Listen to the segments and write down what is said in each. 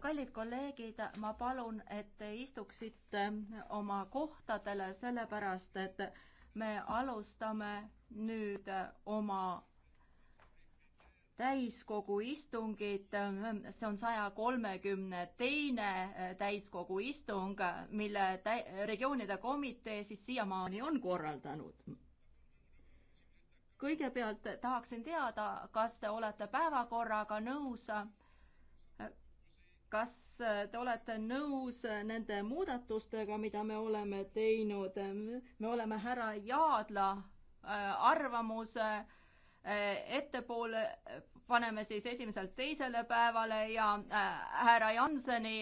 kallid kolleegid, ma palun, et te istuksite äh, oma kohtadele, sellepärast et me alustame nüüd äh, oma täiskogu istungit, see on saja kolmekümne teine äh, täiskogu istung, mille täi-, regioonide komitee siis siiamaani on korraldanud. kõigepealt tahaksin teada, kas te olete päevakorraga nõus kas äh, te olete nõus äh, nende muudatustega, mida me oleme teinud? me oleme härra Jaadla äh, arvamuse ettepoole, paneme siis esimeselt teisele päevale ja härra Janseni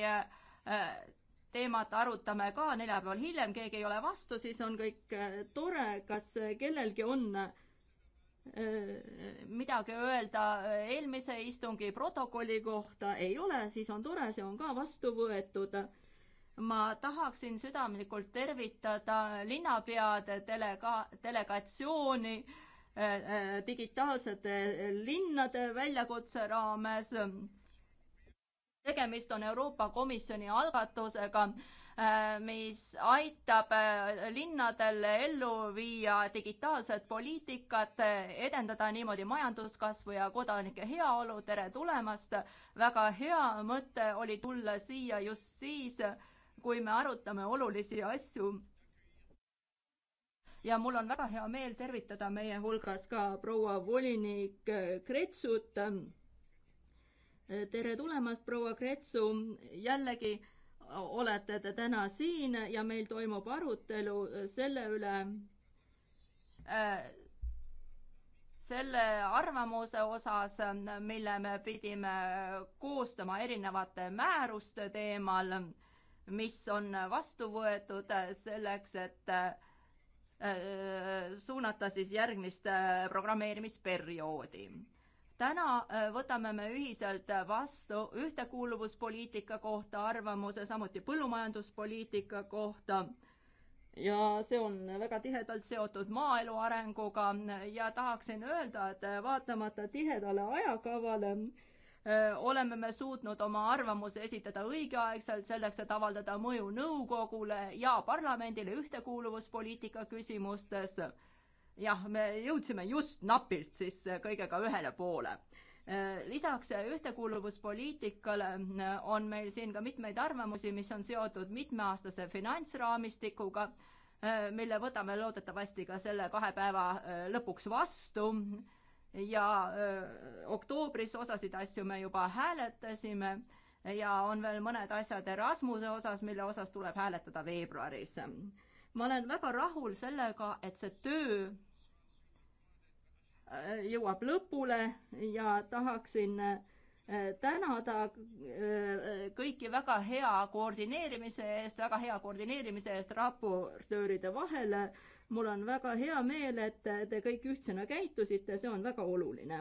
teemat arutame ka neljapäeval hiljem, keegi ei ole vastu, siis on kõik tore. kas kellelgi on Äh, midagi öelda äh, eelmise istungi protokolli kohta ei ole, siis on tore, see on ka vastu võetud. ma tahaksin südamlikult tervitada linnapeade delega-, delegatsiooni äh, digitaalsete linnade väljakutse raames. tegemist on Euroopa Komisjoni algatusega Äh, mis aitab äh, linnadel ellu viia digitaalset poliitikat, edendada niimoodi majanduskasvu ja kodanike heaolu. tere tulemast! väga hea mõte oli tulla siia just siis, kui me arutame olulisi asju ja mul on väga hea meel tervitada meie hulgas ka proua volinik äh, Kretsut. tere tulemast, proua Kretsu, jällegi olete te täna siin ja meil toimub arutelu äh, selle üle äh,, selle arvamuse osas, äh, mille me pidime äh, koostama erinevate määruste teemal, mis on vastu võetud selleks, et äh, suunata siis järgmist programmeerimisperioodi täna äh, võtame me ühiselt äh, vastu ühtekuuluvuspoliitika kohta arvamuse, samuti põllumajanduspoliitika kohta ja see on väga tihedalt seotud maaelu arenguga ja tahaksin öelda, et äh, vaatamata tihedale ajakavale oleme me suutnud oma arvamuse esitada õigeaegselt selleks, et avaldada mõju nõukogule ja parlamendile ühtekuuluvuspoliitika küsimustes jah, me jõudsime just napilt siis eh, kõigega ühele poole eh, lisaks eh, ühtekuuluvuspoliitikale on meil siin ka mitmeid arvamusi, mis on seotud mitmeaastase finantsraamistikuga, mille võtame loodetavasti ka selle kahe päeva lõpuks vastu ja oktoobris osasid asju me juba hääletasime ja on veel mõned asjad Erasmuse osas, mille osas tuleb hääletada veebruaris. ma olen väga rahul sellega, et see töö Äh, jõuab lõpule ja tahaksin äh, tänada äh, kõiki väga hea koordineerimise eest, väga hea koordineerimise eest raportööride vahel. mul on väga hea meel, et te kõik ühtsena käitusite, see on väga oluline.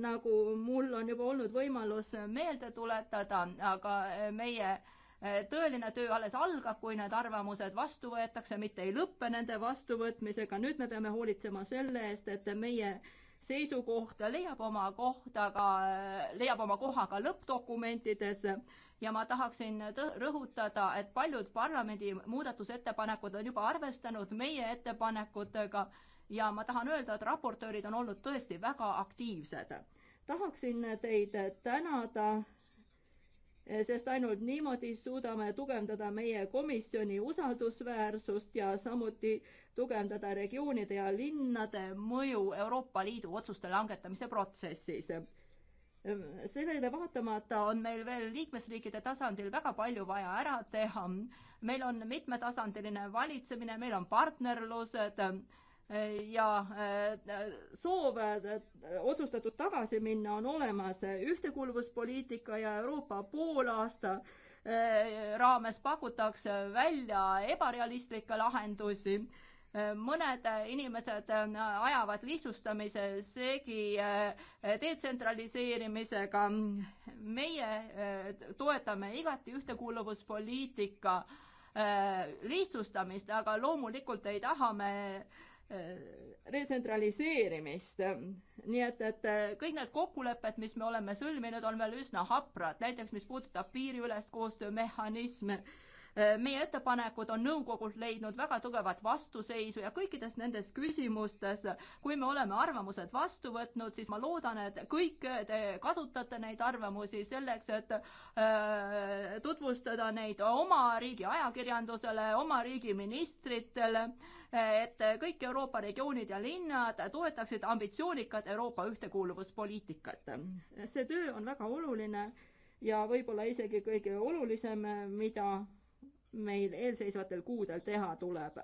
nagu mul on juba olnud võimalus meelde tuletada, aga meie Eh, tõeline töö alles algab, kui need arvamused vastu võetakse, mitte ei lõppe nende vastuvõtmisega, nüüd me peame hoolitsema selle eest, et meie seisukoht leiab oma kohta ka, leiab oma koha ka lõppdokumentides ja ma tahaksin rõhutada, et paljud parlamendi muudatusettepanekud on juba arvestanud meie ettepanekutega ja ma tahan öelda, et raportöörid on olnud tõesti väga aktiivsed. tahaksin teid tänada Eh, sest ainult niimoodi suudame tugevdada meie komisjoni usaldusväärsust ja samuti tugevdada regioonide ja linnade mõju Euroopa Liidu otsuste langetamise protsessis. Ehm, sellele vaatamata on meil veel liikmesriikide tasandil väga palju vaja ära teha. meil on mitmetasandiline valitsemine, meil on partnerlused ja äh, soov äh, otsustatud tagasi minna on olemas ühtekuuluvuspoliitika ja Euroopa poolaasta äh, raames pakutakse välja ebarealistlikke lahendusi. mõned inimesed ajavad lihtsustamise segi detsentraliseerimisega. meie toetame igati ühtekuuluvuspoliitika lihtsustamist, aga loomulikult ei taha me Äh, retsentraliseerimist. nii et, et äh, kõik need kokkulepped, mis me oleme sõlminud, on veel üsna haprad, näiteks mis puudutab piiriülest koostöömehhanisme. Äh, meie ettepanekud on nõukogult leidnud väga tugevat vastuseisu ja kõikides nendes küsimustes, kui me oleme arvamused vastu võtnud, siis ma loodan, et kõik te kasutate neid arvamusi selleks, et äh, tutvustada neid oma riigi ajakirjandusele, oma riigi ministritele äh, et kõik Euroopa regioonid ja linnad toetaksid ambitsioonikat Euroopa ühtekuuluvuspoliitikat. see töö on väga oluline ja võib-olla isegi kõige olulisem, mida meil eelseisvatel kuudel teha tuleb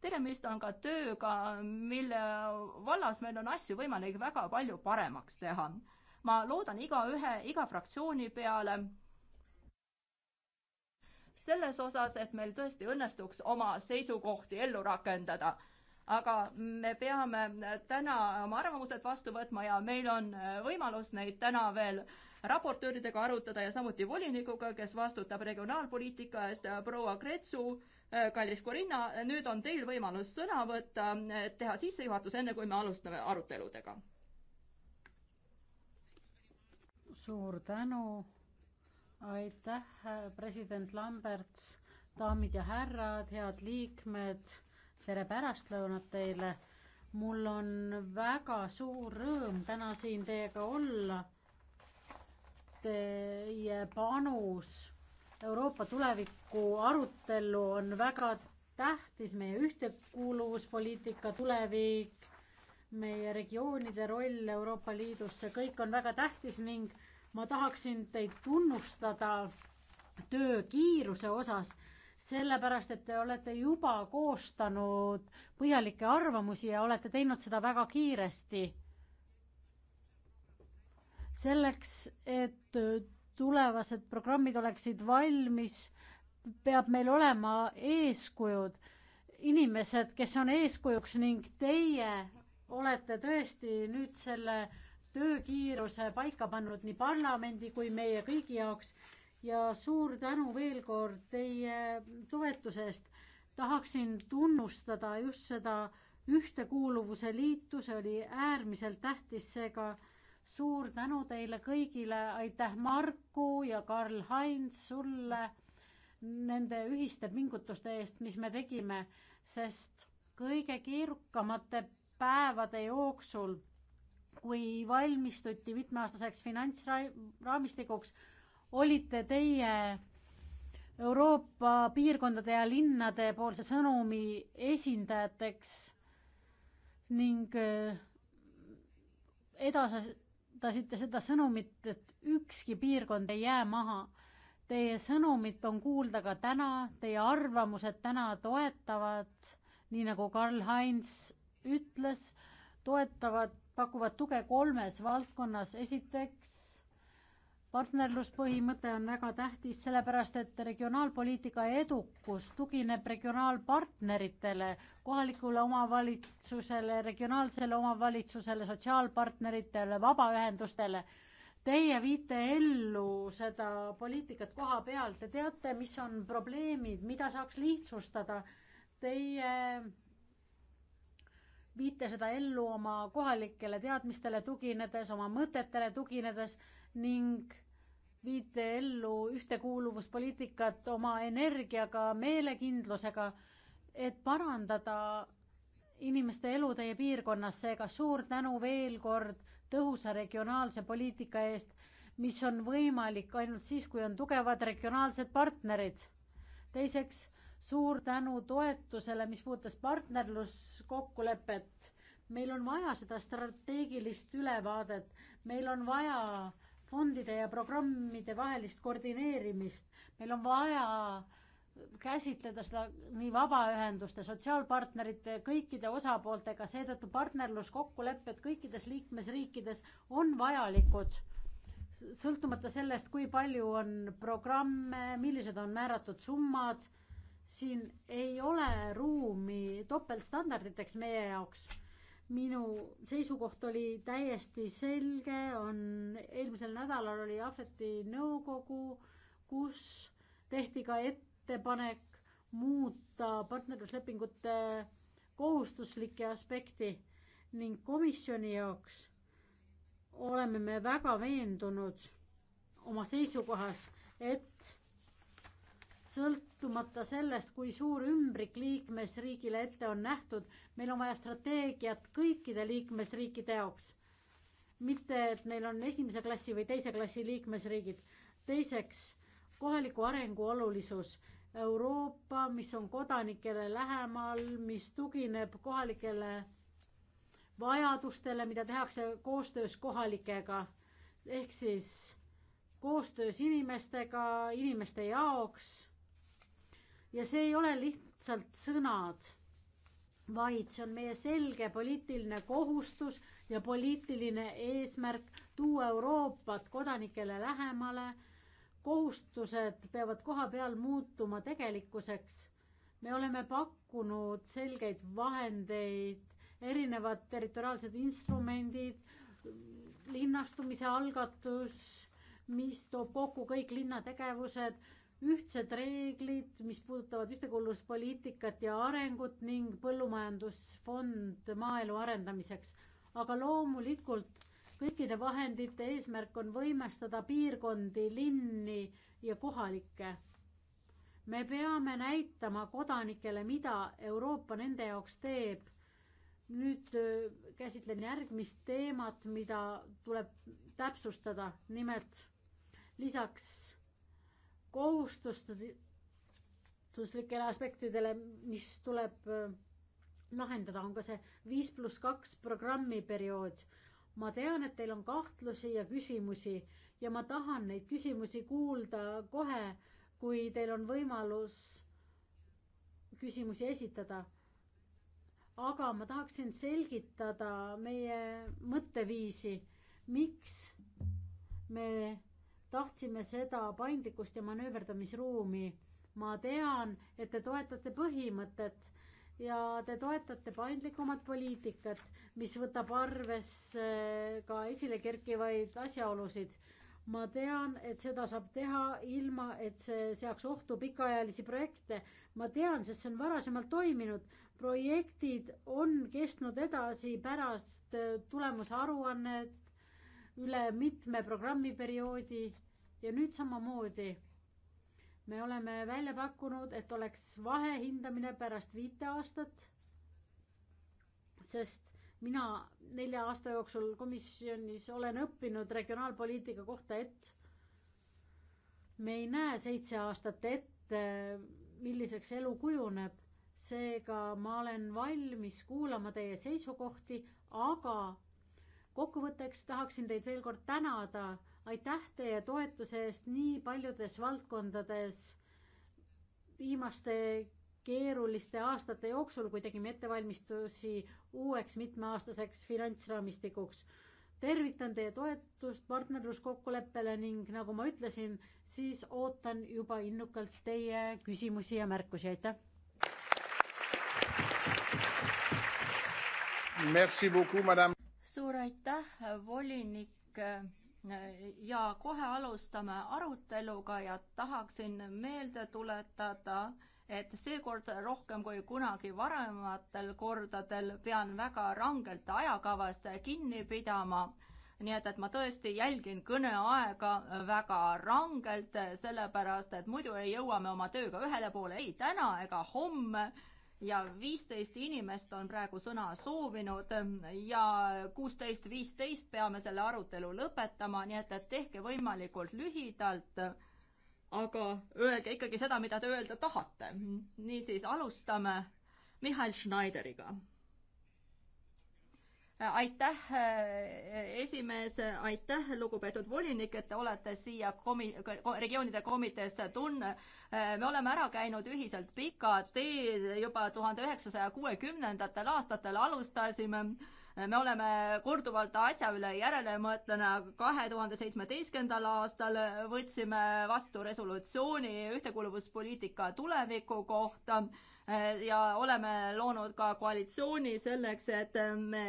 tegemist on ka tööga, mille vallas meil on asju võimalik väga palju paremaks teha. ma loodan igaühe, iga fraktsiooni peale selles osas, et meil tõesti õnnestuks oma seisukohti ellu rakendada. aga me peame täna oma arvamused vastu võtma ja meil on võimalus neid täna veel raportööridega arutada ja samuti volinikuga, kes vastutab regionaalpoliitika eest, proua Kretsu. kallis Corinna, nüüd on teil võimalus sõna võtta, teha sissejuhatus, enne kui me alustame aruteludega. suur tänu aitäh, president Lambert, daamid ja härrad, head liikmed, tere pärastlõunat teile. mul on väga suur rõõm täna siin teiega olla. Teie panus Euroopa tuleviku arutellu on väga tähtis, meie ühtekuuluvuspoliitika tulevik, meie regioonide roll Euroopa Liidus, see kõik on väga tähtis ning ma tahaksin teid tunnustada töö kiiruse osas, sellepärast et te olete juba koostanud põhjalikke arvamusi ja olete teinud seda väga kiiresti. selleks, et tulevased programmid oleksid valmis, peab meil olema eeskujud, inimesed, kes on eeskujuks ning teie olete tõesti nüüd selle äh, töökiiruse paika pannud nii parlamendi kui meie kõigi jaoks ja suur tänu veel kord teie toetuse eest. tahaksin tunnustada just seda ühtekuuluvuse liitu, see oli äärmiselt tähtis, seega suur tänu teile kõigile, aitäh Marku ja Karl-Heinz sulle nende ühiste pingutuste eest, mis me tegime, sest kõige keerukamate päevade jooksul kui valmistuti mitmeaastaseks finantsraamistikuks, olite teie Euroopa piirkondade ja linnade poolse sõnumi esindajateks ning äh, edastasite seda sõnumit, et ükski piirkond ei jää maha. Teie sõnumit on kuulda ka täna, teie arvamused täna toetavad, nii nagu Karl Heinz ütles, toetavad pakuvad tuge kolmes valdkonnas. esiteks, partnerluspõhimõte on väga tähtis, sellepärast et regionaalpoliitika edukus tugineb regionaalpartneritele, kohalikule omavalitsusele, regionaalsele omavalitsusele, sotsiaalpartneritele, vabaühendustele. Teie viite ellu seda poliitikat koha peal, te teate, mis on probleemid, mida saaks lihtsustada. Teie viite seda ellu oma kohalikele teadmistele tuginedes, oma mõtetele tuginedes ning viite ellu ühtekuuluvuspoliitikat oma energiaga, meelekindlusega, et parandada inimeste elu teie piirkonnas, seega suur tänu veel kord tõhusa regionaalse poliitika eest, mis on võimalik ainult siis, kui on tugevad regionaalsed partnerid. teiseks suur tänu toetusele, mis puudutas partnerluskokkulepet. meil on vaja seda strateegilist ülevaadet, meil on vaja fondide ja programmide vahelist koordineerimist, meil on vaja käsitleda seda nii vabaühenduste, sotsiaalpartnerite, kõikide osapooltega, seetõttu partnerluskokkulepped kõikides liikmesriikides on vajalikud. sõltumata sellest, kui palju on programme, millised on määratud summad siin ei ole ruumi topeltstandarditeks meie jaoks. minu seisukoht oli täiesti selge, on, eelmisel nädalal oli Ahveti nõukogu, kus tehti ka ettepanek muuta partnerluslepingute kohustuslikke aspekti ning komisjoni jaoks oleme me väga veendunud oma seisukohas, et sõltumata sellest, kui suur ümbrik liikmesriigile ette on nähtud, meil on vaja strateegiat kõikide liikmesriikide jaoks. mitte, et meil on esimese klassi või teise klassi liikmesriigid. teiseks, kohaliku arengu olulisus. Euroopa, mis on kodanikele lähemal, mis tugineb kohalikele vajadustele, mida tehakse koostöös kohalikega. ehk siis koostöös inimestega, inimeste jaoks ja see ei ole lihtsalt sõnad, vaid see on meie selge poliitiline kohustus ja poliitiline eesmärk tuua Euroopat kodanikele lähemale. kohustused peavad kohapeal muutuma tegelikkuseks. me oleme pakkunud selgeid vahendeid, erinevad territoriaalsed instrumendid, linnastumise algatus, mis toob kokku kõik linnategevused ühtsed reeglid, mis puudutavad ühtekuuluvuspoliitikat ja arengut ning põllumajandusfond maaelu arendamiseks. aga loomulikult kõikide vahendite eesmärk on võimestada piirkondi, linni ja kohalikke. me peame näitama kodanikele, mida Euroopa nende jaoks teeb. nüüd äh, käsitlen järgmist teemat, mida tuleb täpsustada, nimelt lisaks kohustuslikele aspektidele, mis tuleb äh, lahendada, on ka see viis pluss kaks programmi periood. ma tean, et teil on kahtlusi ja küsimusi ja ma tahan neid küsimusi kuulda kohe, kui teil on võimalus küsimusi esitada. aga ma tahaksin selgitada meie mõtteviisi, miks me tahtsime seda paindlikkust ja manööverdamisruumi. ma tean, et te toetate põhimõtet ja te toetate paindlikumat poliitikat, mis võtab arvesse ka esile kerkivaid asjaolusid. ma tean, et seda saab teha ilma, et see seaks ohtu pikaajalisi projekte. ma tean, sest see on varasemalt toiminud. projektid on kestnud edasi pärast tulemusaruannet üle mitme programmiperioodi ja nüüd samamoodi me oleme välja pakkunud, et oleks vahehindamine pärast viite aastat, sest mina nelja aasta jooksul komisjonis olen õppinud regionaalpoliitika kohta, et me ei näe seitse aastat ette, milliseks elu kujuneb. seega ma olen valmis kuulama teie seisukohti, aga kokkuvõtteks tahaksin teid veel kord tänada aitäh teie toetuse eest nii paljudes valdkondades viimaste keeruliste aastate jooksul, kui tegime ettevalmistusi uueks mitmeaastaseks finantsraamistikuks. tervitan teie toetust partnerluskokkuleppele ning nagu ma ütlesin, siis ootan juba innukalt teie küsimusi ja märkusi, aitäh. suur aitäh, volinik ja kohe alustame aruteluga ja tahaksin meelde tuletada, et seekord rohkem kui kunagi varematel kordadel pean väga rangelt ajakavast kinni pidama. nii et, et ma tõesti jälgin kõneaega väga rangelt, sellepärast et muidu ei jõua me oma tööga ühele poole ei täna ega homme ja viisteist inimest on praegu sõna soovinud ja kuusteist viisteist peame selle arutelu lõpetama, nii et, et tehke võimalikult lühidalt, aga öelge ikkagi seda, mida te öelda tahate. niisiis, alustame Mihhail Schneideriga aitäh, äh, esimees, aitäh, lugupeetud volinik, et te olete siia komi-, regioonide komiteesse tulnud. Äh, me oleme ära käinud ühiselt pika tee, juba tuhande üheksasaja kuuekümnendatel aastatel alustasime äh, me oleme korduvalt asja üle järele mõtlenud, kahe tuhande seitsmeteistkümnendal aastal võtsime vastu resolutsiooni ühtekuuluvuspoliitika tuleviku kohta Äh, ja oleme loonud ka koalitsiooni selleks, et me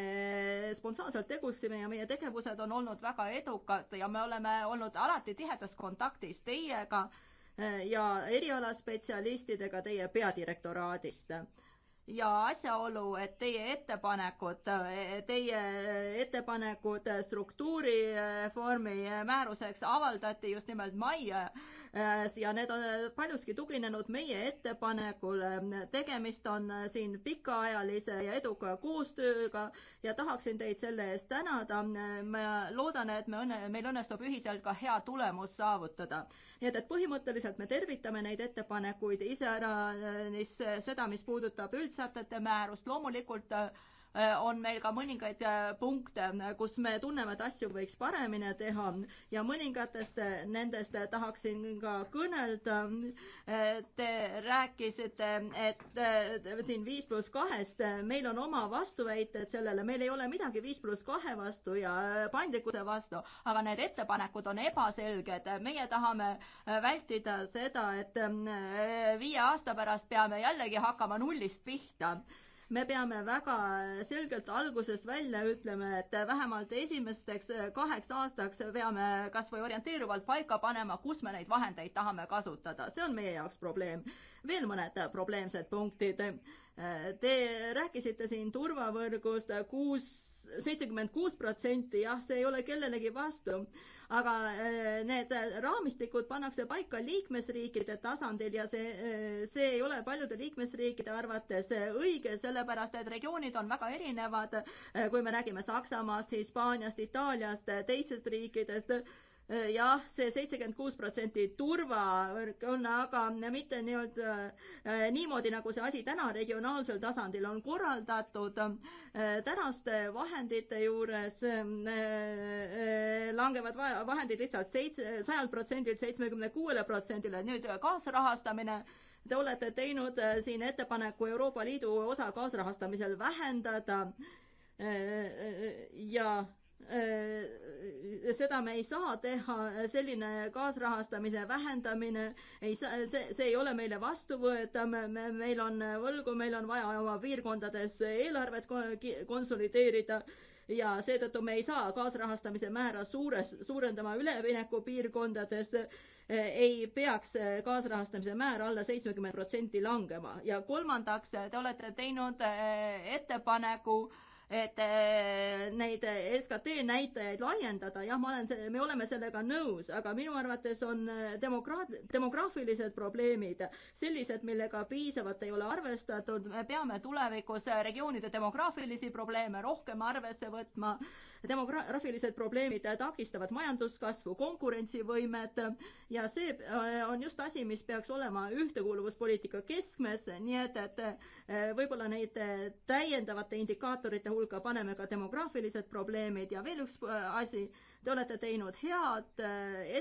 spontaanselt tegutseme ja meie tegevused on olnud väga edukad ja me oleme olnud alati tihedas kontaktis teiega äh, ja erialaspetsialistidega teie peadirektoraadist ja asjaolu, et teie ettepanekud, äh, teie ettepanekud struktuurireformi määruseks avaldati just nimelt mai Äh, ja need on äh, paljuski tuginenud meie ettepanekule. tegemist on äh, siin pikaajalise ja eduka koostööga ja tahaksin teid selle eest tänada. ma loodan, et me õnne, meil õnnestub ühiselt ka hea tulemus saavutada. nii et, et põhimõtteliselt me tervitame neid ettepanekuid iseäranis seda, mis puudutab üldsätete määrust, loomulikult Äh, on meil ka mõningaid äh, punkte, äh, kus me tunneme, et asju võiks paremini teha ja mõningatest nendest tahaksin ka kõnelda. Te rääkisite, et siin viis pluss kahest, meil on oma vastuväited sellele, meil ei ole midagi viis pluss kahe vastu ja paindlikkuse vastu, aga need ettepanekud on ebaselged, meie tahame vältida seda, et viie aasta pärast peame jällegi hakkama nullist pihta me peame väga selgelt alguses välja ütlema, et vähemalt esimesteks eh, kaheks aastaks peame kas või orienteeruvalt paika panema, kus me neid vahendeid tahame kasutada, see on meie jaoks probleem. veel mõned probleemsed punktid. Eh, te rääkisite siin turvavõrgust, kus seitsekümmend kuus protsenti, jah, see ei ole kellelegi vastu aga äh, need äh, raamistikud pannakse paika liikmesriikide tasandil ja see, äh, see ei ole paljude liikmesriikide arvates õige, sellepärast et regioonid on väga erinevad, kui me räägime Saksamaast, Hispaaniast, Itaaliast, teistest riikidest jah see, see seitsekümmend kuus protsenti turvavõrk on, aga mitte nii-öelda äh, niimoodi, nagu see asi täna regionaalsel tasandil on korraldatud. Äh, tänaste vahendite juures äh, langevad vahendid lihtsalt seitse, sajalt protsendilt seitsmekümne kuuele protsendile, nüüd kaasrahastamine te olete teinud siin ettepaneku Euroopa Liidu osa kaasrahastamisel vähendada ja Äh, seda me ei saa teha, selline kaasrahastamise vähendamine ei saa, see, see ei ole meile vastuvõetav, me, meil on võlgu, meil on vaja oma piirkondades eelarvet konsolideerida ja seetõttu me ei saa kaasrahastamise määra suures, suurendama üleminekupiirkondades ei peaks kaasrahastamise määr alla seitsmekümmend protsenti langema ja kolmandaks, te olete teinud äh, ettepaneku äh, et eh, neid eh, SKT näitajaid laiendada, jah, ma olen, me oleme sellega nõus, aga minu arvates on eh, demokraat-, demograafilised probleemid sellised, millega piisavalt ei ole arvestatud, me peame tulevikus regioonide demograafilisi probleeme rohkem arvesse võtma demograafilised probleemid takistavad majanduskasvu, konkurentsivõimet ja see äh, on just asi, mis peaks olema ühtekuuluvuspoliitika keskmes, nii et, et äh, võib-olla neid äh, täiendavate indikaatorite hulka paneme ka demograafilised probleemid ja veel üks asi, te olete teinud head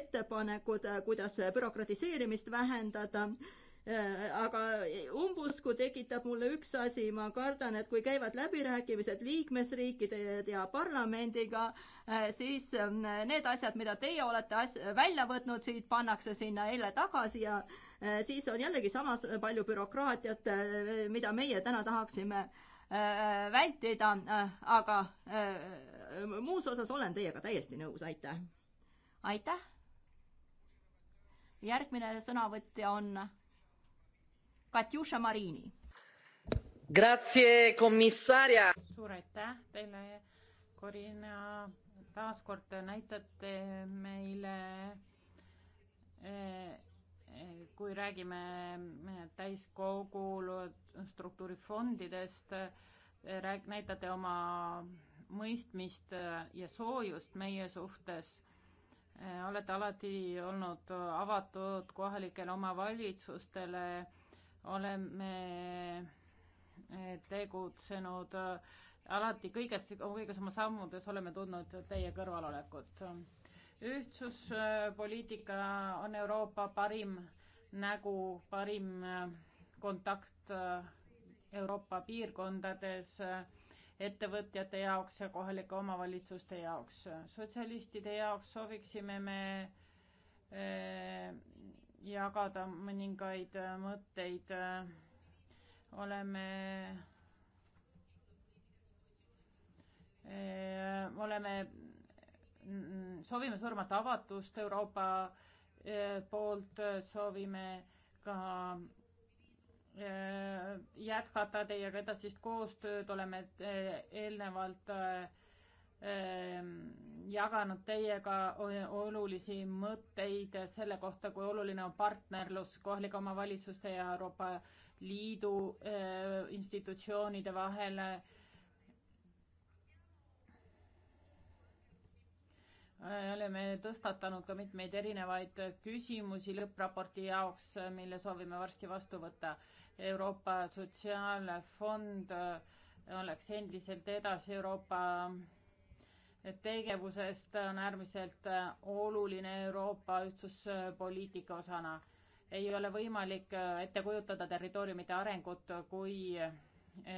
ettepanekud, kuidas bürokratiseerimist vähendada Äh, aga umbusku tekitab mulle üks asi, ma kardan, et kui käivad läbirääkimised liikmesriikide ja parlamendiga, äh, siis ähm, need asjad, mida teie olete as-, välja võtnud, siit pannakse sinna eile tagasi ja äh, siis on jällegi samas palju bürokraatiat, mida meie täna tahaksime vältida, aga muus osas olen teiega täiesti nõus, aitäh! aitäh! järgmine sõnavõtja on Katjuša Marini. Grazie, komissaria. suur aitäh teile, Corina. taaskord näitate meile eh, kui räägime täiskogul struktuurifondidest, eh, rääg-, näitate oma mõistmist ja soojust meie suhtes. Eh, olete alati olnud avatud kohalikele omavalitsustele oleme eh, tegutsenud eh, alati kõiges, kõiges oma sammudes oleme tundnud teie kõrvalolekut. ühtsuspoliitika eh, on Euroopa parim nägu, parim kontakt Euroopa piirkondades ettevõtjate jaoks ja kohalike omavalitsuste jaoks. sotsialistide jaoks sooviksime me jagada mõningaid äh, mõtteid. Äh, oleme, äh, oleme, mm, soovime surmata avatust Euroopa poolt, soovime ka jätkata teiega edasist koostööd, oleme eelnevalt äh, Ehm, jaganud teiega olulisi mõtteid selle kohta, kui oluline on partnerlus kohalike omavalitsuste ja Euroopa Liidu ehm, institutsioonide vahel. Äh, oleme tõstatanud ka mitmeid erinevaid küsimusi lõppraporti jaoks, mille soovime varsti vastu võtta. Euroopa Sotsiaalfond äh, oleks endiselt edasi Euroopa tegevusest on äärmiselt äh, oluline Euroopa ühtsuspoliitika osana. ei ole võimalik äh, ette kujutada territooriumite arengut, kui äh,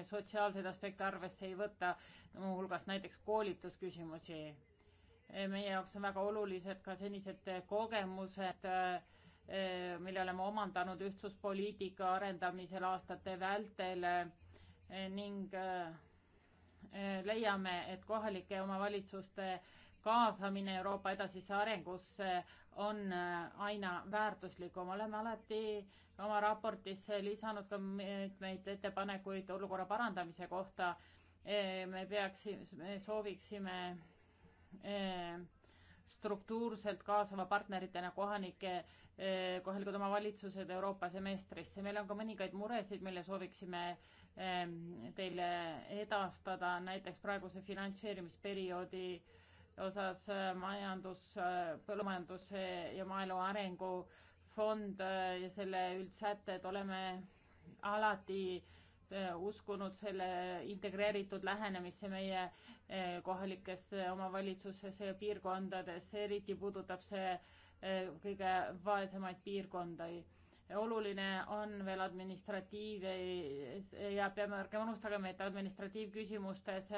sotsiaalseid aspekte arvesse ei võta, muuhulgas näiteks koolitusküsimusi. meie jaoks on väga olulised ka senised kogemused, mille oleme omandanud ühtsuspoliitika arendamisel aastate vältel ning leiame, et kohalike omavalitsuste kaasamine Euroopa edasisse arengusse on äh, aina väärtuslikum. oleme alati oma raportisse lisanud ka mitmeid ettepanekuid olukorra parandamise kohta. me peaksime, sooviksime struktuurselt kaasava partneritena kohanike, kohalikud omavalitsused Euroopa semestrisse. meil on ka mõningaid muresid, mille sooviksime Ehm, teile edastada näiteks praeguse finantseerimisperioodi osas äh, majandus, äh, põllumajanduse ja maaelu arengufond äh, ja selle üldsätted, oleme alati uskunud selle integreeritud lähenemisse meie kohalikesse omavalitsusesse ja piirkondadesse, eriti puudutab see kõige vaesemaid piirkondi oluline on veel administratiiv ja peame ärgem unustagem, et administratiivküsimustes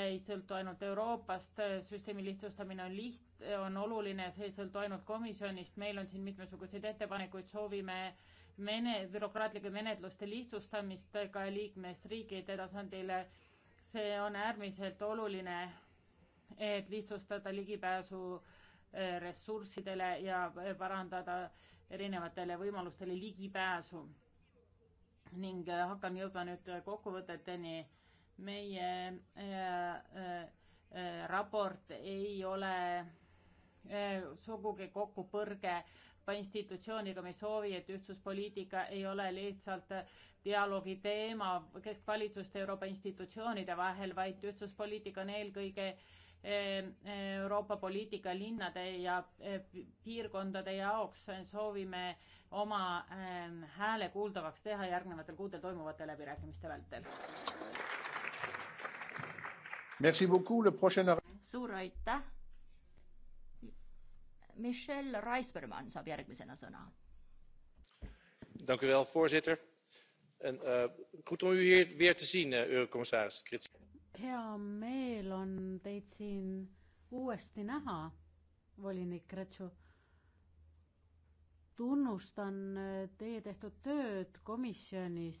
ei sõltu ainult Euroopast, süsteemi lihtsustamine on liht-, on oluline, see ei sõltu ainult komisjonist, meil on siin mitmesuguseid ettepanekuid, soovime mene-, bürokraatlike menetluste lihtsustamist ka liikmesriikide tasandile. see on äärmiselt oluline, et lihtsustada ligipääsu eh, ressurssidele ja parandada äh, erinevatele võimalustele ligipääsu. ning äh, hakkan jõudma nüüd kokkuvõteteni. meie äh, äh, äh raport ei ole äh, sugugi kokkupõrge institutsiooniga, me ei soovi, et ühtsuspoliitika ei ole lihtsalt dialoogi teema keskvalitsuste Euroopa institutsioonide vahel, vaid ühtsuspoliitika on eelkõige äh, Euroopa poliitika linnade ja eh, piirkondade jaoks soovime oma eh, hääle kuuldavaks teha järgnevatel kuudel toimuvate läbirääkimiste vältel. suur aitäh. Michelle Reisbermann saab järgmisena sõna. voorzitter. Eh, goed om u hier weer te zien, eurocommissaris hea meel on teid siin uuesti näha, volinik Kretsu. tunnustan eh, teie tehtud tööd komisjonis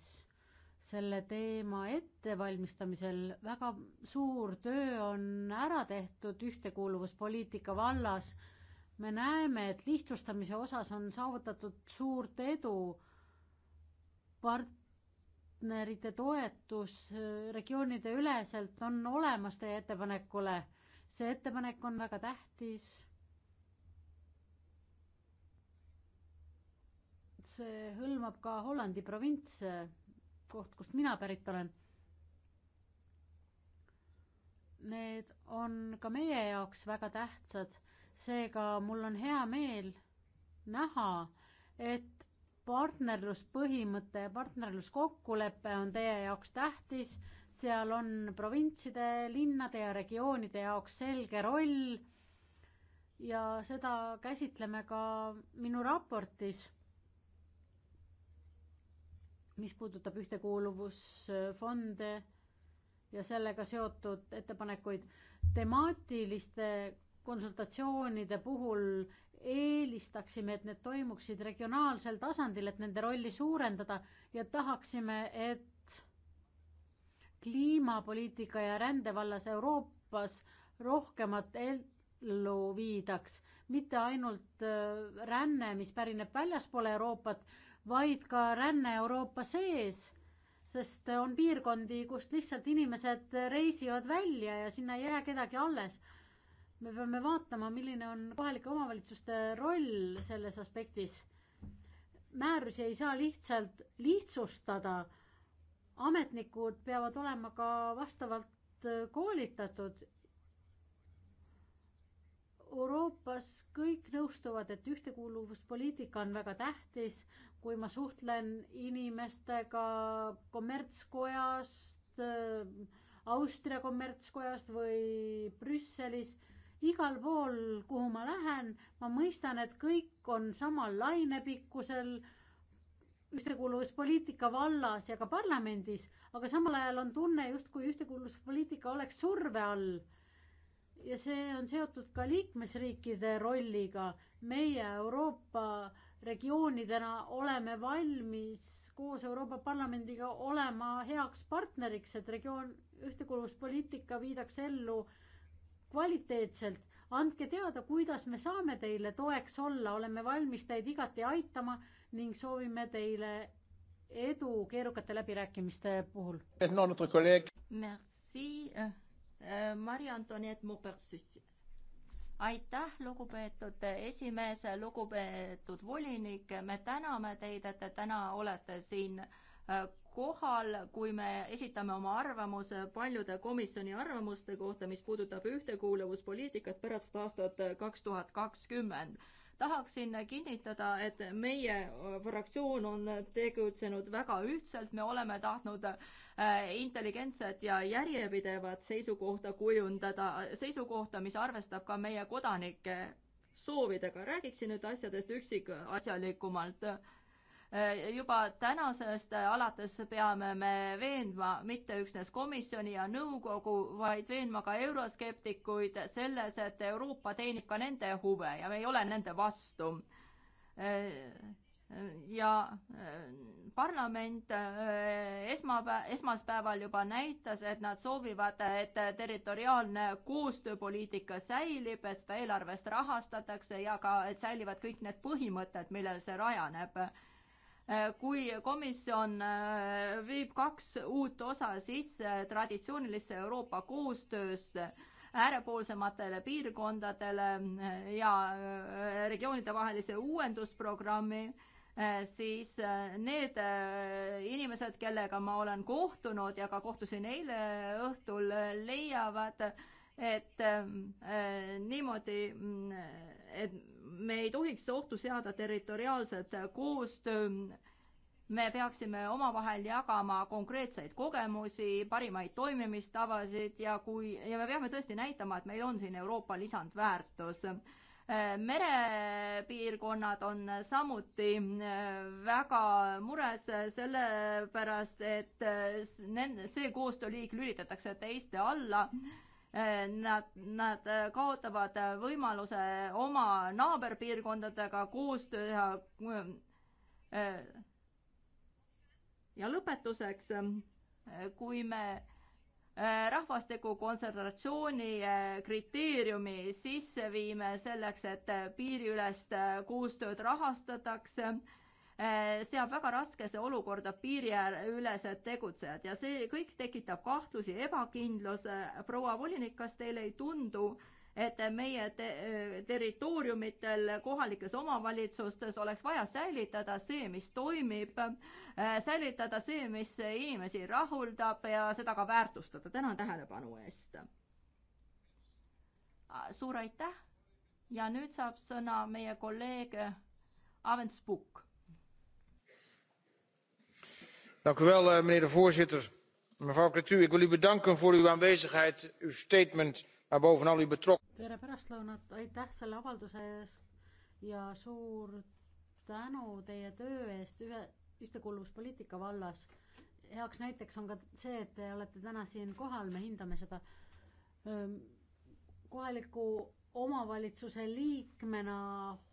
selle teema ettevalmistamisel. väga suur töö on ära tehtud ühtekuuluvuspoliitika vallas. me näeme, et lihtsustamise osas on saavutatud suurt edu part-, partnerite toetus äh, regioonide üleselt on olemas teie ettepanekule. see ettepanek on väga tähtis. see hõlmab ka Hollandi provintse, koht, kust mina pärit olen. Need on ka meie jaoks väga tähtsad, seega mul on hea meel näha, et partnerluspõhimõte ja partnerluskokkulepe on teie jaoks tähtis, seal on provintside, linnade ja regioonide jaoks selge roll ja seda käsitleme ka minu raportis, mis puudutab ühtekuuluvusfonde ja sellega seotud ettepanekuid temaatiliste konsultatsioonide puhul eelistaksime, et need toimuksid regionaalsel tasandil, et nende rolli suurendada ja tahaksime, et kliimapoliitika ja rände vallas Euroopas rohkemat ellu viidaks, mitte ainult äh, ränne, mis pärineb väljaspoole Euroopat, vaid ka ränne Euroopa sees, sest on piirkondi, kust lihtsalt inimesed reisivad välja ja sinna ei jää kedagi alles me peame vaatama, milline on kohalike omavalitsuste roll selles aspektis. määrusi ei saa lihtsalt lihtsustada. ametnikud peavad olema ka vastavalt äh, koolitatud. Euroopas kõik nõustuvad, et ühtekuuluvuspoliitika on väga tähtis, kui ma suhtlen inimestega kommertskojast, äh, Austria kommertskojast või Brüsselis igal pool, kuhu ma lähen, ma mõistan, et kõik on samal lainepikkusel ühtekuuluvuspoliitika vallas ja ka parlamendis, aga samal ajal on tunne, justkui ühtekuuluvuspoliitika oleks surve all. ja see on seotud ka liikmesriikide rolliga. meie Euroopa regioonidena oleme valmis koos Euroopa Parlamendiga olema heaks partneriks, et regioon, ühtekuuluvuspoliitika viidaks ellu äh, kvaliteetselt. andke teada, kuidas me saame teile toeks olla, oleme valmis teid igati aitama ning soovime teile edu keerukate läbirääkimiste puhul. Merci, äh, äh, Marie-Antoinette Maupersus. aitäh, lugupeetud esimees, lugupeetud volinik, me täname teid, et te täna olete siin äh, kohal, kui me esitame oma arvamuse paljude komisjoni arvamuste kohta, mis puudutab ühtekuuluvuspoliitikat pärast aastat kaks tuhat kakskümmend. tahaksin kinnitada, et meie fraktsioon on tegutsenud väga ühtselt, me oleme tahtnud äh, intelligentset ja järjepidevat seisukohta kujundada, seisukohta, mis arvestab ka meie kodanike soovidega. räägiksin nüüd asjadest üksikasjalikumalt Äh, juba tänasest äh, alates peame me veenma mitte üksnes komisjoni ja nõukogu, vaid veenma ka euroskeptikuid selles, et Euroopa teenib ka nende huve ja me ei ole nende vastu äh, ja parlament esmapäe-, esmaspäeval juba näitas, et nad soovivad, et territoriaalne koostööpoliitika säilib, et seda eelarvest rahastatakse ja ka, et säilivad kõik need põhimõtted, millel see rajaneb Äh, kui komisjon äh, viib kaks uut osa sisse traditsioonilisse Euroopa koostöösse, äärepoolsematele piirkondadele äh, ja regioonidevahelise uuendusprogrammi, siis need inimesed, kellega ma olen kohtunud ja ka kohtusin eile õhtul, leiavad, et niimoodi mm, et me ei tohiks ohtu seada territoriaalset koostöö. me peaksime omavahel jagama konkreetseid kogemusi, parimaid toimimistavasid ja kui, ja me peame tõesti näitama, et meil on siin Euroopa lisandväärtus merepiirkonnad on samuti äh, väga mures sellepärast, et äh, see koostööliik lülitatakse teiste alla Nad, nad äh, kaotavad äh, võimaluse oma naaberpiirkondadega koostöö teha. Äh, ja lõpetuseks, kui me rahvastiku kontsentratsiooni kriteeriumi sisse viime selleks, et piiriülest koostööd rahastatakse Äh, seab väga raskesse olukorda piiriülesed tegutsejad ja see kõik tekitab kahtlusi, ebakindluse. Äh, proua volinik, kas teile ei tundu, et meie te äh, territooriumitel, kohalikes omavalitsustes oleks vaja säilitada see, mis toimib, säilitada see, mis inimesi rahuldab ja seda ka väärtustada. tänan tähelepanu eest. suur aitäh ja nüüd saab sõna meie kolleeg Avents Pukk Eh, voorzitter mevrouw creu ik wil u bedanken voor uw aanwezigheid uw statement maar bovenal uw betrokkenheid. tere pärastlõunat aitäh selle avalduse eest ja suur tänu teie töö eest ühe ühtekuuluvuspoliitika vallas heaks näiteks on ka see et te olete täna siin kohal me hindame seda kohaliku omavalitsuse liikmena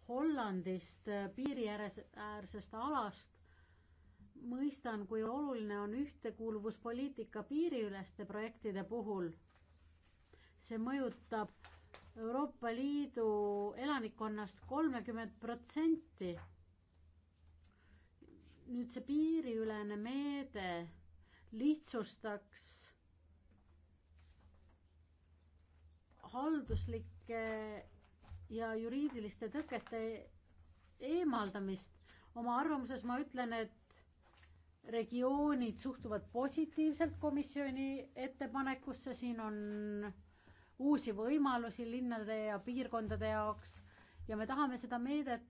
Hollandist piiriäärsest alast mõistan, kui oluline on ühtekuuluvuspoliitika piiriüleste projektide puhul. see mõjutab Euroopa Liidu elanikkonnast kolmekümmet protsenti. nüüd see piiriülene meede lihtsustaks halduslike ja juriidiliste tõkete eemaldamist. oma arvamuses ma ütlen, et regioonid suhtuvad positiivselt komisjoni ettepanekusse, siin on uusi võimalusi linnade ja piirkondade jaoks ja me tahame seda meedet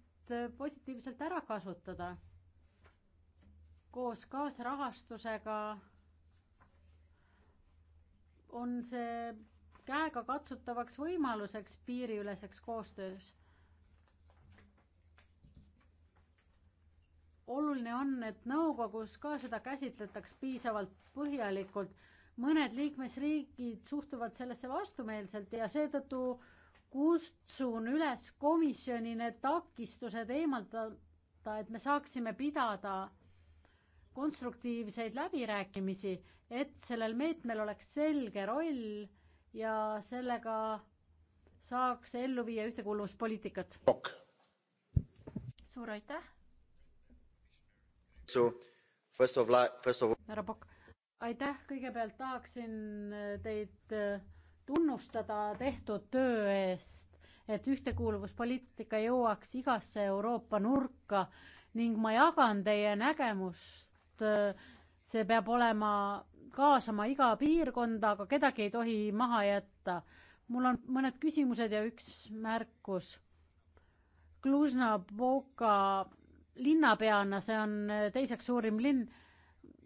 positiivselt ära kasutada. koos kaasrahastusega on see käega katsutavaks võimaluseks piiriüleseks koostöös oluline on, et nõukogus ka seda käsitletaks piisavalt põhjalikult. mõned liikmesriigid suhtuvad sellesse vastumeelselt ja seetõttu kutsun üles komisjoni need takistused eemaldada, et me saaksime pidada konstruktiivseid läbirääkimisi, et sellel meetmel oleks selge roll ja sellega saaks ellu viia ühtekuuluvuspoliitikat. suur aitäh härra Pakk, aitäh, kõigepealt tahaksin äh, teid äh, tunnustada tehtud töö eest, et ühtekuuluvuspoliitika jõuaks igasse Euroopa nurka ning ma jagan teie nägemust. Äh, see peab olema, kaasama iga piirkonda, aga kedagi ei tohi maha jätta. mul on mõned küsimused ja üks märkus. Klužna-Poka linnapeana, see on äh, teiseks suurim linn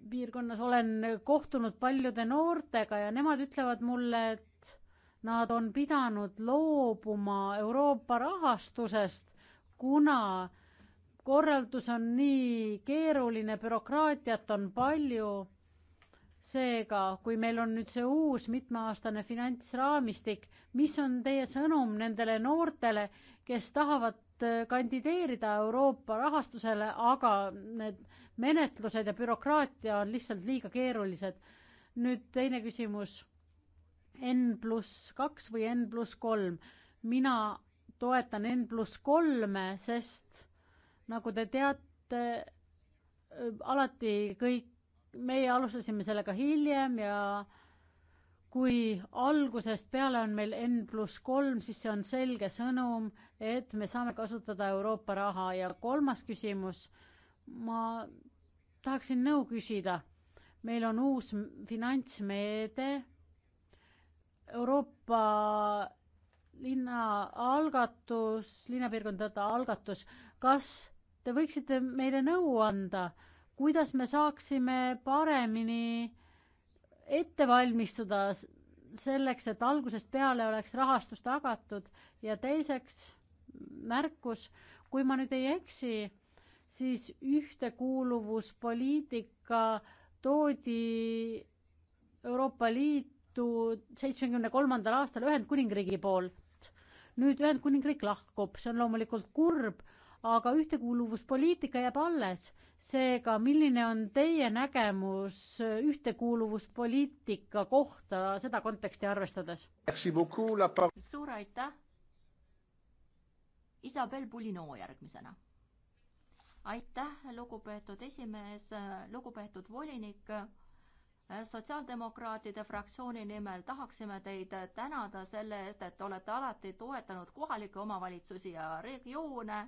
piirkonnas, olen kohtunud paljude noortega ja nemad ütlevad mulle, et nad on pidanud loobuma Euroopa rahastusest, kuna korraldus on nii keeruline, bürokraatiat on palju. seega, kui meil on nüüd see uus mitmeaastane finantsraamistik, mis on teie sõnum nendele noortele, kes tahavad et äh, kandideerida Euroopa rahastusele, aga need menetlused ja bürokraatia on lihtsalt liiga keerulised. nüüd teine küsimus. N pluss kaks või N pluss kolm. mina toetan N pluss kolme, sest nagu te teate, äh, alati kõik, meie alustasime sellega hiljem ja äh, kui algusest peale on meil N pluss kolm, siis see on selge sõnum, et me saame kasutada Euroopa raha ja kolmas küsimus, ma tahaksin nõu küsida. meil on uus finantsmeede, Euroopa linna algatus, linnapiirkondade algatus, kas te võiksite meile nõu anda, kuidas me saaksime paremini äh, ette valmistuda selleks, et algusest peale oleks rahastus tagatud ja teiseks märkus, kui ma nüüd ei eksi, siis ühtekuuluvuspoliitika toodi Euroopa Liitu seitsmekümne kolmandal aastal Ühendkuningriigi poolt. nüüd Ühendkuningriik lahkub, see on loomulikult kurb aga ühtekuuluvuspoliitika jääb alles. seega, milline on teie nägemus ühtekuuluvuspoliitika kohta seda konteksti arvestades? suur aitäh! Isabel Pulinoo järgmisena. aitäh, lugupeetud esimees, lugupeetud volinik sotsiaaldemokraatide fraktsiooni nimel tahaksime teid tänada selle eest, et olete alati toetanud kohalikke omavalitsusi ja regioone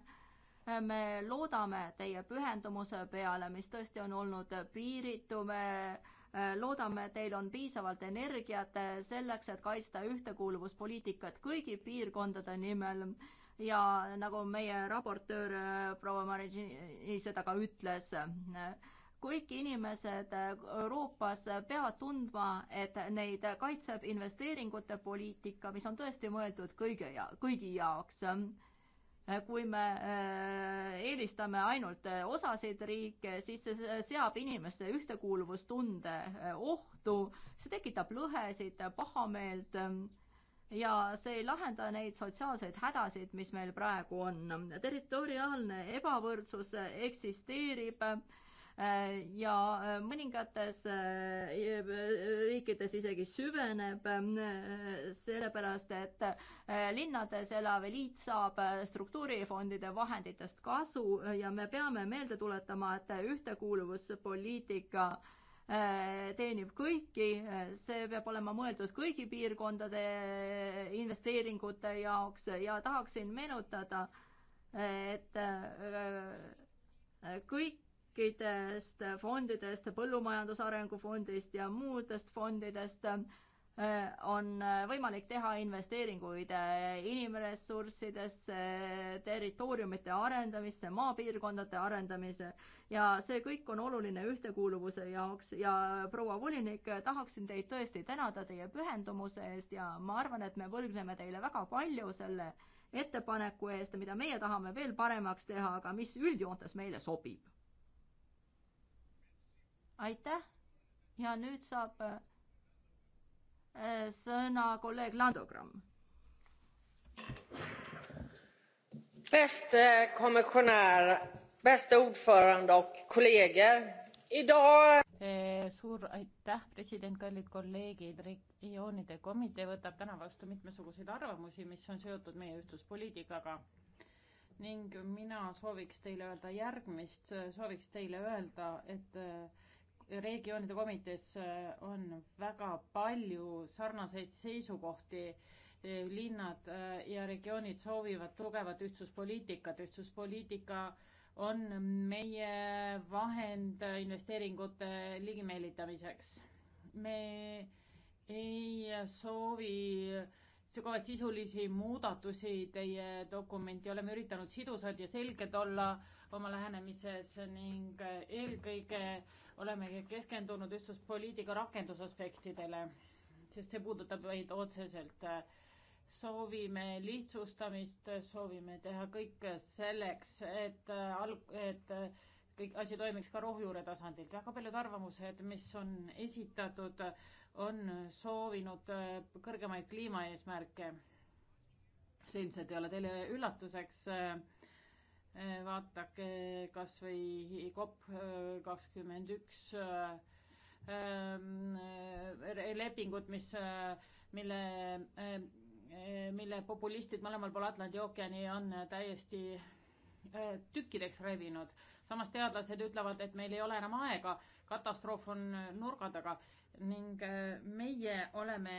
me loodame teie pühendumuse peale, mis tõesti on olnud piiritu, me äh, loodame, teil on piisavalt energiat äh, selleks, et kaitsta ühtekuuluvuspoliitikat kõigi piirkondade nimel ja nagu meie raportöör äh, proua Marini seda ka ütles, kõik inimesed Euroopas peavad tundma, et neid kaitseb investeeringute poliitika, mis on tõesti mõeldud kõige ja kõigi jaoks Äh, kui me äh, eelistame ainult äh, osasid riike, siis see seab inimeste ühtekuuluvustunde ohtu, see tekitab lõhesid, pahameelt ähm, ja see ei lahenda neid sotsiaalseid hädasid, mis meil praegu on. territoriaalne ebavõrdsus eksisteerib Äh, ja äh, mõningates äh, riikides isegi süveneb, sellepärast et linnades elav eliit saab struktuurifondide vahenditest kasu ja me peame meelde tuletama, et ühtekuuluvuspoliitika teenib kõiki, see peab olema mõeldud kõigi piirkondade investeeringute jaoks ja tahaksin meenutada, et kõik riikidest, fondidest, põllumajandusarengu fondist ja muudest fondidest eh, on eh, võimalik teha investeeringuid eh, inimressurssidesse, territooriumite arendamisse, maapiirkondade arendamise ja see kõik on oluline ühtekuuluvuse jaoks ja proua volinik, tahaksin teid tõesti tänada teie pühendumuse eest ja ma arvan, et me võlgneme teile väga palju selle ettepaneku eest, mida meie tahame veel paremaks teha, aga mis üldjoontes meile sobib aitäh ja nüüd saab äh, äh, sõna kolleeg Lando Gramm. Bäste kommissionär, bäste ordförande och kolleger. Idag... Eh, suur aitäh, president, kallid kolleegid, regioonide komitee võtab täna vastu mitmesuguseid arvamusi, mis on seotud meie ühtsuspoliitikaga ning mina sooviks teile öelda järgmist, sooviks teile öelda, et äh, regioonide komitees äh, on väga palju sarnaseid seisukohti. Äh, linnad äh, ja regioonid soovivad tugevat ühtsuspoliitikat, ühtsuspoliitika on meie vahend investeeringute ligimeelitamiseks. me ei soovi äh, sügavaid sisulisi muudatusi teie dokumenti, oleme üritanud sidusad ja selged olla oma lähenemises ning eelkõige oleme keskendunud ühtsuspoliitika rakendusaspektidele, sest see puudutab meid otseselt. soovime lihtsustamist, soovime teha kõik selleks, et alg-, et kõik asi toimiks ka rohujuure tasandilt. väga paljud arvamused, mis on esitatud, on soovinud äh, kõrgemaid kliimaeesmärke. see ilmselt ei ole teile üllatuseks. Äh, äh, vaadake kas või COP kakskümmend üks lepingut, mis, mille, mille populistid mõlemal pool Atlandi ookeani on täiesti tükkideks rebinud. samas teadlased ütlevad, et meil ei ole enam aega katastroof on nurga taga ning äh, meie oleme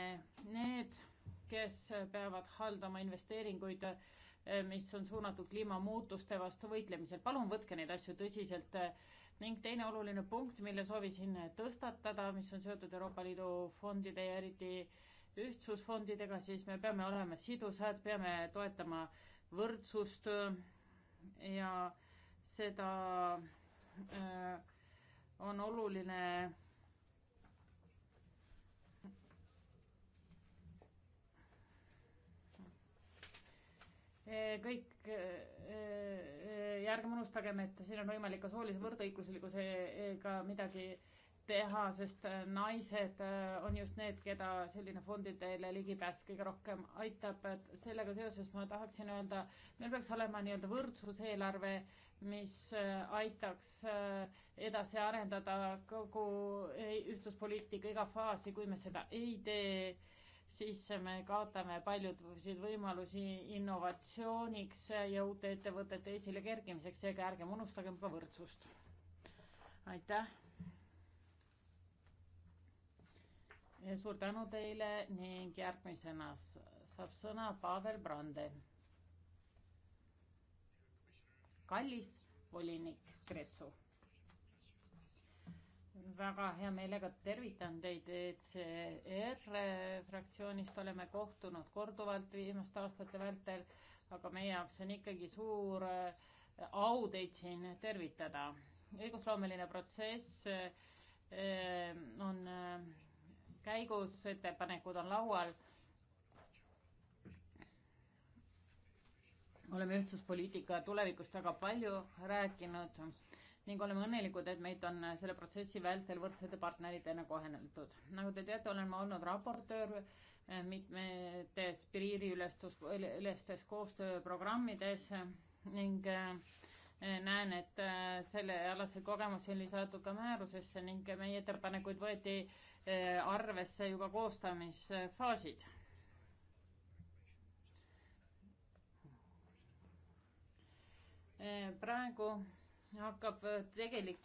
need, kes peavad haldama investeeringuid, äh, mis on suunatud kliimamuutuste vastu võitlemisel. palun võtke neid asju tõsiselt äh, ning teine oluline punkt, mille soovisin tõstatada, mis on seotud Euroopa Liidu fondide ja eriti ühtsusfondidega, siis me peame olema sidusad, peame toetama võrdsust ja seda äh, on oluline kõik ja eh, eh, eh, ärgem unustagem, et siin on võimalik ka soolise võrdõiguslikkusega midagi teha, sest äh, naised äh, on just need, keda selline fondidele ligipääs kõige rohkem aitab, et sellega seoses ma tahaksin öelda, meil peaks olema nii-öelda võrdsuseelarve, mis äh, aitaks edasi arendada kogu ühtsuspoliitika iga faasi, kui me seda ei tee, siis me kaotame paljusid võimalusi innovatsiooniks ja uute ettevõtete esile kergimiseks, seega ärgem unustagem ka võrdsust. aitäh suur tänu teile ning järgmisena saab sõna Pavel Brande. kallis volinik Kretsu. väga hea meelega tervitan teid ECR fraktsioonist, oleme kohtunud korduvalt viimaste aastate vältel, aga meie jaoks on ikkagi suur äh, au teid siin tervitada. õigusloomeline protsess äh, on äh, käigus, ettepanekud on laual. oleme ühtsuspoliitika tulevikust väga palju rääkinud ning oleme õnnelikud, et meid on selle protsessi vältel võrdsete partneritena koheneldud. nagu te teate, olen ma olnud raportöör mitmetes piiriülestus, ülestes koostööprogrammides ning eh, näen, et eh, sellealaseid kogemusi on lisatud ka määrusesse ning meie ettepanekuid võeti Äh, arvesse juba koostamisfaasid. Äh, praegu hakkab äh, tegelik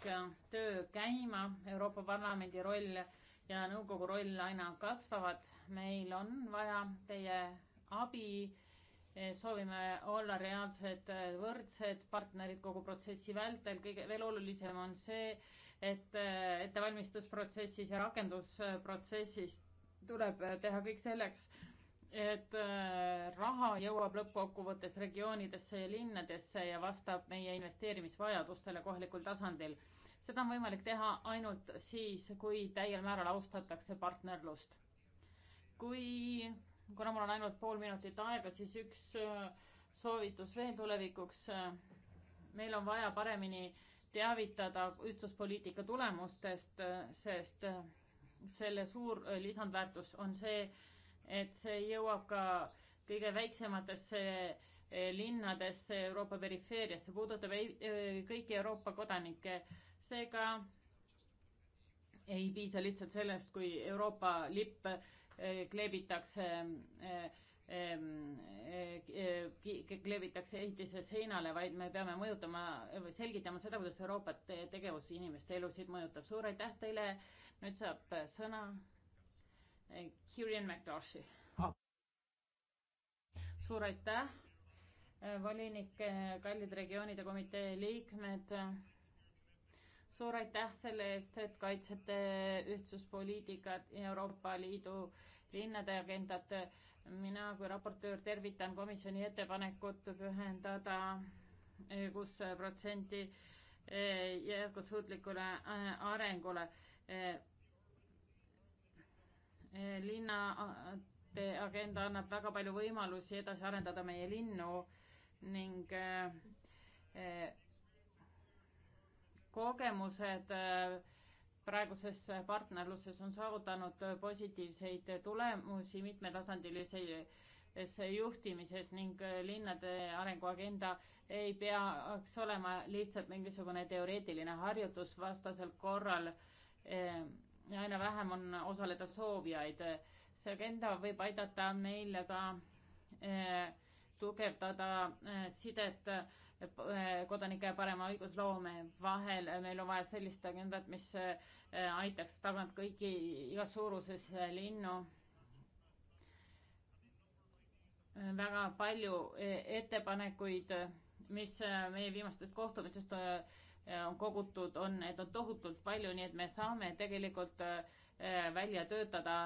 töö käima, Euroopa Parlamendi roll ja nõukogu roll aina kasvavad. meil on vaja teie abi. soovime olla reaalsed võrdsed partnerid kogu protsessi vältel. kõige veel olulisem on see, et äh, ettevalmistusprotsessis ja rakendusprotsessis tuleb äh, teha kõik selleks, et äh, raha jõuab lõppkokkuvõttes regioonidesse ja linnadesse ja vastab meie investeerimisvajadustele kohalikul tasandil. seda on võimalik teha ainult siis, kui täiel määral austatakse partnerlust. kui, kuna mul on ainult pool minutit aega, siis üks soovitus veel tulevikuks. meil on vaja paremini äh, teavitada ühtsuspoliitika tulemustest, sest selle suur lisandväärtus on see, et see jõuab ka kõige väiksematesse eh, linnadesse Euroopa perifeeriasse, puudutab eh, kõiki Euroopa kodanikke. seega ei piisa lihtsalt sellest, kui Euroopa lipp eh, kleebitakse Eh, eh, kleebitakse ehitise seinale, vaid me peame mõjutama või selgitama seda, kuidas Euroopa tegevus inimeste elusid mõjutab. suur aitäh teile, nüüd saab sõna eh, Kirian McDarcy. Ah. suur aitäh, volinik, kallid regioonide komitee liikmed. suur aitäh selle eest, et kaitsete ühtsuspoliitikat Euroopa Liidu linnade agendat mina kui raportöör tervitan komisjoni ettepanekut pühendada eh, kuus eh, protsenti eh, jätkusuutlikule arengule. linnade agenda annab väga palju võimalusi edasi arendada meie linnu ning kogemused praeguses partnerluses on saavutanud positiivseid tulemusi mitmetasandilises juhtimises ning linnade arenguagenda ei peaks olema lihtsalt mingisugune teoreetiline harjutus, vastasel korral aina vähem on osaleda soovijaid. see agenda võib aidata meil ka eh, tugevdada äh, sidet äh, äh, kodanike ja parema õigusloome vahel. meil on vaja sellist agendat, mis aitaks tagant kõigi igas suuruses linnu. väga palju ettepanekuid, mis meie viimastest kohtumistest on kogutud, on, need on tohutult palju, nii et me saame tegelikult välja töötada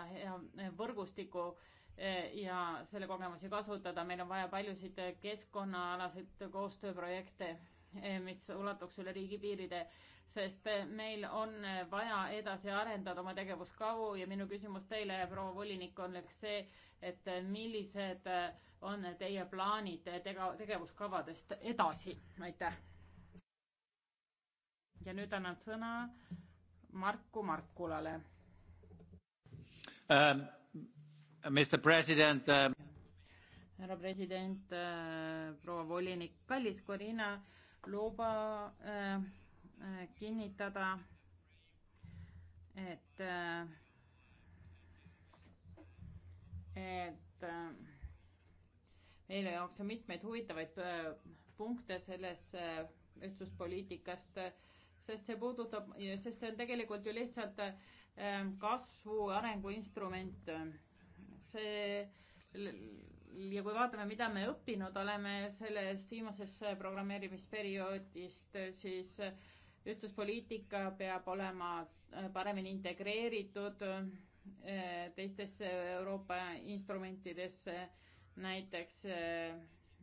võrgustiku äh, Eh, ja selle kogemusi kasutada. meil on vaja paljusid keskkonnaalaseid koostööprojekte, eh, mis ulatuks üle riigipiiride, sest eh, meil on vaja edasi arendada oma tegevuskavu ja minu küsimus teile, proua volinik, on üks see, et millised on teie plaanid tega-, tegevuskavadest edasi, aitäh! ja nüüd annan sõna Marku Markulale um Mr President uh.... härra president äh,, proua volinik, kallis Corina, luba äh, äh, kinnitada, et äh,, et äh, meile jaoks on mitmeid huvitavaid äh, punkte selles äh, ühtsuspoliitikast äh,, sest see puudutab, sest see on tegelikult ju lihtsalt äh, kasvu arenguinstrument äh, see ja kui vaatame, mida me õppinud oleme sellest viimasest programmeerimisperioodist, siis ühtsuspoliitika peab olema äh, paremini integreeritud äh, teistesse Euroopa instrumentidesse, näiteks äh,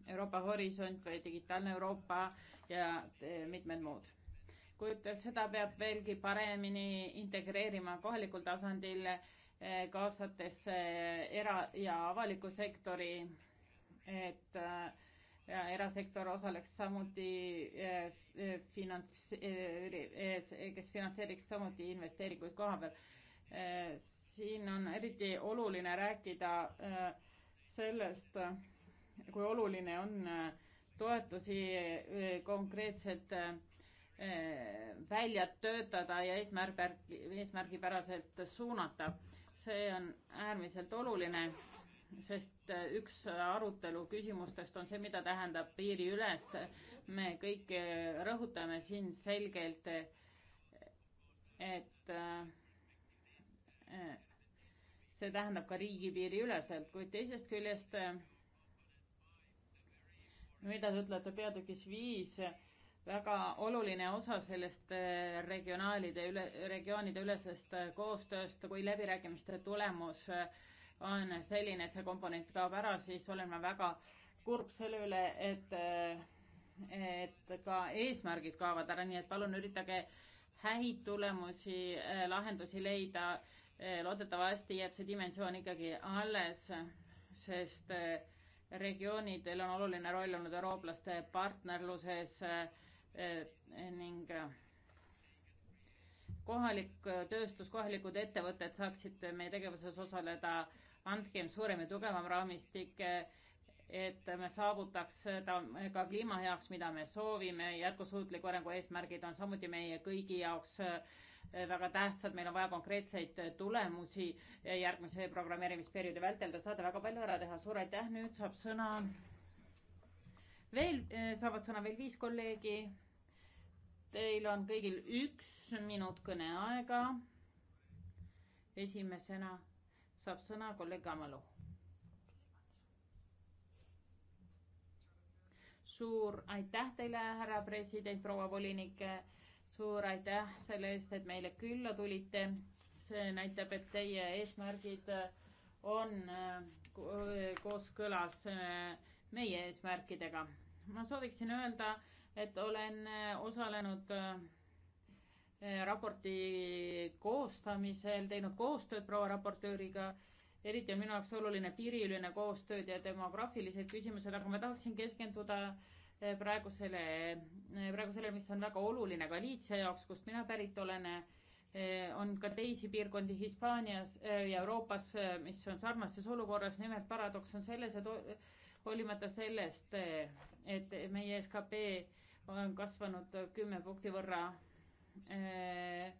Euroopa Horisont või Digitaalne Euroopa ja mitmed muud. kuid seda peab veelgi paremini integreerima kohalikul tasandil Eh, kaasates eh, era- ja avaliku sektori, et eh, erasektor osaleks samuti finants-, kes finantseeriks samuti investeeringuid koha peal. siin on eriti oluline rääkida sellest, kui oluline on toetusi konkreetselt välja töötada ja eesmärk, eesmärgipäraselt suunata see on äärmiselt oluline, sest äh, üks arutelu küsimustest on see, mida tähendab piiriülest. me kõik äh, rõhutame siin selgelt, äh, et see tähendab ka riigipiiri üleselt, kuid teisest küljest, mida te ütlete peatükis viis väga oluline osa sellest äh, regionaalide üle, regioonide ülesest äh, koostööst, kui läbirääkimiste tulemus äh, on selline, et see komponent kaob ära, siis olen ma väga kurb selle üle, et, et ka eesmärgid kaovad ära, nii et palun üritage häid tulemusi, lahendusi leida. loodetavasti jääb see dimensioon ikkagi alles, sest regioonidel on oluline roll olnud eurooplaste partnerluses äh, Äh, ning äh, kohalik äh, tööstus, kohalikud ettevõtted saaksid meie tegevuses osaleda, andkem suurem ja tugevam raamistik, et me saavutaks ta ka kliima heaks, mida me soovime, jätkusuutliku arengu eesmärgid on samuti meie kõigi jaoks väga tähtsad, meil on vaja konkreetseid tulemusi järgmise programmeerimisperioodi vältel, te saate väga palju ära teha, suur aitäh, nüüd saab sõna veel, saavad sõna veel viis kolleegi Teil on kõigil üks minut kõneaega. esimesena saab sõna kolleeg Amalu. suur aitäh teile, härra president, proua volinik. suur aitäh selle eest, et meile külla tulite. see näitab, et teie eesmärgid on äh, kooskõlas äh, meie eesmärkidega. ma sooviksin öelda et olen äh, osalenud äh, raporti koostamisel, teinud koostööd proua raportööriga, eriti on minu jaoks oluline piiriline koostööd ja demograafilised küsimused, aga ma tahaksin keskenduda äh, praegusele, praegusele, mis on väga oluline Galiitsia jaoks, kust mina pärit olen, on ka teisi piirkondi Hispaanias ja Euroopas, mis on sarnases olukorras, nimelt paradoks on selles, et hoolimata sellest, et meie skp on kasvanud kümme punkti võrra äh,.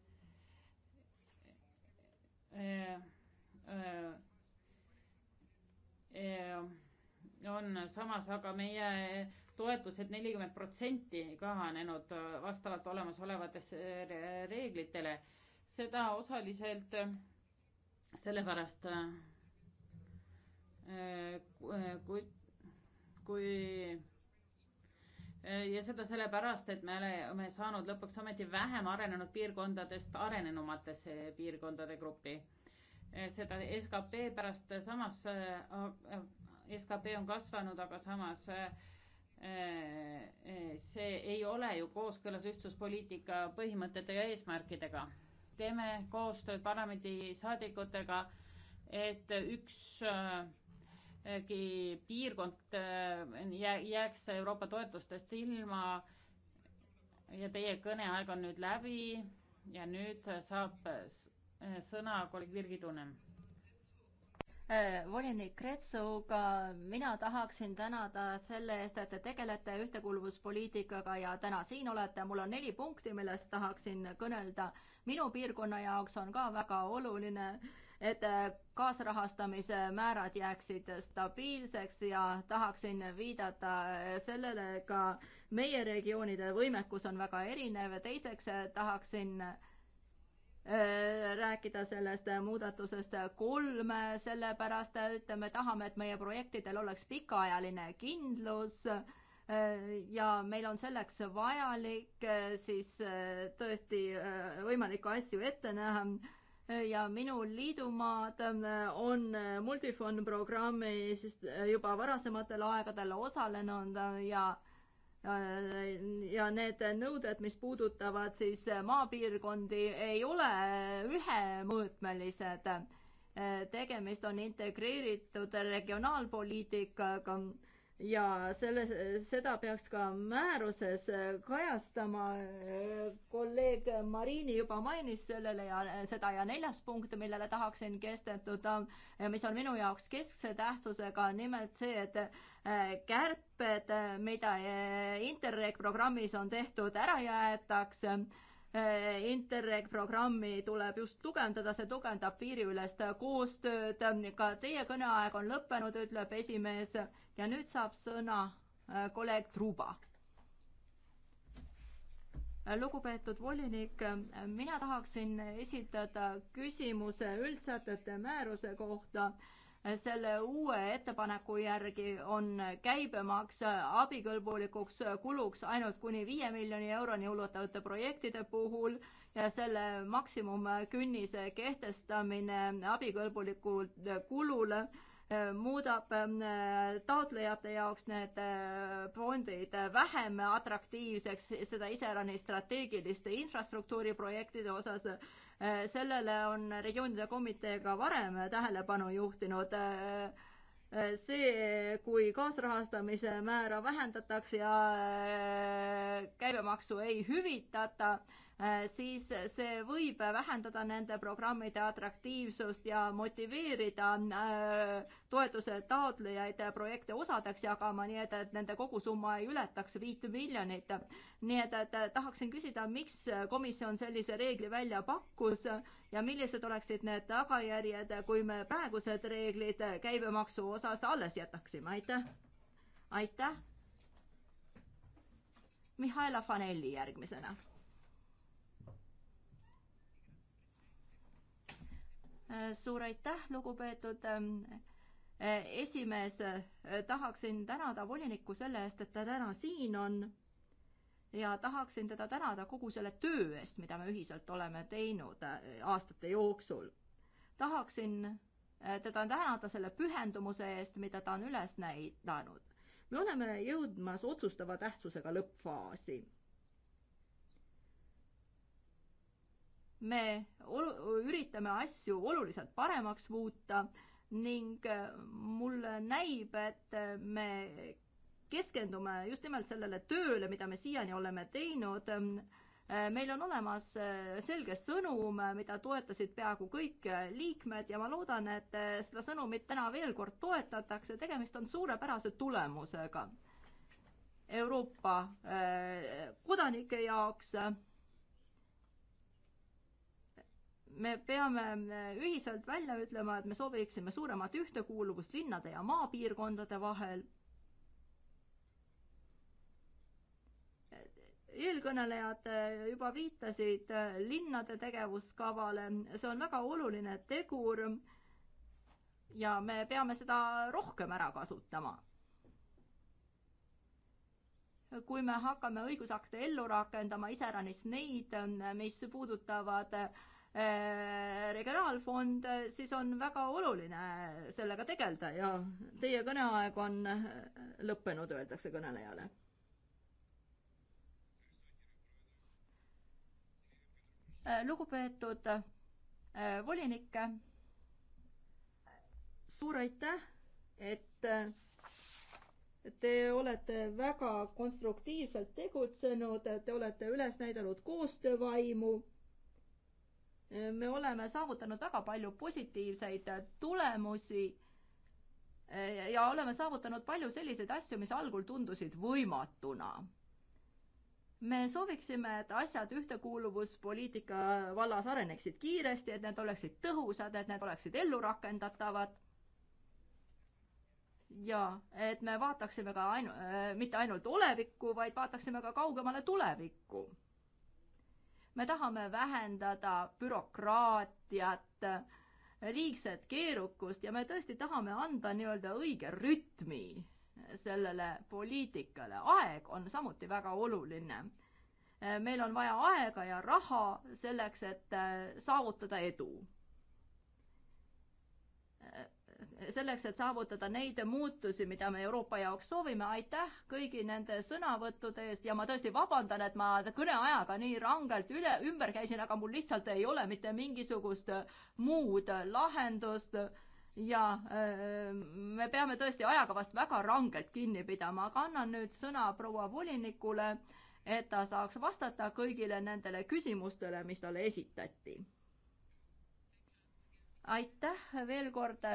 Äh, äh, on samas aga meie toetused nelikümmend protsenti kahanenud vastavalt olemasolevatesse reeglitele. seda osaliselt sellepärast, kui, kui ja seda sellepärast, et me oleme saanud lõpuks ometi vähem arenenud piirkondadest arenenumatesse piirkondade gruppi. Eh, seda skp pärast samas, eh, skp on kasvanud, aga samas eh, see ei ole ju kooskõlas ühtsuspoliitika põhimõtete ja eesmärkidega. teeme koostööd parlamendisaadikutega, et üks piirkond äh, jääks Euroopa toetustest ilma ja teie kõneaeg on nüüd läbi ja nüüd saab äh, sõna kolleeg Virgi Tunem. Äh, volinik Kretsuga, mina tahaksin tänada selle eest, et te tegelete ühtekuuluvuspoliitikaga ja täna siin olete. mul on neli punkti, millest tahaksin kõnelda. minu piirkonna jaoks on ka väga oluline äh, et äh, kaasrahastamise määrad jääksid stabiilseks ja tahaksin viidata äh, sellele, ka meie regioonide võimekus on väga erinev ja teiseks äh, tahaksin rääkida sellest muudatusest kolm, sellepärast et me tahame, et meie projektidel oleks pikaajaline kindlus ja meil on selleks vajalik siis tõesti võimalikke asju ette näha ja minu liidumaad äh, on äh, Multifond programmi siis äh, juba varasematel aegadel osalenud ja ja need nõuded, mis puudutavad siis maapiirkondi, ei ole ühemõõtmelised. tegemist on integreeritud regionaalpoliitikaga ja selle, seda peaks ka määruses äh, kajastama. Äh, kolleeg Marini juba mainis sellele ja äh, seda ja neljas punkt, millele tahaksin kestetuda, mis on minu jaoks keskse tähtsusega, nimelt see, et kärped, mida Interreg programmis on tehtud, ära jäetakse Äh, Interreg programmi tuleb just tugevdada, see tugevdab piiriülest koostööd. ka teie kõneaeg on lõppenud, ütleb esimees ja nüüd saab sõna äh, kolleeg Truba. Äh, lugupeetud volinik, mina tahaksin esitada küsimuse üldsätete määruse kohta selle uue ettepaneku järgi on käibemaks abikõlbulikuks kuluks ainult kuni viie miljoni euroni ulatuvate projektide puhul ja selle maksimumkünnise kehtestamine abikõlbulikule kulule muudab ähm, taotlejate jaoks need äh, fondid äh, vähem atraktiivseks, seda iseärani strateegiliste infrastruktuuriprojektide osas. Äh, sellele on regioonide komitee ka varem tähelepanu juhtinud see, kui kaasrahastamise määra vähendatakse ja käibemaksu ei hüvitata, Äh, siis see võib vähendada nende programmide atraktiivsust ja motiveerida äh, toetuse taotlejaid projekte osadeks jagama, nii et, et nende kogusumma ei ületaks viit miljonit. nii et, et tahaksin küsida, miks komisjon sellise reegli välja pakkus ja millised oleksid need tagajärjed, kui me praegused reeglid käibemaksu osas alles jätaksime, aitäh! aitäh! Mihhail Afanelli järgmisena Äh, suur aitäh, lugupeetud ähm, äh, esimees, äh, tahaksin tänada volinikku selle eest, et ta täna siin on ja tahaksin teda tänada kogu selle töö eest, mida me ühiselt oleme teinud aastate jooksul. tahaksin teda tänada selle pühendumuse eest, mida ta on üles näidanud. me oleme jõudmas otsustava tähtsusega lõppfaasi. me olu-, üritame asju oluliselt paremaks muuta ning äh, mulle näib, et äh, me keskendume just nimelt sellele tööle, mida me siiani oleme teinud. Äh, meil on olemas selge sõnum, mida toetasid peaaegu kõik liikmed ja ma loodan, et seda sõnumit täna veel kord toetatakse, tegemist on suurepärase tulemusega Euroopa kodanike jaoks me peame ühiselt välja ütlema, et me sooviksime suuremat ühtekuuluvust linnade ja maapiirkondade vahel. eelkõnelejad juba viitasid linnade tegevuskavale, see on väga oluline tegur ja me peame seda rohkem ära kasutama kui me hakkame õigusakte ellu rakendama, iseäranis neid, mis puudutavad äh, Äh, regionaalfond, äh, siis on väga oluline sellega tegeleda ja teie kõneaeg on äh, lõppenud, öeldakse kõnelejale. lugupeetud volinik, suur aitäh, et Te olete väga konstruktiivselt tegutsenud, te olete üles näidanud koostöövaimu me oleme saavutanud väga palju positiivseid tulemusi eh, ja oleme saavutanud palju selliseid asju, mis algul tundusid võimatuna. me sooviksime, et asjad ühtekuuluvuspoliitika vallas areneksid kiiresti, et need oleksid tõhusad, et need oleksid ellurakendatavad. ja et me vaataksime ka ainu-, eh, mitte ainult olevikku, vaid vaataksime ka kaugemale tulevikku me tahame vähendada bürokraatiat, liigset keerukust ja me tõesti tahame anda nii-öelda õige rütmi sellele poliitikale. aeg on samuti väga oluline. meil on vaja aega ja raha selleks, et saavutada edu selleks, et saavutada neid muutusi, mida me Euroopa jaoks soovime, aitäh kõigi nende sõnavõttude eest ja ma tõesti vabandan, et ma kõneajaga nii rangelt üle, ümber käisin, aga mul lihtsalt ei ole mitte mingisugust muud lahendust ja äh, me peame tõesti ajaga vast väga rangelt kinni pidama, aga annan nüüd sõna proua volinikule, et ta saaks vastata kõigile nendele küsimustele, mis talle esitati aitäh veel kord,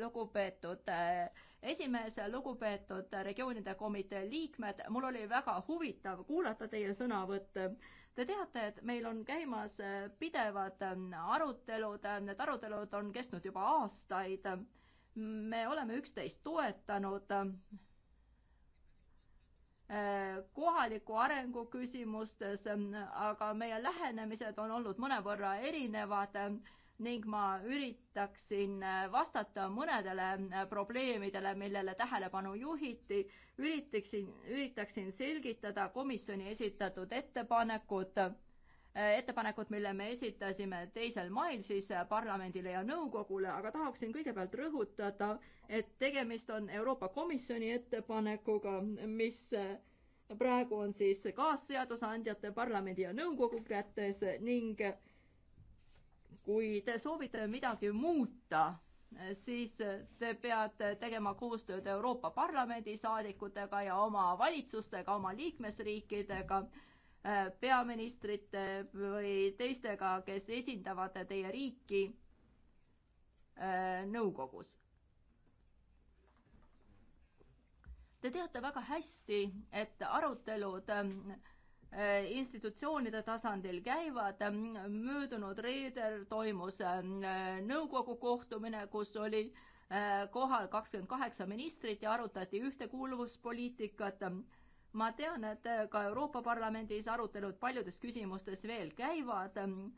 lugupeetud äh, esimees, lugupeetud regioonide komitee liikmed, mul oli väga huvitav kuulata teie sõnavõtte. Te teate, et meil on käimas äh, pidevad äh, arutelud, need arutelud on kestnud juba aastaid. me oleme üksteist toetanud kohaliku arengu küsimustes, aga meie lähenemised on olnud mõnevõrra erinevad ning ma üritaksin äh, vastata mõnedele äh, probleemidele, millele tähelepanu juhiti, üritaksin, üritaksin selgitada komisjoni esitatud ettepanekut, äh, ettepanekut, mille me esitasime teisel mail siis parlamendile ja nõukogule, aga tahaksin kõigepealt rõhutada, et tegemist on Euroopa Komisjoni ettepanekuga, mis praegu on siis kaasseadusandjate parlamendi ja nõukogu kätes ning kui te soovite midagi muuta, siis te peate tegema koostööd Euroopa Parlamendi saadikutega ja oma valitsustega, oma liikmesriikidega, äh, peaministrite või teistega, kes esindavad teie riiki äh, nõukogus. Te teate väga hästi, et arutelud äh, Äh, institutsioonide tasandil käivad. Ähm, möödunud reedel toimus ähm, äh, nõukogu kohtumine, kus oli äh, kohal kakskümmend kaheksa ministrit ja arutati ühtekuuluvuspoliitikat. ma tean, et ka Euroopa Parlamendis arutelud paljudes küsimustes veel käivad. Ähm,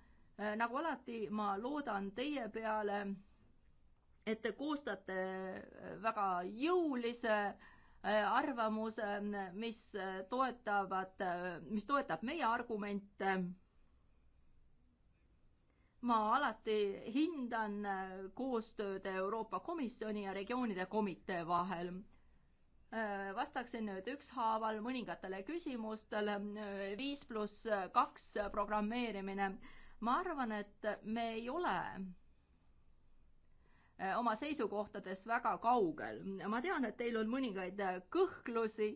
nagu alati, ma loodan teie peale, et te koostate väga jõulise Äh, arvamus, äh, mis äh, toetavad, mis toetab meie argumente. ma alati hindan koostööd Euroopa Komisjoni ja regioonide komitee vahel vastaksin nüüd ükshaaval mõningatele küsimustele. viis pluss kaks programmeerimine. ma arvan, et me ei ole Äh, oma seisukohtades väga kaugel. ma tean, et teil on mõningaid äh, kõhklusi,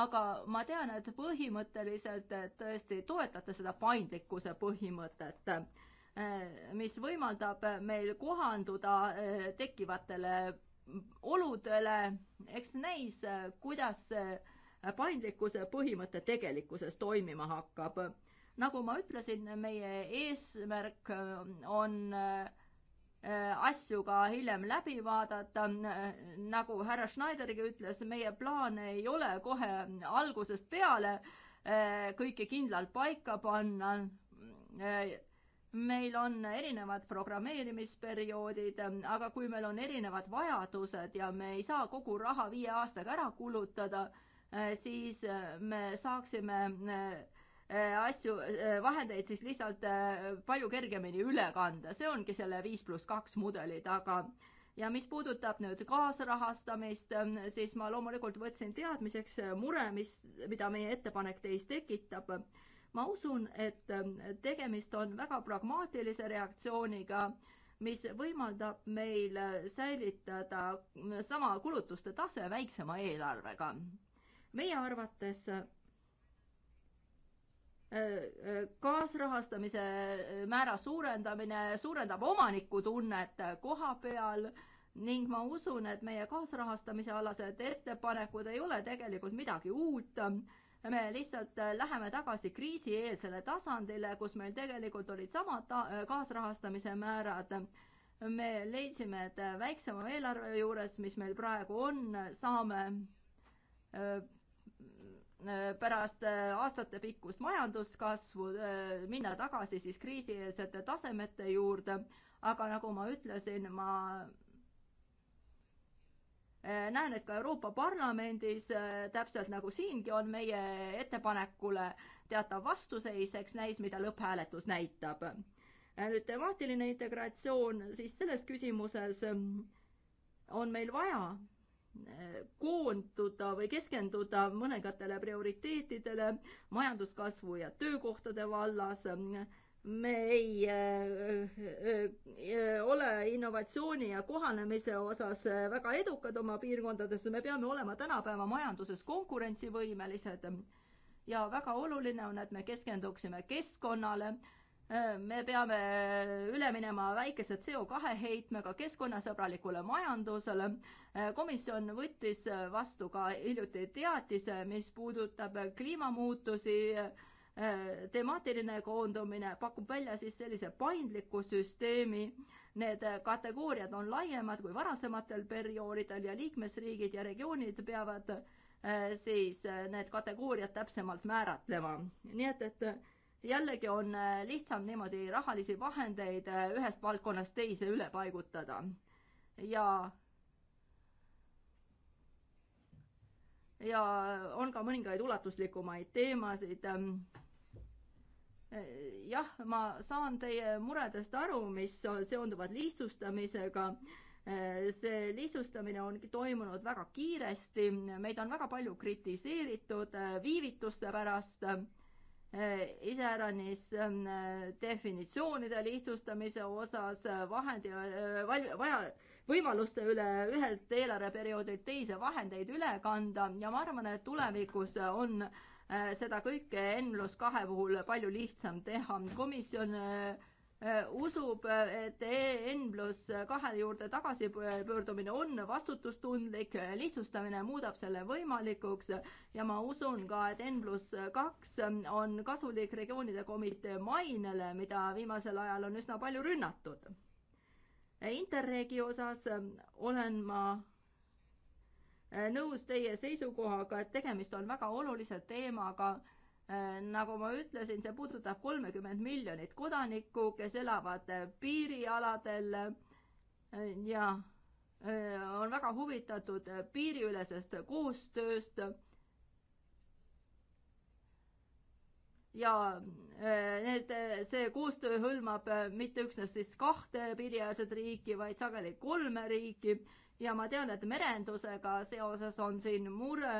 aga ma tean, et põhimõtteliselt äh, tõesti toetate seda paindlikkuse põhimõtet, mis võimaldab meil kohanduda tekkivatele oludele, eks näis, kuidas see paindlikkuse põhimõte tegelikkuses toimima hakkab. nagu ma ütlesin, meie eesmärk on äh, Äh, asju ka hiljem läbi vaadata. nagu härra Schneidergi ütles, meie plaan ei ole kohe algusest peale äh, kõike kindlalt paika panna. Äh, meil on erinevad programmeerimisperioodid, aga kui meil on erinevad vajadused ja me ei saa kogu raha viie aastaga ära kulutada, siis me saaksime Äh, asju, äh, vahendeid siis lihtsalt äh, palju kergemini üle kanda, see ongi selle viis pluss kaks mudeli taga. ja mis puudutab nüüd kaasrahastamist, ähm, siis ma loomulikult võtsin teadmiseks mure, mis, mida meie ettepanek teis tekitab. ma usun, et ähm, tegemist on väga pragmaatilise reaktsiooniga, mis võimaldab meil säilitada sama kulutuste tase väiksema eelarvega. meie arvates kaasrahastamise määra suurendamine suurendab omanikutunnet koha peal ning ma usun, et meie kaasrahastamise alased ettepanekud ei ole tegelikult midagi uut. me lihtsalt läheme tagasi kriisieelsele tasandile, kus meil tegelikult olid samad kaasrahastamise määrad. me leidsime, et väiksema eelarve juures, mis meil praegu on, saame Äh, pärast äh, aastatepikkust majanduskasvu äh, minna tagasi siis kriisieelsete tasemete juurde, aga nagu ma ütlesin, ma näen, et ka Euroopa Parlamendis, täpselt nagu siingi, on meie ettepanekule teatav vastuseis, eks näis, mida lõpphääletus näitab. nüüd temaatiline integratsioon, siis selles küsimuses mm, on meil vaja koonduda või keskenduda mõningatele prioriteetidele majanduskasvu ja töökohtade vallas. me ei äh, äh, äh, ole innovatsiooni ja kohanemise osas väga edukad oma piirkondades, me peame olema tänapäeva majanduses konkurentsivõimelised. ja väga oluline on, et me keskenduksime keskkonnale me peame üle minema väikese CO2 heitmega keskkonnasõbralikule majandusele. komisjon võttis vastu ka hiljuti teatise, mis puudutab kliimamuutusi. temaatiline koondumine pakub välja siis sellise paindliku süsteemi. Need kategooriad on laiemad kui varasematel perioodidel ja liikmesriigid ja regioonid peavad eh, siis eh, need kategooriad täpsemalt määratlema. nii et, et jällegi on äh, lihtsam niimoodi rahalisi vahendeid äh, ühest valdkonnast teise üle paigutada. ja ja on ka mõningaid ulatuslikumaid teemasid. Ähm, äh, jah, ma saan teie muredest aru, mis seonduvad lihtsustamisega see lihtsustamine on toimunud väga kiiresti, meid on väga palju kritiseeritud viivituste pärast Äh, iseäranis ähm, definitsioonide lihtsustamise osas, äh, vahendi, äh, vaja, võimaluste üle ühelt eelarveperioodilt teise vahendeid üle kanda ja ma arvan, et tulevikus on seda kõike N pluss kahe puhul palju lihtsam teha. komisjon äh, Äh, usub, et EN pluss kahe juurde tagasipöördumine on vastutustundlik, lihtsustamine muudab selle võimalikuks ja ma usun ka, et N pluss kaks on kasulik regioonide komitee mainele, mida viimasel ajal on üsna palju rünnatud. Interregi osas olen ma äh, nõus teie seisukohaga, et tegemist on väga olulise teemaga Äh, nagu ma ütlesin, see puudutab kolmekümmend miljonit kodanikku, kes elavad äh, piirialadel äh, ja on väga huvitatud piiriülesest koostööst. ja need, see koostöö hõlmab mitte üksnes siis kahte piiriäärset riiki, vaid sageli kolme riiki ja ma tean, et merendusega seoses on siin mure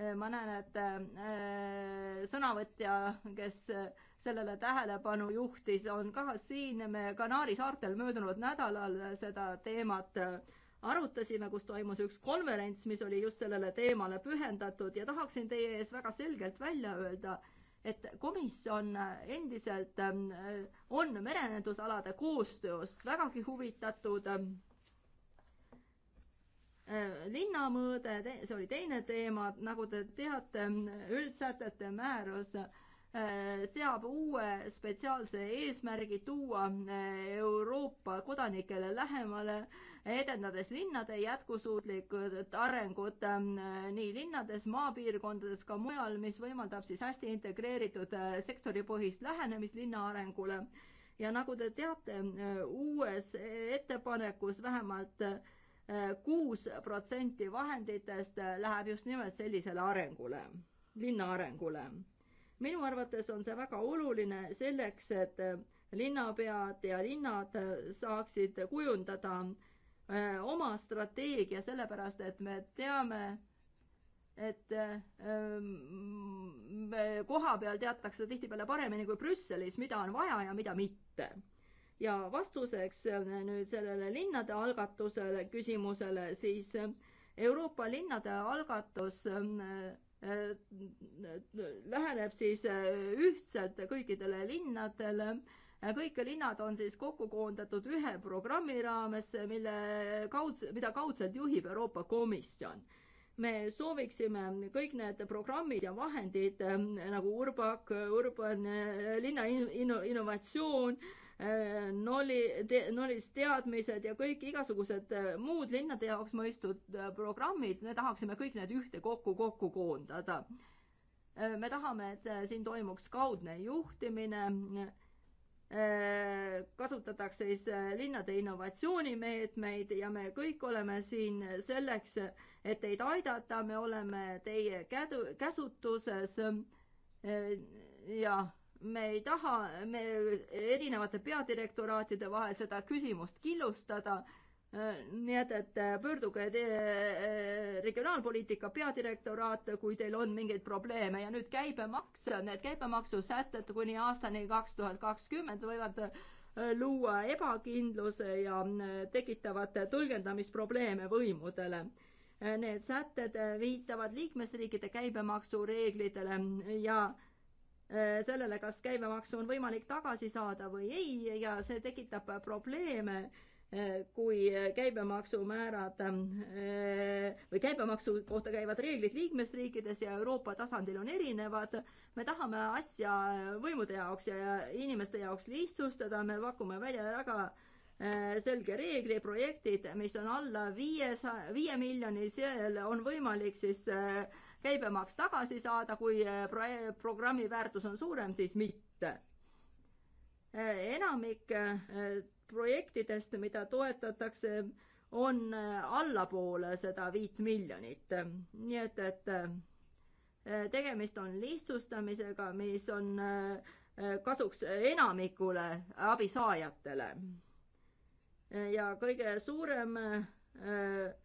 Äh, ma näen, et äh, sõnavõtja, kes äh, sellele tähelepanu juhtis, on ka siin, me Kanaari saartel möödunud nädalal seda teemat arutasime, kus toimus üks konverents, mis oli just sellele teemale pühendatud ja tahaksin teie ees väga selgelt välja öelda, et komisjon endiselt on merendusalade koostööst vägagi huvitatud Äh, linnamõõde, see oli teine teema, nagu te teate, üldsätete määrus äh, seab uue spetsiaalse eesmärgi tuua äh, Euroopa kodanikele lähemale, edendades linnade jätkusuutlikud arengud nii linnades, maapiirkondades, ka mujal, mis võimaldab siis hästi integreeritud sektoripõhist lähenemist linna arengule. ja nagu te teate, uues ettepanekus vähemalt kuus protsenti vahenditest läheb just nimelt sellisele arengule, linna arengule. minu arvates on see väga oluline selleks, et linnapead ja linnad saaksid kujundada äh, oma strateegia, sellepärast et me teame, et ähm, koha peal teatakse tihtipeale paremini kui Brüsselis, mida on vaja ja mida mitte ja vastuseks äh, nüüd sellele linnade algatusele, küsimusele, siis äh, Euroopa linnade algatus äh, läheneb siis ühtselt kõikidele linnadele. kõik linnad on siis kokku koondatud ühe programmi raames, mille kaudse, mida kaudselt juhib Euroopa Komisjon. me sooviksime kõik need programmid ja vahendid nagu Urbak, Urban, linna in, innovatsioon noli te,, nolist teadmised ja kõik igasugused äh, muud linnade jaoks mõistud äh, programmid, me tahaksime kõik need ühtekokku kokku koondada. Äh, me tahame, et siin toimuks kaudne juhtimine kasutatakse siis linnade innovatsioonimeetmeid ja me kõik oleme siin selleks, et teid aidata, me oleme teie kädu, käsutuses. ja me ei taha me erinevate peadirektoraatide vahel seda küsimust killustada. nii et, et pöörduge regionaalpoliitika peadirektoraate, kui teil on mingeid probleeme ja nüüd käibemaks, need käibemaksusätted kuni aastani kaks tuhat kakskümmend võivad äh, luua ebakindluse ja äh, tekitavad tõlgendamisprobleeme võimudele äh, need sätted viitavad liikmesriikide käibemaksureeglidele ja Äh, sellele, kas käibemaksu on võimalik tagasi saada või ei ja see tekitab probleeme, äh, kui käibemaksumäärad äh, või käibemaksu kohta käivad reeglid liikmesriikides ja Euroopa tasandil on erinevad. me tahame asja võimude jaoks ja inimeste jaoks lihtsustada, me pakume välja väga selge reegli, projektid, mis on alla viiesaja, viie miljoni, seal on võimalik siis äh, käibemaks tagasi saada, kui eh, pro-, programmi väärtus on suurem, siis mitte. Eh, enamik eh, projektidest, mida toetatakse, on allapoole seda viit miljonit, nii et, et tegemist on lihtsustamisega, mis on kasuks enamikule abisaajatele. ja kõige suurem äh,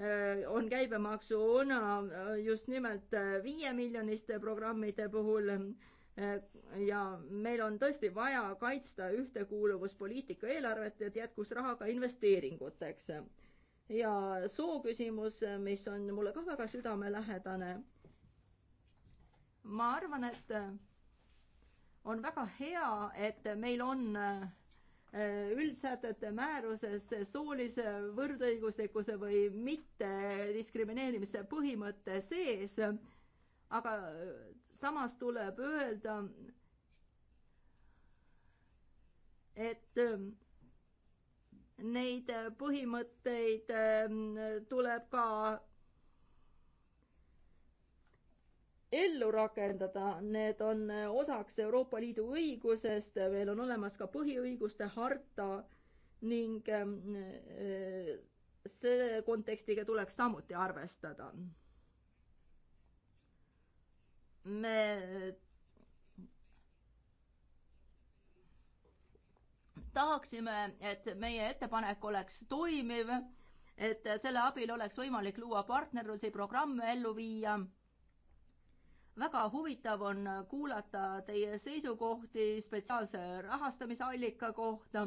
Äh, on käibemaksuuna äh, just nimelt äh, viiemiljoniste programmide puhul ja meil on tõesti vaja kaitsta ühtekuuluvuspoliitika eelarvet, et jätkus raha ka investeeringuteks. ja sooküsimus, mis on mulle ka väga südamelähedane. ma arvan, et on väga hea, et meil on üldsätete määruses soolise võrdõiguslikkuse või mittediskrimineerimise põhimõte sees, aga samas tuleb öelda, et ähm, neid põhimõtteid ähm, tuleb ka ellu rakendada, need on äh, osaks Euroopa Liidu õigusest, meil on olemas ka põhiõiguste harta ning ähm, äh, selle kontekstiga tuleks samuti arvestada. me tahaksime, et meie ettepanek oleks toimiv, et selle abil oleks võimalik luua partnerlusi, programme ellu viia väga huvitav on äh, kuulata teie seisukohti spetsiaalse rahastamisallika kohta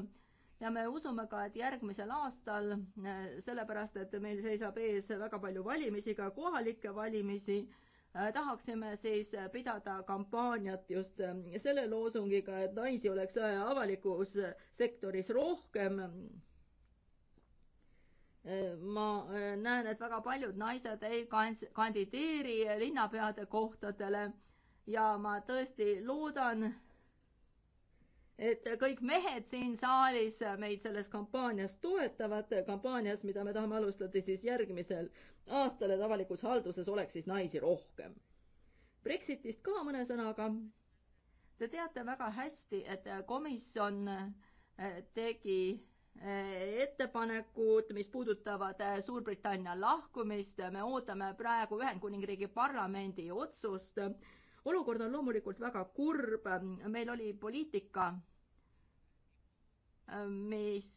ja me usume ka, et järgmisel aastal, äh, sellepärast et meil seisab ees väga palju valimisi, ka kohalikke valimisi, äh, tahaksime siis pidada kampaaniat just selle loosungiga, et naisi oleks avalikus sektoris rohkem ma äh, näen, et väga paljud naised ei kandideeri linnapeade kohtadele ja ma tõesti loodan, et kõik mehed siin saalis meid selles kampaanias toetavad, kampaanias, mida me tahame alustada siis järgmisel aastal, et avalikus halduses oleks siis naisi rohkem. Brexitist ka mõne sõnaga. Te teate väga hästi, et komisjon äh, tegi Eh, ettepanekud, mis puudutavad eh, Suurbritannia lahkumist, me ootame praegu Ühendkuningriigi parlamendi otsust. olukord on loomulikult väga kurb, meil oli poliitika, eh, mis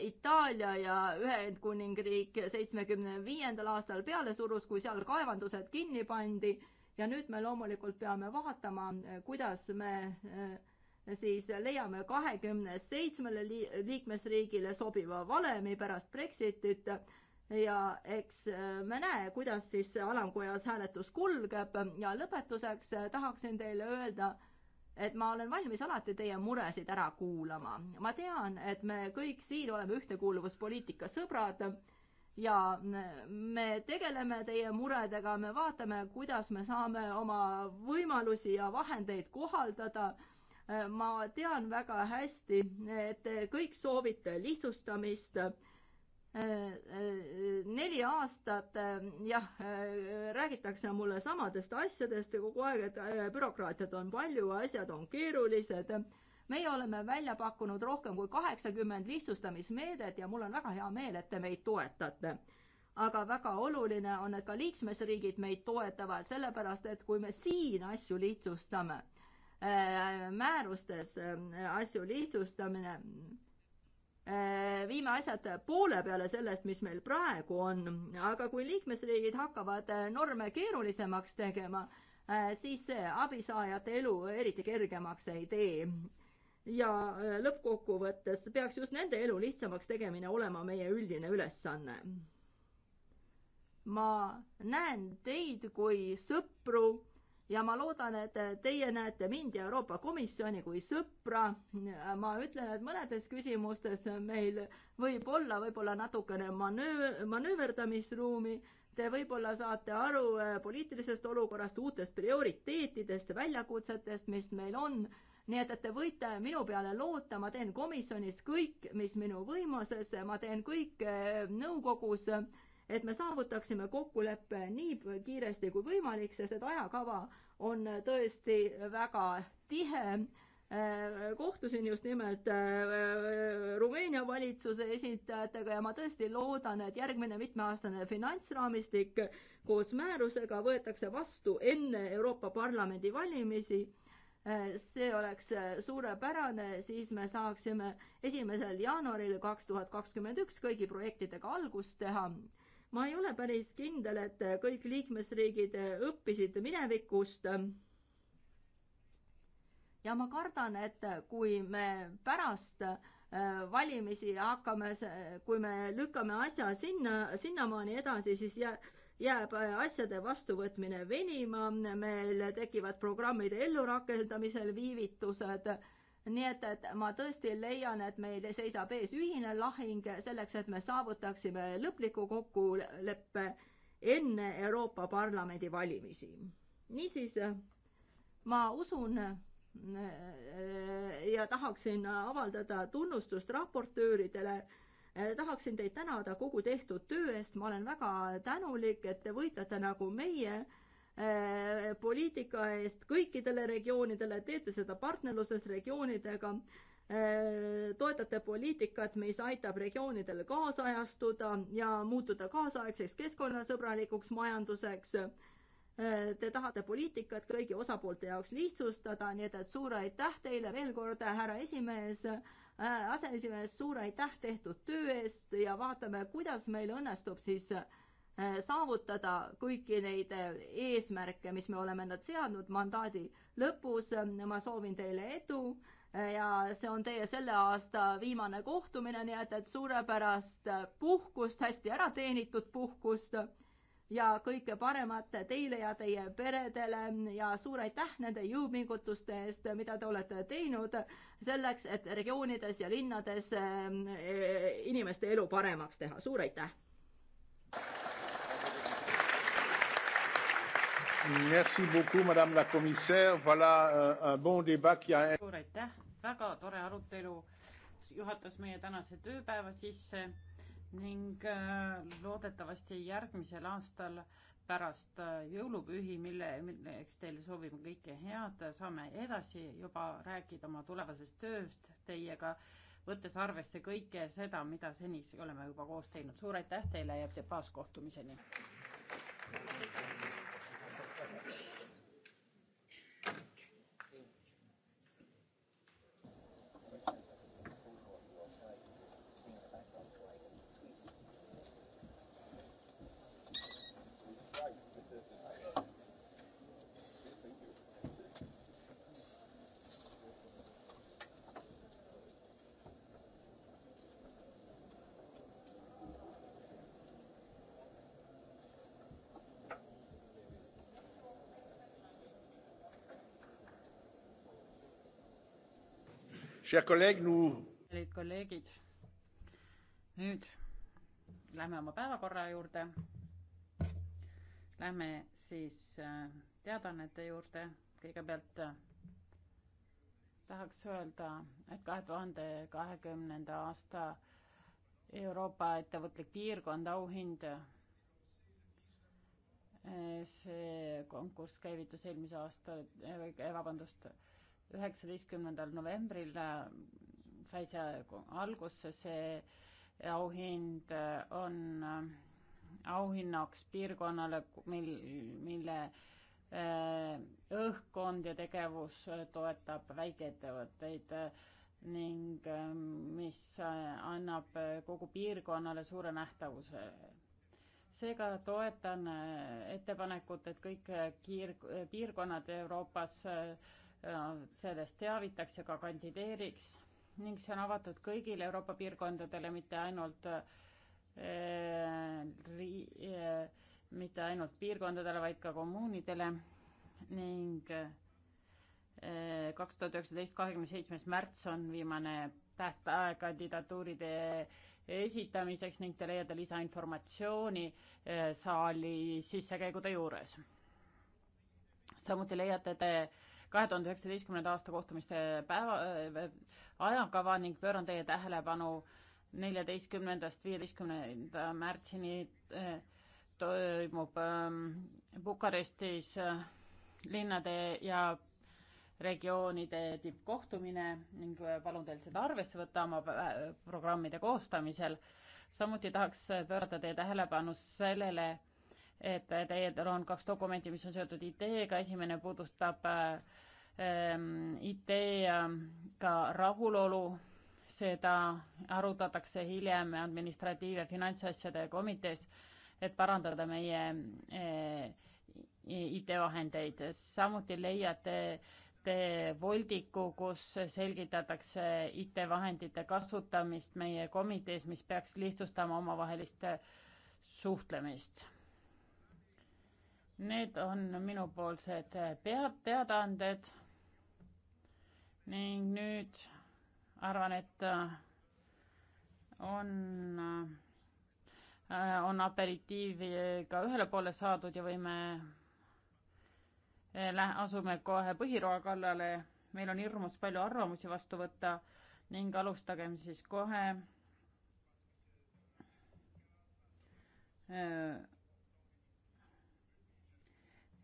Itaalia ja Ühendkuningriik seitsmekümne viiendal aastal peale surus, kui seal kaevandused kinni pandi ja nüüd me loomulikult peame vaatama, kuidas me siis leiame kahekümne seitsmele liikmesriigile sobiva valemi pärast Brexitit ja eks äh, me näe, kuidas siis alamkojas hääletus kulgeb ja lõpetuseks äh, tahaksin teile öelda, et ma olen valmis alati teie muresid ära kuulama. ma tean, et me kõik siin oleme ühtekuuluvuspoliitika sõbrad ja me tegeleme teie muredega, me vaatame, kuidas me saame oma võimalusi ja vahendeid kohaldada ma tean väga hästi, et kõik soovite lihtsustamist. neli aastat, jah, räägitakse mulle samadest asjadest kogu aeg, et eh, bürokraatiat on palju, asjad on keerulised. meie oleme välja pakkunud rohkem kui kaheksakümmend lihtsustamismeedet ja mul on väga hea meel, et te meid toetate aga väga oluline on, et ka liikmesriigid meid toetavad, sellepärast et kui me siin asju lihtsustame Äh, määrustes äh, asju lihtsustamine. Äh, viime asjad poole peale sellest, mis meil praegu on, aga kui liikmesriigid hakkavad norme keerulisemaks tegema, siis see abisaajate elu eriti kergemaks ei tee. ja lõppkokkuvõttes peaks just nende elu lihtsamaks tegemine olema meie üldine ülesanne. ma näen teid kui sõpru ja ma loodan, et teie näete mind ja Euroopa Komisjoni kui sõpra. ma ütlen, et mõnedes küsimustes meil võib olla võib-olla natukene manöö-, manööverdamisruumi. Te võib-olla saate aru eh, poliitilisest olukorrast, uutest prioriteetidest, väljakutsetest, mis meil on. nii et, et te võite minu peale loota, ma teen komisjonis kõik, mis minu võimuses, ma teen kõik eh, nõukogus äh, et me saavutaksime kokkuleppe nii kiiresti kui võimalik, sest et ajakava on tõesti väga tihe. Äh, kohtusin just nimelt äh, äh, Rumeenia valitsuse esindajatega ja ma tõesti loodan, et järgmine mitmeaastane finantsraamistik koos määrusega võetakse vastu enne Euroopa Parlamendi valimisi see oleks suurepärane, siis me saaksime esimesel jaanuaril kaks tuhat kakskümmend üks kõigi projektidega algust teha ma ei ole päris kindel, et äh, kõik liikmesriigid äh, õppisid minevikust. ja ma kardan, et äh, kui me pärast valimisi hakkame, kui me lükkame asja sinna, sinnamaani edasi, siis jää, jääb asjade vastuvõtmine venima, meil tekivad programmide ellurakendamisel viivitused nii et, et ma tõesti leian, et meil seisab ees ühine lahing selleks, et me saavutaksime lõpliku kokkuleppe enne Euroopa Parlamendi valimisi. niisiis, ma usun äh, ja tahaksin avaldada tunnustust raportööridele, äh, tahaksin teid tänada kogu tehtud töö eest, ma olen väga tänulik, et te võitlete nagu meie Äh, poliitika eest kõikidele regioonidele, teete seda partnerluses regioonidega, äh, toetate poliitikat, mis aitab regioonidel kaasajastuda ja muutuda kaasaegseks keskkonnasõbralikuks majanduseks. Äh, te tahate poliitikat kõigi osapoolte jaoks lihtsustada, nii et, et suur aitäh teile veel kord, härra esimees aseesimees, suur aitäh tehtud töö eest ja vaatame, kuidas meil õnnestub siis äh, Äh, saavutada kõiki neid äh, eesmärke, mis me oleme endalt seadnud mandaadi lõpus. ma soovin teile edu äh, ja see on teie selle aasta viimane kohtumine, nii et, et suurepärast puhkust, hästi ära teenitud puhkust ja kõike paremat teile ja teie peredele ja suur aitäh nende jõupingutuste eest, mida te olete teinud selleks, et regioonides ja linnades inimeste elu paremaks teha. suur aitäh! Euh, suur aitäh, väga tore arutelu juhatas meie tänase tööpäeva sisse ning äh, loodetavasti järgmisel aastal pärast äh, jõulupühi, mille, milleks teile soovime kõike head, saame edasi juba rääkida oma tulevasest tööst teiega, võttes arvesse kõike seda, mida seni oleme juba koos teinud. suur aitäh teile ja taas kohtumiseni! kallid kolleegid, nüüd lähme oma päevakorra juurde. Lähme siis äh, teadaannete juurde. kõigepealt äh, tahaks öelda, et kahe tuhande kahekümnenda aasta Euroopa ettevõtlik piirkond auhind. Äh, see konkurss käivitus eelmise aasta, vabandust üheksateistkümnendal novembril äh, sai see algusse, see auhind äh, on äh, auhinnaks piirkonnale, mil, mille õhkkond ja tegevus toetab väikeettevõtteid ning mis annab kogu piirkonnale suure nähtavuse. seega toetan ettepanekut, et kõik kiir-, piirkonnad Euroopas äh, Äh, sellest teavitaks ja ka kandideeriks ning see on avatud kõigile Euroopa piirkondadele, mitte ainult äh, äh mitte ainult piirkondadele, vaid ka kommuunidele ning äh, kaks tuhat üheksateist, kahekümne seitsmes märts on viimane tähtaeg kandidatuuride esitamiseks ning te leiate lisainformatsiooni saali sissekäigude juures. samuti leiate te kahe tuhande üheksateistkümnenda aasta kohtumiste päeva äh,, ajakava ning pööran teie tähelepanu neljateistkümnendast viieteistkümnenda märtsini äh, toimub äh, Bukarestis äh, linnade ja regioonide tippkohtumine ning äh, palun teil seda arvesse võtta oma äh, programmide koostamisel. samuti tahaks pöörata teie tähelepanu sellele, et teil on kaks dokumenti, mis on seotud IT-ga, esimene puudutab ähm, IT-ga rahulolu, seda arutatakse hiljem administratiiv- ja finantsasjade komitees, et parandada meie äh, IT-vahendeid, samuti leiate te voldiku, kus selgitatakse IT-vahendite kasutamist meie komitees, mis peaks lihtsustama omavahelist äh, suhtlemist Need on minupoolsed pead, teadaanded ning nüüd arvan, et äh, on, äh, on aperitiiviga ühele poole saadud ja võime, äh, asume kohe põhiroa kallale. meil on hirmus palju arvamusi vastu võtta ning alustagem siis kohe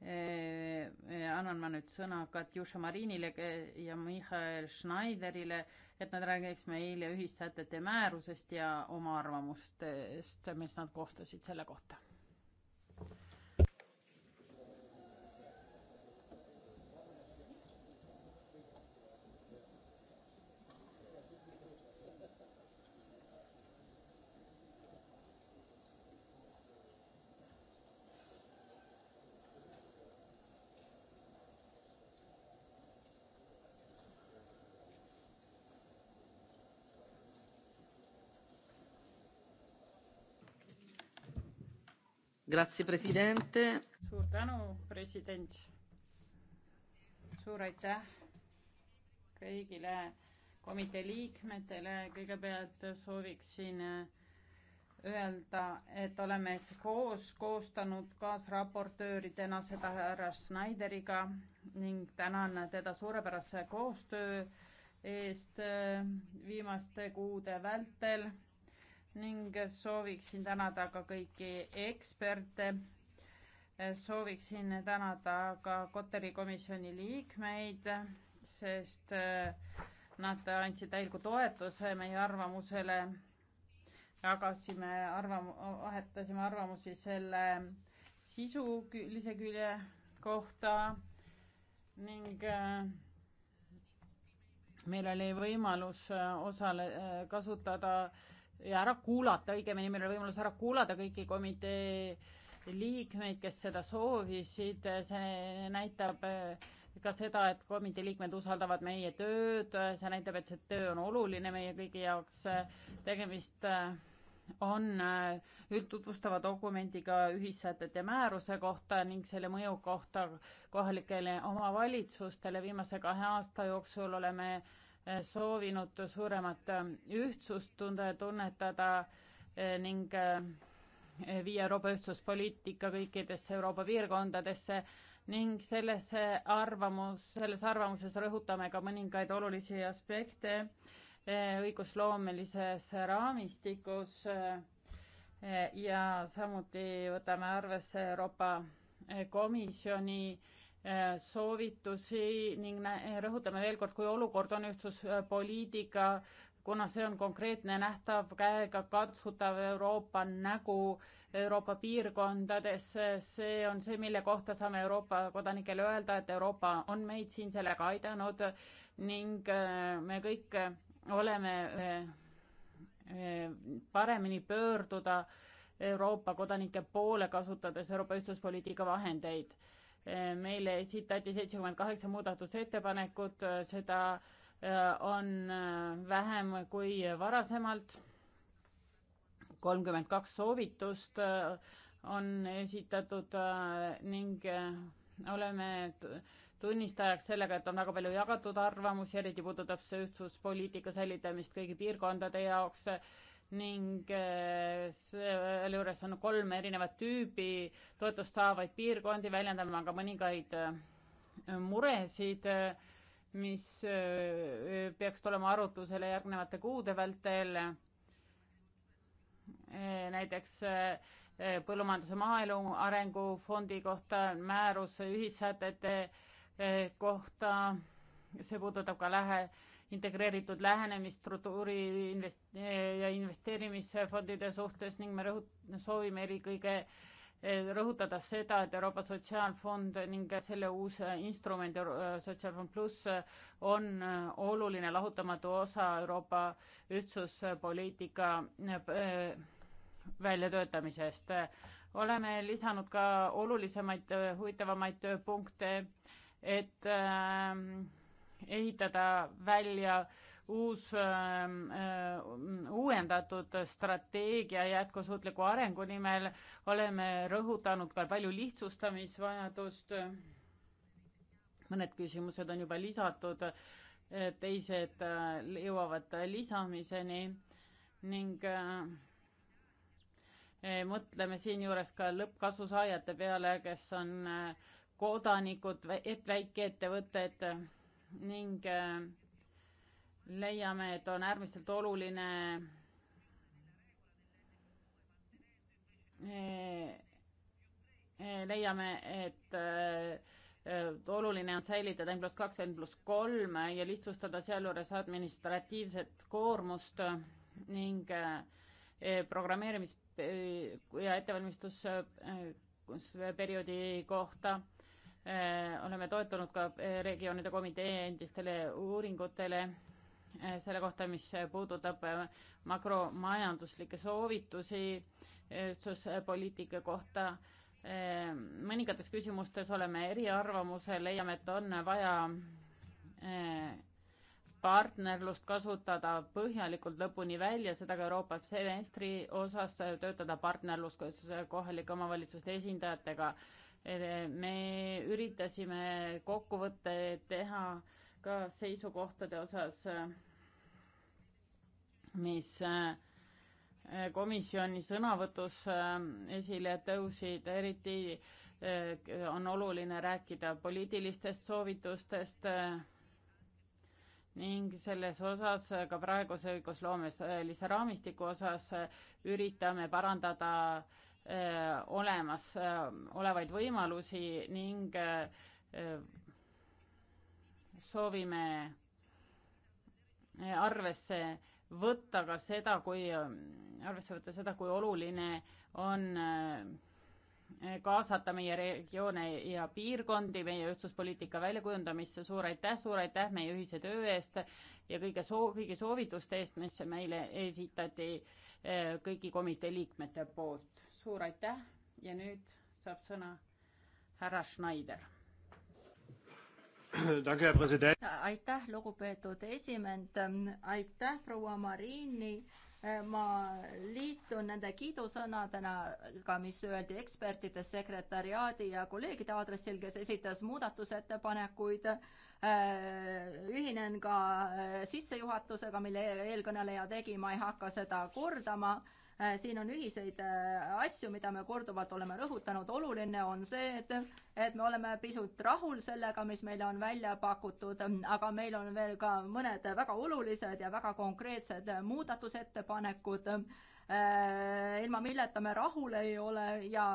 Eh, eh, annan ma nüüd sõna Katjuša Marinile ja Mihhail Schneiderile, et nad räägiks meile ühissätete määrusest ja oma arvamustest, mis nad koostasid selle kohta. Grazie, president. suur tänu, president. suur aitäh kõigile komitee liikmetele. kõigepealt sooviksin öelda, et oleme koos koostanud kaasraportööridena seda härra Schneideriga ning tänan teda suurepärase koostöö eest viimaste kuude vältel ning sooviksin tänada ka kõiki eksperte, sooviksin tänada ka Kotari komisjoni liikmeid, sest äh, nad andsid täieliku toetuse meie arvamusele, jagasime arvam-, vahetasime arvamusi selle sisulise külje kohta ning äh, meil oli võimalus äh, osale-, kasutada äh, ja ära kuulata, õigemini meil oli võimalus ära kuulata kõiki komitee liikmeid, kes seda soovisid, see näitab eh, ka seda, et komitee liikmed usaldavad meie tööd, see näitab, et see töö on oluline meie kõigi jaoks, tegemist eh, on eh, üldtutvustava dokumendiga ühissätete määruse kohta ning selle mõju kohta kohalikele omavalitsustele. viimase kahe aasta jooksul oleme Eh, soovinud suuremat eh, ühtsust tunda ja tunnetada eh, ning viia Euroopa ühtsuspoliitika kõikidesse Euroopa piirkondadesse ning sellesse arvamus, selles arvamuses rõhutame ka mõningaid olulisi aspekte õigusloomelises raamistikus ja samuti võtame arvesse Euroopa Komisjoni Äh, soovitusi ning äh, rõhutame veel kord, kui olukord on ühtsuspoliitika, kuna see on konkreetne, nähtav, käegakatsutav Euroopa nägu Euroopa piirkondades, see on see, mille kohta saame Euroopa kodanikele öelda, et Euroopa on meid siin sellega aidanud ning äh, me kõik oleme paremini pöörduda Euroopa kodanike poole, kasutades Euroopa ühtsuspoliitika vahendeid meile esitati seitsekümmend kaheksa muudatusettepanekut, seda äh, on äh, vähem kui varasemalt. kolmkümmend kaks soovitust äh, on esitatud ning oleme tunnistajaks sellega, et on väga palju jagatud arvamusi, eriti puudutab see ühtsuspoliitika säilitamist kõigi piirkondade jaoks ning eh, sealjuures on kolm erinevat tüüpi toetust saavaid piirkondi, väljendame ka mõningaid eh, muresid, eh, mis peaks tulema arutusele järgnevate kuude vältel. näiteks põllumajanduse maaelu arengufondi kohta, määruse ühissätete kohta, see puudutab ka lähe-, integreeritud lähenemist struktuuri invest- ja investeerimisfondide suhtes ning me rõhut-, soovime eelkõige eh, rõhutada seda, et Euroopa Sotsiaalfond ning selle uus eh, instrument, eh, Sotsiaalfond pluss, on oluline lahutamatu osa Euroopa ühtsuspoliitika väljatöötamisest. oleme lisanud ka olulisemaid, huvitavamaid punkte, et äh, ehitada välja uus ähm, äh, uuendatud strateegia jätkusuutliku arengu nimel. oleme rõhutanud ka palju lihtsustamisvajadust. mõned küsimused on juba lisatud, äh, teised äh, jõuavad lisamiseni ning äh, äh, mõtleme siinjuures ka lõppkasusaajate peale, kes on kodanikud, väikeettevõtted et ning äh, leiame, et on äärmiselt oluline äh, leiame, et äh, oluline on säilitada N pluss kaks, N pluss kolm ja lihtsustada sealjuures administratiivset koormust ning programmeerimis- ja ettevalmistusperioodi kohta Äh, oleme toetunud ka äh, regioonide komitee endistele uuringutele äh, selle kohta, mis puudutab makromajanduslikke soovitusi ühtsuspoliitika kohta. mõningates küsimustes oleme eriarvamusel, leiame, et on vaja partnerlust kasutada põhjalikult lõpuni välja, seda ka Euroopa semestri osas, töötada partnerlus kohalike omavalitsuste esindajatega me üritasime kokkuvõtte teha ka seisukohtade osas, mis äh, komisjoni sõnavõtus äh, esile tõusid, eriti äh, on oluline rääkida poliitilistest soovitustest ning selles osas ka praeguse õigusloomelise raamistiku osas üritame parandada äh, Äh, olemas äh, olevaid võimalusi ning äh, soovime arvesse võtta ka seda, kui, arvesse võtta seda, kui oluline on kaasata meie regioone ja piirkondi meie ühtsuspoliitika väljakujundamisse. suur aitäh, suur aitäh meie ühise töö eest ja kõige soo-, kõigi soovituste eest, mis meile esitati kõigi komitee liikmete poolt suur aitäh ja nüüd saab sõna härra Schneider. aitäh, lugupeetud esimend, aitäh, proua Marini. ma liitun nende kiidusõnadega, mis öeldi ekspertide sekretariaadi ja kolleegide aadressil, kes esitas muudatusettepanekuid. Äh, ühinen ka äh, sissejuhatusega, mille eelkõneleja tegi, ma ei hakka seda kordama Äh, siin on ühiseid äh, asju, mida me korduvalt oleme rõhutanud, oluline on see, et et me oleme pisut rahul sellega, mis meile on välja pakutud, aga meil on veel ka mõned väga olulised ja väga konkreetsed muudatusettepanekud, äh, ilma milleta me rahul ei ole ja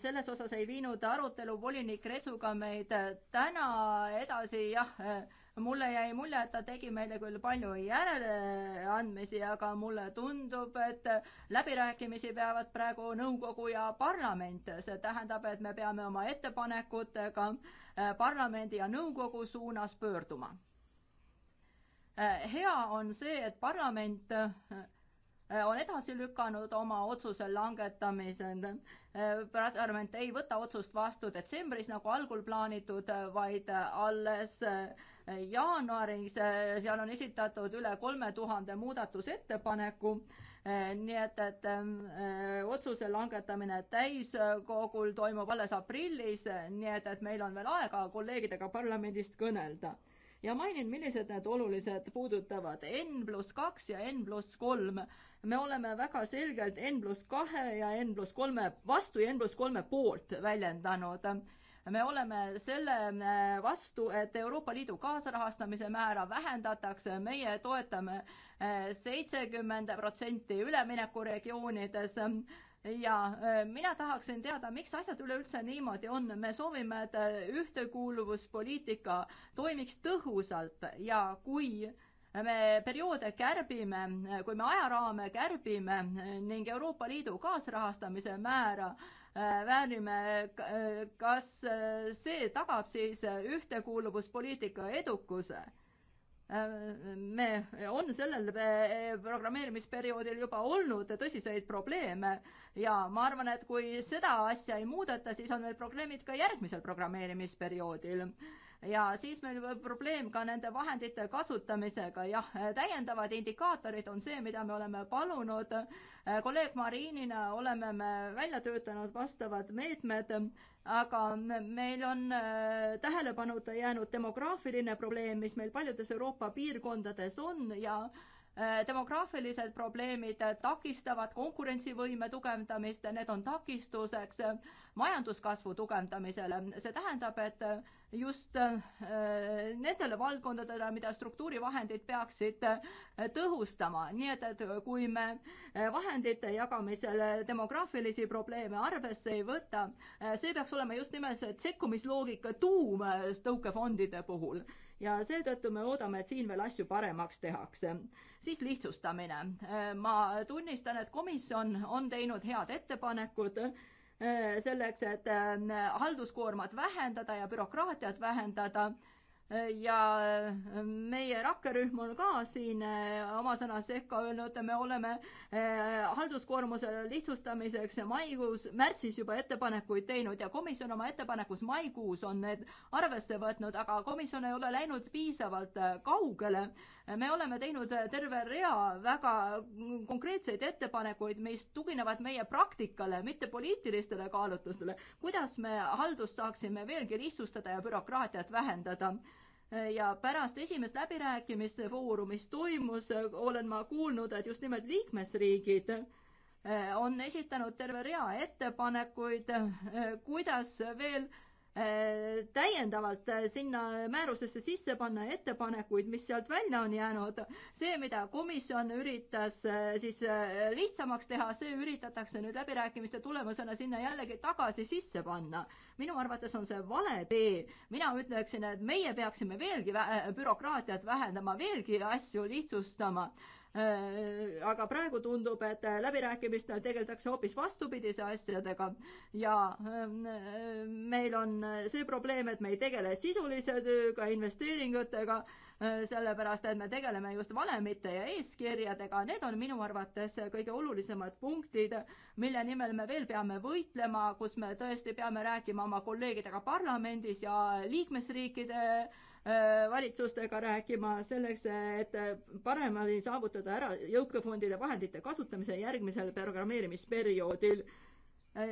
selles osas ei viinud arutelu volinik Retsuga meid täna edasi, jah mulle jäi mulje, et ta tegi meile küll palju järeleandmisi, aga mulle tundub, et läbirääkimisi peavad praegu nõukogu ja parlament. see tähendab, et me peame oma ettepanekutega eh, parlamendi ja nõukogu suunas pöörduma. Eh, hea on see, et parlament eh, on edasi lükanud oma otsuse langetamise. parlament ei võta otsust vastu detsembris nagu algul plaanitud, vaid alles jaanuaris, eh, seal on esitatud üle kolme tuhande muudatusettepaneku, eh, nii et, et eh, otsuse langetamine täiskogul toimub alles aprillis, nii et, et meil on veel aega kolleegidega parlamendist kõnelda. ja mainin, millised need olulised puudutavad N pluss kaks ja N pluss kolm. me oleme väga selgelt N pluss kahe ja N pluss kolme vastu ja N pluss kolme poolt väljendanud me oleme selle äh, vastu, et Euroopa Liidu kaasrahastamise määra vähendatakse, meie toetame äh, seitsekümmend protsenti üleminekuregioonides ja äh, mina tahaksin teada, miks asjad üleüldse niimoodi on, me soovime, et ühtekuuluvuspoliitika toimiks tõhusalt ja kui me perioode kärbime, kui me ajaraame kärbime ning Euroopa Liidu kaasrahastamise määra äh, Äh, väärime, äh, kas äh, see tagab siis ühtekuuluvuspoliitika edukuse? me, on sellel programmeerimisperioodil juba olnud tõsiseid probleeme ja ma arvan, et kui seda asja ei muudeta, siis on meil probleemid ka järgmisel programmeerimisperioodil ja siis meil probleem ka nende vahendite kasutamisega, jah, täiendavad indikaatorid on see, mida me oleme palunud. kolleeg Marinina oleme me välja töötanud vastavad meetmed, aga meil on äh, tähelepanuta jäänud demograafiline probleem, mis meil paljudes Euroopa piirkondades on ja äh, demograafilised probleemid takistavad konkurentsivõime tugevdamist, need on takistuseks majanduskasvu tugevdamisele. see tähendab, et just äh, nendele valdkondadele, mida struktuurivahendid peaksid äh, tõhustama, nii et, et kui me äh, vahendite jagamisel demograafilisi probleeme arvesse ei võta, see peaks olema just nimelt see sekkumisloogika tuum tõukefondide puhul ja seetõttu me loodame, et siin veel asju paremaks tehakse. siis lihtsustamine. ma tunnistan, et komisjon on teinud head ettepanekud Äh, selleks, et ähm, halduskoormat vähendada ja bürokraatiat vähendada äh, ja äh, meie rakkerühm on ka siin oma sõna sekka öelnud, me oleme halduskoormuse lihtsustamiseks maikuus, märtsis juba ettepanekuid teinud ja komisjon oma ettepanekus maikuus on need arvesse võtnud, aga komisjon ei ole läinud piisavalt kaugele me oleme teinud äh, terve rea väga konkreetseid ettepanekuid, mis tuginevad meie praktikale, mitte poliitilistele kaalutlustele, kuidas me haldust saaksime veelgi lihtsustada ja bürokraatiat vähendada äh, ja pärast esimest läbirääkimiste vooru, mis toimus, äh, olen ma kuulnud, et just nimelt liikmesriigid on esitanud terve rea ettepanekuid, kuidas veel äh, Äh, täiendavalt äh, sinna määrusesse sisse panna ettepanekuid, mis sealt välja on jäänud. see, mida komisjon üritas äh, siis lihtsamaks teha, see üritatakse nüüd läbirääkimiste tulemusena sinna jällegi tagasi sisse panna. minu arvates on see vale tee. mina ütleksin, et meie peaksime veelgi vä bürokraatiat vähendama, veelgi asju lihtsustama aga praegu tundub, et läbirääkimistel tegeldakse hoopis vastupidise asjadega ja ähm, meil on see probleem, et me ei tegele sisulise tööga, investeeringutega, äh, sellepärast et me tegeleme just valemite ja eeskirjadega, need on minu arvates kõige olulisemad punktid, mille nimel me veel peame võitlema, kus me tõesti peame rääkima oma kolleegidega parlamendis ja liikmesriikide Äh, valitsustega rääkima selleks, et paremini saavutada ära jõukefondide vahendite kasutamise järgmisel programmeerimisperioodil äh,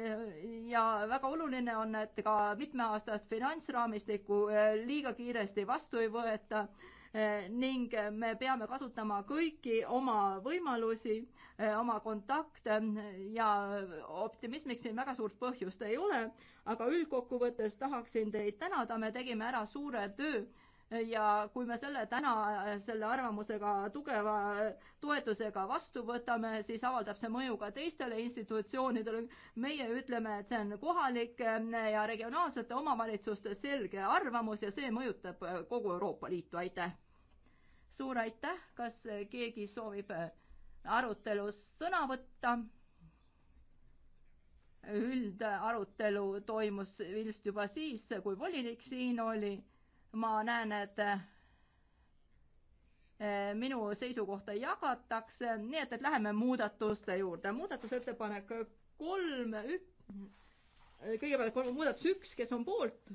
ja väga oluline on, et ka mitmeaastast finantsraamistikku äh, liiga kiiresti vastu ei võeta ning me peame kasutama kõiki oma võimalusi, oma kontakte ja optimismiks siin väga suurt põhjust ei ole, aga üldkokkuvõttes tahaksin teid tänada, me tegime ära suure töö ja kui me selle täna selle arvamusega tugeva toetusega vastu võtame, siis avaldab see mõju ka teistele institutsioonidele. meie ütleme, et see on kohalike eh, ja regionaalsete omavalitsuste selge arvamus ja see mõjutab eh, kogu Euroopa Liitu, aitäh! suur aitäh, kas keegi soovib eh, arutelus sõna võtta? üldarutelu toimus vist juba siis, kui volinik siin oli. ma näen, et eh, minu seisukohta jagatakse, nii et, et läheme muudatuste juurde. muudatusettepanek kolm, kõigepealt kolm, muudatus üks, kes on poolt,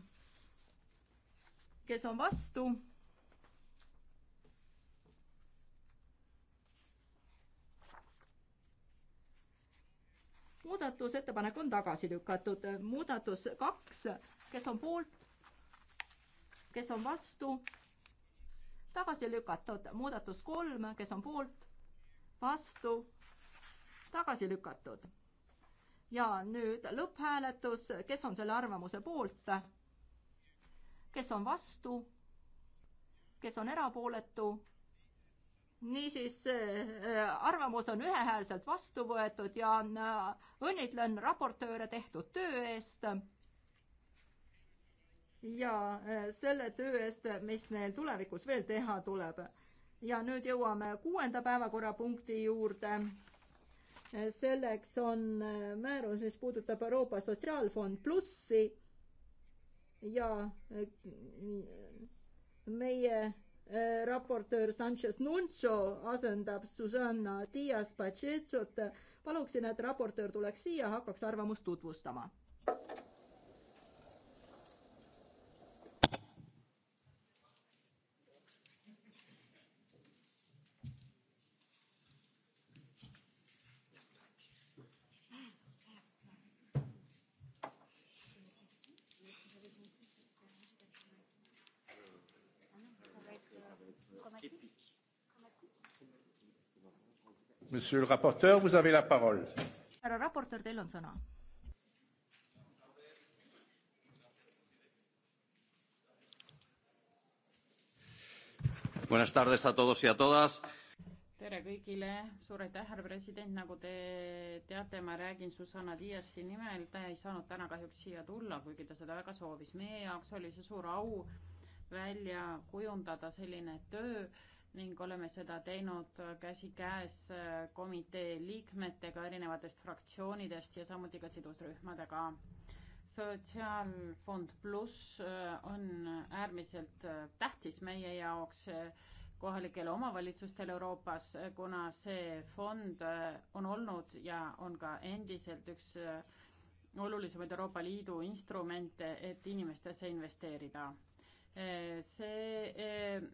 kes on vastu muudatusettepanek on tagasi lükatud. muudatus kaks, kes on poolt, kes on vastu, tagasi lükatud. muudatus kolm, kes on poolt, vastu, tagasi lükatud. ja nüüd lõpphääletus, kes on selle arvamuse poolt, kes on vastu, kes on erapooletu niisiis äh, arvamus on ühehäälselt vastu võetud ja äh, õnnitlen raportööre tehtud töö eest. ja äh, selle töö eest, mis neil tulevikus veel teha tuleb. ja nüüd jõuame kuuenda päevakorrapunkti juurde selleks on määrus, mis puudutab Euroopa Sotsiaalfond plussi ja meie Eh, raportöör Sanchez Nuncio asendab Susanna Dias-Pachetsot. paluksin, et raportöör tuleks siia, hakkaks arvamust tutvustama Monsieur le rapporteur, vous avez la parole. härra raportöör, teil on sõna. Buenas tardes a todos y a todas tere kõigile, suur aitäh, härra president, nagu te teate, ma räägin Susanna Diasi nimel, ta ei saanud täna kahjuks siia tulla, kuigi ta seda väga soovis. meie jaoks oli see suur au välja kujundada selline töö ning oleme seda teinud käsikäes äh, komitee liikmetega erinevatest fraktsioonidest ja samuti ka sidusrühmadega. sotsiaalfond pluss äh, on äärmiselt äh, tähtis meie jaoks kohalikele omavalitsustele Euroopas, kuna see fond on olnud ja on ka endiselt üks olulisemaid Euroopa Liidu instrumente, et inimestesse investeerida see eh,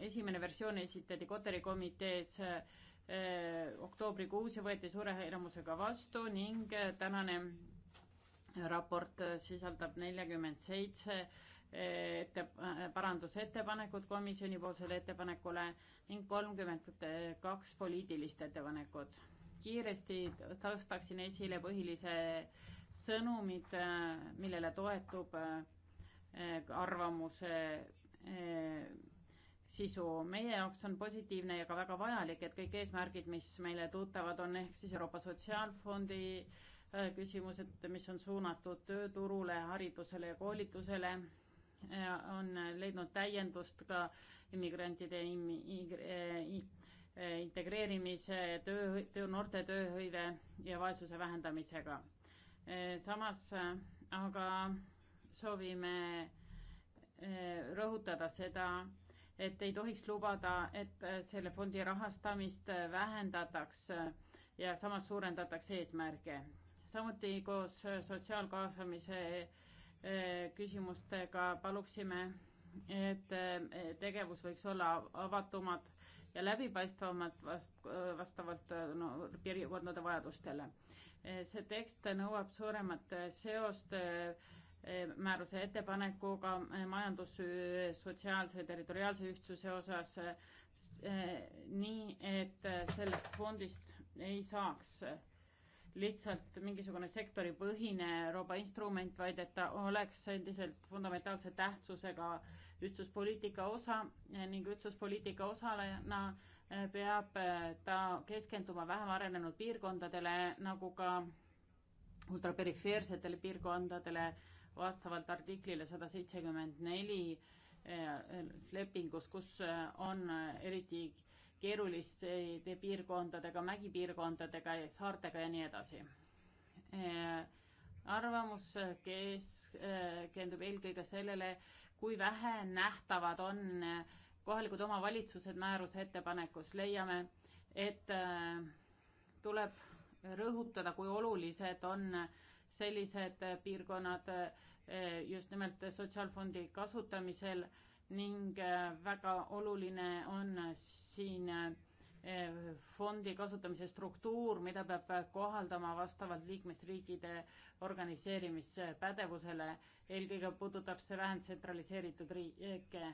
esimene versioon esitati Kotari komitees eh, oktoobrikuus ja võeti suure enamusega vastu ning eh, tänane raport sisaldab neljakümmend seitse ette, parandusettepanekut komisjonipoolsele ettepanekule ning kolmkümmend kaks poliitilist ettepanekut. kiiresti tõstaksin esile põhilise sõnumid, millele toetub äh, Eh, arvamuse eh, sisu. meie jaoks on positiivne ja ka väga vajalik, et kõik eesmärgid, mis meile tuttavad on, ehk siis Euroopa Sotsiaalfondi eh, küsimused, mis on suunatud tööturule, haridusele ja koolitusele, on leidnud täiendust ka immigrantide integreerimise, töö, töö, noorte tööhõive ja vaesuse vähendamisega. samas aga soovime eh, rõhutada seda, et ei tohiks lubada, et eh, selle fondi rahastamist eh, vähendataks ja samas suurendatakse eesmärke. samuti koos sotsiaalkaasamise küsimustega paluksime, et tegevus võiks olla avatumad ja läbipaistvamad vast-, vastavalt no, piirkondade vajadustele. see tekst nõuab suuremat seost Eh, määruse ettepanekuga eh, majandus, sotsiaalse, territoriaalse ühtsuse osas, eh, nii et sellest fondist ei saaks lihtsalt mingisugune sektoripõhine Euroopa instrument, vaid et ta oleks endiselt fundamentaalse tähtsusega ühtsuspoliitika osa ning ühtsuspoliitika osalejana peab ta keskenduma vähem arenenud piirkondadele nagu ka ultraperifeersetele piirkondadele vastavalt artiklile sada seitsekümmend neli eh, lepingus, kus eh, on eh, eriti keeruliste piirkondadega, mägipiirkondadega, saartega ja nii edasi. arvamus keskendub eelkõige sellele, kui vähe nähtavad on kohalikud omavalitsused määruse ettepanekus, leiame, et tuleb rõhutada, kui olulised on äh, sellised äh, piirkonnad äh, just nimelt sotsiaalfondi kasutamisel ning äh, väga oluline on siin fondi kasutamise struktuur, mida peab kohaldama vastavalt liikmesriikide organiseerimispädevusele. eelkõige puudutab see vähem tsentraliseeritud riike.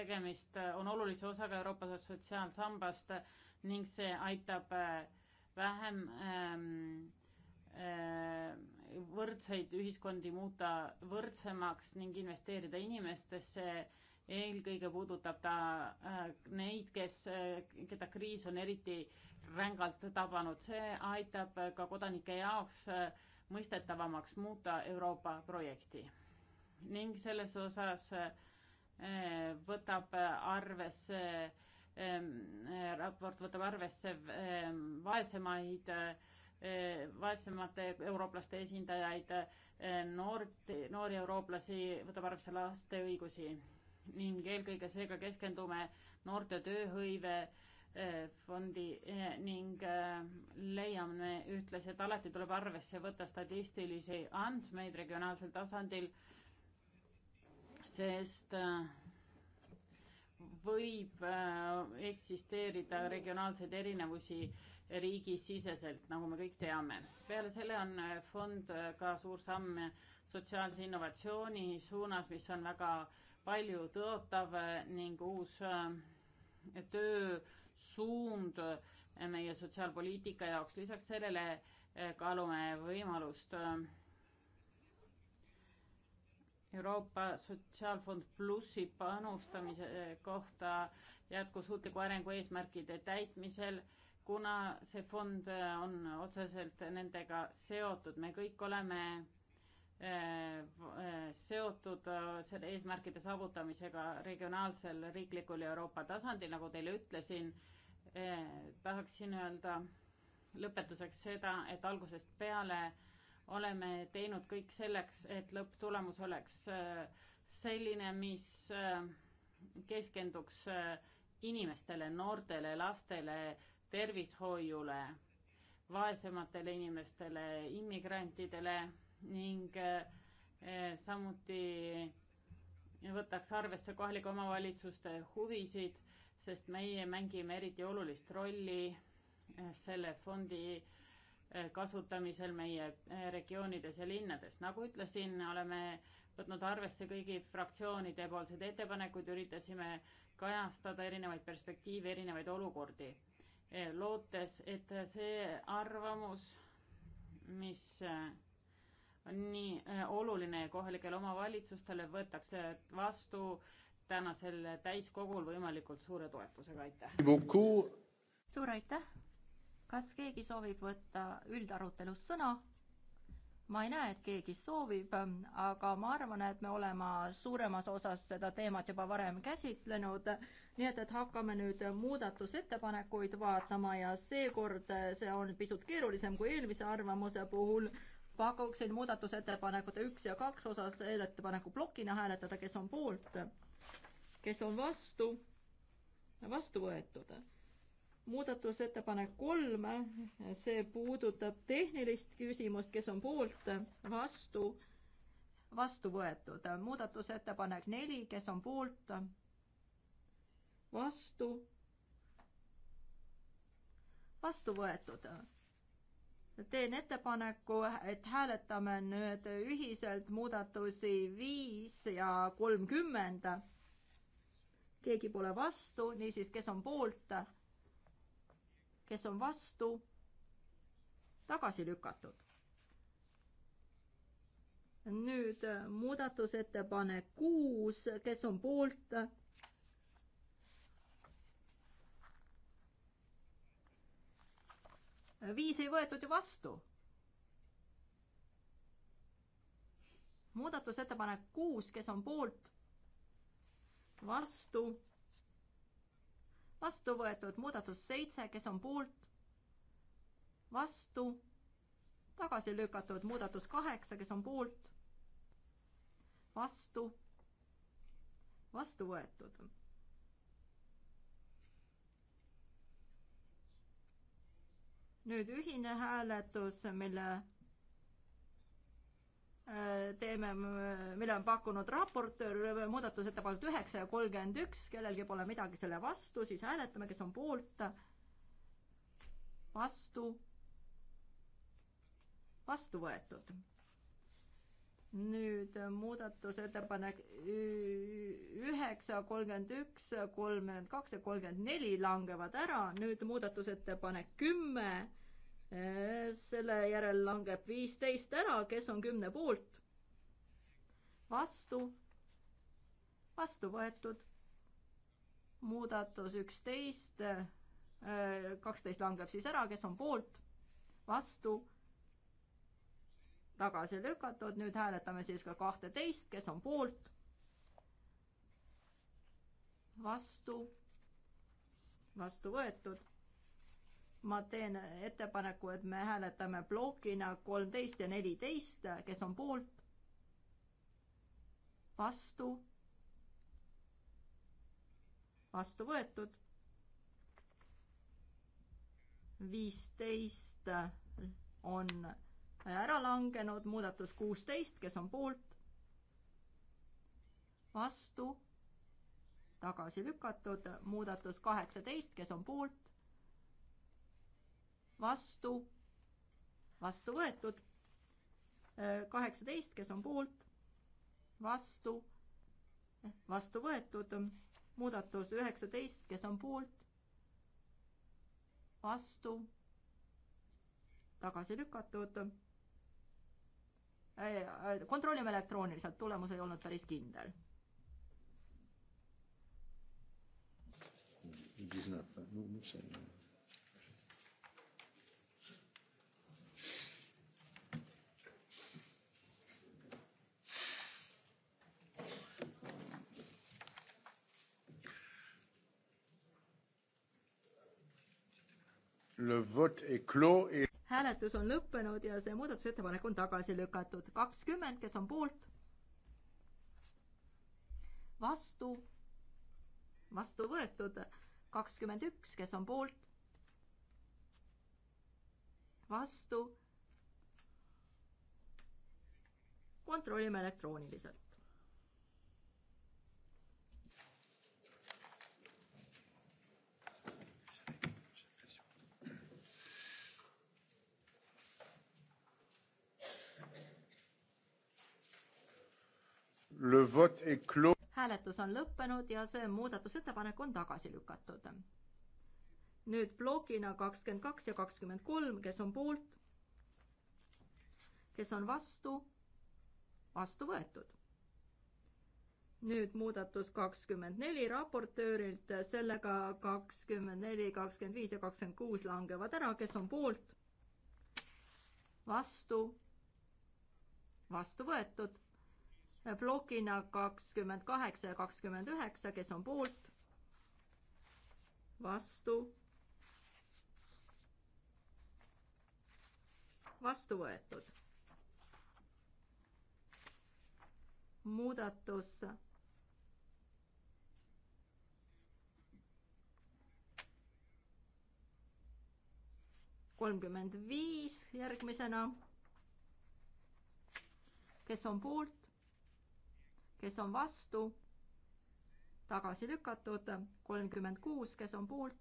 tegemist on olulise osaga Euroopa sotsiaalsambast ning see aitab vähem ähm, Äh, võrdseid ühiskondi muuta võrdsemaks ning investeerida inimestesse. eelkõige puudutab ta äh, neid, kes, äh, keda kriis on eriti rängalt tabanud. see aitab ka kodanike jaoks mõistetavamaks muuta Euroopa projekti. ning selles osas võtab arvesse raport võtab arvesse vaesemaid äh, Eh, vaesemate eurooplaste esindajaid, eh, noort, noori eurooplasi, võtab arvesse laste õigusi ning eelkõige seega keskendume noorte tööhõive eh, fondi ning leiame ühtlasi, et alati tuleb arvesse võtta statistilisi andmeid regionaalsel tasandil, sest võib eksisteerida regionaalseid erinevusi riigisiseselt, nagu me kõik teame. peale selle on äh, fond äh, ka suur samm sotsiaalse innovatsiooni suunas, mis on väga palju tõotav äh, ning uus töösuund meie sotsiaalpoliitika jaoks. lisaks sellele kaalume võimalust Euroopa Sotsiaalfond Plussi panustamise kohta jätkusuutliku arengu eesmärkide täitmisel kuna see fond äh, on otseselt nendega seotud, me kõik oleme äh, äh, seotud selle eesmärkide saavutamisega regionaalsel, riiklikul ja Euroopa tasandil, nagu teile ütlesin eh,. tahaksin öelda lõpetuseks seda, et algusest peale oleme teinud kõik selleks, et lõpptulemus oleks selline, mis keskenduks inimestele, noortele, lastele, tervishoiule, vaesematele inimestele, immigrantidele ning eh, samuti võtaks arvesse kohalike omavalitsuste huvisid, sest meie mängime eriti olulist rolli eh, selle fondi eh, kasutamisel meie regioonides ja linnades. nagu ütlesin, oleme võtnud arvesse kõigi fraktsioonide poolseid ettepanekuid, üritasime kajastada erinevaid perspektiive, erinevaid olukordi lootes, et see arvamus, mis äh, on nii äh, oluline kohalikele omavalitsustele, võetakse vastu tänasel täiskogul võimalikult suure toetusega, aitäh! suur aitäh! kas keegi soovib võtta üldarutelus sõna? ma ei näe, et keegi soovib, aga ma arvan, et me oleme suuremas osas seda teemat juba varem käsitlenud nii et, et hakkame nüüd muudatusettepanekuid vaatama ja seekord see on pisut keerulisem kui eelmise arvamuse puhul. pakuksin muudatusettepanekute üks ja kaks osas ettepaneku plokina hääletada, kes on poolt, kes on vastu, vastu võetud muudatusettepanek kolm, see puudutab tehnilist küsimust, kes on poolt, vastu, vastu võetud. muudatusettepanek neli, kes on poolt, vastu, vastu võetud. teen ettepaneku, et hääletame nüüd ühiselt muudatusi viis ja kolmkümmend. keegi pole vastu, niisiis, kes on poolt, kes on vastu, tagasi lükatud nüüd muudatusettepanek kuus, kes on poolt, viis ei võetud ju vastu. muudatusettepanek kuus, kes on poolt, vastu, vastu võetud muudatus seitse, kes on poolt, vastu, tagasi lükatud muudatus kaheksa, kes on poolt, vastu, vastu võetud nüüd ühine hääletus, mille äh, teeme, mille on pakkunud raportöör, muudatusettepanekud üheksa ja kolmkümmend üks, kellelgi pole midagi selle vastu, siis hääletame, kes on poolt, vastu, vastu võetud. nüüd muudatusettepanek üheksa, kolmkümmend üks, kolmkümmend kaks ja kolmkümmend neli langevad ära, nüüd muudatusettepanek kümme Eh, selle järel langeb viisteist ära, kes on kümne poolt. vastu, vastu võetud. muudatus üksteist, eh, kaksteist langeb siis ära, kes on poolt, vastu, tagasi lükatud, nüüd hääletame siis ka kahteteist, kes on poolt, vastu, vastu võetud ma teen ettepaneku, et me hääletame plokina kolmteist ja neliteist, kes on poolt, vastu, vastu võetud, viisteist on ära langenud, muudatus kuusteist, kes on poolt, vastu, tagasi lükatud, muudatus kaheksateist, kes on poolt, vastu, vastu võetud. Äh, kaheksateist, kes on poolt, vastu, äh, vastu võetud. muudatus üheksateist, kes on poolt, vastu, tagasi lükatud. Äh, kontrollime elektrooniliselt, tulemus ei olnud päris kindel 19, nous, nous sommes. hääletus on lõppenud ja see muudatusettepanek on tagasi lükatud. kakskümmend, kes on poolt? vastu, vastu võetud. kakskümmend üks, kes on poolt? vastu. kontrollime elektrooniliselt. hääletus on lõppenud ja see muudatusettepanek on tagasi lükatud. nüüd plokina kakskümmend kaks ja kakskümmend kolm, kes on poolt, kes on vastu, vastu võetud nüüd muudatus kakskümmend neli raportöörilt, sellega kakskümmend neli, kakskümmend viis ja kakskümmend kuus langevad ära, kes on poolt, vastu, vastu võetud plokina kakskümmend kaheksa ja kakskümmend üheksa, kes on poolt, vastu, vastu võetud. muudatus. kolmkümmend viis järgmisena. kes on poolt? kes on vastu, tagasi lükatud, kolmkümmend kuus, kes on poolt,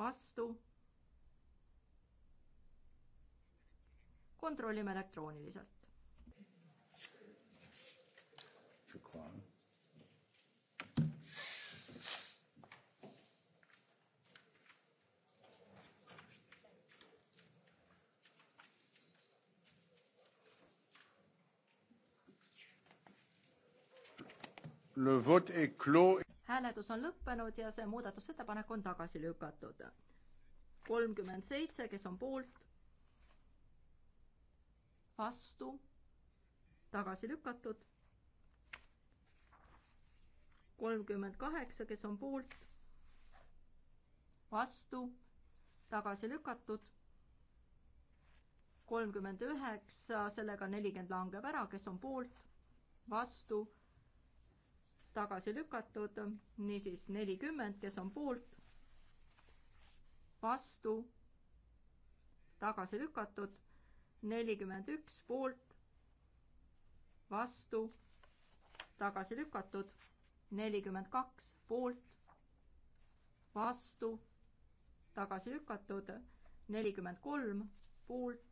vastu. kontrollime elektrooniliselt. hääletus on lõppenud ja see muudatusettepanek on tagasi lükatud. kolmkümmend seitse, kes on poolt, vastu, tagasi lükatud. kolmkümmend kaheksa, kes on poolt, vastu, tagasi lükatud. kolmkümmend üheksa, sellega nelikümmend langeb ära, kes on poolt, vastu tagasi lükatud, niisiis nelikümmend, kes on poolt, vastu, tagasi lükatud, nelikümmend üks poolt, vastu, tagasi lükatud, nelikümmend kaks poolt, vastu, tagasi lükatud, nelikümmend kolm poolt,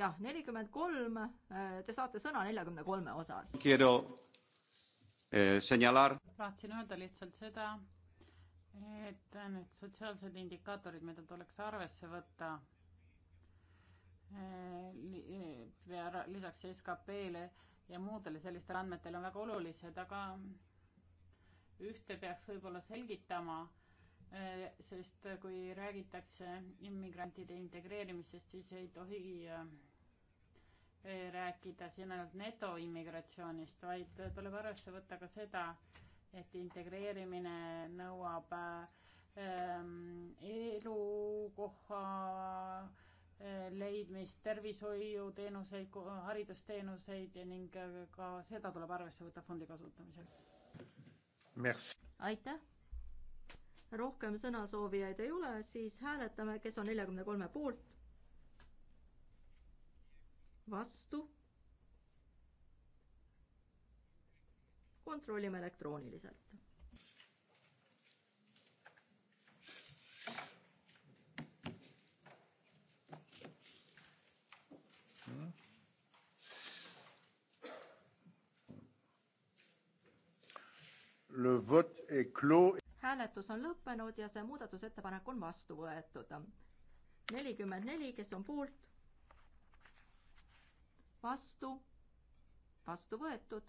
jah, nelikümmend kolm, äh, te saate sõna neljakümne kolme osas. Eh, tahtsin öelda lihtsalt seda, et need sotsiaalsed indikaatorid, mida tuleks arvesse võtta eh, eh, lisaks SKP-le ja muudele sellistele andmetele on väga olulised, aga ühte peaks võib-olla selgitama, sest kui räägitakse immigrantide integreerimisest, siis ei tohi rääkida siin ainult netoimmigratsioonist, vaid tuleb arvesse võtta ka seda, et integreerimine nõuab ähm, elukoha äh, leidmist, tervishoiuteenuseid, haridusteenuseid ja ning äh, ka seda tuleb arvesse võtta fondi kasutamisel. aitäh! rohkem sõnasoovijaid ei ole, siis hääletame, kes on neljakümne kolme poolt, vastu. kontrollime elektrooniliselt. hääletus on lõppenud ja see muudatusettepanek on vastu võetud. nelikümmend neli, kes on poolt vastu, vastu võetud,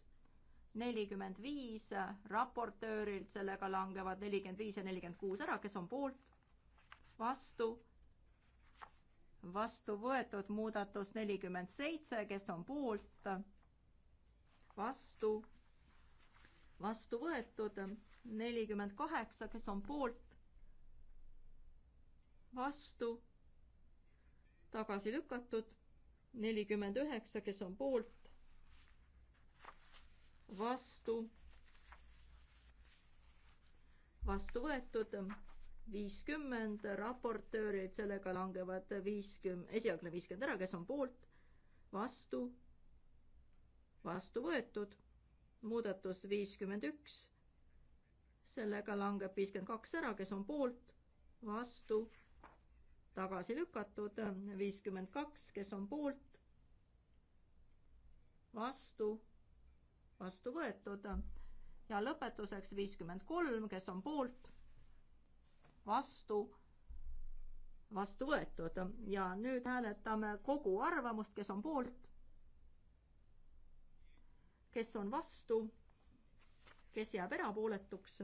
nelikümmend viis raportöörilt, sellega langevad nelikümmend viis ja nelikümmend kuus ära, kes on poolt, vastu, vastu võetud muudatus nelikümmend seitse, kes on poolt, vastu, vastu võetud nelikümmend kaheksa, kes on poolt, vastu, tagasi lükatud nelikümmend üheksa, kes on poolt, vastu, vastu võetud, viiskümmend raportöörid, sellega langevad viiskümmend, esialgne viiskümmend ära, kes on poolt, vastu, vastu võetud, muudatus viiskümmend üks, sellega langeb viiskümmend kaks ära, kes on poolt, vastu tagasi lükatud, viiskümmend kaks, kes on poolt, vastu, vastu võetud ja lõpetuseks viiskümmend kolm, kes on poolt, vastu, vastu võetud ja nüüd hääletame kogu arvamust, kes on poolt, kes on vastu, kes jääb erapooletuks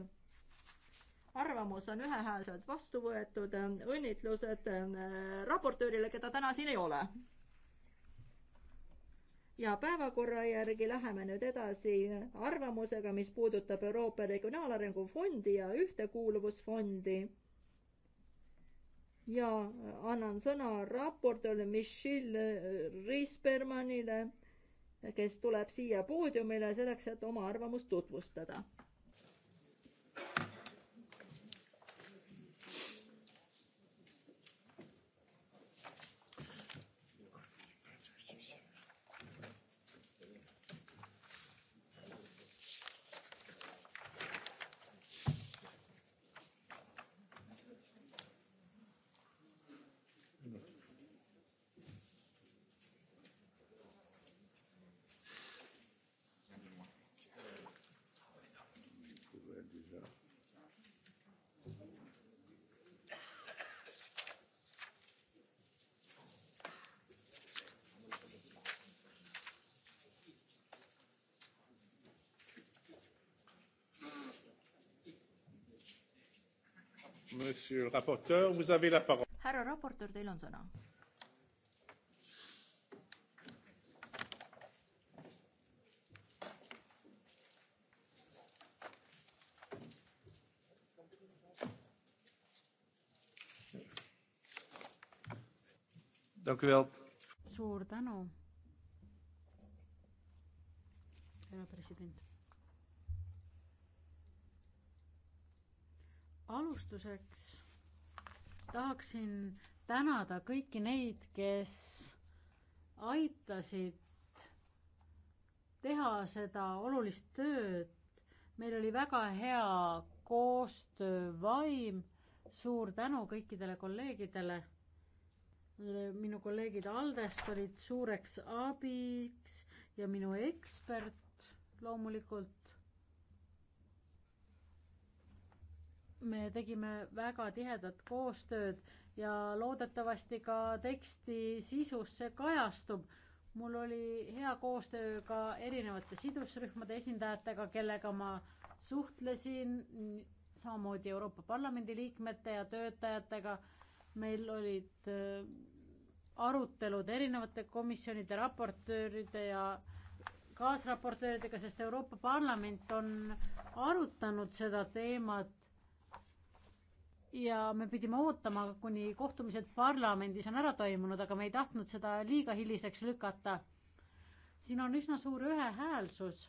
arvamus on ühehäälselt vastu võetud, õnnitlused äh, raportöörile, keda täna siin ei ole ja päevakorra järgi läheme nüüd edasi arvamusega, mis puudutab Euroopa Regionaalarengu Fondi ja Ühtekuuluvusfondi. ja annan sõna raportööle Michelle Riisbermanile, kes tuleb siia poodiumile selleks, et oma arvamust tutvustada Monsieur le rapporteur, vous avez la parole. härra raportöör, teil on sõna. Dank u wel. Suur tänu, härra president alustuseks tahaksin tänada kõiki neid, kes aitasid teha seda olulist tööd. meil oli väga hea koostöövaim. suur tänu kõikidele kolleegidele. minu kolleegid Aldest olid suureks abiks ja minu ekspert loomulikult me tegime väga tihedat koostööd ja loodetavasti ka teksti sisus see kajastub. mul oli hea koostöö ka erinevate sidusrühmade esindajatega, kellega ma suhtlesin, samamoodi Euroopa Parlamendi liikmete ja töötajatega. meil olid äh, arutelud erinevate komisjonide, raportööride ja kaasraportööridega, sest Euroopa Parlament on arutanud seda teemat ja me pidime ootama, kuni kohtumised parlamendis on ära toimunud, aga me ei tahtnud seda liiga hiliseks lükata. siin on üsna suur ühehäälsus.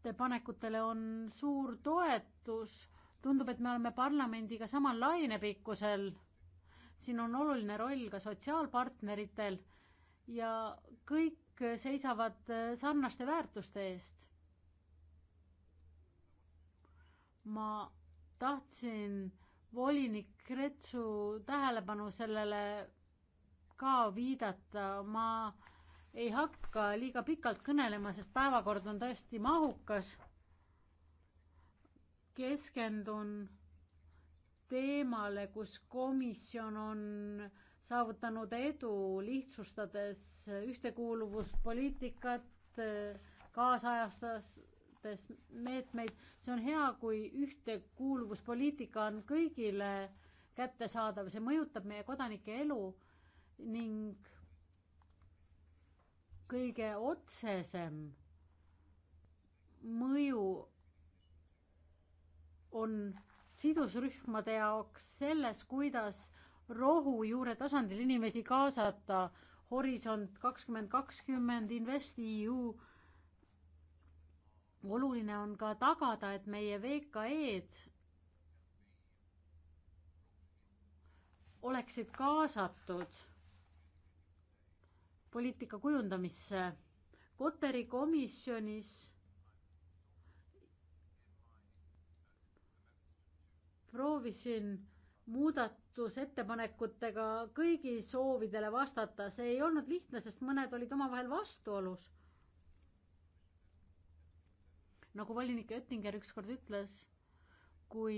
ettepanekutele on suur toetus, tundub, et me oleme parlamendiga samal lainepikkusel. siin on oluline roll ka sotsiaalpartneritel ja kõik seisavad sarnaste väärtuste eest ma tahtsin volinik Kretsu tähelepanu sellele ka viidata, ma ei hakka liiga pikalt kõnelema, sest päevakord on tõesti mahukas. keskendun teemale, kus komisjon on saavutanud edu, lihtsustades ühtekuuluvuspoliitikat, kaasajastas toetusmeetmeid. see on hea, kui ühtekuuluvuspoliitika on kõigile kättesaadav, see mõjutab meie kodanike elu ning kõige otsesem mõju on sidusrühmade jaoks selles, kuidas rohujuure tasandil inimesi kaasata. Horisont kakskümmend kakskümmend, InvestEU oluline on ka tagada, et meie VKE-d oleksid kaasatud poliitika kujundamisse. Kotari komisjonis proovisin muudatusettepanekutega kõigi soovidele vastata, see ei olnud lihtne, sest mõned olid omavahel vastuolus nagu volinik Oettinger ükskord ütles, kui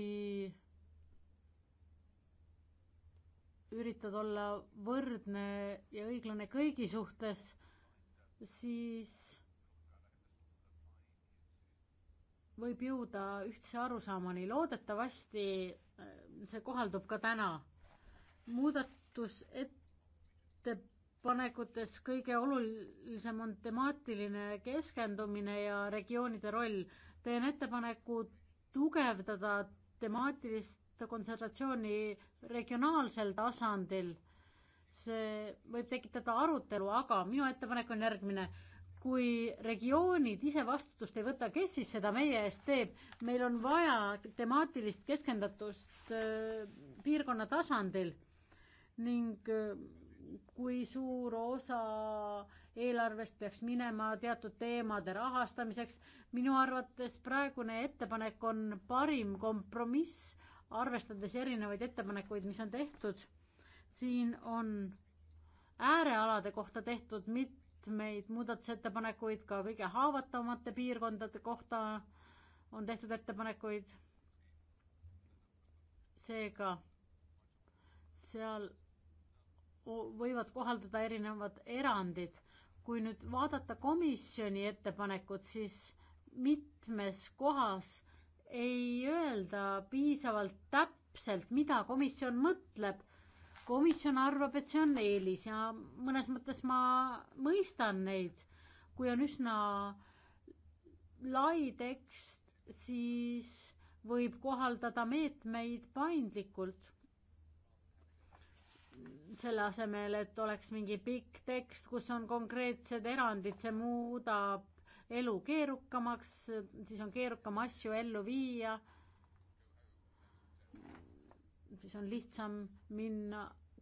üritad olla võrdne ja õiglane kõigi suhtes, siis võib jõuda ühtse arusaamani. loodetavasti äh, see kohaldub ka täna. muudatusettepanek ettepanekutes kõige olulisem on temaatiline keskendumine ja regioonide roll. teen ettepaneku tugevdada temaatilist kontsentratsiooni regionaalsel tasandil. see võib tekitada arutelu, aga minu ettepanek on järgmine. kui regioonid ise vastutust ei võta, kes siis seda meie eest teeb? meil on vaja temaatilist keskendatust äh, piirkonna tasandil ning äh, kui suur osa eelarvest peaks minema teatud teemade rahastamiseks. minu arvates praegune ettepanek on parim kompromiss, arvestades erinevaid ettepanekuid, mis on tehtud. siin on äärealade kohta tehtud mitmeid muudatusettepanekuid, ka kõige haavatavamate piirkondade kohta on tehtud ettepanekuid. seega seal võivad kohaldada erinevad erandid. kui nüüd vaadata komisjoni ettepanekut, siis mitmes kohas ei öelda piisavalt täpselt, mida komisjon mõtleb. komisjon arvab, et see on eelis ja mõnes mõttes ma mõistan neid. kui on üsna lai tekst, siis võib kohaldada meetmeid paindlikult selle asemel, et oleks mingi pikk tekst, kus on konkreetsed erandid, see muudab elu keerukamaks, siis on keerukam asju ellu viia. siis on lihtsam minna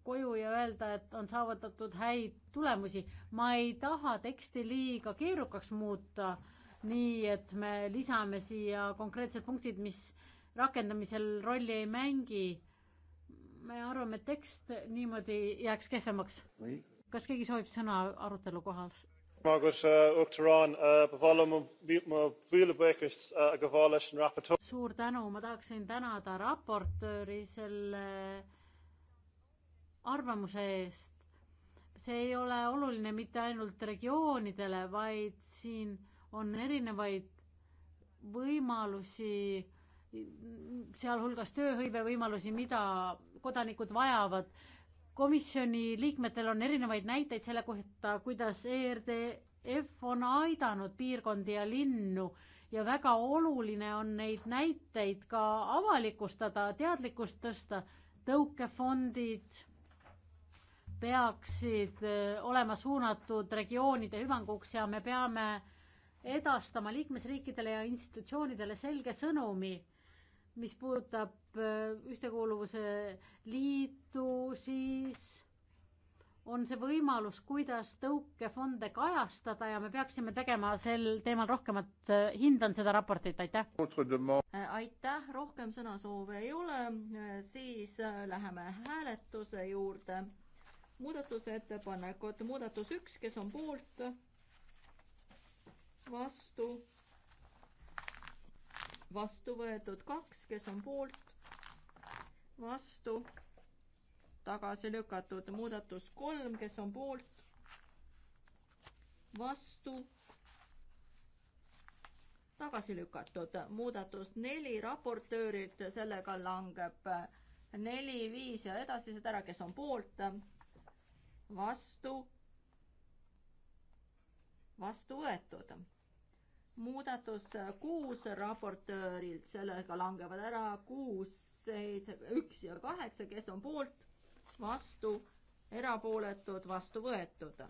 koju ja öelda, et on saavutatud häid tulemusi. ma ei taha teksti liiga keerukaks muuta, nii et me lisame siia konkreetsed punktid, mis rakendamisel rolli ei mängi me arvame, et tekst niimoodi jääks kehvemaks. kas keegi soovib sõna arutelu kohal? Äh, äh, äh, suur tänu, ma tahaksin tänada raportööri selle arvamuse eest. see ei ole oluline mitte ainult regioonidele, vaid siin on erinevaid võimalusi, sealhulgas tööhõivevõimalusi, mida kodanikud vajavad. komisjoni liikmetel on erinevaid näiteid selle kohta, kuidas ERDF on aidanud piirkondi ja linnu ja väga oluline on neid näiteid ka avalikustada, teadlikkust tõsta. tõukefondid peaksid äh, olema suunatud regioonide hüvanguks ja me peame edastama liikmesriikidele ja institutsioonidele selge sõnumi, mis puudutab Äh, ühtekuuluvuse liitu, siis on see võimalus, kuidas tõukefonde kajastada ja me peaksime tegema sel teemal rohkemat, äh, hindan seda raportit, aitäh. aitäh, rohkem sõnasoove ei ole, siis äh, läheme hääletuse juurde. muudatusettepanekud, muudatus üks, kes on poolt, vastu, vastu võetud kaks, kes on poolt, vastu, tagasi lükatud. muudatus kolm, kes on poolt, vastu, tagasi lükatud. muudatus neli raportöörilt, sellega langeb neli, viis ja edasised ära, kes on poolt, vastu, vastu võetud muudatus äh, kuus raportöörilt, sellega langevad ära kuus, seitse, üks ja kaheksa, kes on poolt, vastu, erapooletud, vastu võetud.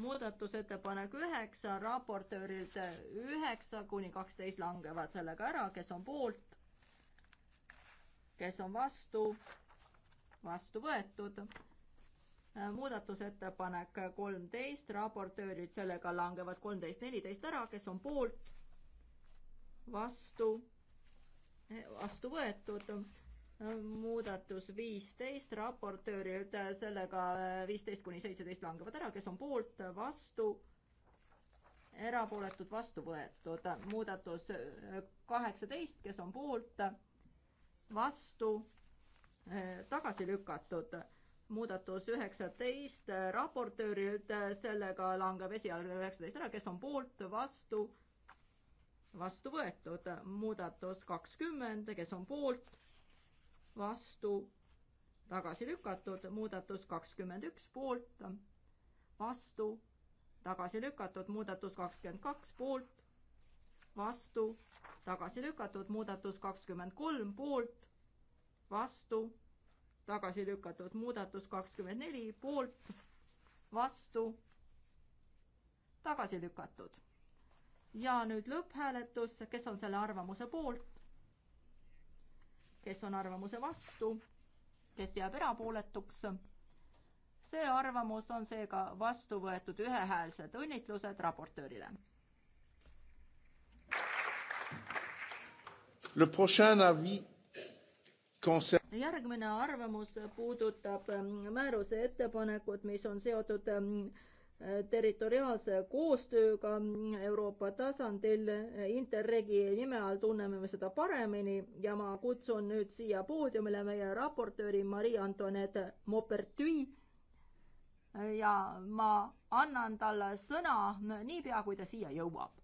muudatusettepanek üheksa, raportöörilt üheksa kuni kaksteist langevad sellega ära, kes on poolt, kes on vastu, vastu võetud Äh, muudatusettepanek kolmteist, raportöörid sellega langevad kolmteist, neliteist ära, kes on poolt, vastu, vastu võetud, äh, muudatus viisteist, raportöörid sellega viisteist kuni seitseteist langevad ära, kes on poolt, vastu, erapooletud, vastu võetud, muudatus äh, kaheksateist, kes on poolt, vastu, tagasi lükatud muudatus üheksateist raportöörilt, sellega langeb esialgne üheksateist ära, kes on poolt, vastu, vastu võetud. muudatus kakskümmend, kes on poolt, vastu, tagasi lükatud. muudatus kakskümmend üks, poolt, vastu, tagasi lükatud. muudatus kakskümmend kaks, poolt, vastu, tagasi lükatud. muudatus kakskümmend kolm, poolt, vastu tagasi lükatud muudatus kakskümmend neli poolt, vastu, tagasi lükatud. ja nüüd lõpphääletus, kes on selle arvamuse poolt, kes on arvamuse vastu, kes jääb erapooletuks. see arvamus on seega vastu võetud ühehäälsed õnnitlused raportöörile. Le prochain avis concerne järgmine arvamus puudutab ähm, määruse ettepanekut, mis on seotud ähm, territoriaalse koostööga ähm, Euroopa tasandil. Interregi nime all tunneme me seda paremini ja ma kutsun nüüd siia poodiumile meie raportööri Marie-Antoinette Maupertui. ja ma annan talle sõna niipea, kui ta siia jõuab.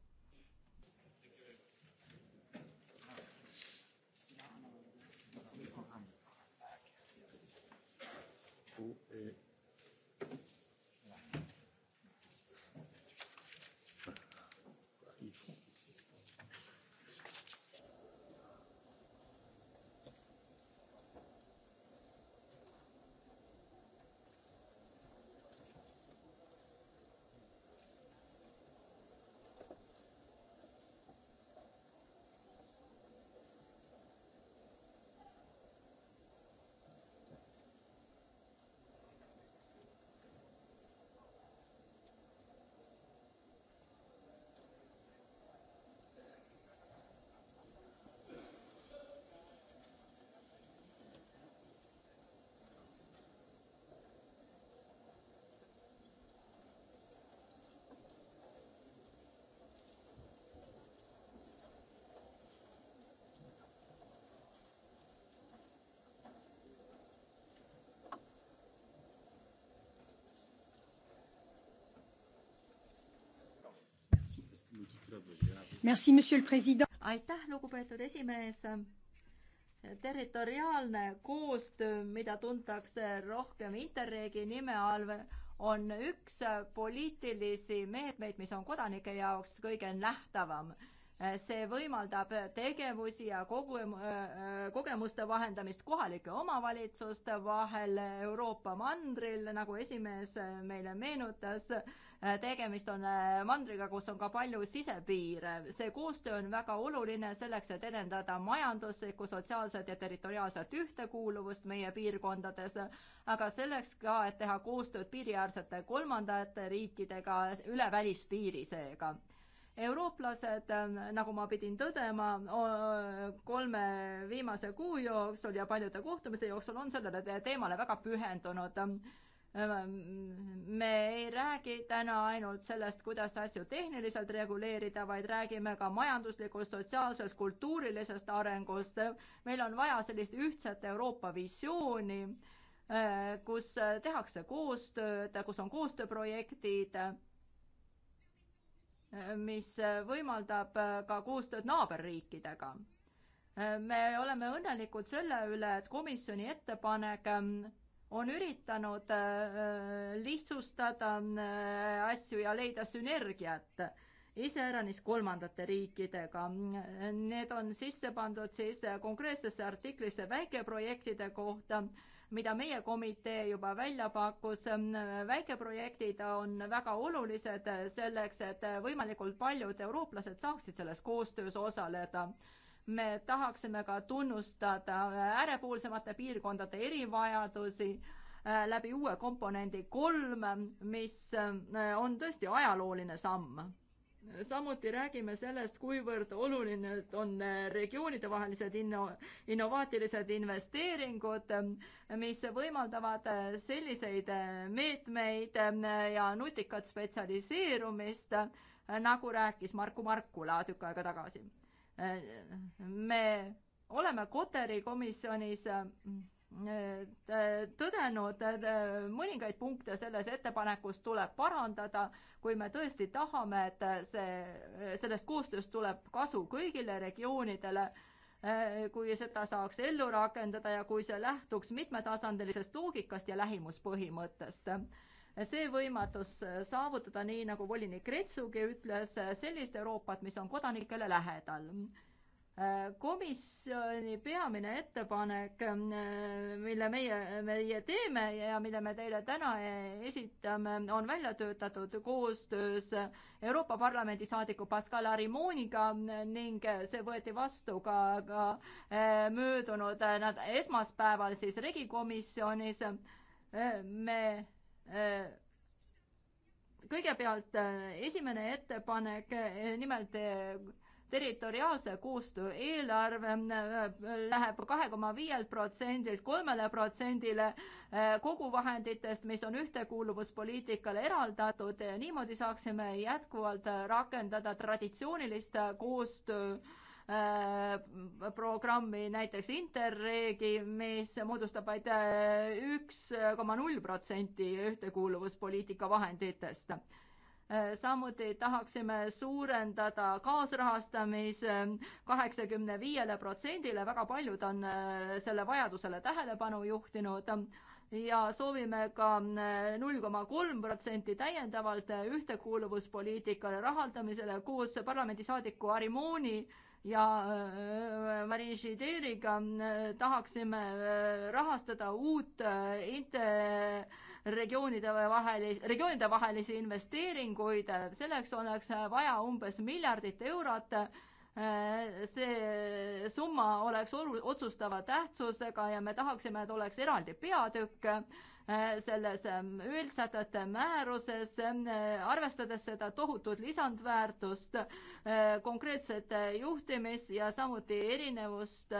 aitäh, lugupeetud esimees. territoriaalne koostöö, mida tuntakse rohkem Interregi nime all, on üks poliitilisi meetmeid, mis on kodanike jaoks kõige nähtavam Äh, see võimaldab tegevusi ja kogu, äh, äh, kogemuste vahendamist kohalike omavalitsuste vahel Euroopa mandril, nagu esimees meile meenutas. tegemist on mandriga, kus on ka palju sisepiire. see koostöö on väga oluline selleks, et edendada majanduslikku, sotsiaalset ja territoriaalset ühtekuuluvust meie piirkondades, aga selleks ka, et teha koostööd piiriäärsete kolmandate riikidega üle välispiiri seega eurooplased, ähm, nagu ma pidin tõdema, kolme viimase kuu jooksul ja paljude kohtumiste jooksul on sellele teemale väga pühendunud ähm, me ei räägi täna ainult sellest, kuidas asju tehniliselt reguleerida, vaid räägime ka majanduslikust, sotsiaalsest, kultuurilisest arengust. meil on vaja sellist ühtset Euroopa visiooni, äh, kus tehakse koostööd, kus on koostööprojektid mis võimaldab äh, ka koostööd naaberriikidega. Äh, me oleme õnnelikud selle üle, et komisjoni ettepanek ähm, on üritanud äh, lihtsustada asju ja leida sünergiat iseäranis kolmandate riikidega. Need on sisse pandud siis konkreetsesse artiklisse väikeprojektide kohta mida meie komitee juba välja pakkus. väikeprojektid on väga olulised selleks, et võimalikult paljud eurooplased saaksid selles koostöös osaleda me tahaksime ka tunnustada äärepoolsemate piirkondade erivajadusi äh, läbi uue komponendi kolm, mis äh, on tõesti ajalooline samm samuti räägime sellest, kuivõrd oluline on regioonidevahelised inno-, innovaatilised investeeringud, mis võimaldavad selliseid meetmeid ja nutikat spetsialiseerumist, nagu rääkis Marku Markula tükk aega tagasi. me oleme Kotari komisjonis Äh, tõdenud, äh, mõningaid punkte selles ettepanekus tuleb parandada, kui me tõesti tahame, et äh, see, sellest koostööst tuleb kasu kõigile regioonidele, kui seda saaks ellu rakendada ja kui see lähtuks mitmetasandilisest loogikast ja lähimuspõhimõttest see võimatus saavutada, nii nagu volinik Retsugi ütles, sellist Euroopat, mis on kodanikele lähedal komisjoni peamine ettepanek, mille meie, meie teeme ja mille me teile täna esitame, on välja töötatud koostöös Euroopa Parlamendi saadiku Pascal Arimoniga ning see võeti vastu ka, ka eh, möödunud eh, nad esmaspäeval siis regikomisjonis. me eh, kõigepealt esimene ettepanek, nimelt territoriaalse koostöö eelarve äh, läheb kahe koma viielt protsendilt kolmele protsendile äh, koguvahenditest, mis on ühtekuuluvuspoliitikale eraldatud. niimoodi saaksime jätkuvalt rakendada traditsioonilist koostöö äh, programmi, näiteks Interregi, mis moodustab vaid üks koma null protsenti ühtekuuluvuspoliitika vahenditest Äh, samuti tahaksime suurendada kaasrahastamise kaheksakümne viiele protsendile, väga paljud on äh, selle vajadusele tähelepanu juhtinud ja soovime ka äh, null koma kolm protsenti täiendavalt ühtekuuluvuspoliitikale rahaldamisele koos parlamendisaadiku Arimooni ja Marin Žideriga tahaksime rahastada uut inter- regioonide vahelisi, regioonide vahelisi investeeringuid, selleks oleks vaja umbes miljardit eurot. see summa oleks otsustava tähtsusega ja me tahaksime, et oleks eraldi peatükk selles üldsätete määruses, arvestades seda tohutut lisandväärtust, konkreetset juhtimis- ja samuti erinevust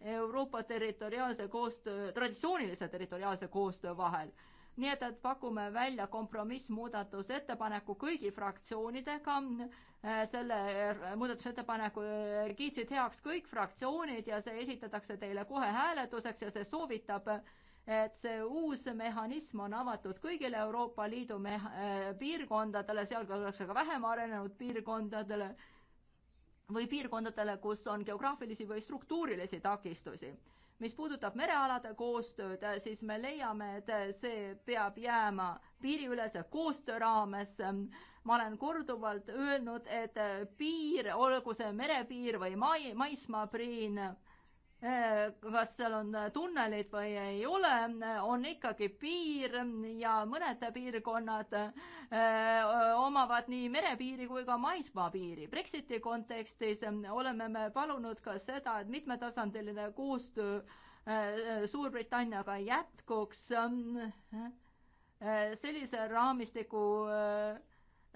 Euroopa territoriaalse koostöö, traditsioonilise territoriaalse koostöö vahel. nii et, et pakume välja kompromissmuudatusettepaneku kõigi fraktsioonidega, äh, selle äh, muudatusettepaneku äh, kiitsid heaks kõik fraktsioonid ja see esitatakse teile kohe hääletuseks ja see soovitab et see uus mehhanism on avatud kõigile Euroopa Liidu meha-, piirkondadele, sealhulgas ka vähem arenenud piirkondadele või piirkondadele, kus on geograafilisi või struktuurilisi takistusi. mis puudutab merealade koostööd, siis me leiame, et see peab jääma piiriülese koostöö raames. ma olen korduvalt öelnud, et piir, olgu see merepiir või mai, maismaapiir, Äh, kas seal on äh, tunnelid või ei ole, äh, on ikkagi piir ja mõned piirkonnad omavad nii merepiiri kui ka maismaapiiri. Brexiti kontekstis oleme me palunud ka seda, et mitmetasandiline koostöö Suurbritanniaga jätkuks sellise raamistiku äh,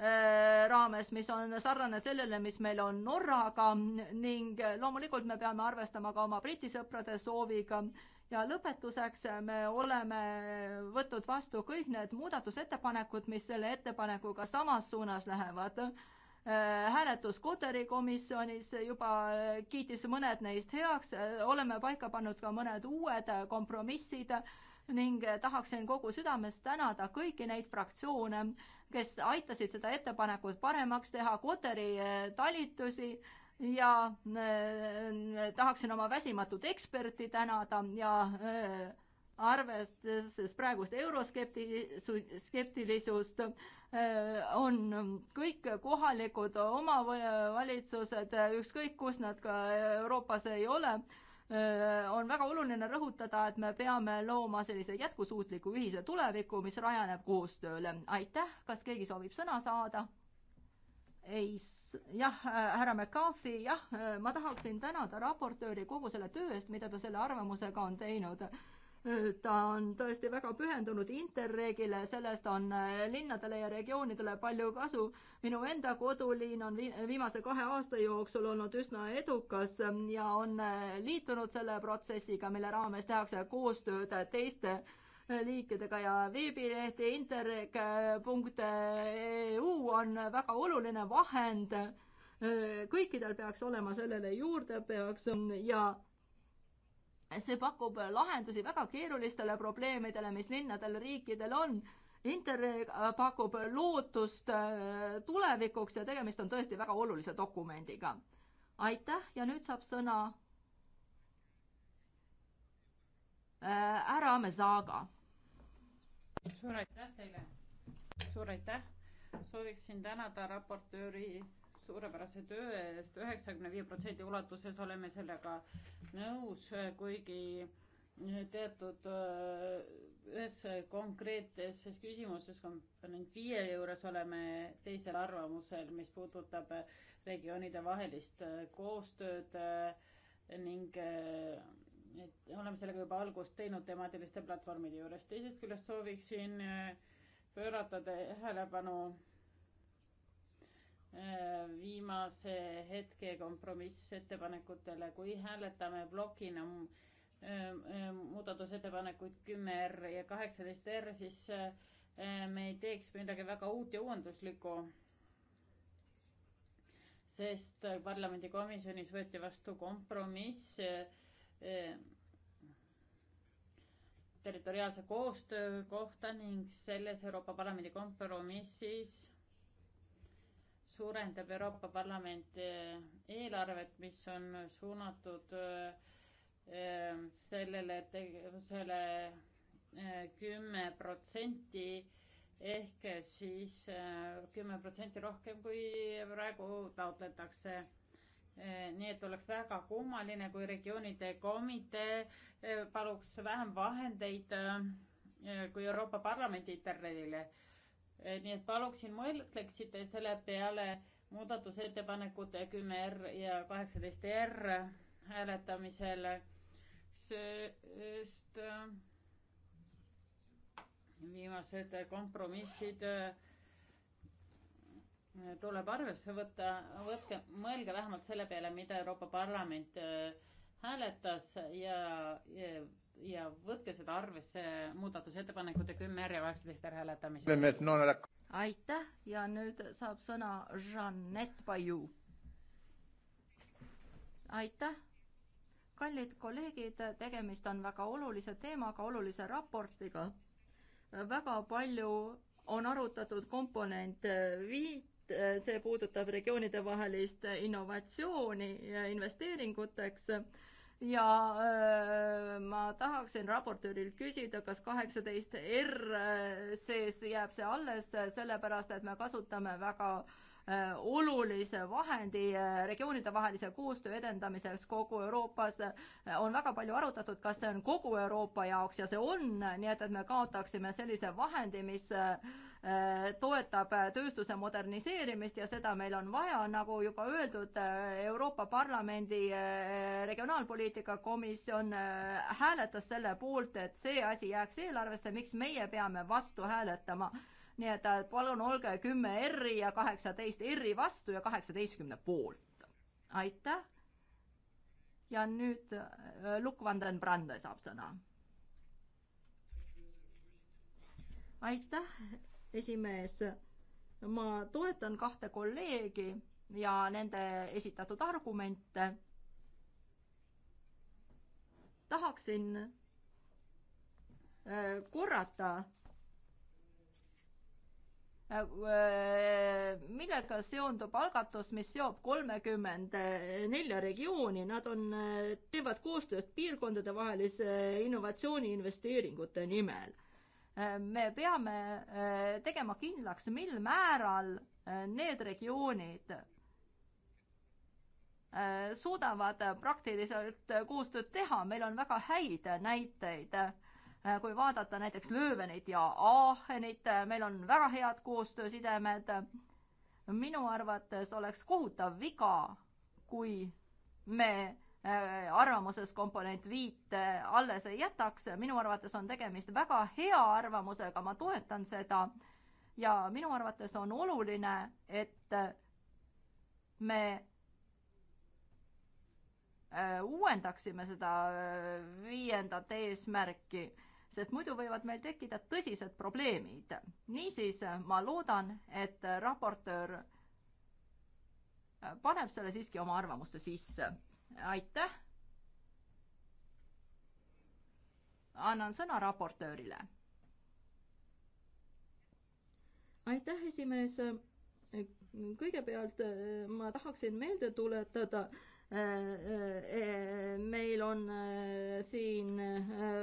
Äh, raames, mis on sarnane sellele, mis meil on Norraga ning loomulikult me peame arvestama ka oma Briti sõprade sooviga ja lõpetuseks me oleme võtnud vastu kõik need muudatusettepanekud, mis selle ettepanekuga samas suunas lähevad äh, hääletus Kotari komisjonis juba äh, kiitis mõned neist heaks, oleme paika pannud ka mõned uued kompromissid ning tahaksin kogu südamest tänada kõiki neid fraktsioone, kes aitasid seda ettepanekut paremaks teha, Kotari eh, talitusi ja eh, tahaksin oma väsimatut eksperti tänada ja eh, arvestades praegust euroskeptilisust, on kõik kohalikud omavalitsused, ükskõik kus nad ka Euroopas ei ole, on väga oluline rõhutada, et me peame looma sellise jätkusuutliku ühise tuleviku, mis rajaneb koostööle. aitäh, kas keegi soovib sõna saada? ei, jah, äh, härra McCarthy, jah, äh, ma tahaksin tänada raportööri kogu selle töö eest, mida ta selle arvamusega on teinud ta on tõesti väga pühendunud Interregile, sellest on äh, linnadele ja regioonidele palju kasu. minu enda kodulinn on viimase kahe aasta jooksul olnud üsna edukas ähm, ja on äh, liitunud selle protsessiga, mille raames tehakse koostööd teiste äh, liikidega ja veebileht interreg.eu on väga oluline vahend. kõikidel peaks olema sellele juurdepääs ja see pakub lahendusi väga keerulistele probleemidele, mis linnadel, riikidel on. Interreg äh, pakub lootust äh, tulevikuks ja tegemist on tõesti väga olulise dokumendiga. aitäh ja nüüd saab sõna ära äh, ame saaga. suur aitäh teile, suur aitäh, sooviksin tänada raportööri suurepärase töö eest, üheksakümne viie protsendi ulatuses oleme sellega nõus, kuigi teatud äh, ühes konkreetses küsimuses, komponent viie juures oleme teisel arvamusel, mis puudutab regioonide vahelist äh, koostööd äh, ning et oleme sellega juba algust teinud temaatiliste platvormide juures. teisest küljest sooviksin pöörata tähelepanu Äh, viimase hetke kompromissettepanekutele, kui hääletame plokina äh, äh, muudatusettepanekuid kümme R ja kaheksateist R, siis me ei teeks midagi väga uut ja uuenduslikku. sest parlamendikomisjonis võeti vastu kompromiss territoriaalse koostöö kohta ning selles Euroopa Parlamendi kompromissis suurendab Euroopa Parlamenti eh, eelarvet, mis on suunatud eh, eh, sellele tegevusele kümme protsenti ehk siis kümme protsenti rohkem, kui praegu taotletakse. nii et oleks väga kummaline, kui regioonide komitee paluks vähem vahendeid kui Euroopa Parlamendi internetile Eh, nii et paluksin mõtleksite selle peale muudatusettepanekute kümme R ja kaheksateist R hääletamisel, sest äh, viimased kompromissid äh, tuleb arvesse võtta, võtke, mõelge vähemalt selle peale, mida Euroopa Parlament äh, hääletas ja, ja ja võtke seda arvesse muudatusettepanekute kümme R ja kaheksateist R hääletamisel. aitäh ja nüüd saab sõna Jeanette Paiu. aitäh, kallid kolleegid, tegemist on väga olulise teemaga, olulise raportiga. väga palju on arutatud komponent viit, see puudutab regioonide vahelist innovatsiooni ja investeeringuteks ja öö, äh, ma tahaksin raportööril küsida, kas kaheksateist R äh, sees jääb see alles, äh, sellepärast et me kasutame väga öö, olulise vahendi regioonidevahelise koostöö edendamiseks kogu Euroopas. on väga palju arutatud, kas see on kogu Euroopa jaoks ja see on, nii et, et me kaotaksime sellise vahendi, mis öö, Äh, toetab äh, tööstuse moderniseerimist ja seda meil on vaja, nagu juba öeldud, äh, Euroopa Parlamendi regionaalpoliitika komisjon hääletas selle poolt, et see asi jääks eelarvesse, miks meie peame vastu hääletama. nii et palun olge kümme R-i ja kaheksateist R-i vastu ja kaheksateistkümne poolt. aitäh. ja nüüd Luk van den Brande saab sõna aitäh, esimees, ma toetan kahte kolleegi ja nende esitatud argumente. tahaksin äh, korrata, äh, millega seondub algatus, mis seob kolmekümmend nelja regiooni, nad on, äh, teevad koostööd piirkondadevahelise innovatsiooni investeeringute nimel me peame äh, tegema kindlaks, mil määral äh, need regioonid äh, suudavad praktiliselt koostööd teha, meil on väga häid näiteid. kui vaadata näiteks Löövenit ja Aachenit, meil on väga head koostöösidemed. minu arvates oleks kohutav viga, kui me Äh, arvamuses komponent viit äh, alles ei jätaks. minu arvates on tegemist väga hea arvamusega, ma toetan seda. ja minu arvates on oluline, et äh, me uuendaksime seda viiendat eesmärki, sest muidu võivad meil tekkida tõsised probleemid. niisiis ma loodan, et raportöör paneb selle siiski oma arvamusse sisse aitäh. annan sõna raportöörile. aitäh, esimees kõigepealt eh, ma tahaksin meelde tuletada, Äh, äh, meil on äh, siin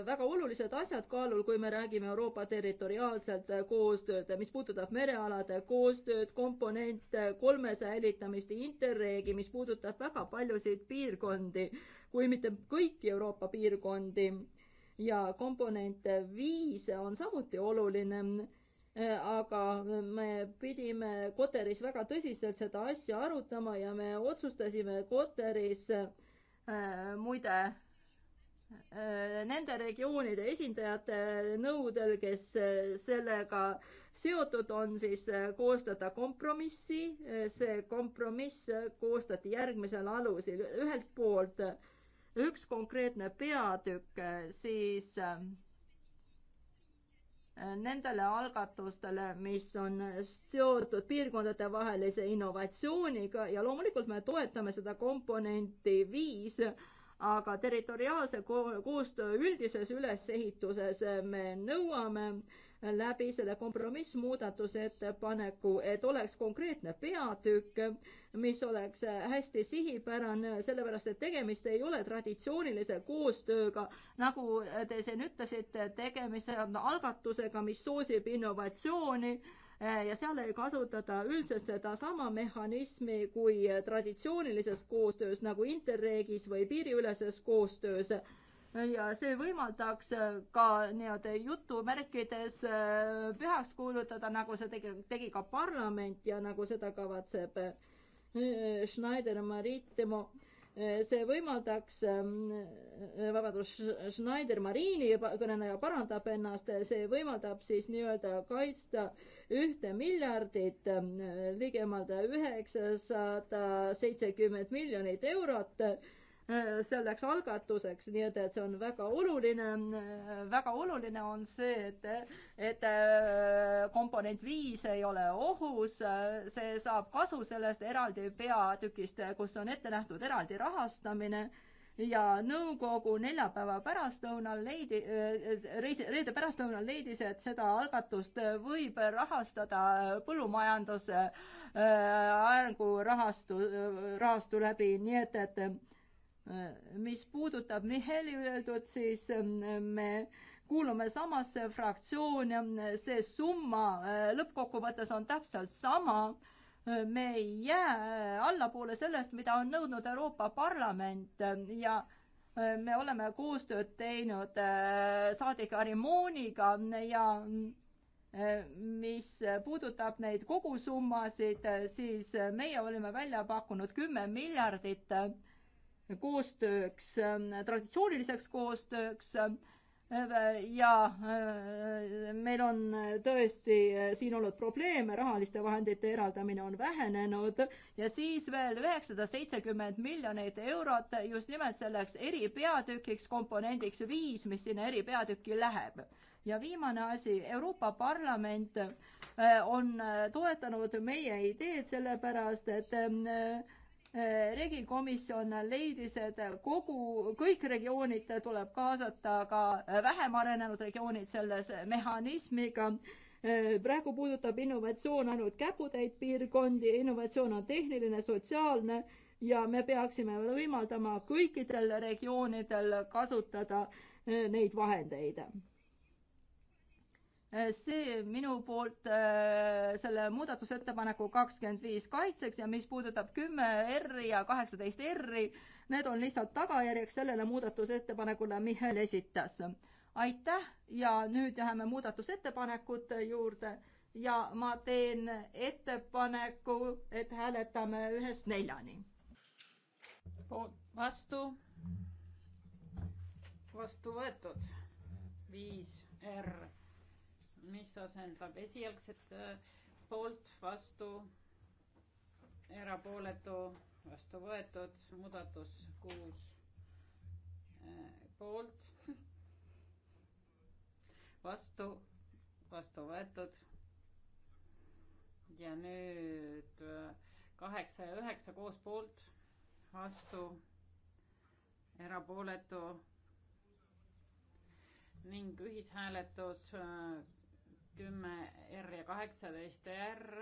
väga olulised asjad kaalul, kui me räägime Euroopa territoriaalselt koostööd, mis puudutab merealade koostööd, komponente, kolmesäilitamist, interreegi, mis puudutab väga paljusid piirkondi, kui mitte kõiki Euroopa piirkondi ja komponent viis on samuti oluline aga me pidime Koteris väga tõsiselt seda asja arutama ja me otsustasime Koteris äh, muide äh, nende regioonide esindajate nõudel, kes äh, sellega seotud on, siis äh, koostada kompromissi. see kompromiss koostati järgmisel alusil, ühelt poolt üks konkreetne peatükk, äh, siis äh, nendele algatustele, mis on seotud piirkondadevahelise innovatsiooniga ja loomulikult me toetame seda komponenti viis, aga territoriaalse ko koostöö üldises ülesehituses me nõuame äh, läbi selle kompromissmuudatuse ettepaneku, et oleks konkreetne peatükk, mis oleks hästi sihipärane, sellepärast et tegemist ei ole traditsioonilise koostööga, nagu te siin ütlesite, tegemist on algatusega, mis soosib innovatsiooni ja seal ei kasutata üldse sedasama mehhanismi kui traditsioonilises koostöös nagu Interregis või piiriüleses koostöös ja see võimaldaks äh, ka nii-öelda jutumärkides äh, pühaks kuulutada, nagu see tegi, tegi ka parlament ja nagu seda kavatseb äh, Schneider Maritimo. see võimaldaks, ähm, vabandust, Schneider Marini kõneleja parandab ennast, see võimaldab siis nii-öelda kaitsta ühte miljardit, ligemale üheksasada seitsekümmend miljonit eurot Äh, selleks algatuseks, nii et, et see on väga oluline, äh, väga oluline on see, et, et äh, komponent viis ei ole ohus, see saab kasu sellest eraldi peatükist, kus on ette nähtud eraldi rahastamine ja nõukogu neljapäeva pärastlõunal leidi, reisi, reede pärastlõunal leidis, et seda algatust võib rahastada põllumajanduse arengurahastu, rahastu läbi, nii et, et mis puudutab Mihhaili öeldut, siis ähm, me kuulume samasse fraktsiooni, see summa äh, lõppkokkuvõttes on täpselt sama. Äh, me ei jää äh, allapoole sellest, mida on nõudnud Euroopa Parlament ja me oleme koostööd teinud saadik Arimooniga ja mis puudutab neid kogusummasid, siis meie olime välja pakkunud kümme miljardit koostööks, ähm, traditsiooniliseks koostööks ähm, ja äh, meil on tõesti äh, siin olnud probleeme, rahaliste vahendite eraldamine on vähenenud ja siis veel üheksasada seitsekümmend miljonit eurot just nimelt selleks eripeatükiks, komponendiks viis, mis sinna eripeatükki läheb ja viimane asi, Euroopa Parlament äh, on toetanud meie ideed, sellepärast et regikomisjon leidis, et kogu, kõik regioonid tuleb kaasata, ka vähem arenenud regioonid selles mehhanismiga. praegu puudutab innovatsioon ainult käputäit piirkondi, innovatsioon on tehniline, sotsiaalne ja me peaksime võimaldama kõikidel regioonidel kasutada neid vahendeid Äh, see minu poolt äh, selle muudatusettepaneku kakskümmend viis kaitseks ja mis puudutab kümme R-i ja kaheksateist R-i, need on lihtsalt tagajärjeks sellele muudatusettepanekule, Mihhail esitas. aitäh ja nüüd läheme muudatusettepanekute juurde ja ma teen ettepaneku, et hääletame ühest neljani. poolt, vastu, vastu võetud, viis R mis asendab esialgset äh, poolt vastu, erapooletu, vastu võetud, muudatus kuus äh, poolt, vastu, vastu võetud. ja nüüd äh, kaheksa ja üheksa koos poolt, vastu, erapooletu ning ühishääletus kümme R ja kaheksateist R.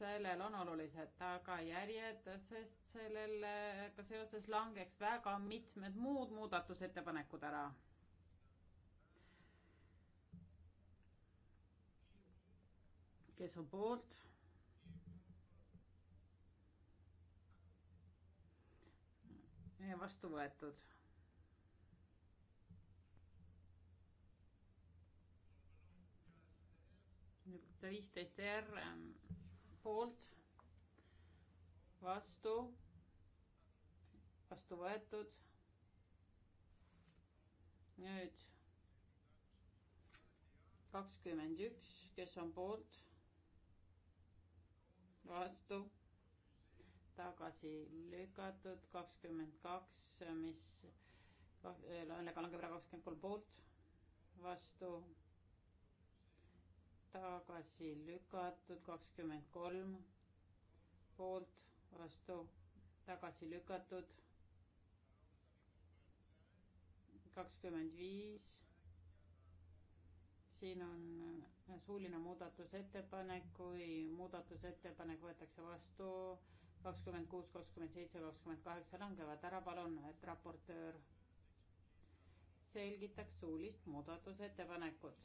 sellel on olulised tagajärjed, sest sellelga seoses langeks väga mitmed muud muudatusettepanekud ära. kes on poolt? vastu võetud tuhat viisteist R ähm, poolt, vastu, vastu võetud. nüüd kakskümmend üks, kes on poolt, vastu, tagasi lükatud, kakskümmend kaks, mis, ühesõnaga eh, langeb ära kakskümmend kolm poolt, vastu tagasi lükatud, kakskümmend kolm poolt, vastu, tagasi lükatud, kakskümmend viis. siin on äh, suuline muudatusettepanek, kui muudatusettepanek võetakse vastu, kakskümmend kuus, kakskümmend seitse, kakskümmend kaheksa langevad ära, palun, et raportöör selgitaks suulist muudatusettepanekut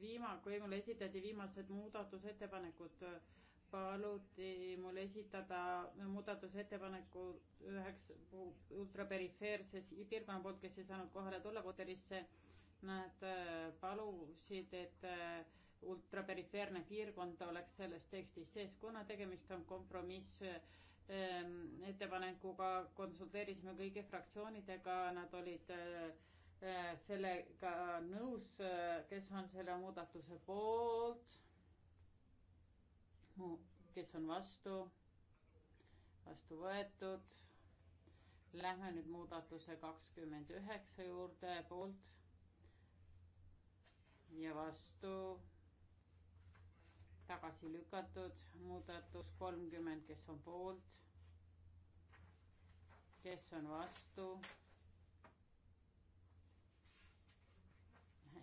viima-, kui mulle esitati viimased muudatusettepanekud, paluti mul esitada muudatusettepaneku üheks ultraperifeerses piirkonna poolt, kes ei saanud kohale tulla korterisse. Nad äh, palusid, et äh, ultraperifeerne piirkond oleks selles tekstis sees, kuna tegemist on kompromiss ähm, ettepanekuga konsulteerisime kõigi fraktsioonidega, nad olid äh, Äh, sellega nõus, äh, kes on selle muudatuse poolt? kes on vastu? vastu võetud. Lähme nüüd muudatuse kakskümmend üheksa juurde, poolt ja vastu tagasi lükatud, muudatus kolmkümmend, kes on poolt, kes on vastu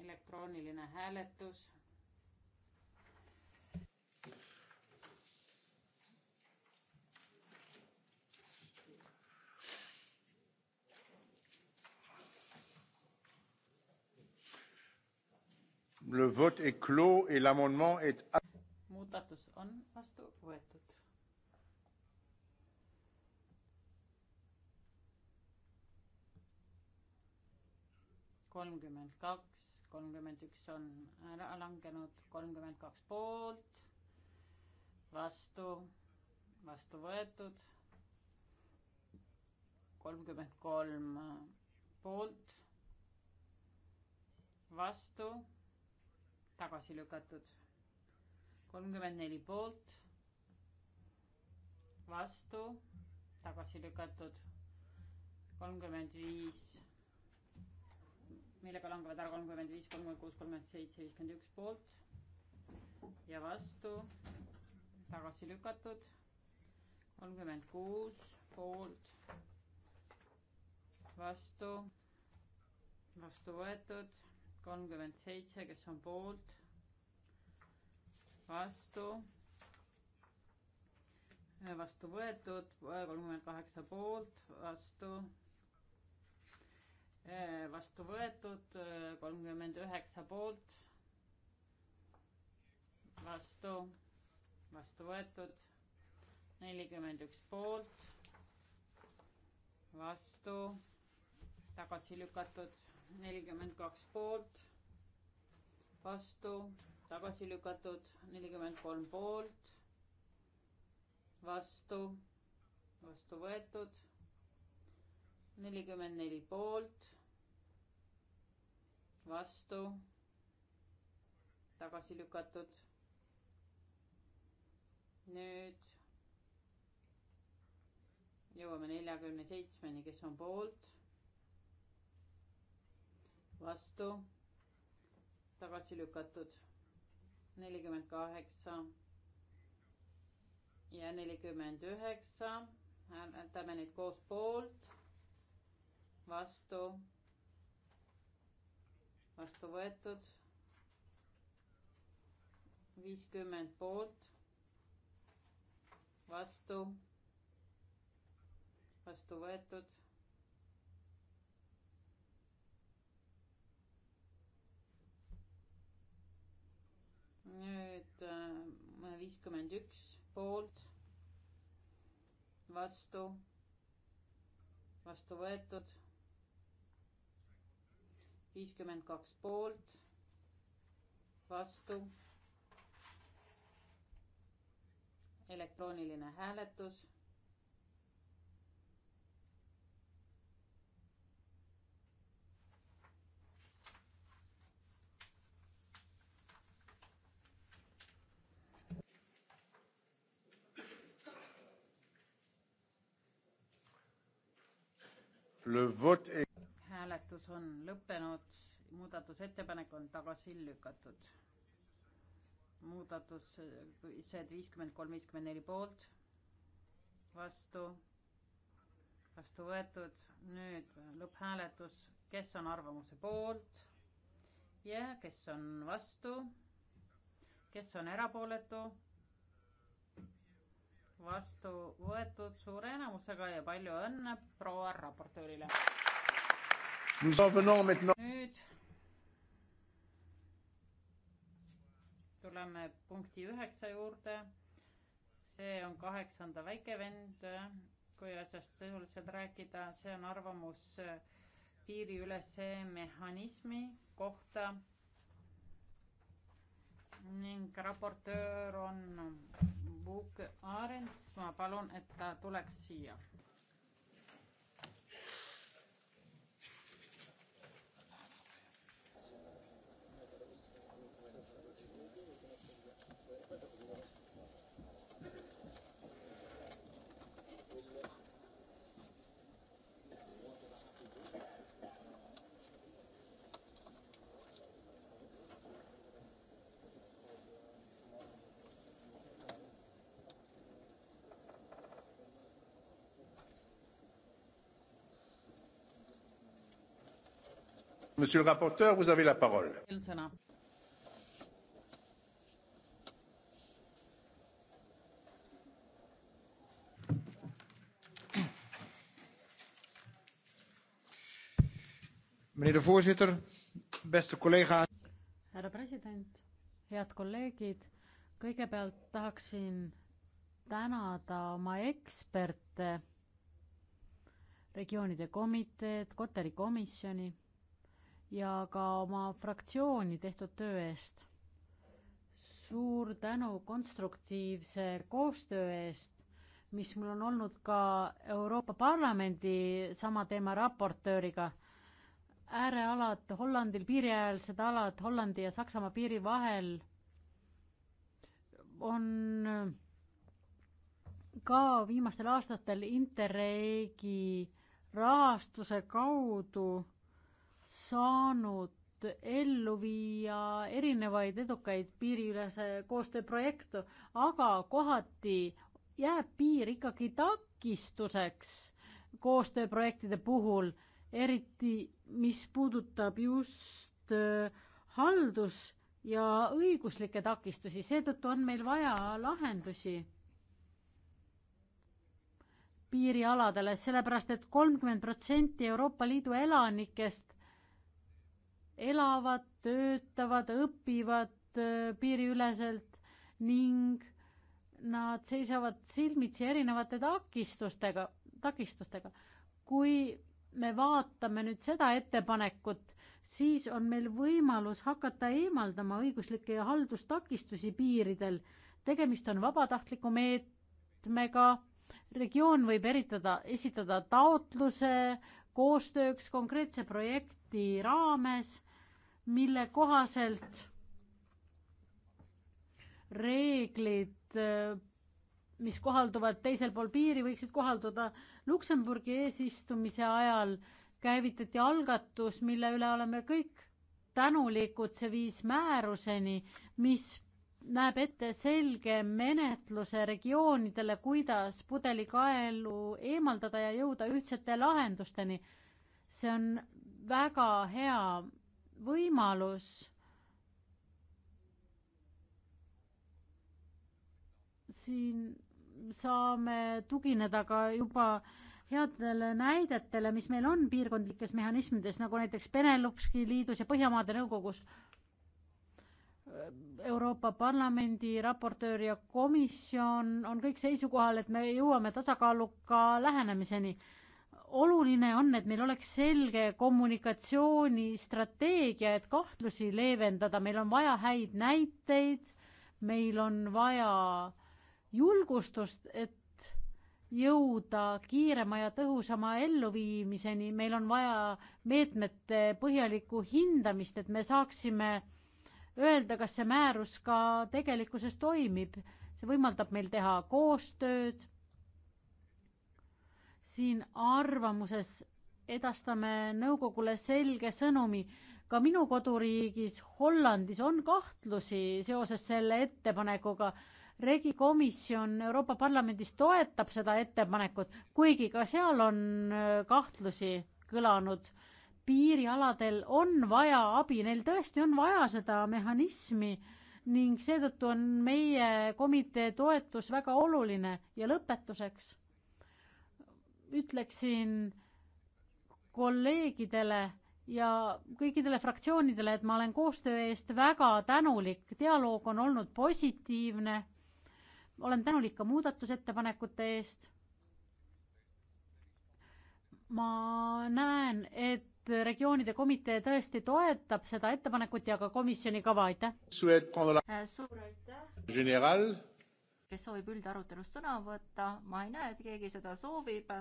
elektrooniline hääletus. Le vote est clos et l'amendement est muudatus on vastu võetud. kolmkümmend kaks kolmkümmend üks on ära langenud, kolmkümmend kaks poolt, vastu, vastu võetud, kolmkümmend kolm poolt, vastu, tagasi lükatud, kolmkümmend neli poolt, vastu, tagasi lükatud, kolmkümmend viis millega langevad ära kolmkümmend viis, kolmkümmend kuus, kolmkümmend seitse, viiskümmend üks poolt ja vastu, tagasi lükatud, kolmkümmend kuus poolt, vastu, vastu võetud, kolmkümmend seitse, kes on poolt, vastu, vastu võetud, kolmkümmend kaheksa poolt, vastu Äh, vastu võetud, äh, kolmkümmend üheksa poolt, vastu, vastu võetud, nelikümmend üks poolt, vastu, tagasi lükatud, nelikümmend kaks poolt, vastu, tagasi lükatud, nelikümmend kolm poolt, vastu, vastu võetud nelikümmend neli poolt, vastu, tagasi lükatud. nüüd jõuame neljakümne seitsmeni, kes on poolt, vastu, tagasi lükatud, nelikümmend kaheksa ja nelikümmend üheksa hääletame neid koos poolt vastu, vastu võetud, viiskümmend poolt, vastu, vastu võetud nüüd äh, viiskümmend üks poolt, vastu, vastu võetud viiskümmend kaks poolt, vastu. elektrooniline hääletus. Le vote est hääletus on lõppenud, muudatusettepanek on tagasi lükatud. muudatused viiskümmend kolm, viiskümmend neli poolt, vastu, vastu võetud, nüüd lõpphääletus, kes on arvamuse poolt ja kes on vastu, kes on erapooletu vastu võetud suure enamusega ja palju õnne proua raportöörile nüüd tuleme punkti üheksa juurde. see on kaheksanda väikevend, kui asjast sisuliselt rääkida, see on arvamus piiriülese mehhanismi kohta. ning raportöör on Vuk Arens, ma palun, et ta tuleks siia Monsieur le rapporteur, vous avez la parole. sõna. Meneer de voorzitter, beste collega. härra president, head kolleegid, kõigepealt tahaksin tänada oma eksperte, regioonide komiteed, Kotari komisjoni ja ka oma fraktsiooni tehtud töö eest. suur tänu konstruktiivse koostöö eest, mis mul on olnud ka Euroopa Parlamendi sama teema raportööriga. äärealad Hollandil, piiriäärsed alad Hollandi ja Saksamaa piiri vahel on ka viimastel aastatel Interregi rahastuse kaudu saanud ellu viia erinevaid edukaid piiriülese koostööprojekte, aga kohati jääb piir ikkagi takistuseks koostööprojektide puhul, eriti mis puudutab just äh, haldus- ja õiguslikke takistusi, seetõttu on meil vaja lahendusi piirialadele, sellepärast et kolmkümmend protsenti Euroopa Liidu elanikest elavad, töötavad, õpivad äh, piiriüleselt ning nad seisavad silmitsi erinevate takistustega, takistustega. kui me vaatame nüüd seda ettepanekut, siis on meil võimalus hakata eemaldama õiguslikke ja haldustakistusi piiridel. tegemist on vabatahtliku meetmega, regioon võib eritada, esitada taotluse koostööks konkreetse projekti paketi raames, mille kohaselt reeglid, mis kohalduvad teisel pool piiri, võiksid kohalduda Luksemburgi eesistumise ajal, käivitati algatus, mille üle oleme kõik tänulikud, see viis määruseni, mis näeb ette selge menetluse regioonidele, kuidas pudelikaelu eemaldada ja jõuda ühtsete lahendusteni. see on väga hea võimalus siin saame tugineda ka juba headele näidetele, mis meil on piirkondlikes mehhanismides, nagu näiteks Beneluxi liidus ja Põhjamaade Nõukogus. Euroopa Parlamendi raportöör ja komisjon on kõik seisukohal, et me jõuame tasakaaluka lähenemiseni oluline on, et meil oleks selge kommunikatsioonistrateegia, et kahtlusi leevendada, meil on vaja häid näiteid, meil on vaja julgustust, et jõuda kiirema ja tõhusama elluviimiseni, meil on vaja meetmete põhjalikku hindamist, et me saaksime öelda, kas see määrus ka tegelikkuses toimib. see võimaldab meil teha koostööd siin arvamuses edastame nõukogule selge sõnumi. ka minu koduriigis Hollandis on kahtlusi seoses selle ettepanekuga. regikomisjon Euroopa Parlamendis toetab seda ettepanekut, kuigi ka seal on äh, kahtlusi kõlanud. piirialadel on vaja abi, neil tõesti on vaja seda mehhanismi ning seetõttu on meie komitee toetus väga oluline ja lõpetuseks ütleksin kolleegidele ja kõikidele fraktsioonidele, et ma olen koostöö eest väga tänulik, dialoog on olnud positiivne. olen tänulik ka muudatusettepanekute eest. ma näen, et regioonide komitee tõesti toetab seda ettepanekut ja ka komisjoni kava, aitäh. Äh, suur aitäh kes soovib üldarutelust sõna võtta, ma ei näe, et keegi seda soovib.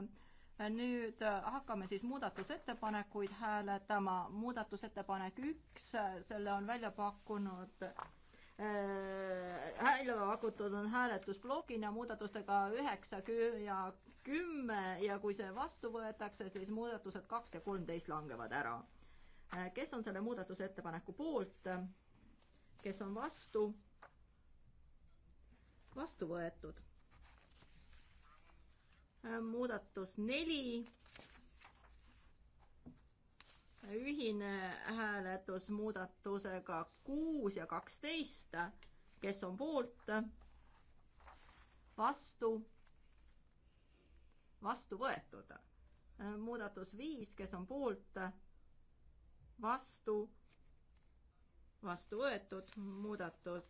nüüd hakkame siis muudatusettepanekuid hääletama. muudatusettepanek üks, selle on välja pakkunud äh, välja äh, pakutud on hääletusblogina muudatustega üheksa ja kümme ja kui see vastu võetakse, siis muudatused kaks ja kolmteist langevad ära. Äh, kes on selle muudatusettepaneku poolt? kes on vastu? vastu võetud. muudatus neli. ühine hääletus muudatusega kuus ja kaksteist, kes on poolt, vastu, vastu võetud. muudatus viis, kes on poolt, vastu vastu võetud, muudatus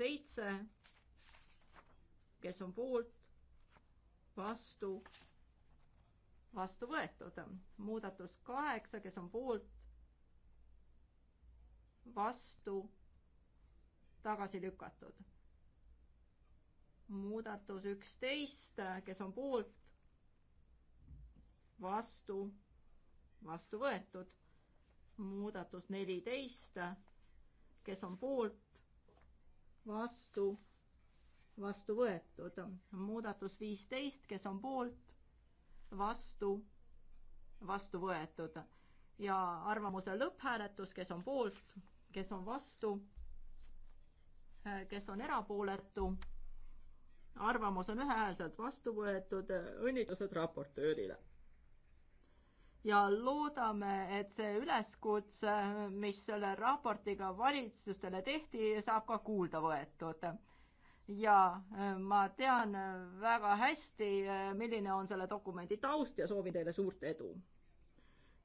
seitse kes on poolt, vastu, vastu võetud. muudatus kaheksa, kes on poolt, vastu, tagasi lükatud. muudatus üksteist, kes on poolt, vastu, vastu võetud. muudatus neliteist, kes on poolt, vastu vastu võetud. muudatus viisteist, kes on poolt, vastu, vastu võetud. ja arvamuse lõpphääletus, kes on poolt, kes on vastu, kes on erapooletu. arvamus on ühehäälselt vastu võetud, õnnitlused raportöörile ja loodame, et see üleskutse, mis selle raportiga valitsustele tehti, saab ka kuulda võetud ja äh, ma tean äh, väga hästi, äh, milline on selle dokumendi taust ja soovin teile suurt edu.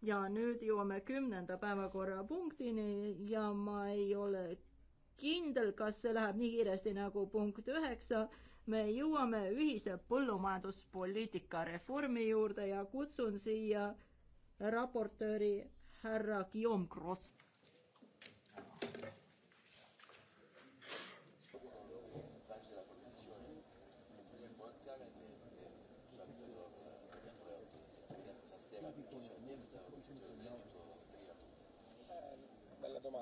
ja nüüd jõuame kümnenda päevakorrapunktini ja ma ei ole kindel, kas see läheb nii kiiresti nagu punkt üheksa. me jõuame ühise põllumajanduspoliitika reformi juurde ja kutsun siia raportööri härra Guillaume Gross.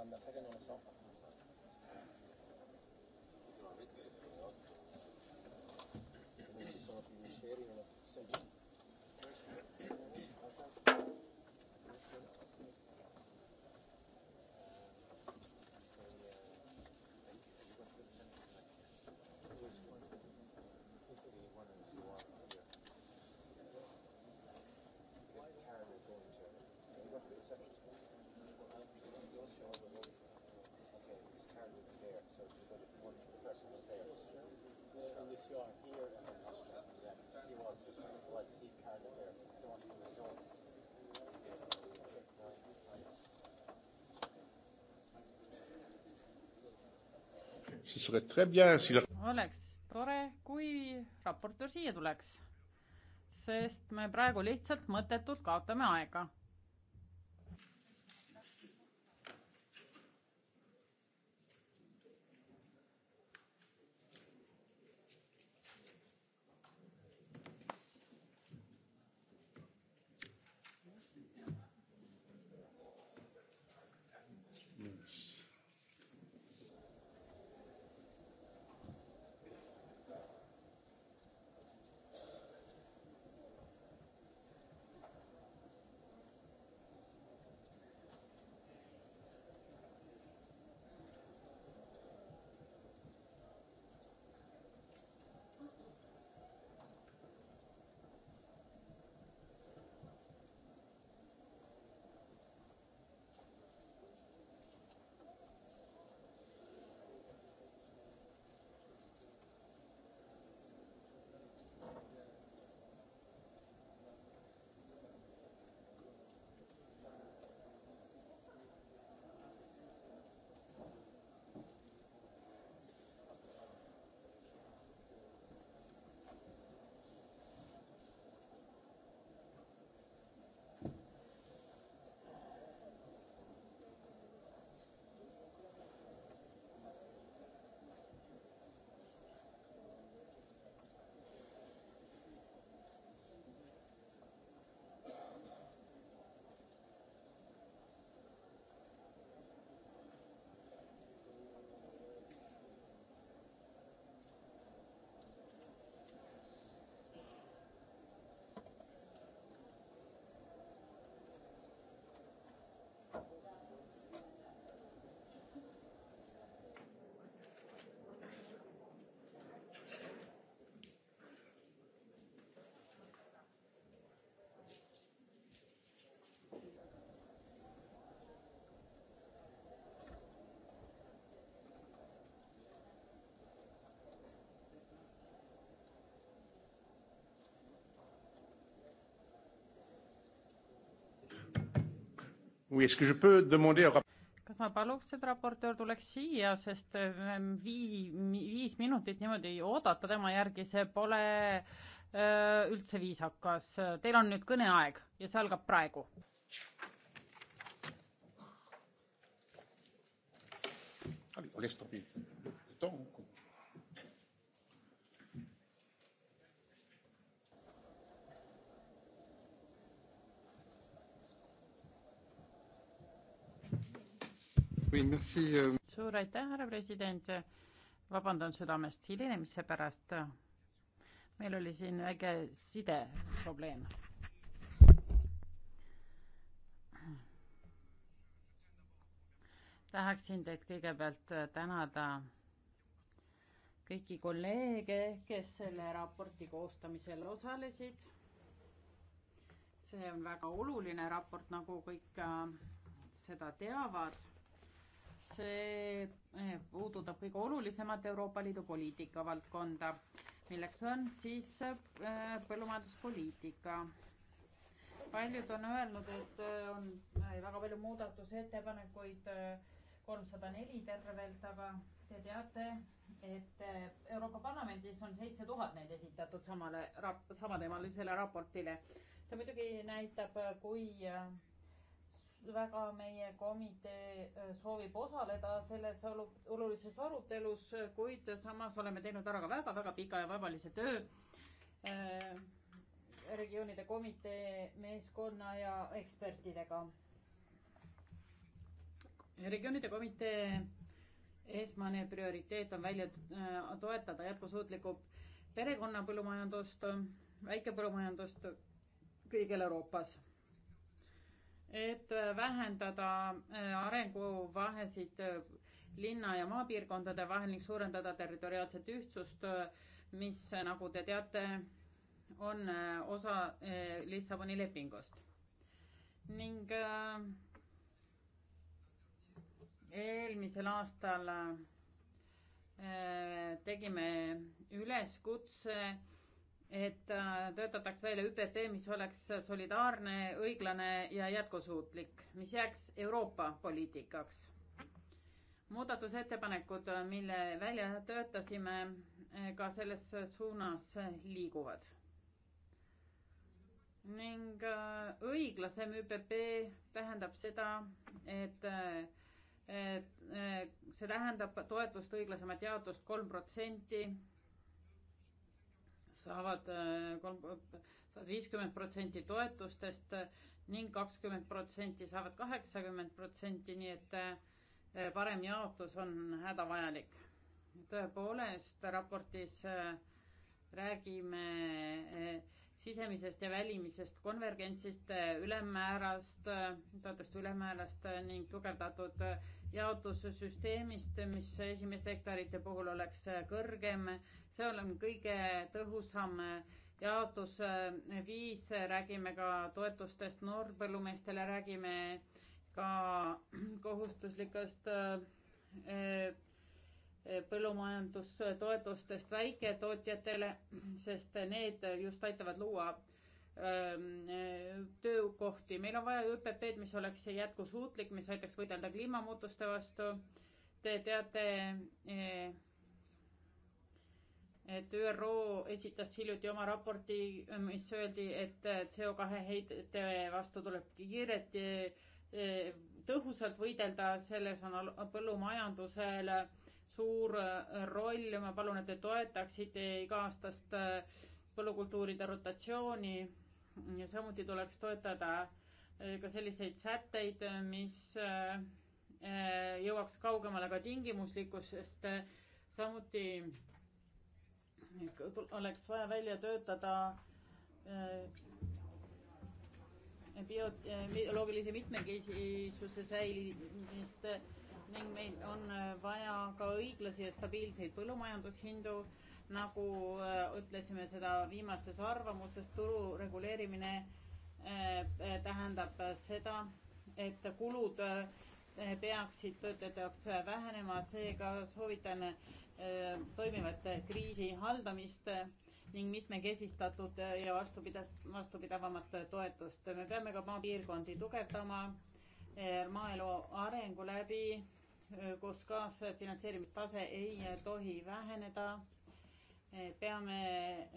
alla, sai che non lo so. oleks tore, kui raportöör siia tuleks, sest me praegu lihtsalt mõttetult kaotame aega kas ma paluks, et raportöör tuleks siia, sest ähm, vii-, viis minutit niimoodi oodata tema järgi, see pole äh, üldse viisakas. Teil on nüüd kõneaeg ja see algab praegu. oli, oli stop. Euh. suur aitäh, härra president. vabandan südamest hilinemise pärast. meil oli siin väike sideprobleem. tahaksin teid kõigepealt tänada kõiki kolleege, kes selle raporti koostamisel osalesid. see on väga oluline raport, nagu kõik äh, seda teavad see eh, puudutab kõige olulisemat Euroopa Liidu poliitika valdkonda, milleks on siis eh, põllumajanduspoliitika. paljud on öelnud, et eh, on väga palju muudatusettepanekuid, kolmsada neli tervelt, aga te teate, et Euroopa Parlamendis on seitse tuhat neid esitatud samale rap-, samateemalisele raportile. see muidugi näitab, kui väga meie komitee äh, soovib osaleda selles olulises arutelus, kuid samas oleme teinud ära ka väga-väga pika ja vaevalise töö äh, regioonide komitee meeskonna ja ekspertidega. regioonide komitee esmane prioriteet on välja äh, toetada jätkusuutlikku perekonnapõllumajandust, väikepõllumajandust kõigil Euroopas et vähendada äh, arenguvahesid äh, linna ja maapiirkondade vahel ning suurendada territoriaalset ühtsust, äh, mis, nagu te teate, on osa Lissaboni lepingust. ning eelmisel aastal tegime üleskutse et äh, töötataks välja ÜPP, mis oleks solidaarne, õiglane ja jätkusuutlik, mis jääks Euroopa poliitikaks. muudatusettepanekud, mille välja töötasime, äh, ka selles suunas liiguvad. ning äh, õiglasem ÜPP tähendab seda, et et see tähendab toetust õiglasemat jaotust kolm protsenti saavad äh, kolm, saavad viiskümmend protsenti toetustest ning kakskümmend protsenti saavad kaheksakümmend protsenti, nii et äh, parem jaotus on hädavajalik. tõepoolest raportis äh, räägime sisemisest ja välimisest konvergentsist, ülemmäärast, toetuste ülemmäärast ning tugevdatud jaotussüsteemist, mis esimeste hektarite puhul oleks kõrgem. see on kõige tõhusam jaotusviis, räägime ka toetustest noorpõllumeestele, räägime ka kohustuslikest äh, äh, põllumajandustoetustest väiketootjatele, sest need just aitavad luua Ähm, töökohti, meil on vaja ÜPP-d, mis oleks jätkusuutlik, mis aitaks võidelda kliimamuutuste vastu. Te teate, eh, et ÜRO esitas hiljuti oma raporti, mis öeldi, et eh, CO2 heidete vastu tuleb kiiret, eh, tõhusalt võidelda, selles on põllumajandusel suur roll, ma palun, et te toetaksite iga-aastast põllukultuuride rotatsiooni samuti tuleks toetada äh, ka selliseid sätteid, äh, mis äh, jõuaks kaugemale ka tingimuslikkusest, samuti oleks vaja välja töötada bioloogilise mitmekesisuse säilimist ning meil on vaja ka õiglasi ja stabiilseid põllumajandushindu nagu äh, ütlesime seda viimases arvamuses, turu reguleerimine äh, äh, tähendab seda, et kulud peaksid töötajate jaoks vähenema, seega soovitan toimivat kriisi haldamist ning mitmekesistatud ja vastupidav, vastupidavamat toetust. me peame ka maapiirkondi tugevdama maaelu arengu läbi, kus kaasfinantseerimistase ei tohi väheneda Eh, peame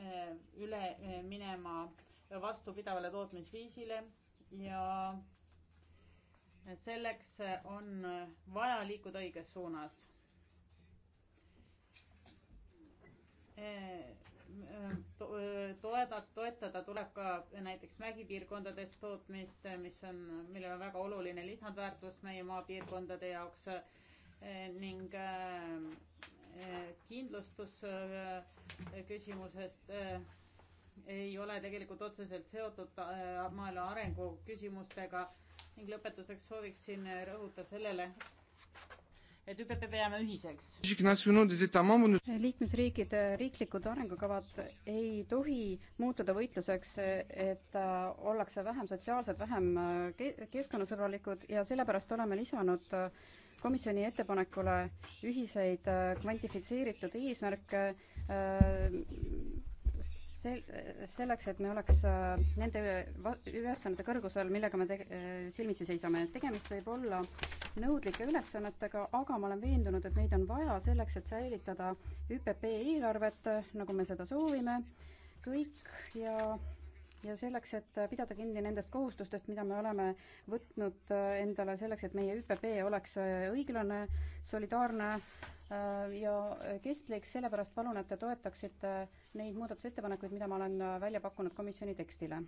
eh, üle eh, minema vastupidavale tootmisviisile ja selleks on vaja liikuda õiges suunas. toetada, toetada tuleb ka näiteks mägipiirkondades tootmist, mis on, millel on väga oluline lisandväärtus meie maapiirkondade jaoks ning kindlustusküsimusest eh, ei ole tegelikult otseselt seotud eh, maaelu arengu küsimustega ning lõpetuseks sooviksin rõhuda sellele, et ÜPP peab jääma ühiseks. liikmesriikide riiklikud arengukavad ei tohi muutuda võitluseks, et eh, ollakse vähem sotsiaalsed, vähem keskkonnasõbralikud ja sellepärast oleme lisanud äh, komisjoni ettepanekule ühiseid äh, kvantifitseeritud eesmärke äh, sel-, selleks, et me oleks äh, nende ülesannete kõrgusel, millega me tege-, silmitsi seisame. tegemist võib olla nõudlike ülesannetega, aga ma olen veendunud, et neid on vaja selleks, et säilitada ÜPP eelarvet, nagu me seda soovime, kõik ja ja selleks, et pidada kinni nendest kohustustest, mida me oleme võtnud äh, endale selleks, et meie ÜPP oleks äh, õiglane, solidaarne äh, ja kestlik, sellepärast palun, et te toetaksite neid muudatusettepanekuid, mida ma olen välja pakkunud komisjoni tekstile.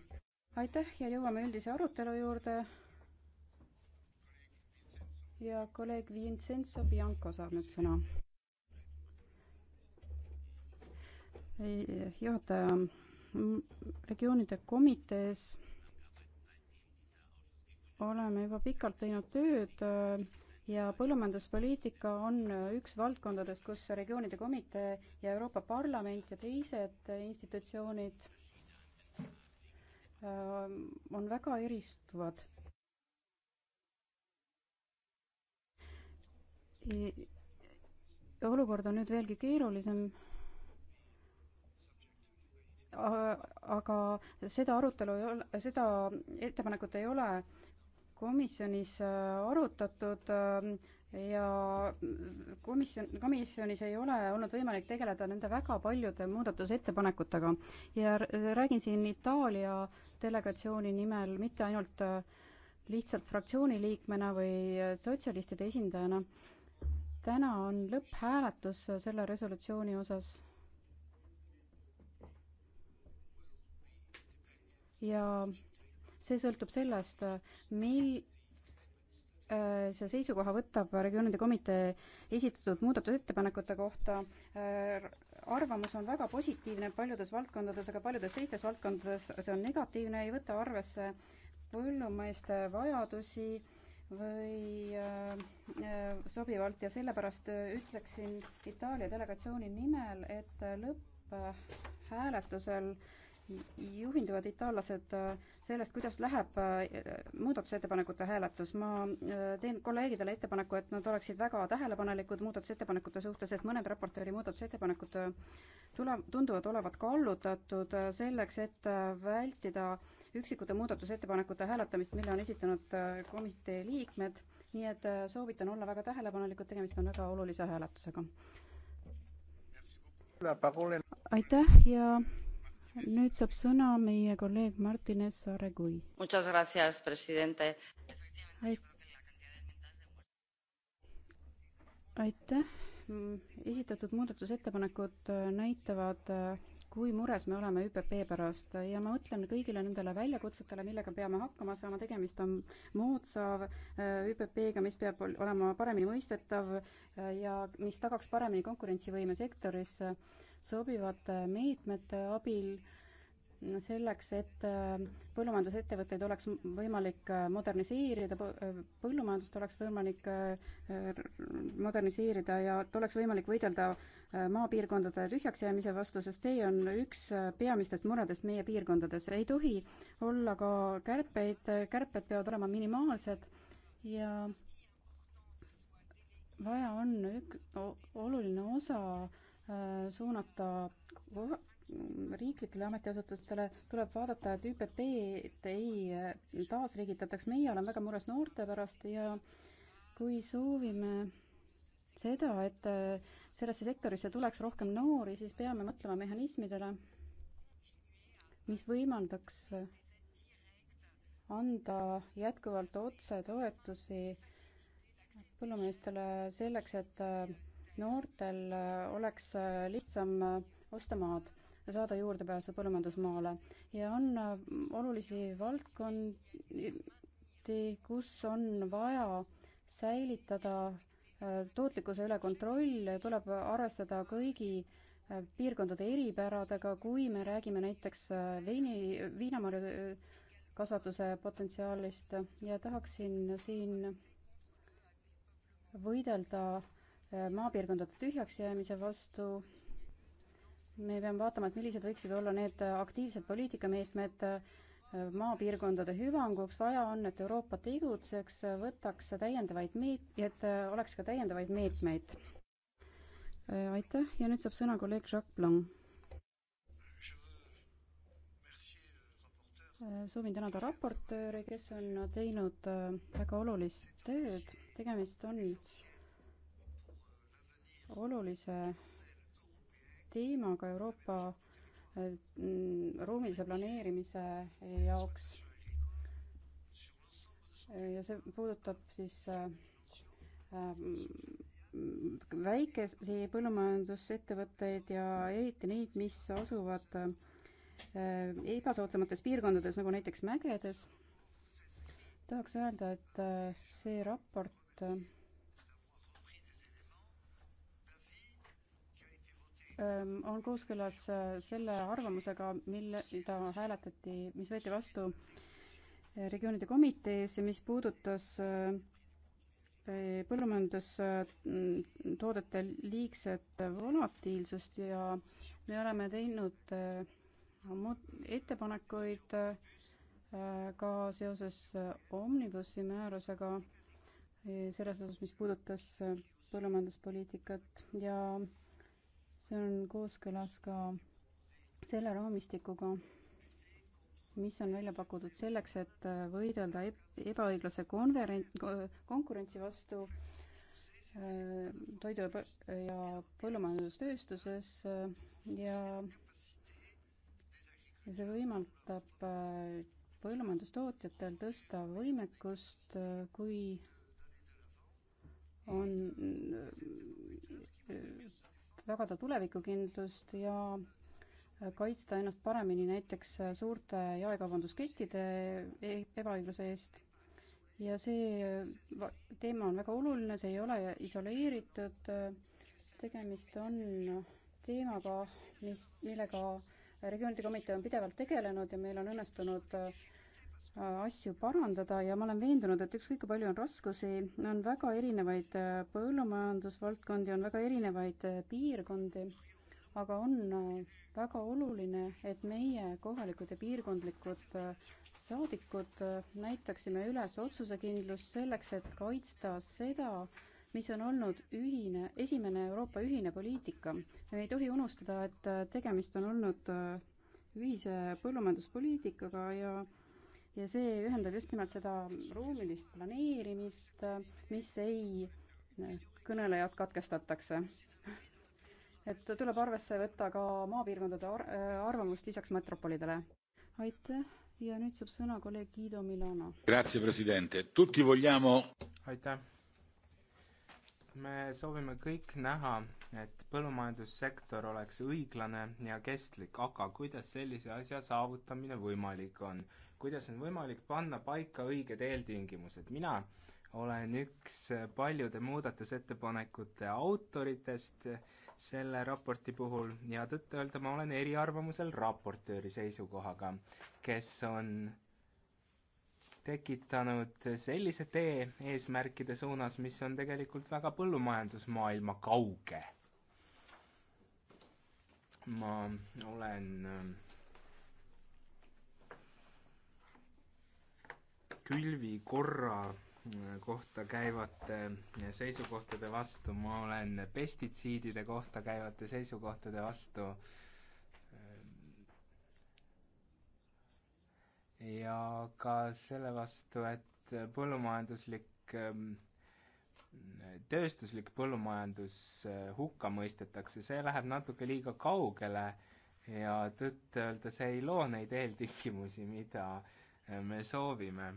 aitäh ja jõuame üldise arutelu juurde. ja kolleeg Vincenzo Bianco saab nüüd sõna. juhataja regioonide komitees oleme juba pikalt teinud tööd äh, ja põllumajanduspoliitika on äh, üks valdkondadest, kus regioonide komitee ja Euroopa Parlament ja teised institutsioonid äh, on väga eristuvad. olukord on nüüd veelgi keerulisem aga seda arutelu ei ole, seda ettepanekut ei ole komisjonis äh, arutatud äh, ja komisjon, komisjonis ei ole olnud võimalik tegeleda nende väga paljude muudatusettepanekutega ja räägin siin Itaalia delegatsiooni nimel, mitte ainult äh, lihtsalt fraktsiooni liikmena või sotsialistide esindajana. täna on lõpphääletus selle resolutsiooni osas ja see sõltub sellest, mil äh, see seisukoha võtab regioonide komitee esitatud muudatusettepanekute kohta. Äh, arvamus on väga positiivne paljudes valdkondades, aga paljudes teistes valdkondades see on negatiivne, ei võta arvesse põllumeeste vajadusi või äh, sobivalt ja sellepärast ütleksin Itaalia delegatsiooni nimel, et lõpphääletusel äh, juhinduvad itaallased äh, sellest, kuidas läheb äh, muudatusettepanekute hääletus. ma äh, teen kolleegidele ettepaneku, et nad oleksid väga tähelepanelikud muudatusettepanekute suhtes, sest mõned raportööri muudatusettepanekud tule, tunduvad olevat kallutatud selleks, et vältida üksikute muudatusettepanekute hääletamist, mille on esitanud komitee liikmed, nii et soovitan olla väga tähelepanelikud, tegemist on väga olulise hääletusega. aitäh ja nüüd saab sõna meie kolleeg Martines Aregui. aitäh, esitatud muudatusettepanekud näitavad, kui mures me oleme ÜPP pärast ja ma mõtlen kõigile nendele väljakutsetele, millega peame hakkama saama, tegemist on moodsa äh, ÜPP-ga, mis peab olema paremini mõistetav äh, ja mis tagaks paremini konkurentsivõime sektoris sobivate meetmete abil selleks, et äh, põllumajandusettevõtteid oleks võimalik äh, moderniseerida, äh, põllumajandust oleks võimalik moderniseerida ja et oleks võimalik võidelda maapiirkondade tühjaks jäämise vastu, sest see on üks peamistest muredest meie piirkondades. ei tohi olla ka kärpeid, kärped peavad olema minimaalsed ja vaja on üks oluline osa äh, Äh, suunata riiklikele ametiasutustele tuleb vaadata, et ÜPP-d ei äh, taasriigitataks. meie oleme väga mures noorte pärast ja kui soovime seda, et äh, sellesse sektorisse tuleks rohkem noori, siis peame mõtlema mehhanismidele, mis võimaldaks anda jätkuvalt otsetoetusi põllumeestele selleks, et noortel äh, oleks äh, lihtsam äh, osta maad ja saada juurdepääsu põllumajandusmaale ja on olulisi valdkondi, kus on vaja säilitada tootlikkuse üle kontroll ja tuleb arvestada kõigi piirkondade eripäradega, kui me räägime näiteks veini, viinamarju kasvatuse potentsiaalist ja tahaksin siin võidelda Äh, maapiirkondade tühjaks jäämise vastu. me peame vaatama, et millised võiksid olla need aktiivsed poliitikameetmed äh, maapiirkondade hüvanguks. vaja on, et Euroopa tegutseks, võtaks täiendavaid meet-, et äh, oleks ka täiendavaid meetmeid. aitäh ja nüüd saab sõna kolleeg Jacques Blanc. soovin tänada raportööri, kes on teinud väga olulist tööd. tegemist on olulise teemaga Euroopa äh, mm, ruumilise planeerimise jaoks. ja see puudutab siis äh, äh, väikesi põllumajandusettevõtteid ja eriti neid, mis asuvad ebasoodsamates piirkondades, nagu näiteks mägedes. tahaks öelda, et see raport on kooskõlas äh, selle arvamusega, mille, mida hääletati, mis võeti vastu äh, regioonide komitees ja mis puudutas äh, põllumajandustoodete liigset volatiilsust ja me oleme teinud ettepanekuid ka seoses omnibussi määrusega selles osas, mis puudutas põllumajanduspoliitikat ja see on kooskõlas ka selle raamistikuga, mis on välja pakutud selleks, et võidelda ebaõiglase konverent-, konkurentsi vastu toidu- ja põllumajandustööstuses ja see võimaldab põllumajandustootjatel tõsta võimekust, kui on tagada tulevikukindlust ja kaitsta ennast paremini näiteks suurte jaekaubanduskettide e-, ebaõigluse eest. ja see teema on väga oluline, see ei ole isoleeritud, tegemist on teemaga, mis, millega regioonide komitee on pidevalt tegelenud ja meil on õnnestunud äh, asju parandada ja ma olen veendunud, et ükskõik kui palju on raskusi, on väga erinevaid äh, põllumajandusvaldkondi, on väga erinevaid äh, piirkondi, aga on äh, väga oluline, et meie kohalikud ja piirkondlikud saadikud näitaksime üles otsusekindlust selleks, et kaitsta seda, mis on olnud ühine, esimene Euroopa ühine poliitika. me ei tohi unustada, et tegemist on olnud ühise põllumajanduspoliitikaga ja äh, ja see ühendab just nimelt seda ruumilist planeerimist, mis ei, kõnelejad katkestatakse. et tuleb arvesse võtta ka maapiirkondade ar arvamust lisaks metropolidele. aitäh ja nüüd saab sõna kolleeg Guido Milano. Vogliamo... aitäh. me soovime kõik näha, et põllumajandussektor oleks õiglane ja kestlik, aga kuidas sellise asja saavutamine võimalik on? kuidas on võimalik panna paika õiged eeltingimused. mina olen üks paljude muudatusettepanekute autoritest selle raporti puhul ja tõtt-öelda ma olen eriarvamusel raportööri seisukohaga, kes on tekitanud sellise tee eesmärkide suunas, mis on tegelikult väga põllumajandusmaailma kauge. ma olen ähm, külvi korra äh, kohta käivate äh, seisukohtade vastu, ma olen pestitsiidide kohta käivate seisukohtade vastu. Äh, ja ka selle vastu, et põllumajanduslik, ähm, tööstuslik põllumajandus hukka mõistetakse, see läheb natuke liiga kaugele ja tõtt-öelda see ei loo neid eeltingimusi, mida me soovime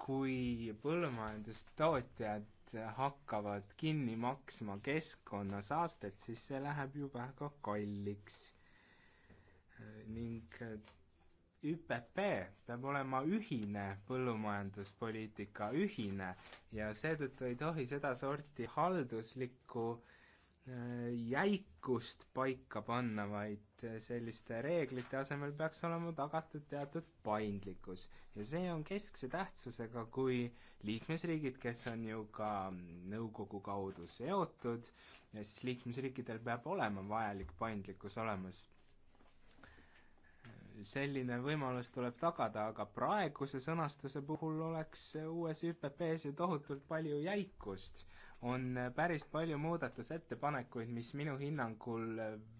kui põllumajandustootjad hakkavad kinni maksma keskkonnasaastet, siis see läheb ju väga kalliks. ning ÜPP peab olema ühine põllumajanduspoliitika, ühine ja seetõttu ei tohi sedasorti halduslikku äh, jäikust paika panna, vaid et selliste reeglite asemel peaks olema tagatud teatud paindlikkus. ja see on keskse tähtsusega, kui liikmesriigid, kes on ju ka nõukogu kaudu seotud, ja siis liikmesriikidel peab olema vajalik paindlikkus olemas. selline võimalus tuleb tagada, aga praeguse sõnastuse puhul oleks uues ÜPP-s ju tohutult palju jäikust on päris palju muudatusettepanekuid, mis minu hinnangul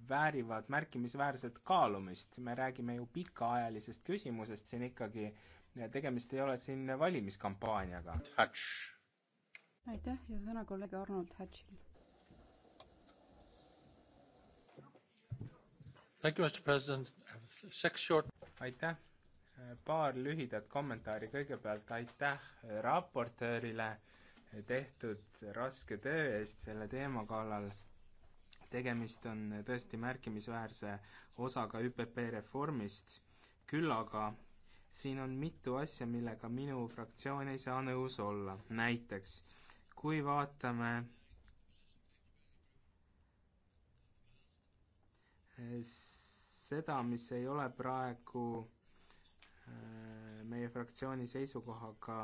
väärivad märkimisväärset kaalumist. me räägime ju pikaajalisest küsimusest siin ikkagi, tegemist ei ole siin valimiskampaaniaga. aitäh ja sõna kolleeg Arnold Hatchil. aitäh, paar lühidat kommentaari kõigepealt, aitäh raportöörile tehtud raske töö eest selle teema kallal. tegemist on tõesti märkimisväärse osaga ÜPP reformist, küll aga siin on mitu asja, millega minu fraktsioon ei saa nõus olla. näiteks, kui vaatame seda, mis ei ole praegu äh, meie fraktsiooni seisukohaga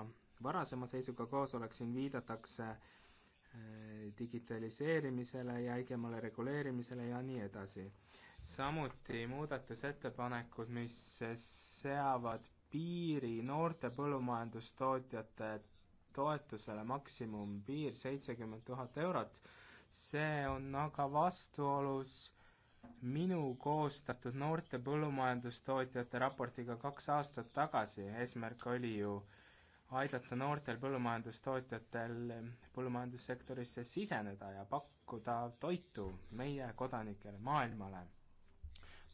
varasema seisuga koosolek, siin viidatakse äh, digitaliseerimisele ja õigemale reguleerimisele ja nii edasi. samuti muudatusettepanekud, mis seavad piiri noorte põllumajandustootjate toetusele maksimumpiir seitsekümmend tuhat eurot, see on aga vastuolus minu koostatud noorte põllumajandustootjate raportiga kaks aastat tagasi, eesmärk oli ju aidata noortel põllumajandustootjatel põllumajandussektorisse siseneda ja pakkuda toitu meie kodanikele, maailmale.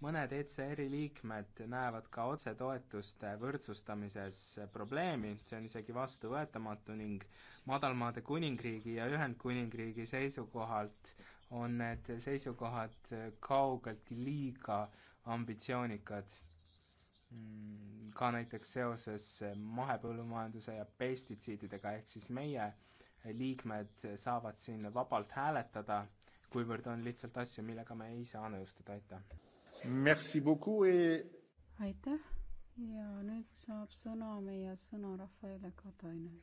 mõned ECR-i liikmed näevad ka otsetoetuste võrdsustamises probleemi, see on isegi vastuvõetamatu ning Madalmaade Kuningriigi ja Ühendkuningriigi seisukohalt on need seisukohad kaugeltki liiga ambitsioonikad Mm, ka näiteks seoses eh, mahepõllumajanduse ja pestitsiididega, ehk siis meie eh, liikmed saavad siin vabalt hääletada, kuivõrd on lihtsalt asju, millega me ei saa nõustuda, aitäh! aitäh ja nüüd saab sõna meie sõna Rafaele Katainen.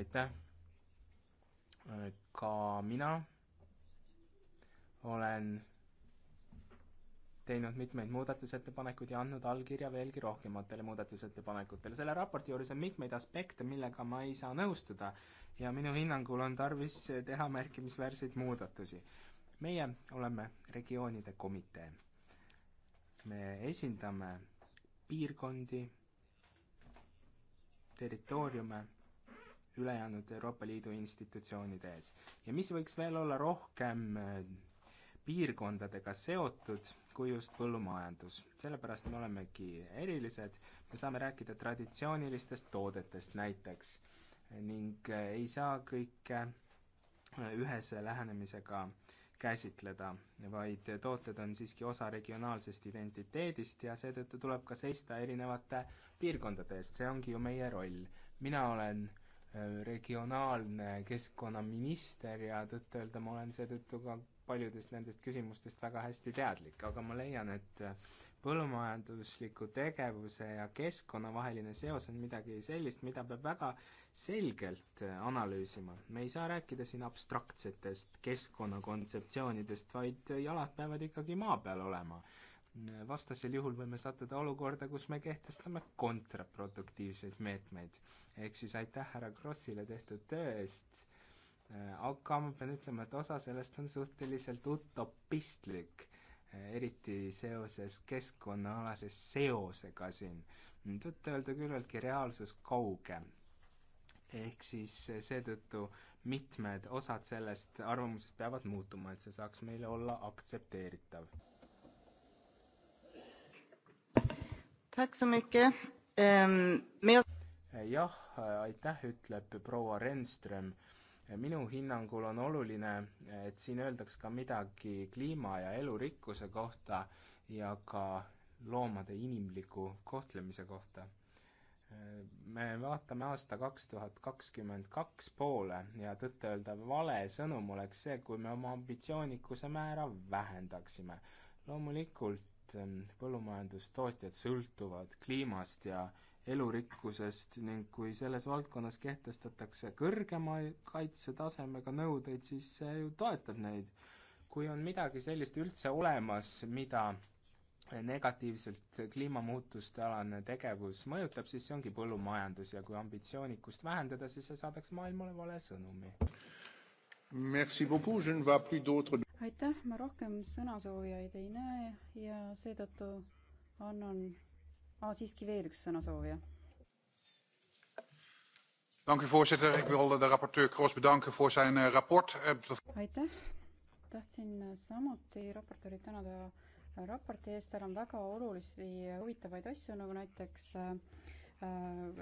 aitäh! Eh, ka mina olen teinud mitmeid muudatusettepanekuid ja andnud allkirja veelgi rohkematele muudatusettepanekutele. selle raporti juures on mitmeid aspekte, millega ma ei saa nõustuda ja minu hinnangul on tarvis teha märkimisväärseid muudatusi. meie oleme regioonide komitee. me esindame piirkondi, territooriume ülejäänud Euroopa Liidu institutsioonide ees. ja mis võiks veel olla rohkem äh, piirkondadega seotud kui just põllumajandus. sellepärast me olemegi erilised, me saame rääkida traditsioonilistest toodetest näiteks ning eh, ei saa kõike eh, ühese lähenemisega käsitleda, vaid tooted on siiski osa regionaalsest identiteedist ja seetõttu tuleb ka seista erinevate piirkondade eest, see ongi ju meie roll. mina olen eh, regionaalne keskkonnaminister ja tõtt-öelda ma olen seetõttu ka paljudest nendest küsimustest väga hästi teadlik, aga ma leian, et äh, põllumajandusliku tegevuse ja keskkonna vaheline seos on midagi sellist, mida peab väga selgelt äh, analüüsima. me ei saa rääkida siin abstraktsetest keskkonnakontseptsioonidest, vaid äh, jalad peavad ikkagi maa peal olema. vastasel juhul võime sattuda olukorda, kus me kehtestame kontraproduktiivseid meetmeid. ehk siis aitäh härra Krossile tehtud töö eest Äh, aga ma pean ütlema, et osa sellest on suhteliselt utopistlik, äh, eriti seoses keskkonnaalase seosega siin. tõtt-öelda küllaltki reaalsus kauge. ehk siis äh, seetõttu mitmed osad sellest arvamusest peavad muutuma, et see saaks meile olla aktsepteeritav. Ehm, jah, aitäh, ütleb proua Renström minu hinnangul on oluline, et siin öeldaks ka midagi kliima ja elurikkuse kohta ja ka loomade inimliku kohtlemise kohta. me vaatame aasta kaks tuhat kakskümmend kaks poole ja tõtt-öelda vale sõnum oleks see, kui me oma ambitsioonikuse määra vähendaksime. loomulikult mm, põllumajandustootjad sõltuvad kliimast ja äh, elurikkusest ning kui selles valdkonnas kehtestatakse kõrgema kaitsetasemega nõudeid, siis see ju toetab neid. kui on midagi sellist üldse olemas, mida negatiivselt kliimamuutuste alane tegevus mõjutab, siis see ongi põllumajandus ja kui ambitsioonikust vähendada, siis see saadaks maailmale vale sõnumi. aitäh, ma rohkem sõnasoovijaid ei näe ja seetõttu annan aa, oh, siiski veel üks sõnasoovija. Dank u voorzitter, ik wil de rapporteur Kroos bedanken voor zijn uh, rapport. Eh, aitäh, tahtsin eh, samuti raportööri tänada raporti eest, seal on väga olulisi huvitavaid asju, nagu näiteks äh,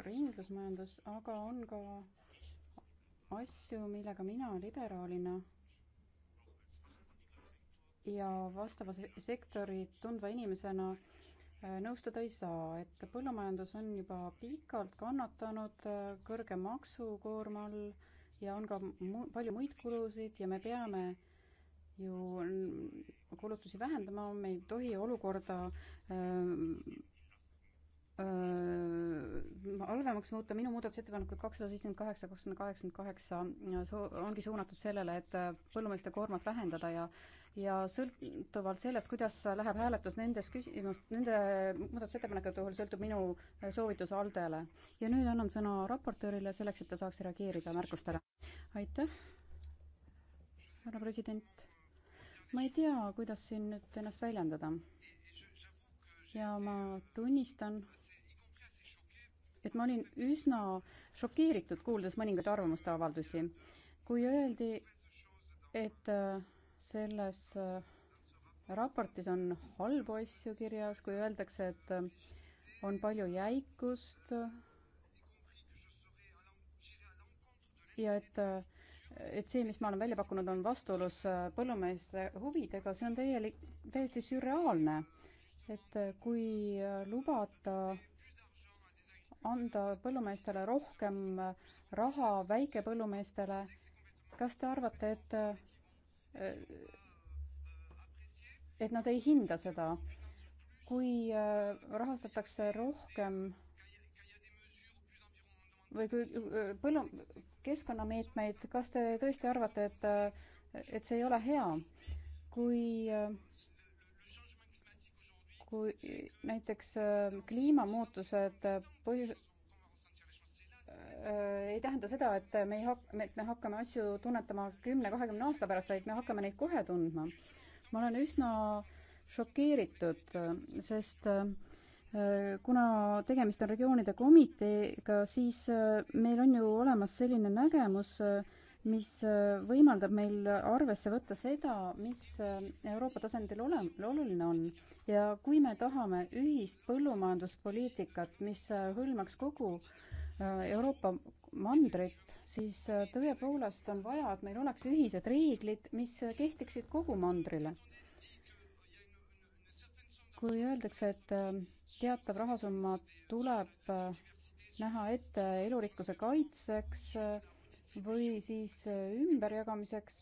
ringlusmajandus, aga on ka asju, millega mina liberaalina ja vastava sektori tundva inimesena äh, Äh, nõustuda ei saa, et põllumajandus on juba pikalt kannatanud äh, kõrge maksukoorma all ja on ka mu-, palju muid kulusid ja me peame ju kulutusi vähendama, me ei tohi olukorda öö, äh, öö, halvemaks muuta, minu muudatusettepanekud kakssada seitsekümmend kaheksa, kakssada kaheksakümmend kaheksa ongi suunatud sellele, et põllumeeste koormat vähendada ja äh, ja sõltuvalt sellest, kuidas läheb hääletus nendes küsimus, nende muudatusettepanekute puhul sõltub minu äh, soovitus Aldele. ja nüüd annan sõna raportöörile selleks, et ta saaks reageerida märkustele. aitäh, härra president. ma ei tea, kuidas siin nüüd ennast väljendada. ja ma tunnistan, et ma olin üsna šokeeritud, kuuldes mõningaid arvamuste avaldusi, kui öeldi, et äh, selles äh, raportis on halbu asju kirjas, kui öeldakse, et äh, on palju jäikust ja et, äh, et see, mis ma olen välja pakkunud, on vastuolus põllumeeste huvidega, see on täielik, täiesti sürreaalne. et kui lubada anda põllumeestele rohkem raha väikepõllumeestele, kas te arvate, et et nad ei hinda seda. kui äh, rahastatakse rohkem või kui äh, põllu-, keskkonnameetmeid, kas te tõesti arvate, et, äh, et see ei ole hea? kui, kui näiteks kliimamuutused põhjus-, Äh, ei tähenda seda, et me ei hak-, et me hakkame asju tunnetama kümne-kahekümne aasta pärast, vaid me hakkame neid kohe tundma. ma olen üsna šokeeritud, sest äh, kuna tegemist on regioonide komiteega, siis äh, meil on ju olemas selline nägemus, mis võimaldab meil arvesse võtta seda, mis Euroopa tasandil ole-, oluline on. ja kui me tahame ühist põllumajanduspoliitikat, mis hõlmaks kogu äh, Äh, Euroopa mandrit, siis äh, tõepoolest on vaja, et meil oleks ühised reeglid, mis äh, kehtiksid kogu mandrile. kui öeldakse, et teatav rahasumma tuleb näha ette elurikkuse kaitseks või siis ümberjagamiseks,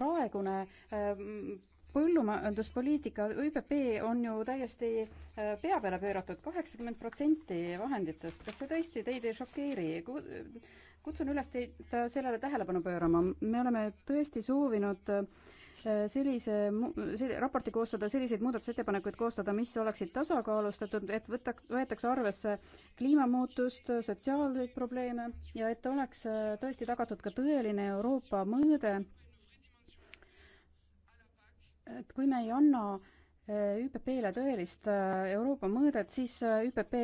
praegune põllumajanduspoliitika, ÜPP on ju täiesti pea äh, peale pööratud, kaheksakümmend protsenti vahenditest, kas see tõesti teid ei šokeeri? kutsun üles teid äh, sellele tähelepanu pöörama, me oleme tõesti soovinud äh, sellise, selle raporti koostada, selliseid muudatusettepanekuid koostada, mis oleksid tasakaalustatud, et võtaks, võetaks arvesse kliimamuutust, sotsiaalseid probleeme ja et oleks tõesti tagatud ka tõeline Euroopa mõõde et kui me ei anna äh, ÜPP-le tõelist äh, Euroopa mõõdet, siis äh, ÜPP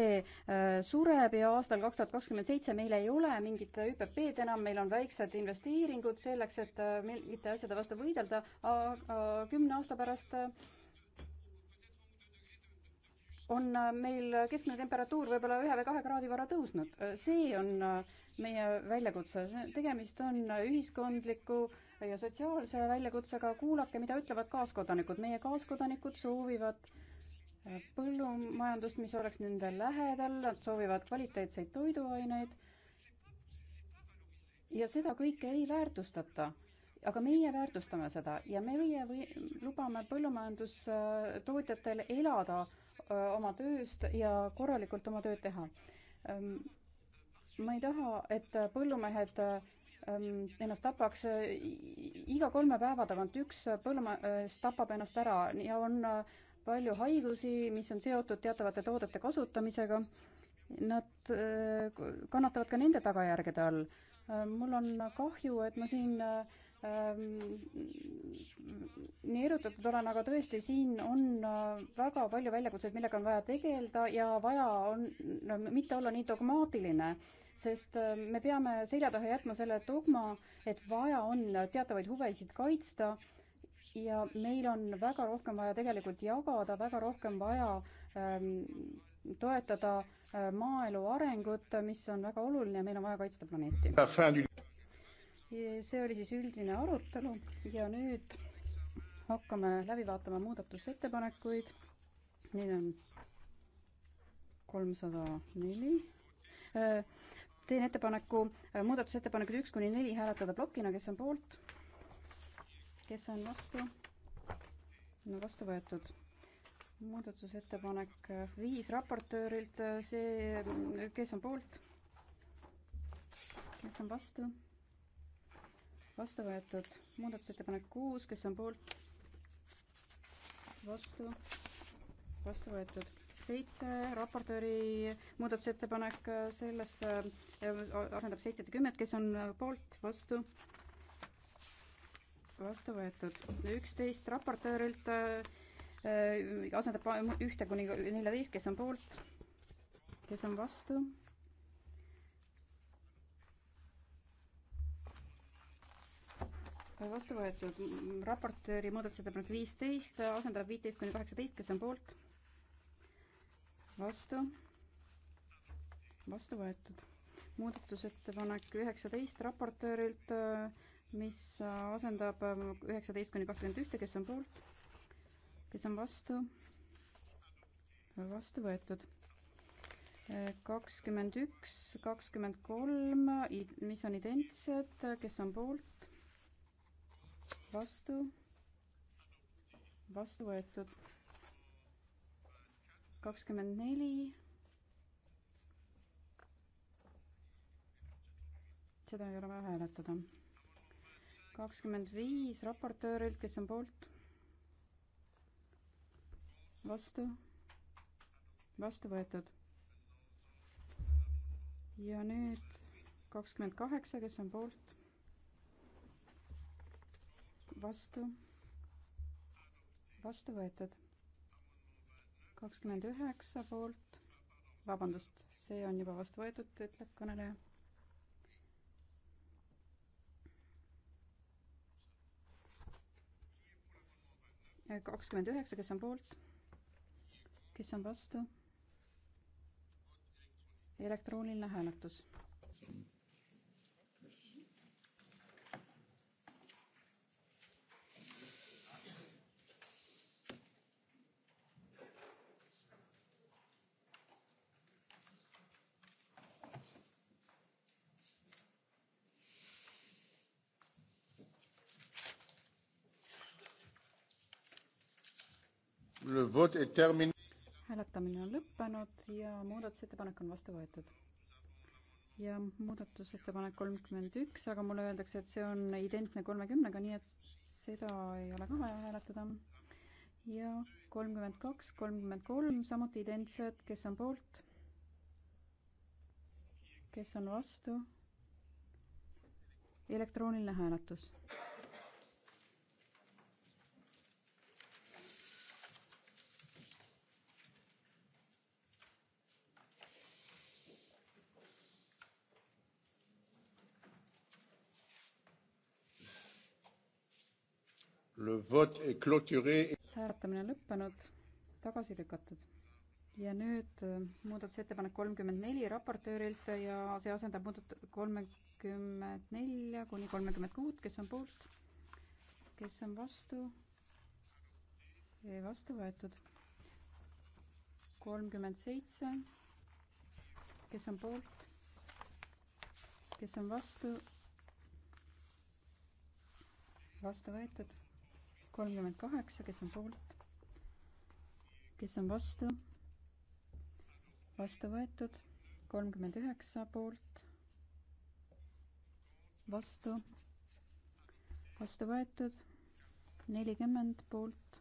sureb ja aastal kaks tuhat kakskümmend seitse meil ei ole mingit ÜPP-d enam, meil on väiksed investeeringud selleks, et mingite asjade vastu võidelda, aga kümne aasta pärast on meil keskmine temperatuur võib-olla ühe või kahe kraadi võrra tõusnud. see on meie väljakutse, tegemist on ühiskondliku äh, ja sotsiaalse väljakutsega, kuulake, mida ütlevad kaaskodanikud. meie kaaskodanikud soovivad äh, põllumajandust, mis oleks nende lähedal, nad soovivad kvaliteetseid toiduaineid ja seda kõike ei väärtustata aga meie väärtustame seda ja meie või lubame põllumajandustootjatel äh, elada öö, äh, oma tööst ja korralikult oma tööd teha. Ähm, ma ei taha, et põllumehed Ähm, ennast tapaks. Äh, iga kolme päeva tagant üks põllumees äh, tapab ennast ära ja on äh, palju haigusi, mis on seotud teatavate toodete kasutamisega. Nad kannatavad ka nende tagajärgede all. mul on kahju, et ma siin ähm, nii erutatud olen, aga tõesti, siin on väga palju väljakutseid, millega on vaja tegeleda ja vaja on no, mitte olla nii dogmaatiline äh, sest äh, me peame selja taha jätma selle dogma, et vaja on teatavaid huvesid kaitsta ja meil on väga rohkem vaja tegelikult jagada, väga rohkem vaja ähm, toetada äh, maaelu arengut, mis on väga oluline, meil on vaja kaitsta planeeti. see oli siis üldine arutelu ja nüüd hakkame läbi vaatama muudatusettepanekuid. Neid on kolmsada neli äh, teen ettepaneku äh, muudatusettepanekud üks kuni neli hääletada plokina, kes on poolt, kes on vastu, no vastu võetud. muudatusettepanek äh, viis raportöörilt, äh, see, kes on poolt, kes on vastu, vastu võetud. muudatusettepanek kuus, kes on poolt, vastu, vastu võetud seitse, raportööri muudatusettepanek, sellest äh, asendab seitset ja kümmet, kes on poolt, vastu? vastu võetud. üksteist raportöörilt äh, asendab ühte kuni neljateist, kes on poolt, kes on vastu? vastu võetud raportööri muudatusettepanek viisteist asendab viiteist kuni kaheksateist, kes on poolt vastu, vastu võetud. muudatusettepanek üheksateist raportöörilt, mis asendab üheksateist kuni kakskümmend ühte, kes on poolt, kes on vastu, vastu võetud. kakskümmend üks, kakskümmend kolm, mis on identsed, kes on poolt, vastu, vastu võetud kakskümmend neli. seda ei ole vaja hääletada. kakskümmend viis raportöörilt, kes on poolt? vastu? vastu võetud. ja nüüd kakskümmend kaheksa, kes on poolt? vastu? vastu võetud kakskümmend üheksa poolt, vabandust, see on juba vastu võetud, ütleb kõneleja. kakskümmend üheksa, kes on poolt, kes on vastu? elektrooniline hääletus hääletamine on lõppenud ja muudatusettepanek on vastu võetud. ja muudatusettepanek kolmkümmend üks, aga mulle öeldakse, et see on identne kolmekümnega, nii et seda ei ole ka vaja hääletada. ja kolmkümmend kaks, kolmkümmend kolm, samuti identsed, kes on poolt? kes on vastu? elektrooniline hääletus hääletamine on lõppenud, tagasi lükatud. ja nüüd äh, muudatusettepanek kolmkümmend neli raportöörilt ja see asendab muudat-, kolmekümmet nelja kuni kolmekümmet kuut, kes on poolt, kes on vastu, vastu võetud. kolmkümmend seitse, kes on poolt, kes on vastu, vastu võetud kolmkümmend kaheksa, kes on poolt, kes on vastu, vastu võetud, kolmkümmend üheksa poolt, vastu, vastu võetud, nelikümmend poolt,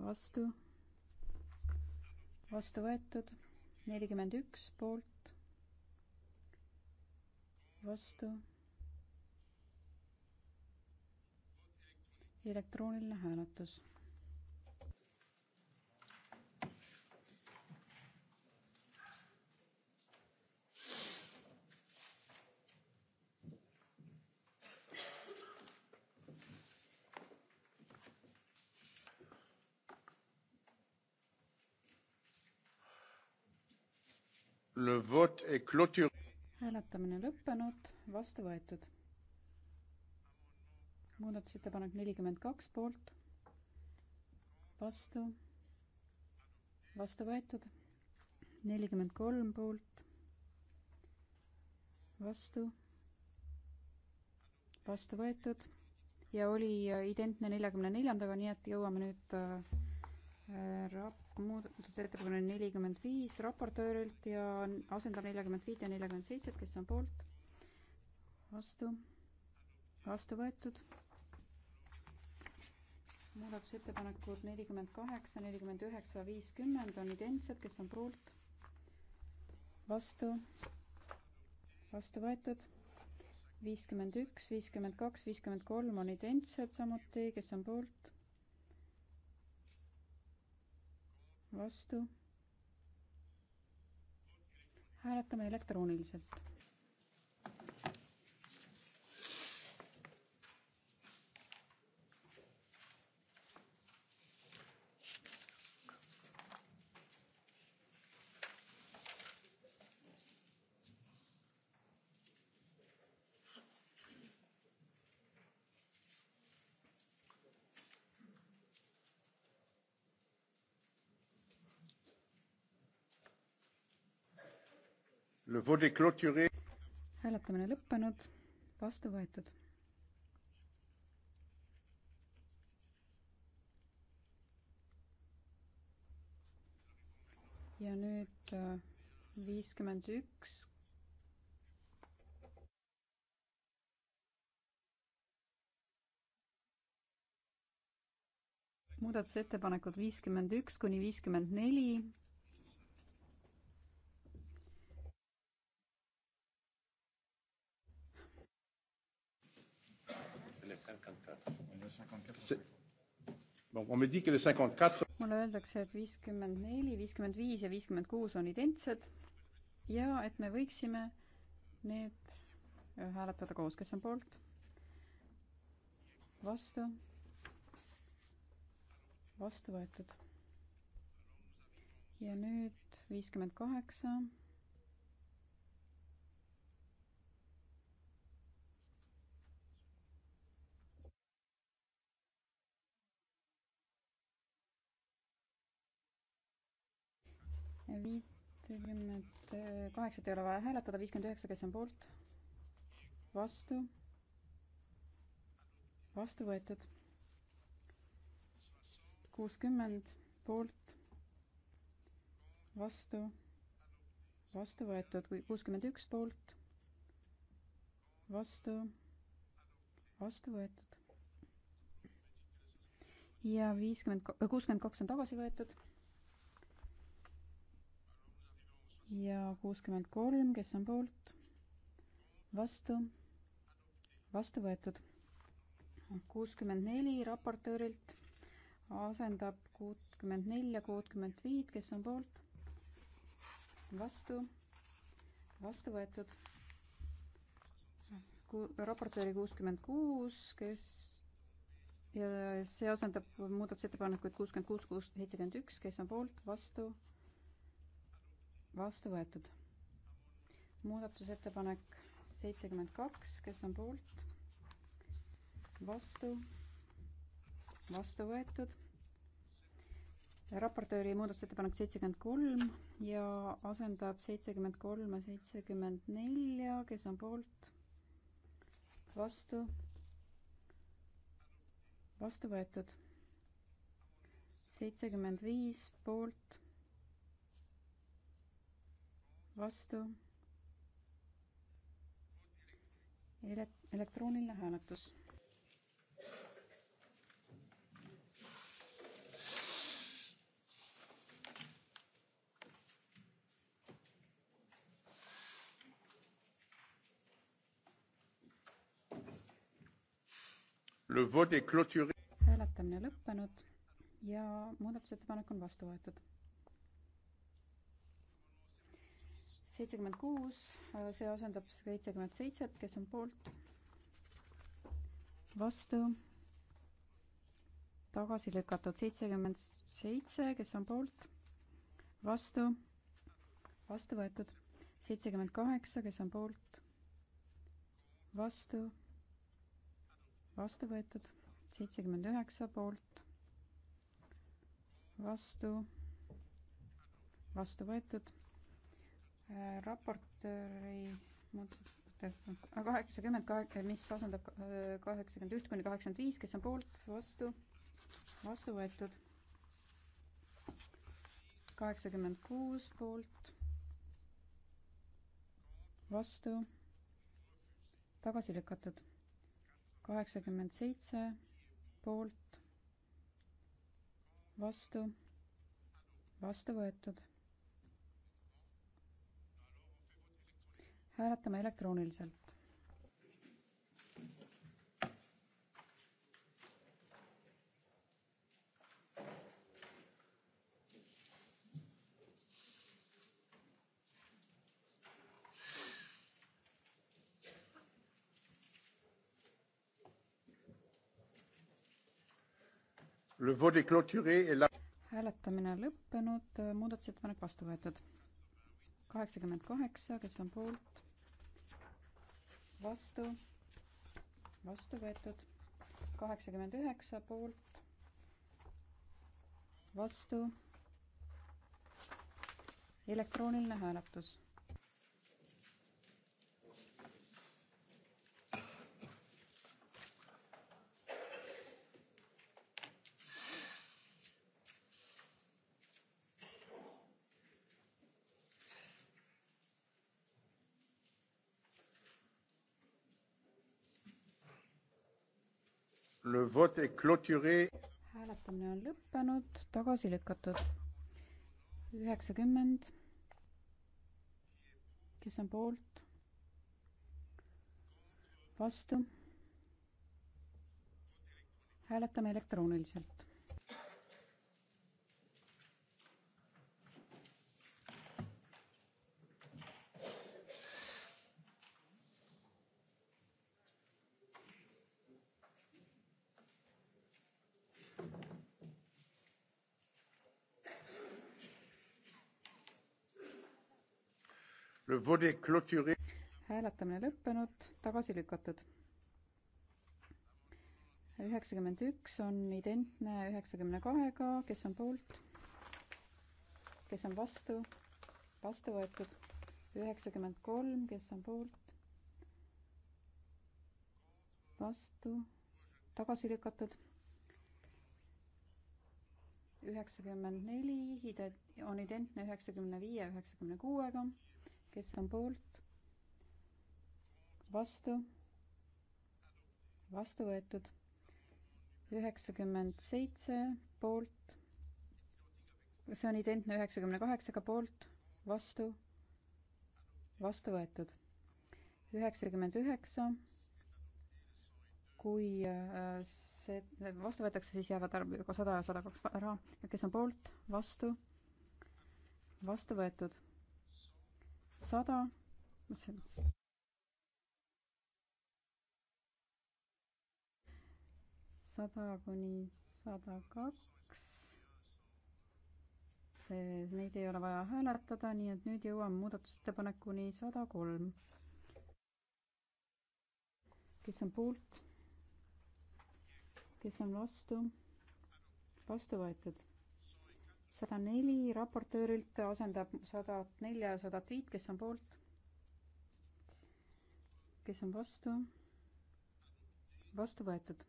vastu, vastu võetud, nelikümmend üks poolt, vastu elektrooniline hääletus. hääletamine lõppenud, vastu võetud muudatusettepanek nelikümmend kaks poolt, vastu, vastu võetud, nelikümmend kolm poolt, vastu, vastu võetud ja oli äh, identne neljakümne neljandaga, nii et jõuame nüüd äh, äh, rap-, muudatusettepanek nelikümmend viis raportöörilt ja asendab neljakümmend viit ja neljakümmend seitset, kes on poolt, vastu, vastu võetud muudatusettepanekud nelikümmend kaheksa, nelikümmend üheksa, viiskümmend on identsed, kes on poolt? vastu? vastu võetud? viiskümmend üks, viiskümmend kaks, viiskümmend kolm on identsed samuti, kes on poolt? vastu? hääletame elektrooniliselt hääletamine lõppenud, vastu võetud. ja nüüd äh, viiskümmend üks muudatusettepanekud viiskümmend üks kuni viiskümmend neli 54. mulle öeldakse, et viiskümmend neli, viiskümmend viis ja viiskümmend kuus on identsed ja et me võiksime need äh, hääletada koos, kes on poolt, vastu, vastu võetud. ja nüüd viiskümmend kaheksa viitekümmet kaheksat ei ole vaja hääletada, viiskümmend üheksa, kes on poolt, vastu, vastu võetud. kuuskümmend poolt, vastu, vastu võetud, kuuskümmend üks poolt, vastu, vastu võetud. ja viiskümmend, kuuskümmend kaks on tagasi võetud ja kuuskümmend kolm, kes on poolt, vastu, vastu võetud. kuuskümmend neli raportöörilt asendab kuutkümmend nelja, kuutkümmend viit, kes on poolt, vastu, vastu võetud. raportööri kuuskümmend kuus, kes ja see asendab muudatusettepanekuid kuuskümmend kuus, kuus, seitsekümmend üks, kes on poolt, vastu vastu võetud. muudatusettepanek seitsekümmend kaks, kes on poolt? vastu, vastu võetud. raportööri muudatusettepanek seitsekümmend kolm ja asendab seitsekümmend kolm ja seitsekümmend nelja, kes on poolt? vastu, vastu võetud seitsekümmend viis poolt, vastu. elektrooniline hääletus. hääletamine lõppenud ja muudatusettepanek on vastu võetud seitsekümmend kuus, see asendab seitsekümmend seitset, kes on poolt, vastu, tagasi lükatud seitsekümmend seitse, kes on poolt, vastu, vastu võetud seitsekümmend kaheksa, kes on poolt, vastu, vastu võetud seitsekümmend üheksa poolt, vastu, vastu võetud raportööri muudatusettepanek kaheksakümmend kaheksa, eh, mis asendab eh, kaheksakümmend üht kuni kaheksakümmend viis, kes on poolt, vastu, vastu võetud. kaheksakümmend kuus poolt, vastu, tagasi lükatud. kaheksakümmend seitse poolt, vastu, vastu võetud hääletame elektrooniliselt. Le vote est clôturé et la... hääletamine lõppenud, muudatusettepanek vastu võetud. kaheksakümmend kaheksa, kes on poolt? vastu, vastu võetud, kaheksakümmend üheksa poolt, vastu, elektrooniline hääletus hääletamine on lõppenud, tagasi lükatud. üheksakümmend. kes on poolt? vastu? hääletame elektrooniliselt hääletamine lõppenud, tagasi lükatud. üheksakümmend üks on identne üheksakümne kahega, kes on poolt, kes on vastu, vastu võetud. üheksakümmend kolm, kes on poolt, vastu, tagasi lükatud üheksakümmend neli, on identne üheksakümne viie, üheksakümne kuuega kes on poolt, vastu, vastu võetud, üheksakümmend seitse poolt, see on identne üheksakümne kaheksaga poolt, vastu, vastu võetud, üheksakümmend üheksa kui äh, see vastu võetakse, siis jäävad ka sada ja sada kaks ära, kes on poolt, vastu, vastu võetud sada, mis see on? sada kuni sada kaks. Neid ei ole vaja hääletada, nii et nüüd jõuame muudatusettepanekuni sada kolm. kes on poolt? kes on vastu? vastu võetud sada neli raportöörilt asendab sadat nelja ja sadat viit, kes on poolt, kes on vastu, vastu võetud.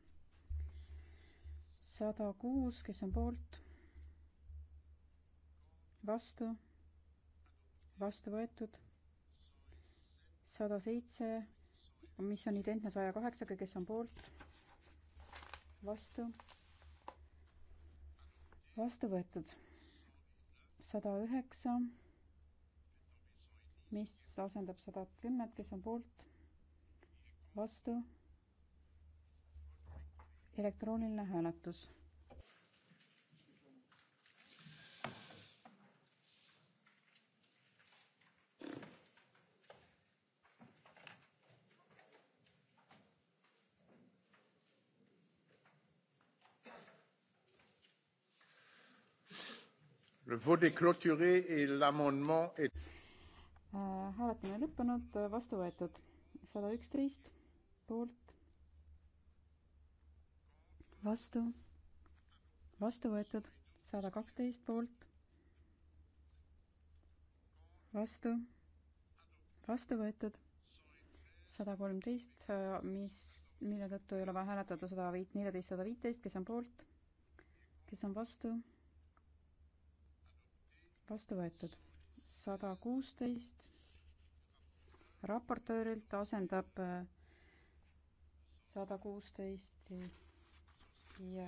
sada kuus, kes on poolt, vastu, vastu võetud. sada seitse, mis on identne saja kaheksaga, kes on poolt, vastu, vastu võetud sada üheksa, mis asendab sada kümmet, kes on poolt, vastu, elektrooniline hääletus Äh, hääletamine lõppenud, vastu võetud sada üksteist poolt, vastu, vastu võetud sada kaksteist poolt, vastu, vastu võetud sada kolmteist, äh, mis, mille tõttu ei ole vaja hääletada sada viit, neljateist, sada viiteist, kes on poolt, kes on vastu vastu võetud. sada kuusteist raportöörilt asendab äh, sada kuusteist ja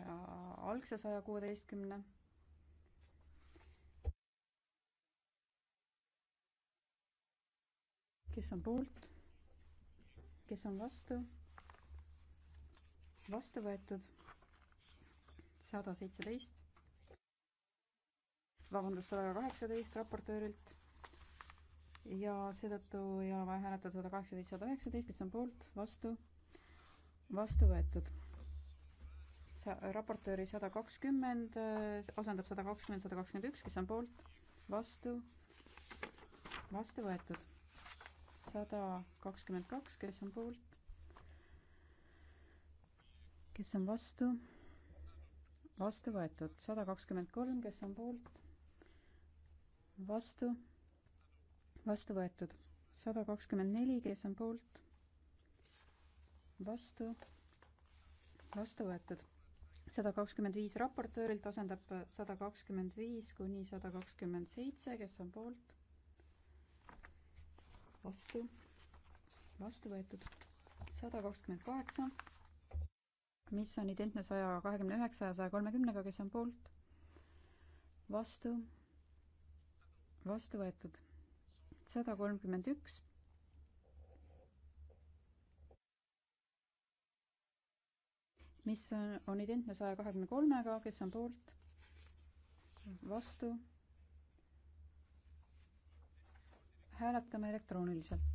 algse saja kuueteistkümne. kes on poolt, kes on vastu? vastu võetud sada seitseteist vabandust, sada kaheksateist raportöörilt ja seetõttu ei ole vaja hääletada sada kaheksateist, sada üheksateist, kes on poolt, vastu, vastu võetud. Sa-, raportööri sada kakskümmend asendab sada kakskümmend, sada kakskümmend üks, kes on poolt, vastu, vastu võetud. sada kakskümmend kaks, kes on poolt, kes on vastu, vastu võetud. sada kakskümmend kolm, kes on poolt vastu, vastu võetud. sada kakskümmend neli, kes on poolt, vastu, vastu võetud. sada kakskümmend viis raportöörilt asendab sada kakskümmend viis kuni sada kakskümmend seitse, kes on poolt, vastu, vastu võetud. sada kakskümmend kaheksa, mis on identne saja kahekümne üheksa ja saja kolmekümnega, kes on poolt, vastu vastu võetud sada kolmkümmend üks. mis on, on identne saja kahekümne kolmega, kes on poolt, vastu. hääletame elektrooniliselt.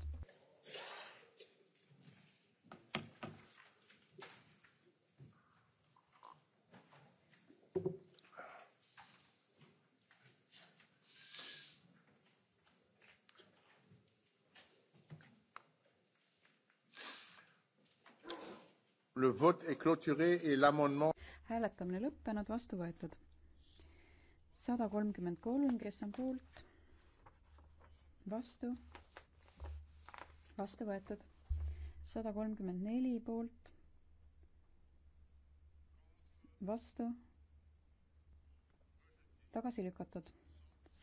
Le vote est clôturé et l'amendement. hääletamine lõppenud, vastu võetud. sada kolmkümmend kolm, kes on poolt? vastu? vastu võetud. sada kolmkümmend neli poolt. vastu? tagasi lükatud.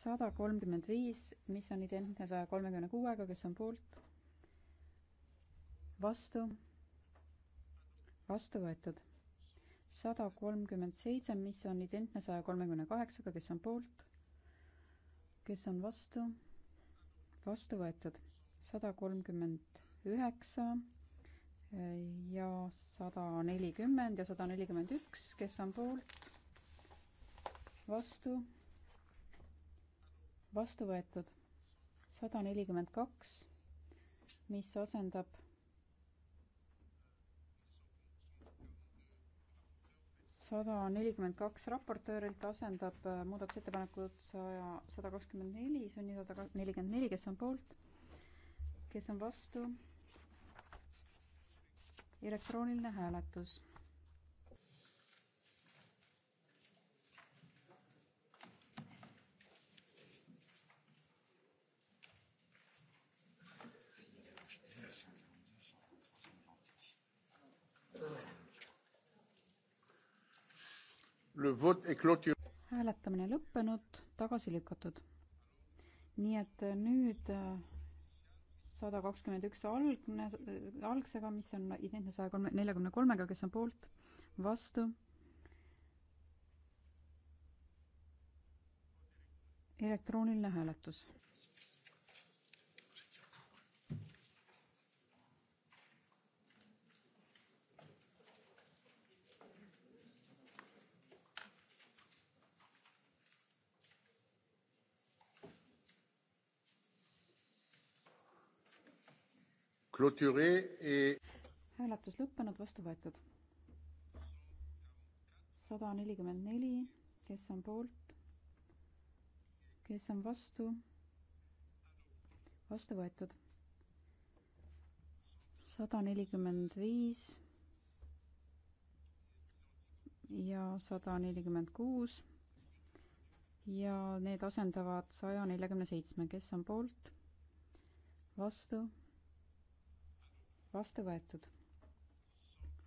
sada kolmkümmend viis, mis on identne saja kolmekümne kuuega, kes on poolt? vastu? vastu võetud. sada kolmkümmend seitse, mis on identne saja kolmekümne kaheksaga, kes on poolt, kes on vastu, vastu võetud. sada kolmkümmend üheksa ja sada nelikümmend ja sada nelikümmend üks, kes on poolt, vastu, vastu võetud. sada nelikümmend kaks, mis asendab sada nelikümmend kaks raportöörilt asendab äh, muudatusettepanekut saja, sada kakskümmend neli, see on nii sada nelikümmend neli, kes on poolt, kes on vastu. elektrooniline hääletus hääletamine lõppenud, tagasi lükatud. nii et äh, nüüd äh, sada kakskümmend üks algne, äh, algsega, mis on identne saja kolme, neljakümne kolmega, kes on poolt, vastu. elektrooniline hääletus hääletus lõppenud, vastu võetud. sada nelikümmend neli, kes on poolt, kes on vastu, vastu võetud. sada nelikümmend viis ja sada nelikümmend kuus ja need asendavad saja neljakümne seitsme, kes on poolt, vastu vastu võetud.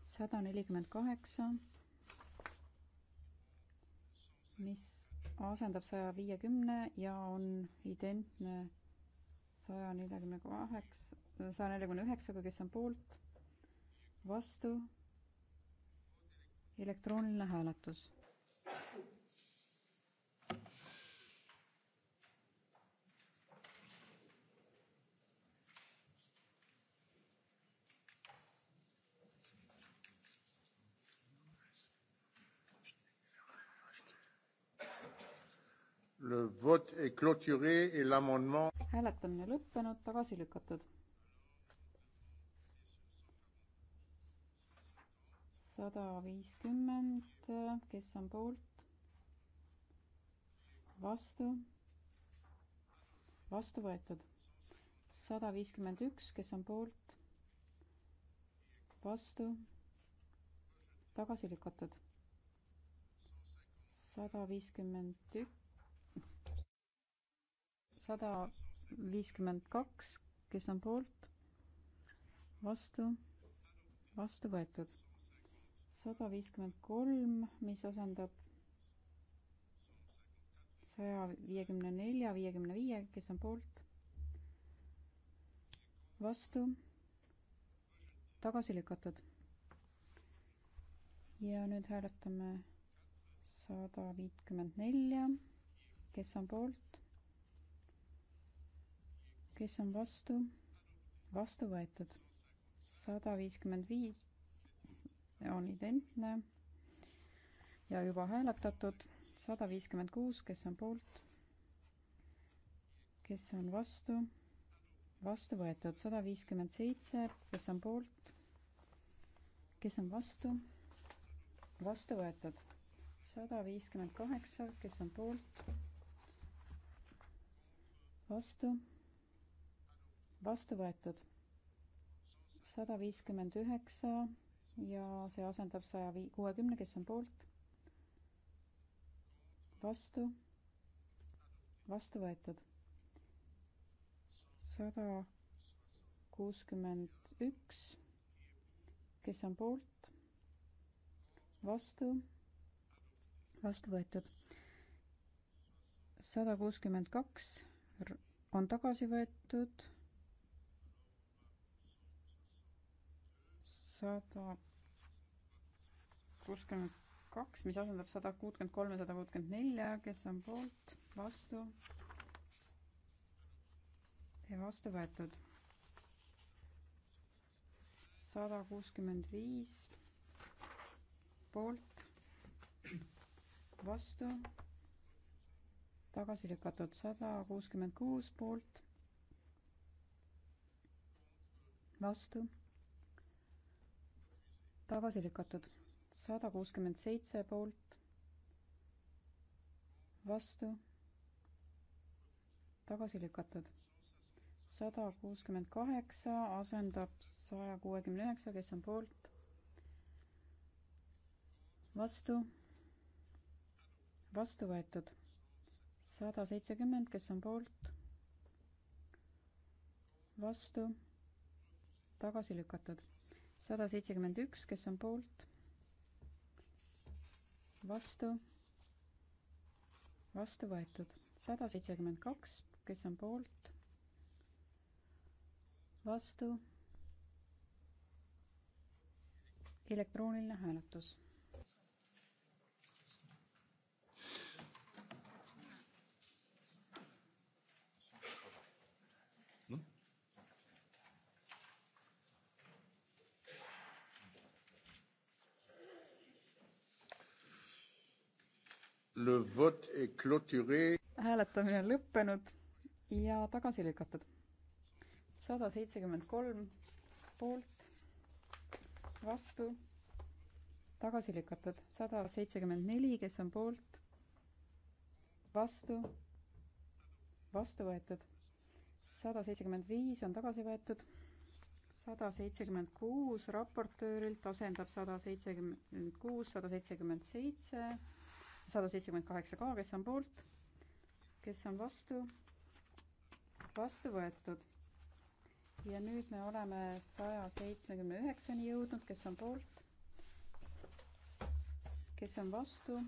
sada nelikümmend kaheksa, mis asendab saja viiekümne ja on identne saja neljakümne kaheksa, saja neljakümne üheksaga, kes on poolt, vastu, elektrooniline hääletus hääletamine lõppenud, tagasi lükatud. sada viiskümmend, kes on poolt? vastu? vastu võetud. sada viiskümmend üks, kes on poolt? vastu? tagasi lükatud. sada viiskümmend üks sada viiskümmend kaks, kes on poolt, vastu, vastu võetud. sada viiskümmend kolm, mis asendab saja viiekümne nelja, viiekümne viie, kes on poolt, vastu, tagasi lükatud. ja nüüd hääletame sada viitkümmend nelja, kes on poolt, kes on vastu, vastu võetud. sada viiskümmend viis on identne ja juba hääletatud. sada viiskümmend kuus, kes on poolt, kes on vastu, vastu võetud. sada viiskümmend seitse, kes on poolt, kes on vastu, vastu võetud sada viiskümmend kaheksa, kes on poolt, vastu vastu võetud sada viiskümmend üheksa ja see asendab saja vii-, kuuekümne, kes on poolt, vastu, vastu võetud. sada kuuskümmend üks, kes on poolt, vastu, vastu võetud. sada kuuskümmend kaks on tagasi võetud sada kuuskümmend kaks, mis asendab sada kuutkümmend kolme, sada kuutkümmend nelja, kes on poolt, vastu ja vastu võetud. sada kuuskümmend viis poolt, vastu, tagasi lükatud sada kuuskümmend kuus poolt, vastu tagasi lükatud. sada kuuskümmend seitse poolt, vastu, tagasi lükatud. sada kuuskümmend kaheksa asendab saja kuuekümne üheksa, kes on poolt, vastu, vastu võetud. sada seitsekümmend, kes on poolt, vastu, tagasi lükatud sada seitsekümmend üks, kes on poolt, vastu, vastu võetud, sada seitsekümmend kaks, kes on poolt, vastu, elektrooniline hääletus hääletamine on lõppenud ja tagasi lükatud. sada seitsekümmend kolm poolt, vastu, tagasi lükatud. sada seitsekümmend neli, kes on poolt, vastu, vastu võetud. sada seitsekümmend viis on tagasi võetud sada seitsekümmend kuus raportöörilt asendab sada seitsekümmend kuus, sada seitsekümmend seitse sada seitsekümmend kaheksa ka, kes on poolt, kes on vastu, vastu võetud. ja nüüd me oleme saja seitsmekümne üheksani jõudnud, kes on poolt, kes on vastu,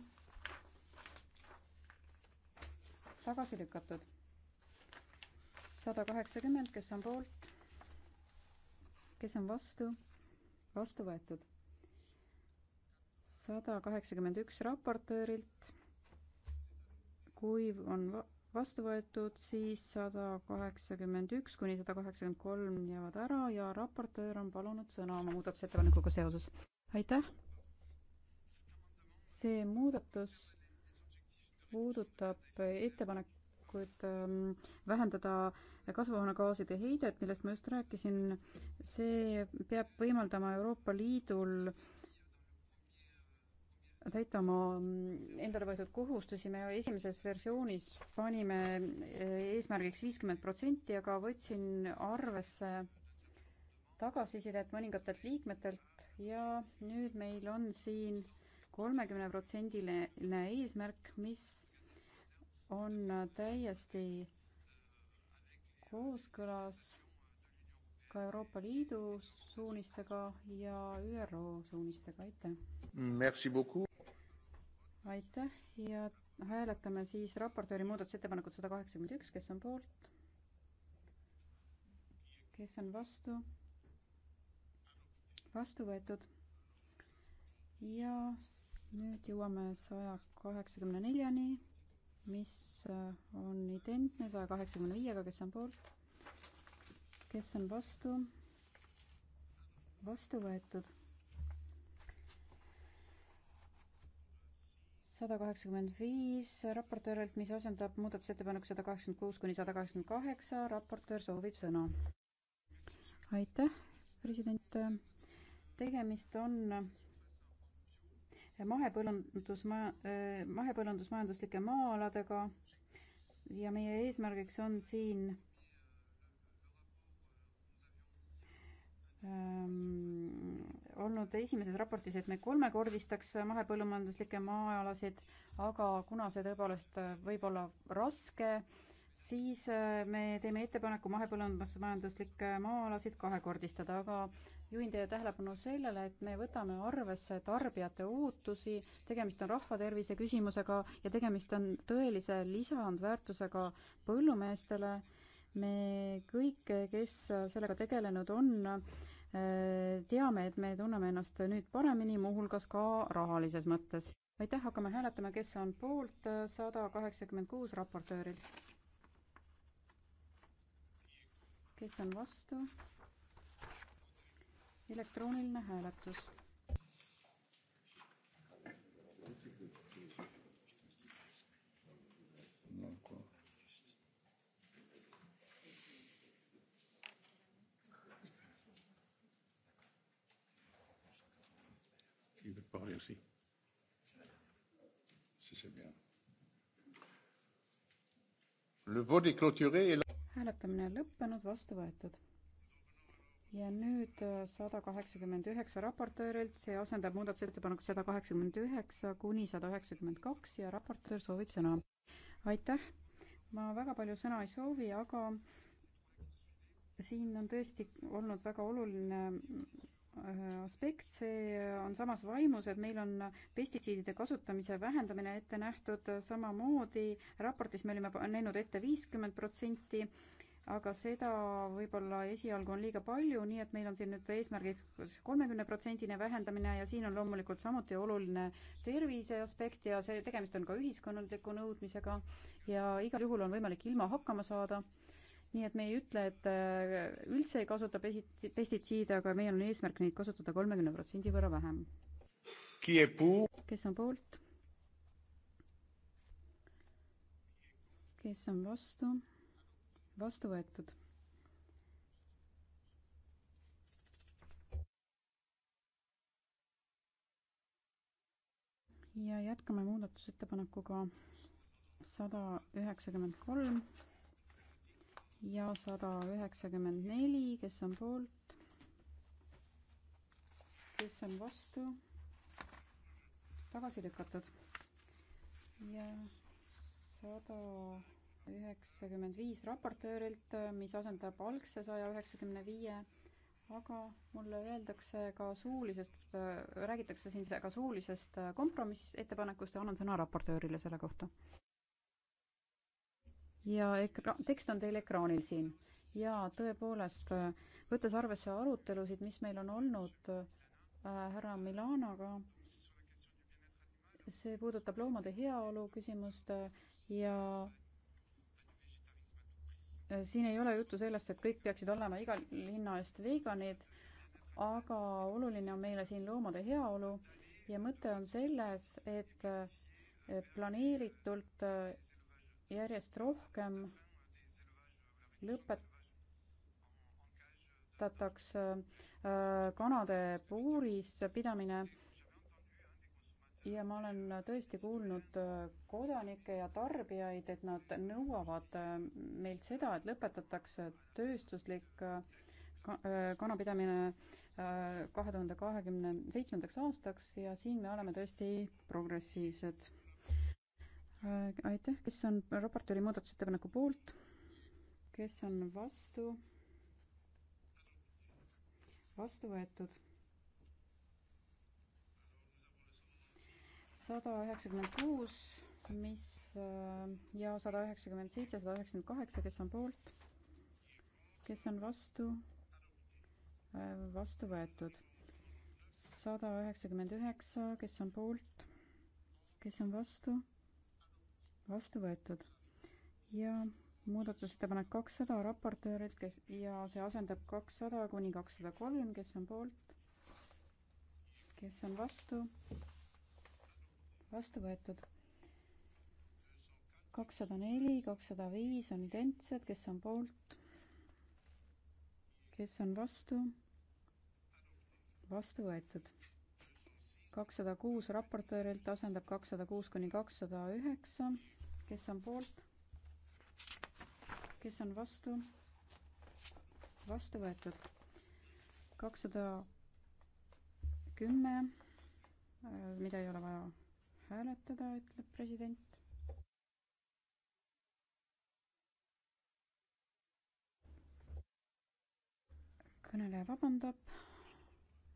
tagasi lükatud. sada kaheksakümmend, kes on poolt, kes on vastu, vastu võetud sada kaheksakümmend üks raportöörilt. kui on vastu võetud, siis sada kaheksakümmend üks kuni sada kaheksakümmend kolm jäävad ära ja raportöör on palunud sõna oma muudatusettepanekuga seoses. aitäh. see muudatus puudutab ettepanekut ähm, vähendada kasvuhoonegaaside heidet, millest ma just rääkisin. see peab võimaldama Euroopa Liidul äh, täita oma mm, endale võetud kohustusi, me esimeses versioonis panime e, eesmärgiks viiskümmend protsenti, aga võtsin arvesse tagasisidet mõningatelt liikmetelt ja nüüd meil on siin kolmekümne protsendiline eesmärk, mis on täiesti kooskõlas ka Euroopa Liidu suunistega ja ÜRO suunistega, aitäh! aitäh ja hääletame siis raportööri muudatusettepanekut sada kaheksakümmend üks, kes on poolt? kes on vastu? vastu võetud. ja nüüd jõuame saja kaheksakümne neljani, mis äh, on identne saja kaheksakümne viiega, kes on poolt? kes on vastu? vastu võetud sada kaheksakümmend viis raportöörilt, mis asendab muudatusettepaneku sada kaheksakümmend kuus kuni sada kaheksakümmend kaheksa, raportöör soovib sõna. aitäh, president. tegemist on mahepõllundus, mahepõllundusmajanduslike maa-aladega ja meie eesmärgiks on siin ähm, olnud esimeses raportis, et me kolmekordistaks mahepõllumajanduslikke maa-alasid, aga kuna see tõepoolest võib olla raske, siis äh, me teeme ettepaneku mahepõllumajanduslikke maa-alasid kahekordistada, aga juhin teie tähelepanu sellele, et me võtame arvesse tarbijate ootusi, tegemist on rahvatervise küsimusega ja tegemist on tõelise lisandväärtusega põllumeestele. me kõik, kes sellega tegelenud on, Äh, teame, et me tunneme ennast nüüd paremini, muuhulgas ka rahalises mõttes. aitäh, hakkame hääletama, kes on poolt, äh, sada kaheksakümmend kuus raportöörilt. kes on vastu? elektrooniline hääletus parler aussi. Si c'est bien. Le vote est clôturé. Et... hääletamine on lõppenud, vastu võetud. ja nüüd äh, sada kaheksakümmend üheksa raportöörilt, see asendab muudatusettepaneku sada kaheksakümmend üheksa kuni sada üheksakümmend kaks ja raportöör soovib sõna. aitäh, ma väga palju sõna ei soovi, aga siin on tõesti olnud väga oluline aspekt, see on samas vaimus, et meil on pestitsiidide kasutamise vähendamine ette nähtud samamoodi, raportis me olime näinud ette viiskümmend protsenti, aga seda võib-olla esialgu on liiga palju, nii et meil on siin nüüd eesmärgiks kolmekümneprotsendine vähendamine ja siin on loomulikult samuti oluline tervise aspekt ja see, tegemist on ka ühiskondliku nõudmisega ja igal juhul on võimalik ilma hakkama saada nii et me ei ütle, et äh, üldse ei kasuta pestitsiide, aga meil on eesmärk neid kasutada kolmekümne protsendi võrra vähem. kes on poolt? kes on vastu? vastu võetud. ja jätkame muudatusettepanekuga sada üheksakümmend kolm ja sada üheksakümmend neli, kes on poolt, kes on vastu, tagasi lükatud. ja sada üheksakümmend viis raportöörilt, mis asendab algse saja üheksakümne viie, aga mulle öeldakse ka suulisest, räägitakse siin ka suulisest kompromissettepanekust ja annan sõna raportöörile selle kohta ja ekra-, tekst on teil ekraanil siin. ja tõepoolest, võttes arvesse arutelusid, mis meil on olnud äh, härra Milanaga, see puudutab loomade heaolu küsimust äh, ja äh, siin ei ole juttu sellest, et kõik peaksid olema iga linna eest veganid, aga oluline on meile siin loomade heaolu ja mõte on selles, et äh, planeeritult järjest rohkem lõpetatakse äh, kanade puuris pidamine ja ma olen tõesti kuulnud äh, kodanikke ja tarbijaid, et nad nõuavad äh, meilt seda, et lõpetatakse tööstuslik kanapidamine kahe tuhande kahekümne seitsmendaks aastaks ja siin me oleme tõesti progressiivsed. Äh, aitäh, kes on raportööri muudatusettepaneku poolt, kes on vastu? vastu võetud. sada üheksakümmend kuus, mis äh, ja sada üheksakümmend seitse, sada üheksakümmend kaheksa, kes on poolt, kes on vastu, äh, vastu võetud. sada üheksakümmend üheksa, kes on poolt, kes on vastu vastu võetud. ja muudatusettepanek kakssada raportöörilt, kes ja see asendab kakssada kuni kakssada kolm, kes on poolt, kes on vastu, vastu võetud. kakssada neli, kakssada viis on identsed, kes on poolt, kes on vastu, vastu võetud kakssada kuus raportöörilt asendab kakssada kuus kuni kakssada üheksa. kes on poolt? kes on vastu? vastu võetud. kakssada kümme, mida ei ole vaja hääletada, ütleb president. kõneleja vabandab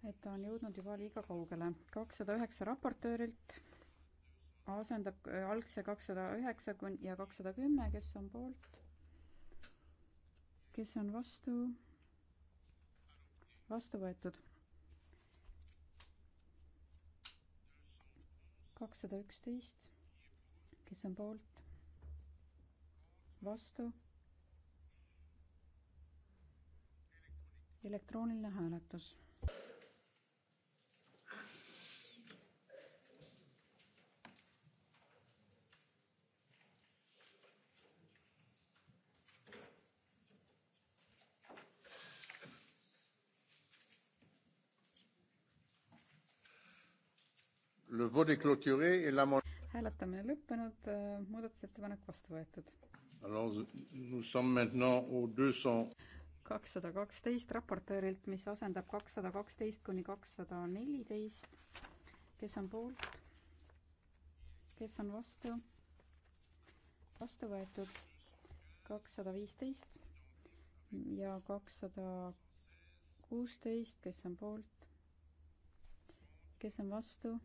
et ta on jõudnud juba liiga kaugele. kakssada üheksa raportöörilt asendab äh, algse kakssada üheksa kun- ja kakssada kümme, kes on poolt, kes on vastu, vastu võetud. kakssada üksteist, kes on poolt, vastu elektrooniline hääletus hääletamine lõppenud, äh, muudatusettepanek vastu võetud. kakssada kaksteist raportöörilt, mis asendab kakssada kaksteist kuni kakssada neliteist. kes on poolt? kes on vastu? vastu võetud kakssada viisteist ja kakssada kuusteist, kes on poolt? kes on vastu?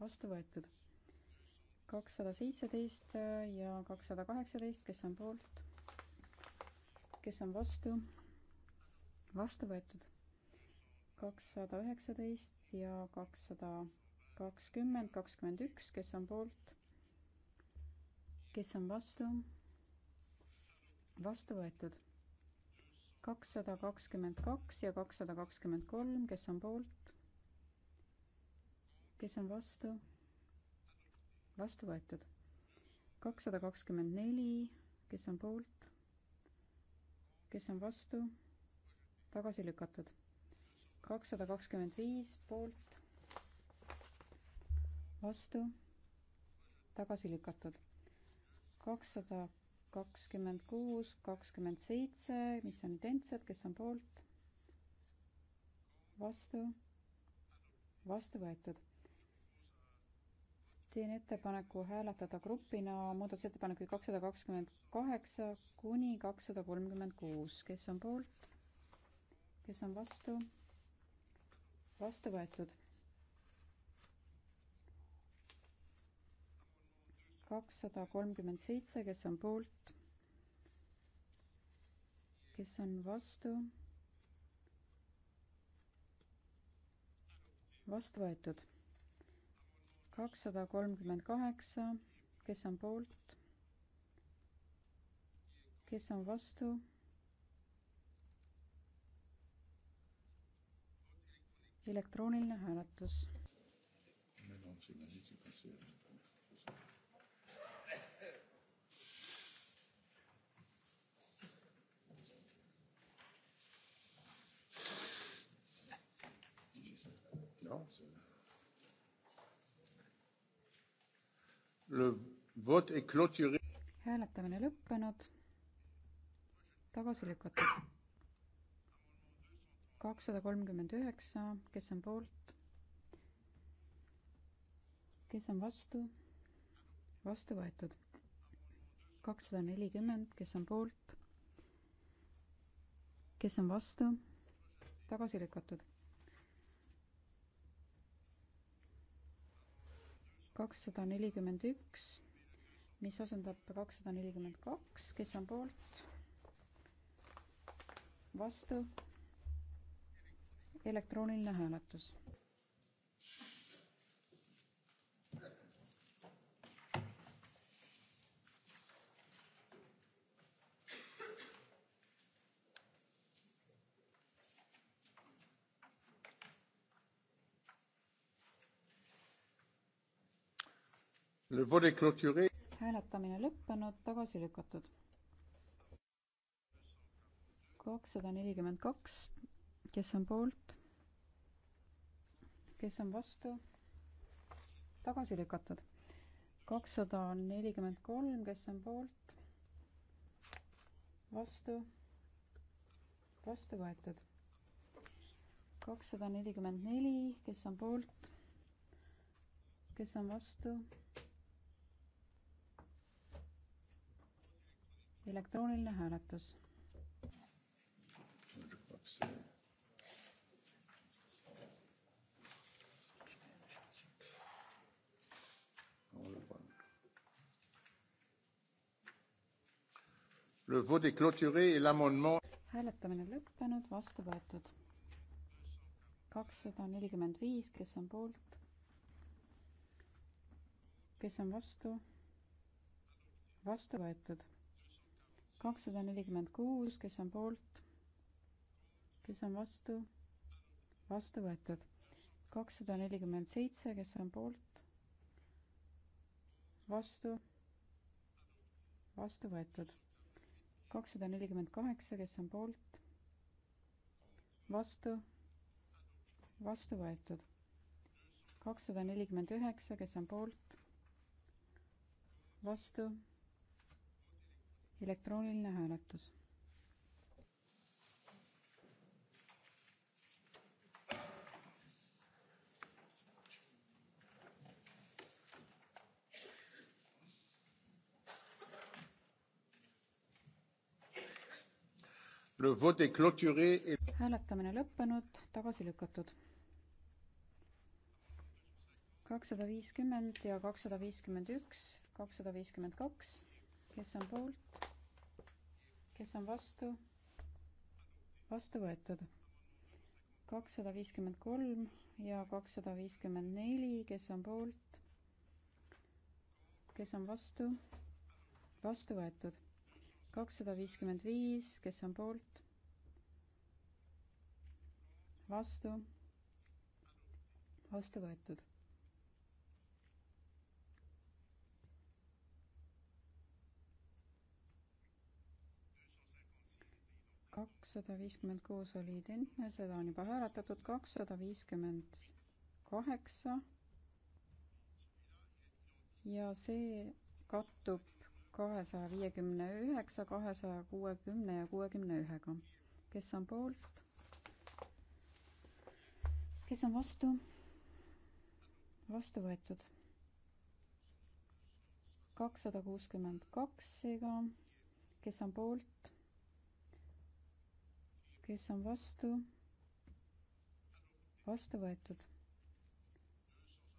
vastu võetud. kakssada seitseteist ja kakssada kaheksateist, kes on poolt, kes on vastu, vastu võetud. kakssada üheksateist ja kakssada kakskümmend, kakskümmend üks, kes on poolt, kes on vastu, vastu võetud. kakssada kakskümmend kaks ja kakssada kakskümmend kolm, kes on poolt, kes on vastu? vastu võetud. kakssada kakskümmend neli, kes on poolt? kes on vastu? tagasi lükatud. kakssada kakskümmend viis poolt, vastu, tagasi lükatud. kakssada kakskümmend kuus, kakskümmend seitse, mis on identsed, kes on poolt, vastu, vastu võetud teen ettepaneku hääletada grupina muudatusettepanekuid kakssada kakskümmend kaheksa kuni kakssada kolmkümmend kuus. kes on poolt? kes on vastu? vastu võetud. kakssada kolmkümmend seitse, kes on poolt? kes on vastu? vastu võetud kakssada kolmkümmend kaheksa, kes on poolt, kes on vastu. elektrooniline hääletus. meil on siin isegi kassi järgi. hääletamine lõppenud, tagasi lükatud. kakssada kolmkümmend üheksa, kes on poolt, kes on vastu, vastu võetud. kakssada nelikümmend, kes on poolt, kes on vastu, tagasi lükatud kakssada nelikümmend üks, mis asendab kakssada nelikümmend kaks, kes on poolt, vastu, elektrooniline hääletus. hääletamine lõppenud, tagasi lükatud. kakssada nelikümmend kaks, kes on poolt? kes on vastu? tagasi lükatud. kakssada nelikümmend kolm, kes on poolt? vastu? vastu võetud. kakssada nelikümmend neli, kes on poolt? kes on vastu? elektrooniline hääletus. hääletamine lõppenud, vastu võetud. kakssada nelikümmend viis, kes on poolt, kes on vastu, vastu võetud kakssada nelikümmend kuus, kes on poolt, kes on vastu, vastu võetud. kakssada nelikümmend seitse, kes on poolt, vastu, vastu võetud. kakssada nelikümmend kaheksa, kes on poolt, vastu, vastu võetud. kakssada nelikümmend üheksa, kes on poolt, vastu elektrooniline hääletus. hääletamine lõppenud, tagasi lükatud kakssada viiskümmend ja kakssada viiskümmend üks, kakssada viiskümmend kaks, kes on poolt? kes on vastu? vastu võetud. kakssada viiskümmend kolm ja kakssada viiskümmend neli, kes on poolt? kes on vastu? vastu võetud. kakssada viiskümmend viis, kes on poolt? vastu? vastu võetud. kakssada viiskümmend kuus oli identne, seda on juba hääletatud, kakssada viiskümmend kaheksa. ja see kattub kahesaja viiekümne üheksa, kahesaja kuuekümne ja kuuekümne ühega. kes on poolt? kes on vastu? vastu võetud. kakssada kuuskümmend kaks seega. kes on poolt? kes on vastu? vastu võetud.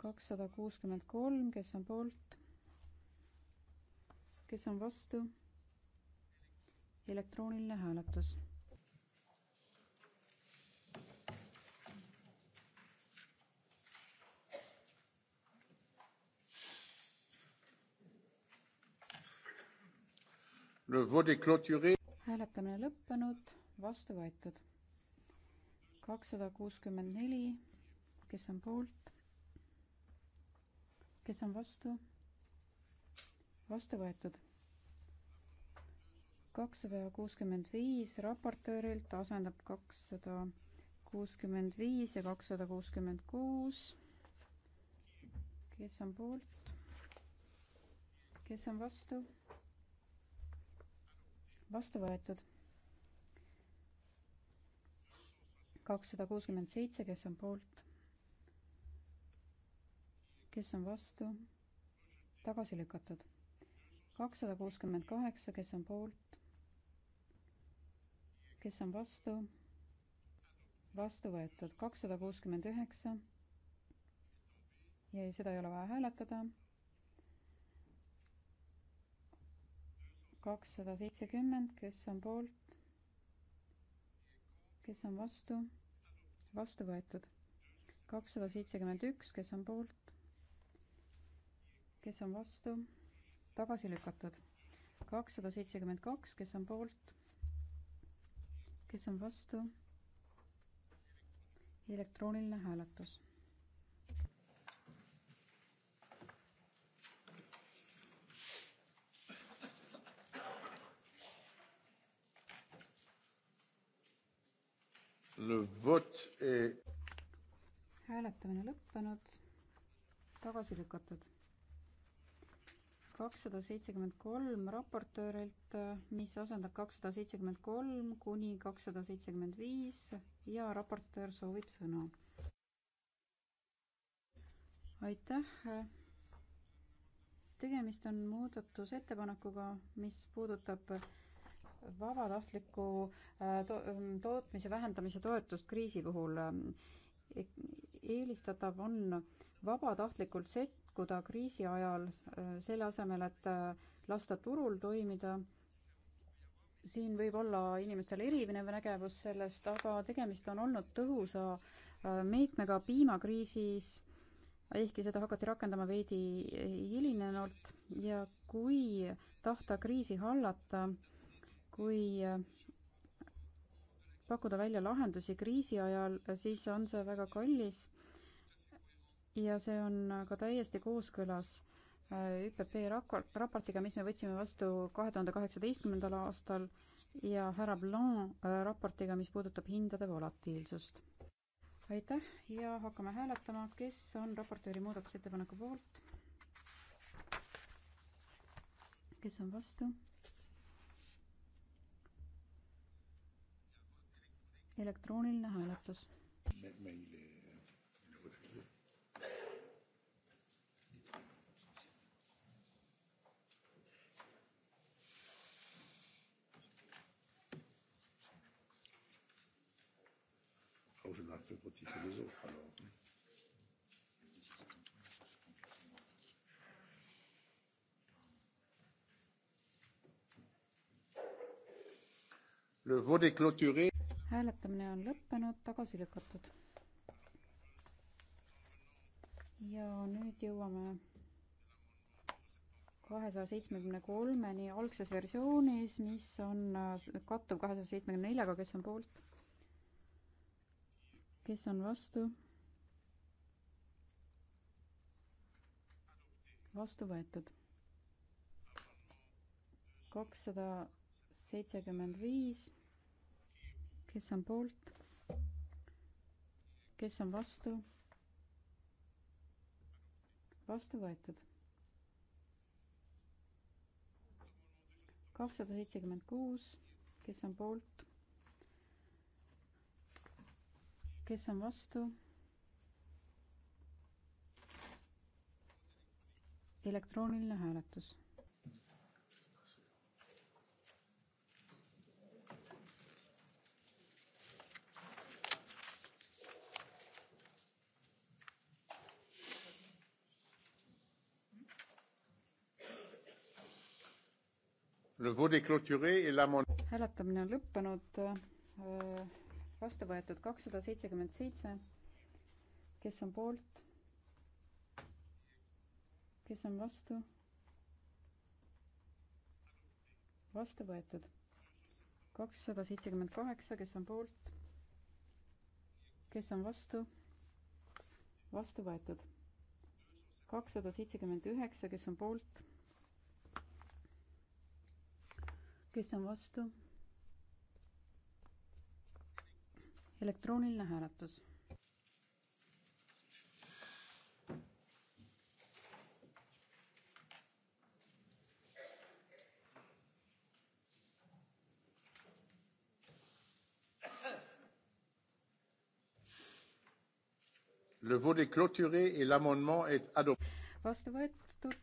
kakssada kuuskümmend kolm, kes on poolt? kes on vastu? elektrooniline hääletus hääletamine lõppenud vastu võetud. kakssada kuuskümmend neli, kes on poolt, kes on vastu, vastu võetud. kakssada kuuskümmend viis raportöörilt asendab kakssada kuuskümmend viis ja kakssada kuuskümmend kuus. kes on poolt, kes on vastu? vastu võetud kakssada kuuskümmend seitse, kes on poolt, kes on vastu, tagasi lükatud. kakssada kuuskümmend kaheksa, kes on poolt, kes on vastu, vastu võetud. kakssada kuuskümmend üheksa ja seda ei ole vaja hääletada. kakssada seitsekümmend, kes on poolt, kes on vastu vastu võetud. kakssada seitsekümmend üks, kes on poolt, kes on vastu, tagasi lükatud. kakssada seitsekümmend kaks, kes on poolt, kes on vastu, elektrooniline hääletus Est... hääletamine lõppenud, tagasi lükatud. kakssada seitsekümmend kolm raportöörilt, mis asendab kakssada seitsekümmend kolm kuni kakssada seitsekümmend viis ja raportöör soovib sõna. aitäh tegemist on muudatusettepanekuga, mis puudutab vabatahtliku äh, to-, ähm, tootmise vähendamise toetust kriisi puhul. E-, eelistatav on vabatahtlikult sekkuda kriisi ajal, äh, selle asemel, et äh, lasta turul toimida siin võib olla inimestel erinev nägevus sellest, aga tegemist on olnud tõhusa meetmega piimakriisis, ehkki seda hakati rakendama veidi hilinenult ja kui tahta kriisi hallata, kui äh, pakkuda välja lahendusi kriisi ajal, siis on see väga kallis ja see on ka täiesti kooskõlas äh, ÜPP raportiga, mis me võtsime vastu kahe tuhande kaheksateistkümnendal aastal ja härra Blanc äh, raportiga, mis puudutab hindade volatiilsust. aitäh ja hakkame hääletama, kes on raportööri muudatusettepaneku poolt. kes on vastu? elektrooniline hääletus. Oh, je n'ai fait voter que les autres alors. Le vote est clôturé hääletamine on lõppenud, tagasi lükatud. ja nüüd jõuame kahesaja seitsmekümne kolmeni algses versioonis, mis on, äh, kattub kahesaja seitsmekümne neljaga, kes on poolt? kes on vastu? vastu võetud. kakssada seitsekümmend viis kes on poolt, kes on vastu, vastu võetud. kakssada seitsekümmend kuus, kes on poolt, kes on vastu elektrooniline hääletus hääletamine on lõppenud, äh, vastu võetud kakssada seitsekümmend seitse. kes on poolt? kes on vastu? vastu võetud kakssada seitsekümmend kaheksa, kes on poolt? kes on vastu? vastu võetud kakssada seitsekümmend üheksa, kes on poolt? kes on vastu? elektrooniline hääletus. Le volet clôturé et l'amendement est adopté. vastu võetud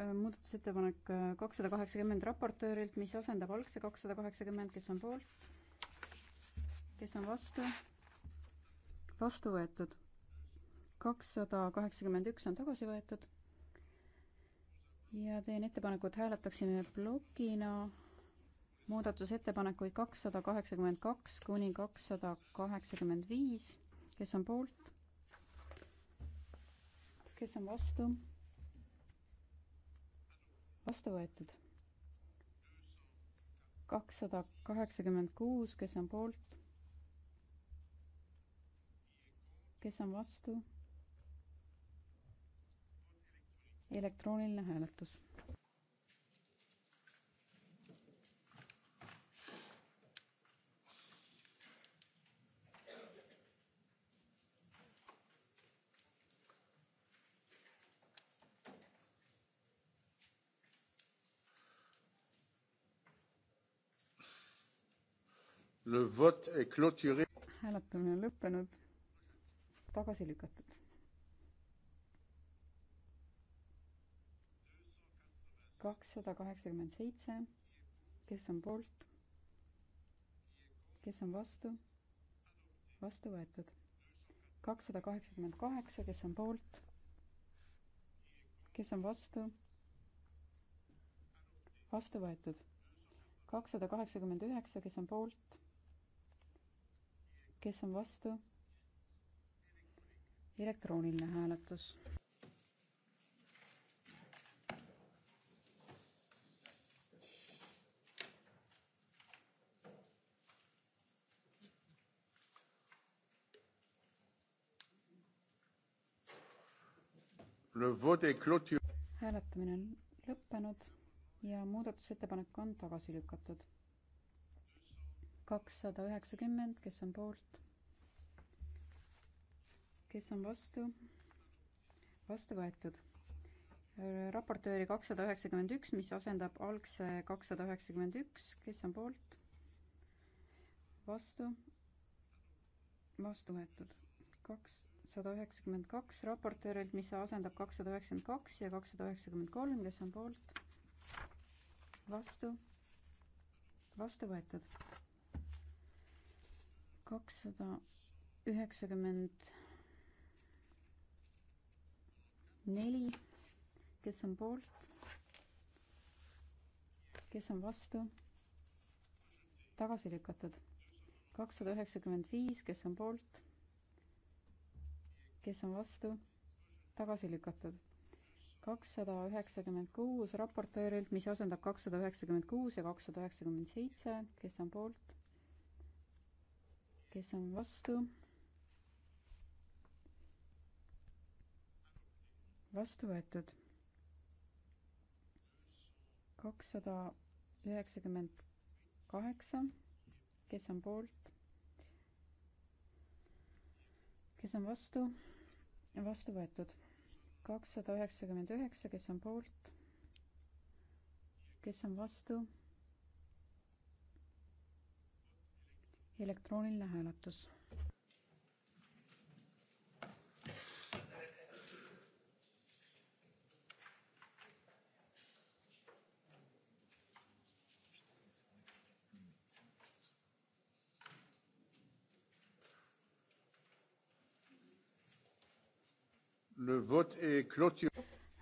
Äh, muudatusettepanek äh, kakssada kaheksakümmend raportöörilt, mis asendab algse kakssada kaheksakümmend, kes on poolt, kes on vastu, vastu võetud. kakssada kaheksakümmend üks on tagasi võetud. ja teen ettepaneku, et hääletaksime plokina muudatusettepanekuid kakssada kaheksakümmend kaks kuni kakssada kaheksakümmend viis, kes on poolt, kes on vastu vastu võetud. kakssada kaheksakümmend kuus, kes on poolt? kes on vastu? elektrooniline hääletus hääletamine on lõppenud, tagasi lükatud. kakssada kaheksakümmend seitse, kes on poolt, kes on vastu, vastu võetud. kakssada kaheksakümmend kaheksa, kes on poolt, kes on vastu, vastu võetud. kakssada kaheksakümmend üheksa, kes on poolt kes on vastu? elektrooniline hääletus. hääletamine on lõppenud ja muudatusettepanek on tagasi lükatud kakssada üheksakümmend, kes on poolt? kes on vastu? vastu võetud. raportööri kakssada üheksakümmend üks, mis asendab algse kakssada üheksakümmend üks, kes on poolt? vastu? vastu võetud. kakssada üheksakümmend kaks raportöörilt, mis asendab kakssada üheksakümmend kaks ja kakssada üheksakümmend kolm, kes on poolt? vastu? vastu võetud kakssada üheksakümmend neli, kes on poolt, kes on vastu, tagasi lükatud. kakssada üheksakümmend viis, kes on poolt, kes on vastu, tagasi lükatud. kakssada üheksakümmend kuus raportöörilt, mis asendab kakssada üheksakümmend kuus ja kakssada üheksakümmend seitse, kes on poolt kes on vastu? vastu võetud. kakssada üheksakümmend kaheksa, kes on poolt? kes on vastu? vastu võetud. kakssada üheksakümmend üheksa, kes on poolt? kes on vastu? elektrooniline hääletus.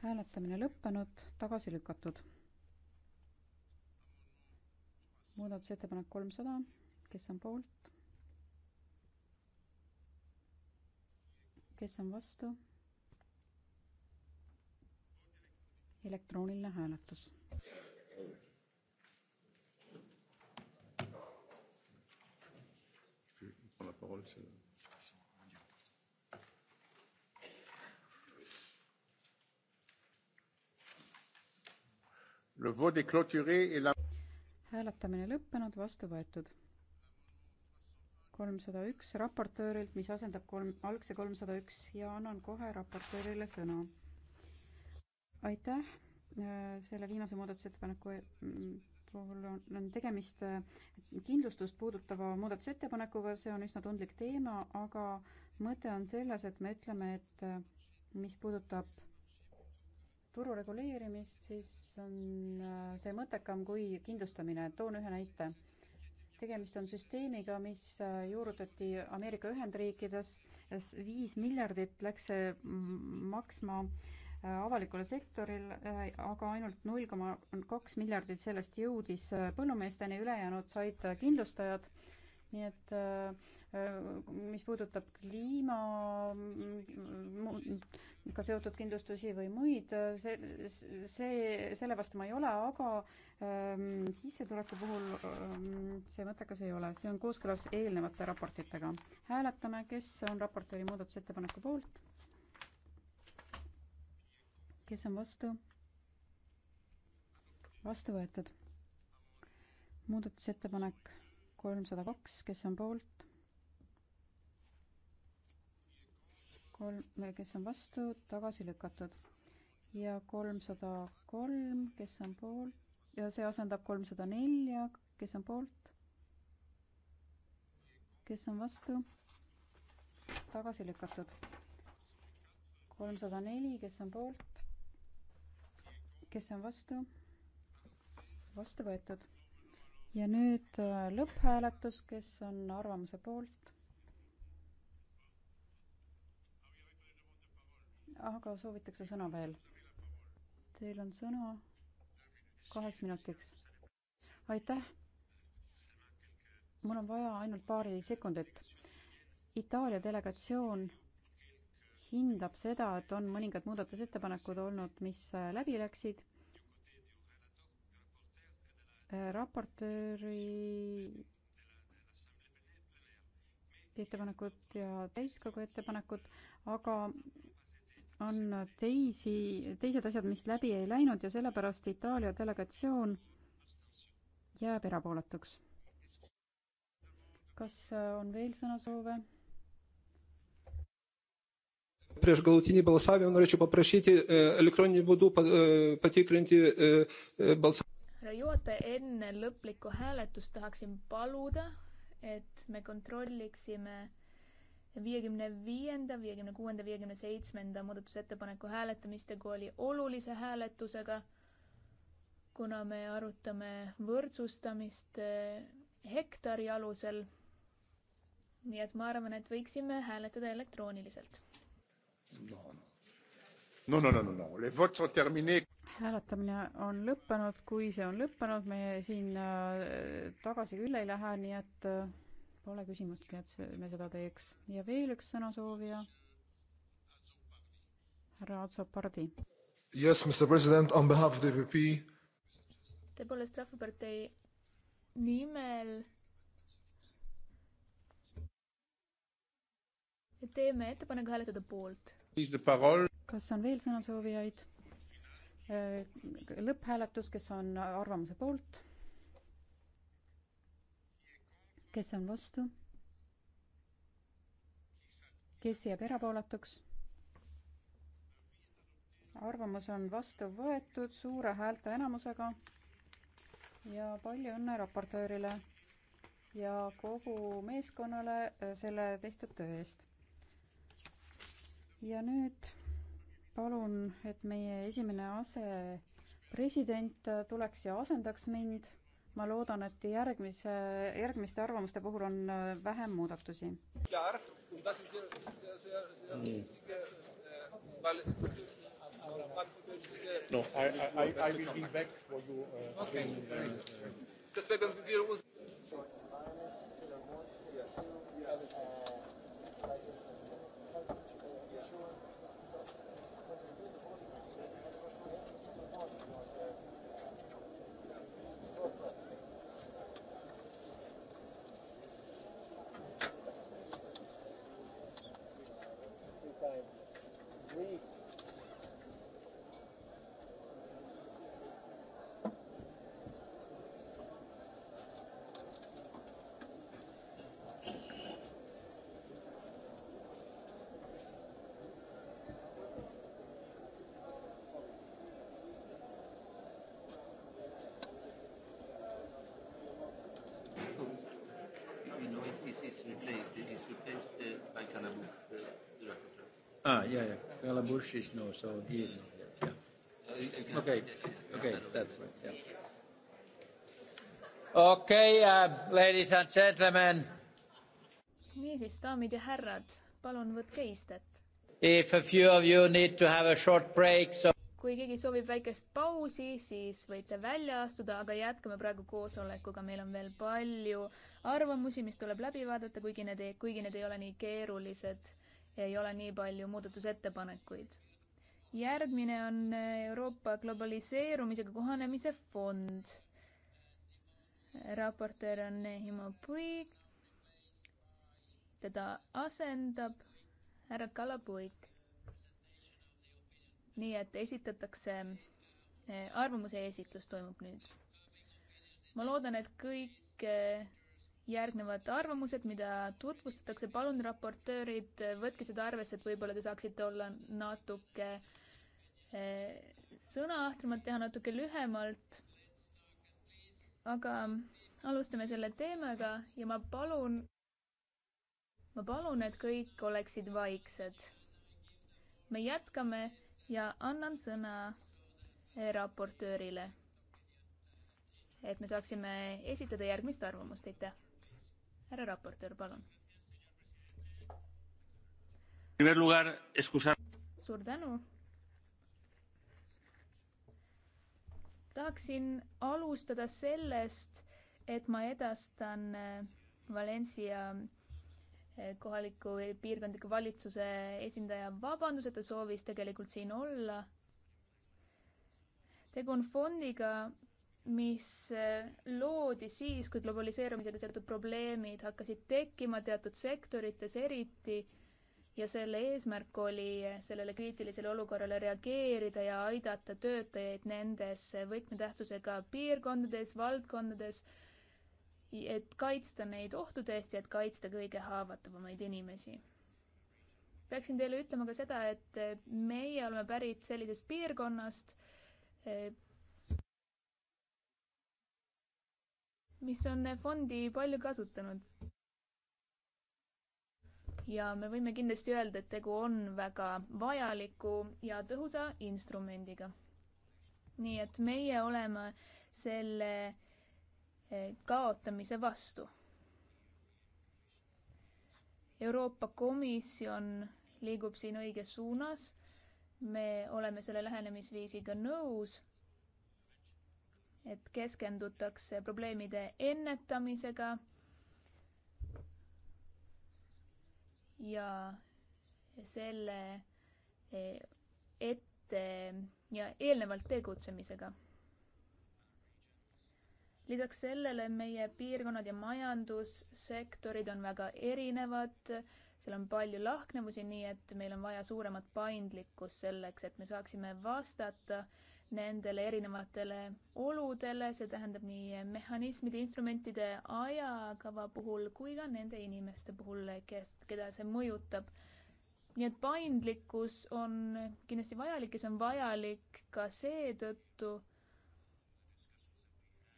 hääletamine lõppenud, tagasi lükatud. muudatusettepanek kolmsada kes on poolt? kes on vastu? elektrooniline hääletus. hääletamine lõppenud, vastu võetud kolmsada üks raportöörilt, mis asendab kolm, algse kolmsada üks ja annan kohe raportöörile sõna. aitäh äh, selle viimase muudatusettepaneku mm, puhul on, on tegemist äh, kindlustust puudutava muudatusettepanekuga, see on üsna tundlik teema, aga mõte on selles, et me ütleme, et äh, mis puudutab turu reguleerimist, siis on see mõttekam kui kindlustamine. toon ühe näite tegemist on süsteemiga, mis äh, juurutati Ameerika Ühendriikides, viis miljardit läks see maksma äh, avalikule sektorile, äh, aga ainult null koma kaks miljardit sellest jõudis põllumeesteni, ülejäänud said kindlustajad. nii et mis puudutab kliimaga seotud kindlustusi või muid, see, see, selle vastu ma ei ole, aga Ehm, sissetuleku puhul ehm, see mõttekas ei ole, see on kooskõlas eelnevate raportitega. hääletame, kes on raportööri muudatusettepaneku poolt. kes on vastu? vastu võetud. muudatusettepanek kolmsada kaks, kes on poolt? kolm, kes on vastu, tagasi lükatud. ja kolmsada kolm, kes on poolt? ja see asendab kolmsada nelja, kes on poolt, kes on vastu, tagasi lükatud. kolmsada neli, kes on poolt, kes on vastu, vastu võetud. ja nüüd äh, lõpphääletus, kes on arvamuse poolt aga soovitakse sõna veel. Teil on sõna kaheks minutiks. aitäh. mul on vaja ainult paari sekundit. Itaalia delegatsioon hindab seda, et on mõningad muudatusettepanekud olnud, mis äh, läbi läksid. Äh, raportööri ettepanekud ja täiskogu ettepanekud, aga on teisi, teised asjad, mis läbi ei läinud ja sellepärast Itaalia delegatsioon jääb erapooletuks. kas äh, on veel sõnasoove? prieš galutinį balsavimą norėčiau paprašyti e, elektroniniu būdu e, patikrinti e, balsa-. härra juhataja, enne lõplikku hääletust tahaksin paluda, et me kontrolliksime viiekümne viienda, viiekümne kuuenda, viiekümne seitsmenda muudatusettepaneku hääletamist, tegu oli olulise hääletusega, kuna me arutame võrdsustamist eh, hektari alusel. nii et ma arvan, et võiksime hääletada elektrooniliselt. no, no, no, no, no, no., les votes sont terminés hääletamine on lõppenud, kui see on lõppenud, me siin eh, tagasi küll ei lähe, nii et eh, Pole küsimustki, et me seda teeks. ja veel üks sõnasoovija, härra Atso Pardi. Yes, Mr President, on behalf of the EPP. tõepoolest, Rahvapartei nimel teeme ettepaneku hääletada poolt. kas on veel sõnasoovijaid? Äh, lõpphääletus, kes on arvamuse poolt? kes on vastu? kes jääb erapooletuks? arvamus on vastu võetud suure häälteenamusega ja palju õnne raportöörile ja kogu meeskonnale äh, selle tehtud töö eest. ja nüüd palun, et meie esimene asepresident äh, tuleks ja asendaks mind ma loodan, et järgmise, järgmiste arvamuste puhul on äh, vähem muudatusi. No, I, I, I will be back for you uh, okay. in, uh, Ah, yeah, yeah. Bella Bush is no, so he is not there. Yeah. Okay, okay, that's right. Yeah. Okay, uh, ladies and gentlemen. niisiis, daamid ja härrad, palun võtke istet. If a few of you need to have a short break, so. kui keegi soovib väikest pausi, siis võite välja astuda, aga jätkame praegu koosolekuga, meil on veel palju arvamusi, mis tuleb läbi vaadata, kuigi need, kuigi need ei ole nii keerulised ja ei ole nii palju muudatusettepanekuid. järgmine on äh, Euroopa globaliseerumisega kohanemise fond. raportöör on Himo Puig. teda asendab härra Kalapuik. nii et esitatakse, äh, arvamuse esitlus toimub nüüd. ma loodan, et kõik kõik äh, järgnevad arvamused, mida tutvustatakse, palun raportöörid, võtke seda arvesse, et võib-olla te saaksite olla natuke eh, sõnaahtremad, teha natuke lühemalt. aga alustame selle teemaga ja ma palun, ma palun, et kõik oleksid vaiksed. me jätkame ja annan sõna eh, raportöörile, et me saaksime esitada järgmist arvamust, aitäh härra raportöör, palun. suur tänu. tahaksin alustada sellest, et ma edastan eh, Valencia eh, kohaliku piirkondliku valitsuse esindaja vabandus, et ta soovis tegelikult siin olla. tegu on fondiga, mis äh, loodi siis, kui globaliseerumisega seotud probleemid hakkasid tekkima teatud sektorites eriti ja selle eesmärk oli äh, sellele kriitilisele olukorrale reageerida ja aidata töötajaid nendes äh, võtmetähtsusega piirkondades, valdkondades, et kaitsta neid ohtude eest ja et kaitsta kõige haavatavamaid inimesi. peaksin teile ütlema ka seda, et meie oleme pärit sellisest piirkonnast, mis on fondi palju kasutanud. ja me võime kindlasti öelda, et tegu on väga vajaliku ja tõhusa instrumendiga. nii et meie oleme selle eh, kaotamise vastu. Euroopa Komisjon liigub siin õiges suunas. me oleme selle lähenemisviisiga nõus et keskendutakse probleemide ennetamisega ja selle eh, ette ja eelnevalt tegutsemisega. lisaks sellele meie piirkonnad ja majandussektorid on väga erinevad, seal on palju lahknevusi, nii et meil on vaja suuremat paindlikkust selleks, et me saaksime vastata äh, nendele erinevatele oludele, see tähendab nii mehhanismide, instrumentide ajakava puhul kui ka nende inimeste puhul, kes, keda see mõjutab. nii et paindlikkus on kindlasti vajalik ja see on vajalik ka seetõttu,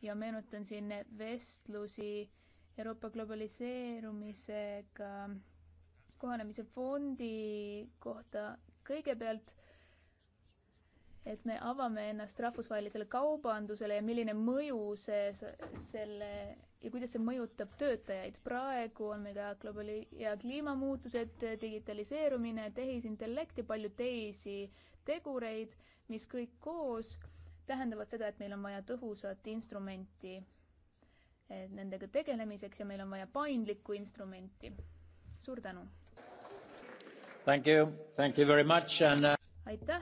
ja meenutan siin vestlusi Euroopa globaliseerumisega kohanemise fondi kohta kõigepealt et me avame ennast rahvusvahelisele kaubandusele ja milline mõju see selle ja kuidas see mõjutab töötajaid. praegu on meil ka globali- ja kliimamuutused, digitaliseerumine, tehisintellekt ja palju teisi tegureid, mis kõik koos tähendavad seda, et meil on vaja tõhusat instrumenti eh, nendega tegelemiseks ja meil on vaja paindlikku instrumenti. suur tänu! Thank you, thank you very much and uh, aitäh!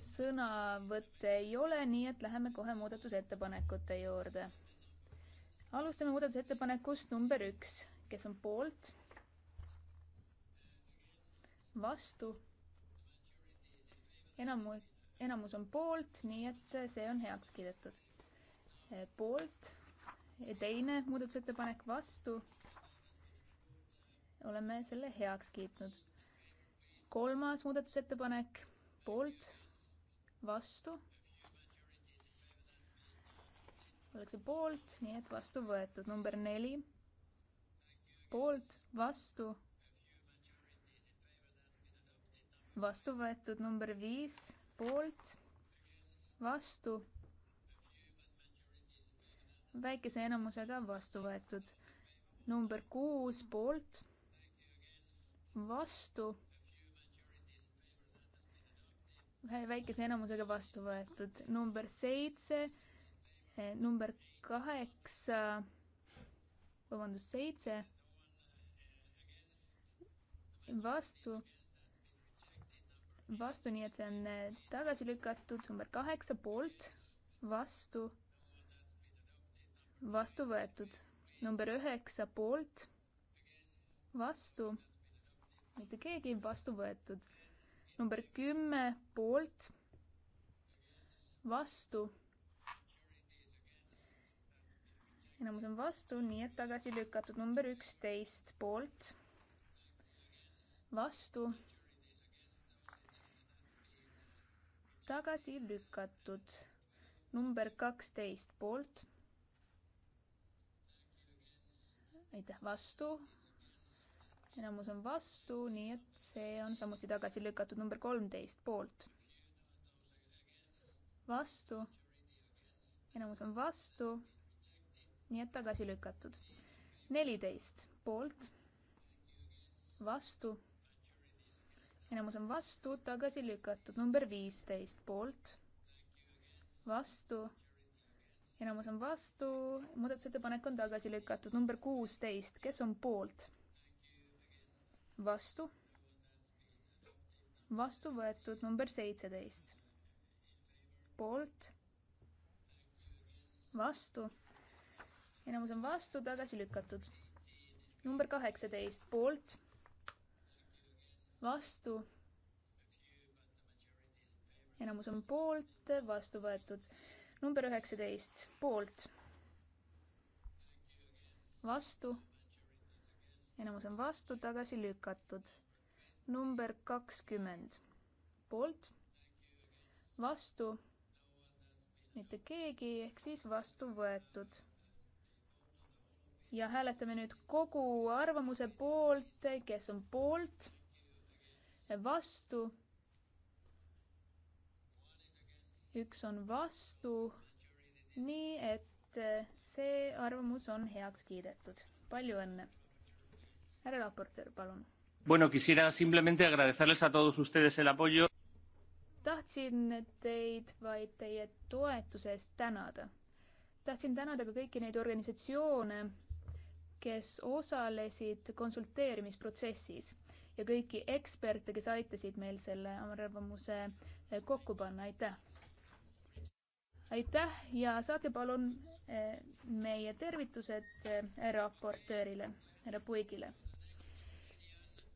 sõnavõtte ei ole, nii et läheme kohe muudatusettepanekute juurde. alustame muudatusettepanekust number üks, kes on poolt? vastu? enamu, enamus on poolt, nii et see on heaks kiidetud. poolt, teine muudatusettepanek vastu. oleme selle heaks kiitnud. kolmas muudatusettepanek poolt vastu. ollakse poolt, nii et vastu võetud. number neli, poolt, vastu. vastu võetud number viis, poolt, vastu. väikese enamusega vastu võetud. number kuus, poolt, vastu ühe väikese enamusega vastu võetud. number seitse, eh, number kaheksa, vabandust, seitse vastu, vastu, nii et see on eh, tagasi lükatud, number kaheksa poolt, vastu, vastu võetud, number üheksa poolt, vastu, mitte keegi, vastu võetud number kümme poolt, vastu. enamus on vastu, nii et tagasi lükatud number üksteist poolt, vastu. tagasi lükatud number kaksteist poolt. aitäh, vastu enamus on vastu, nii et see on samuti tagasi lükatud number kolmteist poolt. vastu, enamus on vastu, nii et tagasi lükatud. neliteist poolt, vastu, enamus on vastu, tagasi lükatud, number viisteist poolt, vastu, enamus on vastu, muudatusettepanek on tagasi lükatud, number kuusteist, kes on poolt vastu, vastu võetud number seitseteist, poolt, vastu, enamus on vastu, tagasi lükatud. number kaheksateist, poolt, vastu, enamus on poolt, vastu võetud. number üheksateist, poolt, vastu enamus on vastu, tagasi lükatud. number kakskümmend, poolt, vastu, mitte keegi, ehk siis vastu võetud. ja hääletame nüüd kogu arvamuse poolt, kes on poolt, vastu üks on vastu, nii et see arvamus on heaks kiidetud. palju õnne! härra raportöör, palun. Bueno, quisiera simplemente agradecerles a todos ustedes el apoyo. tahtsin teid vaid teie toetuse eest tänada. tahtsin tänada ka kõiki neid organisatsioone, kes osalesid konsulteerimisprotsessis ja kõiki eksperte, kes aitasid meil selle arvamuse eh, kokku panna, aitäh! aitäh ja saatke palun eh, meie tervitused eh, raportöörile, härra Puigile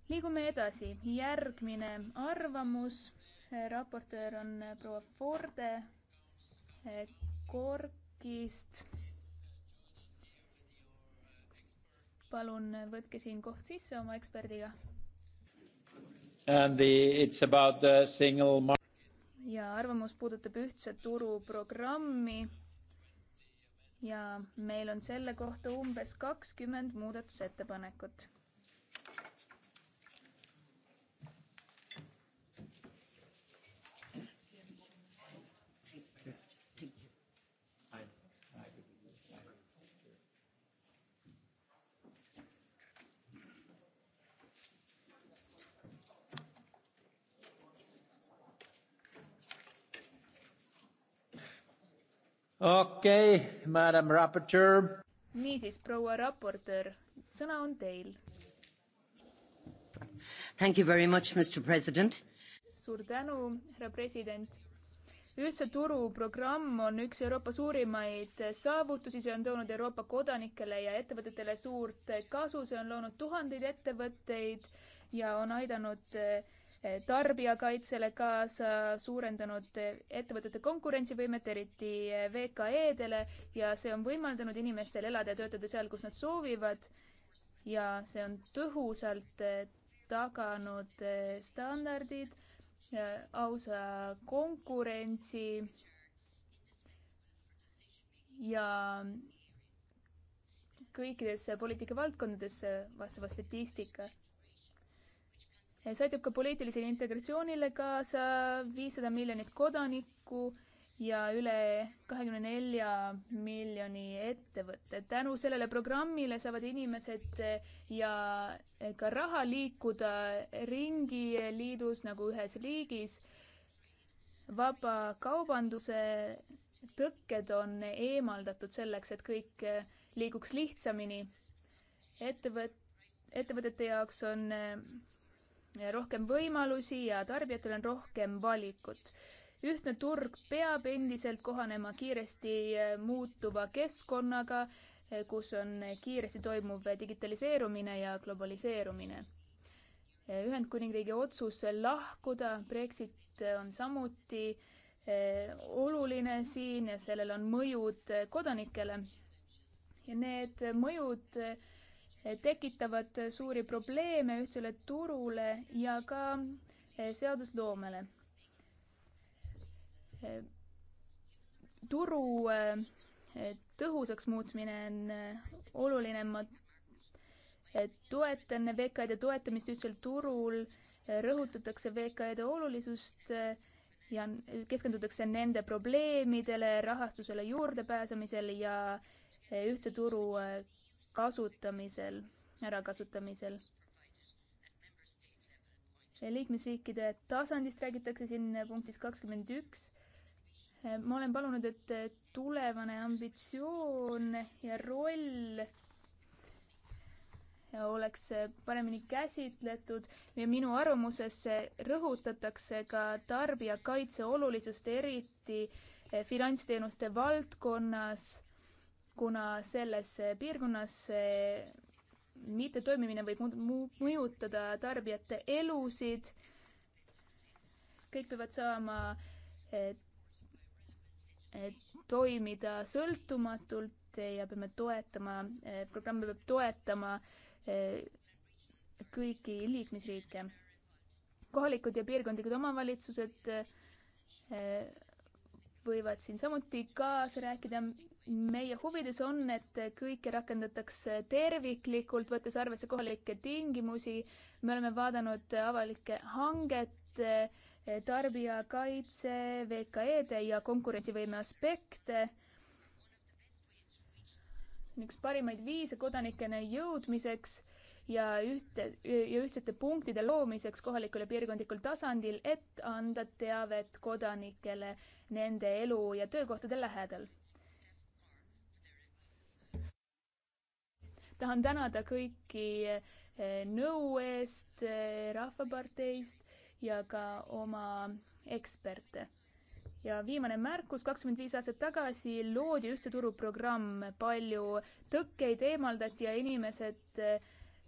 liigume edasi, järgmine arvamus, raportöör on proua Forde eh, Korgist. palun võtke siin koht sisse oma eksperdiga. And the, it's about the single market ja arvamus puudutab ühtse turu programmi. ja meil on selle kohta umbes kakskümmend muudatusettepanekut okei okay,, madam raportöör. niisiis, proua raportöör, sõna on teil. Thank you very much, Mr President. suur tänu, härra president ühtse turu programm on üks Euroopa suurimaid saavutusi, see on toonud Euroopa kodanikele ja ettevõtetele suurt kasu, see on loonud tuhandeid ettevõtteid ja on aidanud äh, Eh, tarbijakaitsele kaasa, suurendanud ettevõtete konkurentsivõimet, eriti eh, VKE-dele ja see on võimaldanud inimestel elada ja töötada seal, kus nad soovivad. ja see on tõhusalt eh, taganud standardid, ausa konkurentsi ja kõikidesse poliitikavaldkondadesse vastava statistika see aitab ka poliitilisele integratsioonile kaasa, viissada miljonit kodanikku ja üle kahekümne nelja miljoni ettevõtte. tänu sellele programmile saavad inimesed ja ka raha liikuda ringi liidus nagu ühes liigis. vabakaubanduse tõkked on eemaldatud selleks, et kõik liiguks lihtsamini. ettevõt-, ettevõtete jaoks on rohkem võimalusi ja tarbijatel on rohkem valikut. ühtne turg peab endiselt kohanema kiiresti muutuva keskkonnaga, kus on kiiresti toimuv digitaliseerumine ja globaliseerumine. Ühendkuningriigi otsus lahkuda, Brexit on samuti eh, oluline siin ja sellel on mõjud kodanikele. ja need mõjud äh, tekitavad suuri probleeme ühtsele turule ja ka eh, seadusloomele. Eh, turu eh, tõhusaks muutmine on oluline, ma toetan VKD toetamist ühtsel turul, rõhutatakse VKD olulisust ja keskendutakse nende probleemidele, rahastusele juurdepääsemisel ja ühtse turu kasutamisel, ärakasutamisel. liikmesriikide tasandist räägitakse siin punktis kakskümmend üks. ma olen palunud, et tulevane ambitsioon ja roll Ja oleks paremini käsitletud ja minu arvamuses rõhutatakse ka tarbijakaitse olulisust, eriti finantsteenuste valdkonnas kuna selles piirkonnas mittetoimimine võib mõjutada tarbijate elusid. kõik peavad saama et, et toimida sõltumatult ja peame toetama, programm peab toetama kõiki liikmesriike. kohalikud ja piirkondlikud omavalitsused eh, võivad siin samuti kaasa rääkida meie huvides on, et kõike rakendatakse terviklikult, võttes arvesse kohalikke tingimusi. me oleme vaadanud avalike hangete, tarbijakaitse, VKE-de ja konkurentsivõime aspekte. see on üks parimaid viise kodanikena jõudmiseks ja ühte, ja ühtsete punktide loomiseks kohalikul ja piirkondlikul tasandil, et anda teavet kodanikele nende elu ja töökohtade lähedal tahan tänada kõiki eh, nõu eest eh, Rahvaparteist ja ka oma eksperte. ja viimane märkus, kakskümmend viis aastat tagasi loodi ühtse turu programm, palju tõkkeid eemaldati ja inimesed eh,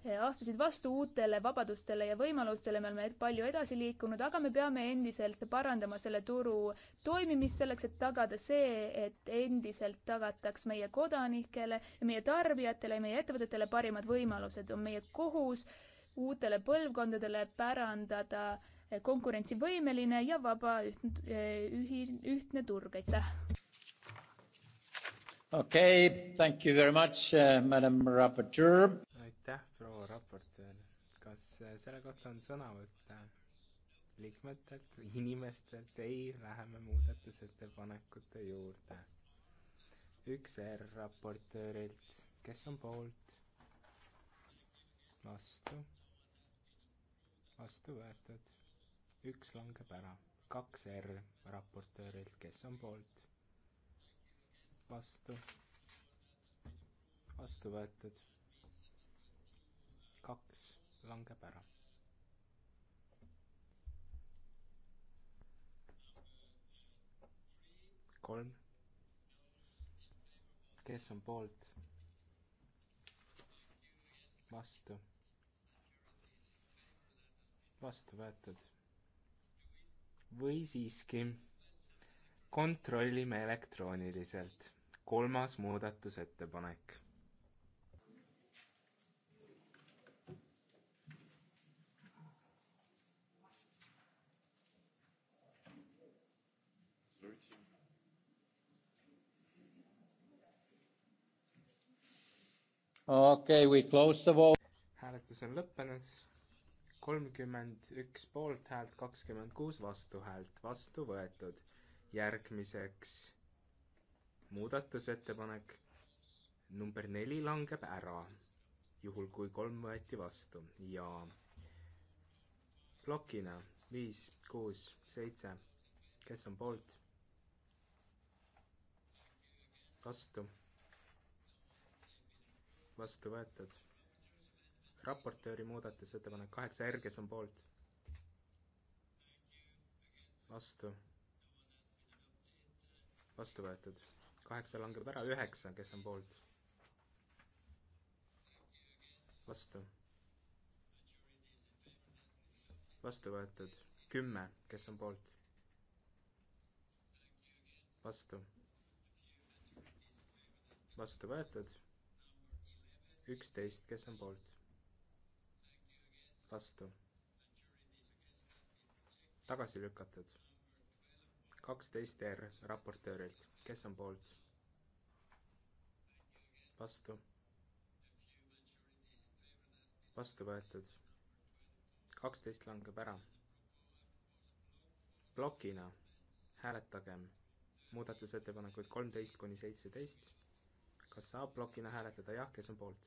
Eh, astusid vastu uutele vabadustele ja võimalustele, me oleme palju edasi liikunud, aga me peame endiselt parandama selle turu toimimist selleks, et tagada see, et endiselt tagataks meie kodanikele, meie tarbijatele ja meie ettevõtetele parimad võimalused. on meie kohus uutele põlvkondadele pärandada eh, konkurentsivõimeline ja vaba üht-, eh, ühi-, ühtne turg, aitäh! okei okay,, thank you very much uh,, madam raportöör aitäh, proua raportöör. kas äh, selle kohta on sõnavõtte liikmetelt või inimestelt? ei, läheme muudatusettepanekute juurde. üks R raportöörilt, kes on poolt? vastu? vastu võetud. üks langeb ära. kaks R raportöörilt, kes on poolt? vastu? vastu võetud kaks langeb ära. kolm. kes on poolt? vastu. vastu võetud. või siiski kontrollime elektrooniliselt. kolmas muudatusettepanek okei okay,, we close the vote. hääletus on lõppenud. kolmkümmend üks poolthäält, kakskümmend kuus vastuhäält, vastu võetud. järgmiseks muudatusettepanek number neli langeb ära, juhul kui kolm võeti vastu ja plokina viis, kuus, seitse, kes on poolt? vastu vastu võetud. raportööri muudatusettepanek kaheksa R, kes on poolt? vastu. vastu võetud. kaheksa langeb ära, üheksa, kes on poolt? vastu. vastu võetud. kümme, kes on poolt? vastu. vastu võetud üksteist, kes on poolt? vastu. tagasi lükatud. kaksteist R raportöörilt, kes on poolt? vastu. vastu võetud. kaksteist langeb ära. plokina hääletagem muudatusettepanekuid kolmteist kuni seitseteist. kas saab plokina hääletada jah, kes on poolt?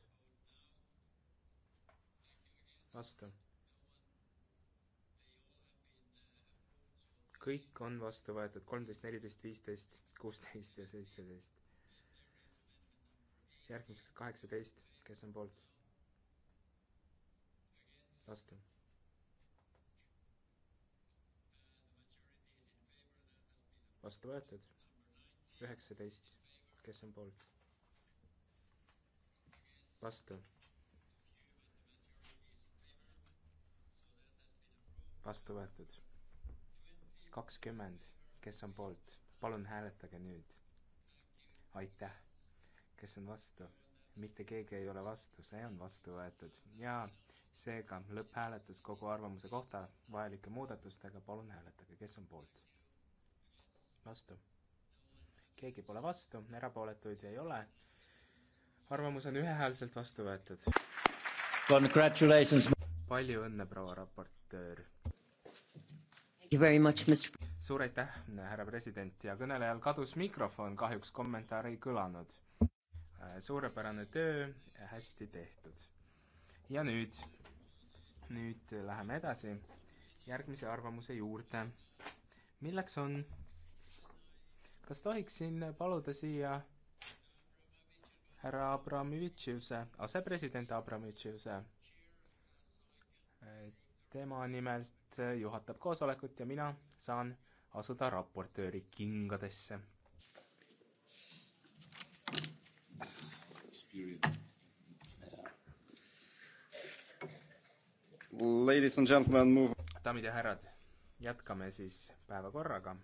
vastu. kõik on vastu võetud, kolmteist, neliteist, viisteist, kuusteist ja seitseteist. järgmiseks kaheksateist, kes on poolt? vastu. vastu võetud, üheksateist, kes on poolt? vastu vastu võetud. kakskümmend, kes on poolt, palun hääletage nüüd. aitäh, kes on vastu, mitte keegi ei ole vastu, see on vastu võetud ja seega lõpphääletus kogu arvamuse kohta vajalike muudatustega, palun hääletage, kes on poolt. vastu. keegi pole vastu, erapooletuid ei ole. arvamus on ühehäälselt vastu võetud. palju õnne, proua raportöör suur aitäh, härra president ja kõnelejal kadus mikrofon, kahjuks kommentaari ei kõlanud. Äh, suurepärane töö, hästi tehtud. ja nüüd, nüüd läheme edasi järgmise arvamuse juurde, milleks on, kas tohiksin paluda siia härra Abramovitšiuse, asepresident Abramovitšiuse, äh, tema nimelt juhatab koosolekut ja mina saan asuda raportööri kingadesse. daamid ja härrad, jätkame siis päevakorraga.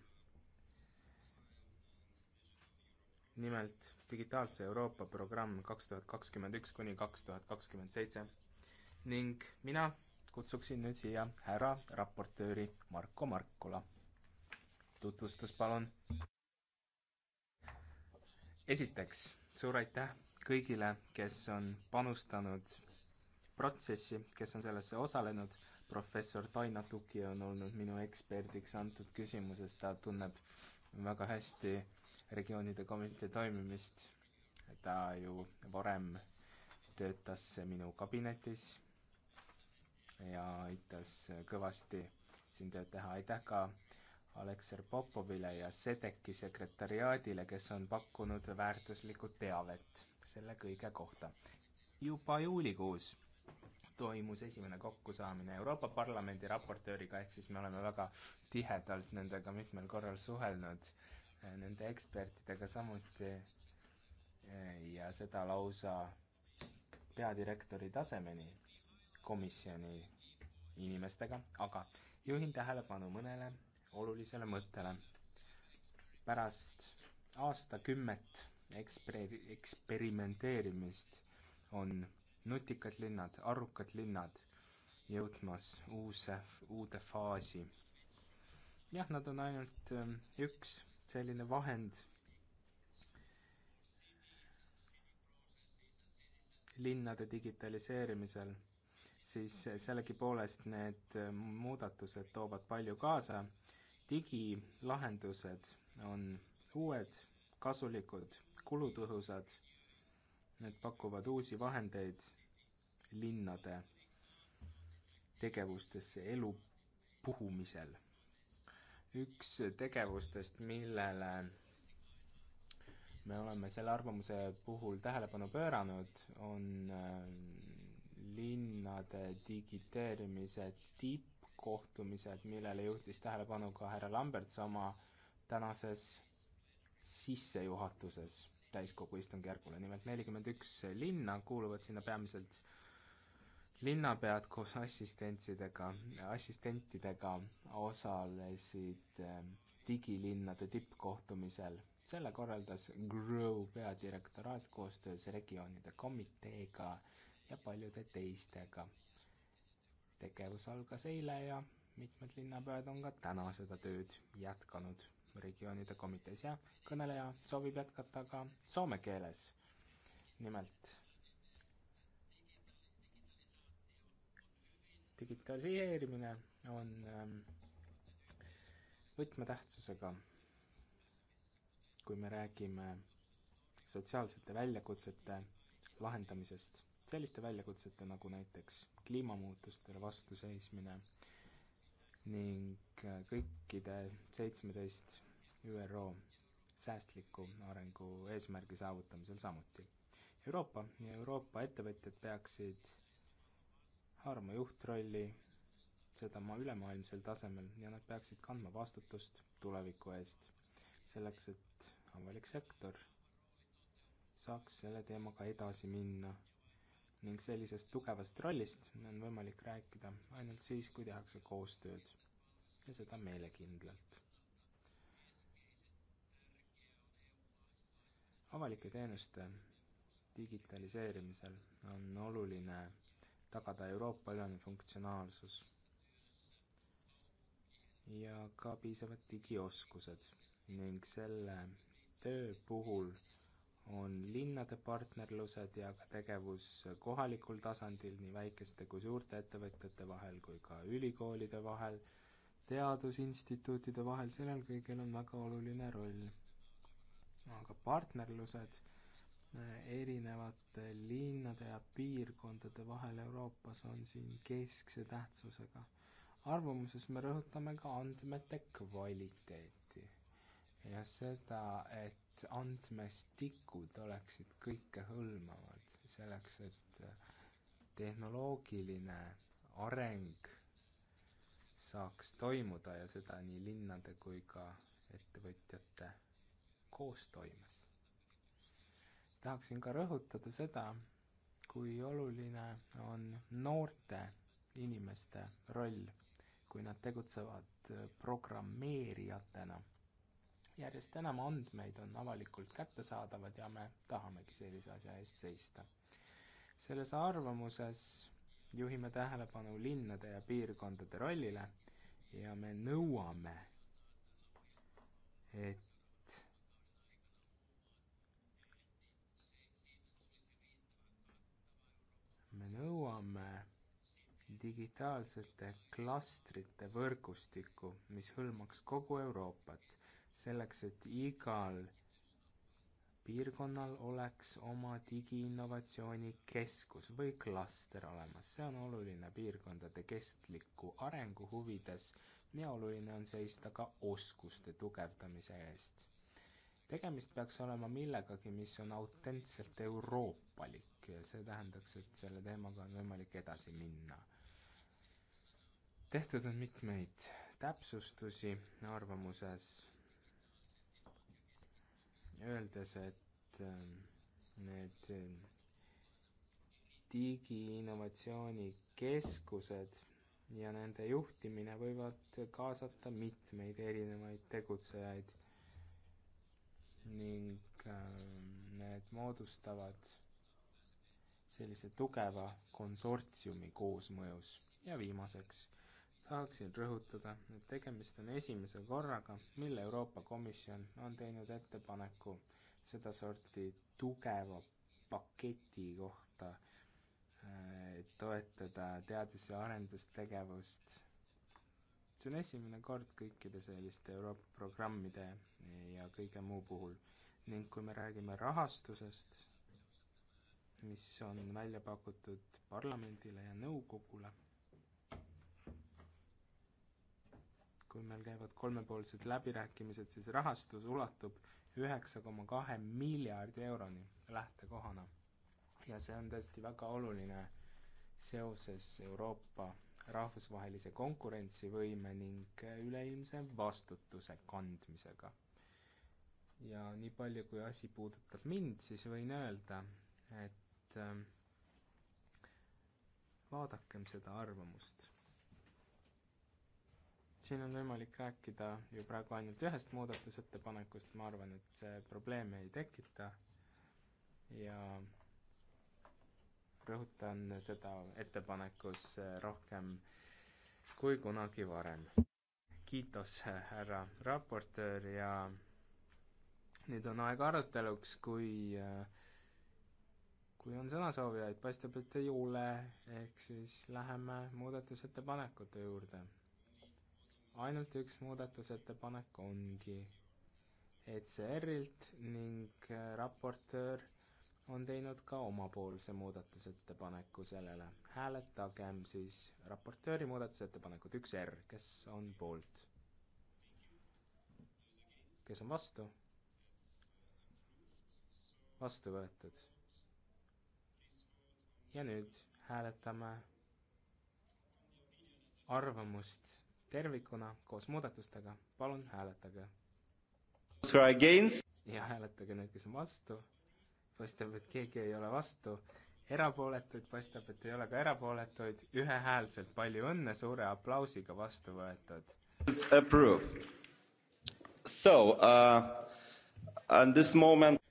nimelt digitaalse Euroopa programm kaks tuhat kakskümmend üks kuni kaks tuhat kakskümmend seitse ning mina kutsuksin nüüd siia härra raportööri Marko Markola. tutvustus, palun. esiteks, suur aitäh kõigile, kes on panustanud protsessi, kes on sellesse osalenud. professor Taina Tuki on olnud minu eksperdiks antud küsimuses, ta tunneb väga hästi regioonide komitee toimimist. ta ju varem töötas minu kabinetis ja aitas kõvasti siin tööd teha. aitäh ka Alekser Popovile ja Sedeki sekretariaadile, kes on pakkunud väärtuslikku teavet selle kõige kohta. juba juulikuus toimus esimene kokkusaamine Euroopa Parlamendi raportööriga, ehk siis me oleme väga tihedalt nendega mitmel korral suhelnud, eh, nende ekspertidega samuti eh, ja seda lausa peadirektori tasemeni komisjoni inimestega, aga juhin tähelepanu mõnele olulisele mõttele. pärast aastakümmet eksper-, eksperimenteerimist on nutikad linnad, arukad linnad jõudmas uuse, uude faasi. jah, nad on ainult ähm, üks selline vahend linnade digitaliseerimisel siis sellegipoolest need muudatused toovad palju kaasa. digilahendused on uued, kasulikud, kulutõhusad, need pakuvad uusi vahendeid linnade tegevustesse elu puhumisel. üks tegevustest, millele me oleme selle arvamuse puhul tähelepanu pööranud, on äh, linnade digiteerimise tippkohtumised, millele juhtis tähelepanu ka härra Lamberts oma tänases sissejuhatuses täiskogu istungjärgule. nimelt nelikümmend üks linna kuuluvad sinna peamiselt linnapead koos assistentsidega, assistentidega osalesid eh, digilinnade tippkohtumisel. selle korraldas Grow peadirektoraat koostöös regioonide komiteega ja paljude teistega. tegevus algas eile ja mitmed linnapead on ka täna seda tööd jätkanud regioonide komitees ja kõneleja soovib jätkata ka soome keeles. nimelt digitaliseerimine on ähm, võtmetähtsusega, kui me räägime sotsiaalsete väljakutsete lahendamisest selliste väljakutsete nagu näiteks kliimamuutustele vastu seismine ning äh, kõikide seitsmeteist ÜRO säästliku arengu eesmärgi saavutamisel samuti. Euroopa ja Euroopa ettevõtjad peaksid haarama juhtrolli, seda ma ülemaailmsel tasemel, ja nad peaksid kandma vastutust tuleviku eest, selleks et avalik sektor saaks selle teemaga edasi minna ning sellisest tugevast rollist on võimalik rääkida ainult siis, kui tehakse koostööd ja seda meelekindlalt. avalike teenuste digitaliseerimisel on oluline tagada Euroopa-ülene funktsionaalsus ja ka piisavad digioskused ning selle töö puhul on linnade partnerlused ja ka tegevus kohalikul tasandil nii väikeste kui suurte ettevõtjate vahel kui ka ülikoolide vahel, teadusinstituutide vahel, sellel kõigil on väga oluline roll. aga partnerlused eh, erinevate linnade ja piirkondade vahel Euroopas on siin keskse tähtsusega. arvamuses me rõhutame ka andmete kvaliteeti ja seda, et et andmestikud oleksid kõikehõlmavad, selleks et äh, tehnoloogiline areng saaks toimuda ja seda nii linnade kui ka ettevõtjate koostoimes. tahaksin ka rõhutada seda, kui oluline on noorte inimeste roll, kui nad tegutsevad äh, programmeerijatena järjest enam andmeid on avalikult kättesaadavad ja me tahamegi sellise asja eest seista. selles arvamuses juhime tähelepanu linnade ja piirkondade rollile ja me nõuame, et me nõuame digitaalsete klastrite võrgustikku, mis hõlmaks kogu Euroopat selleks, et igal piirkonnal oleks oma digiinnovatsiooni keskus või klaster olemas, see on oluline piirkondade kestliku arengu huvides ja oluline on seista ka oskuste tugevdamise eest. tegemist peaks olema millegagi, mis on autentselt euroopalik ja see tähendaks, et selle teemaga on võimalik edasi minna. tehtud on mitmeid täpsustusi arvamuses öeldes, et ähm, need ähm, digiinnovatsioonikeskused ja nende juhtimine võivad kaasata mitmeid erinevaid tegutsejaid ning ähm, need moodustavad sellise tugeva konsortsiumi koosmõjus. ja viimaseks tahaksin rõhutada, et tegemist on esimese korraga, mil Euroopa Komisjon on teinud ettepaneku sedasorti tugeva paketi kohta, äh, et toetada teadus- ja arendustegevust. see on esimene kord kõikide selliste Euroopa programmide ja kõige muu puhul. ning kui me räägime rahastusest, mis on välja pakutud parlamendile ja nõukogule kui meil käivad kolmepoolsed läbirääkimised, siis rahastus ulatub üheksa koma kahe miljardi euroni lähtekohana. ja see on tõesti väga oluline seoses Euroopa rahvusvahelise konkurentsivõime ning üleilmse vastutuse kandmisega. ja nii palju, kui asi puudutab mind, siis võin öelda, et ähm, vaadakem seda arvamust siin on võimalik rääkida ju praegu ainult ühest muudatusettepanekust, ma arvan, et see probleeme ei tekita ja rõhutan seda ettepanekus rohkem kui kunagi varem. kiitos, härra raportöör ja nüüd on aeg aruteluks, kui, kui on sõnasoovijaid, paistab, et ei ole, ehk siis läheme muudatusettepanekute juurde ainult üks muudatusettepanek ongi ECR-ilt ning äh, raportöör on teinud ka omapoolse muudatusettepaneku sellele. hääletagem siis raportööri muudatusettepanekut, üks R, kes on poolt? kes on vastu? vastu võetud. ja nüüd hääletame arvamust tervikuna koos muudatustega, palun hääletage. ja hääletage need, kes on vastu. paistab, et keegi ei ole vastu. erapooletuid paistab, et ei ole ka erapooletuid. ühehäälselt palju õnne, suure aplausiga vastu võetud. So uh, at this moment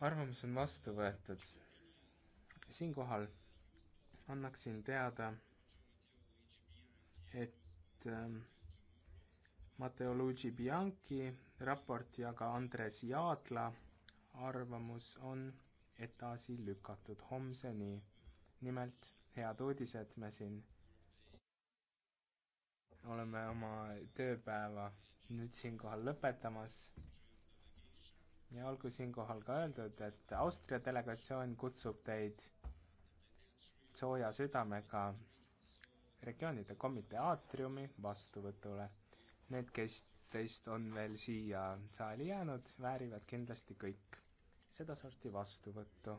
arvamus on vastu võetud. siinkohal annaksin teada olid ähm, Matteo Luigi Bianchi raport ja ka Andres Jaadla arvamus on edasi lükatud homseni. nimelt head uudised, me siin oleme oma tööpäeva nüüd siinkohal lõpetamas. ja olgu siinkohal ka öeldud, et Austria delegatsioon kutsub teid sooja südamega regioonide komitee aatriumi vastuvõtule. Need, kes teist on veel siia saali jäänud, väärivad kindlasti kõik sedasorti vastuvõttu.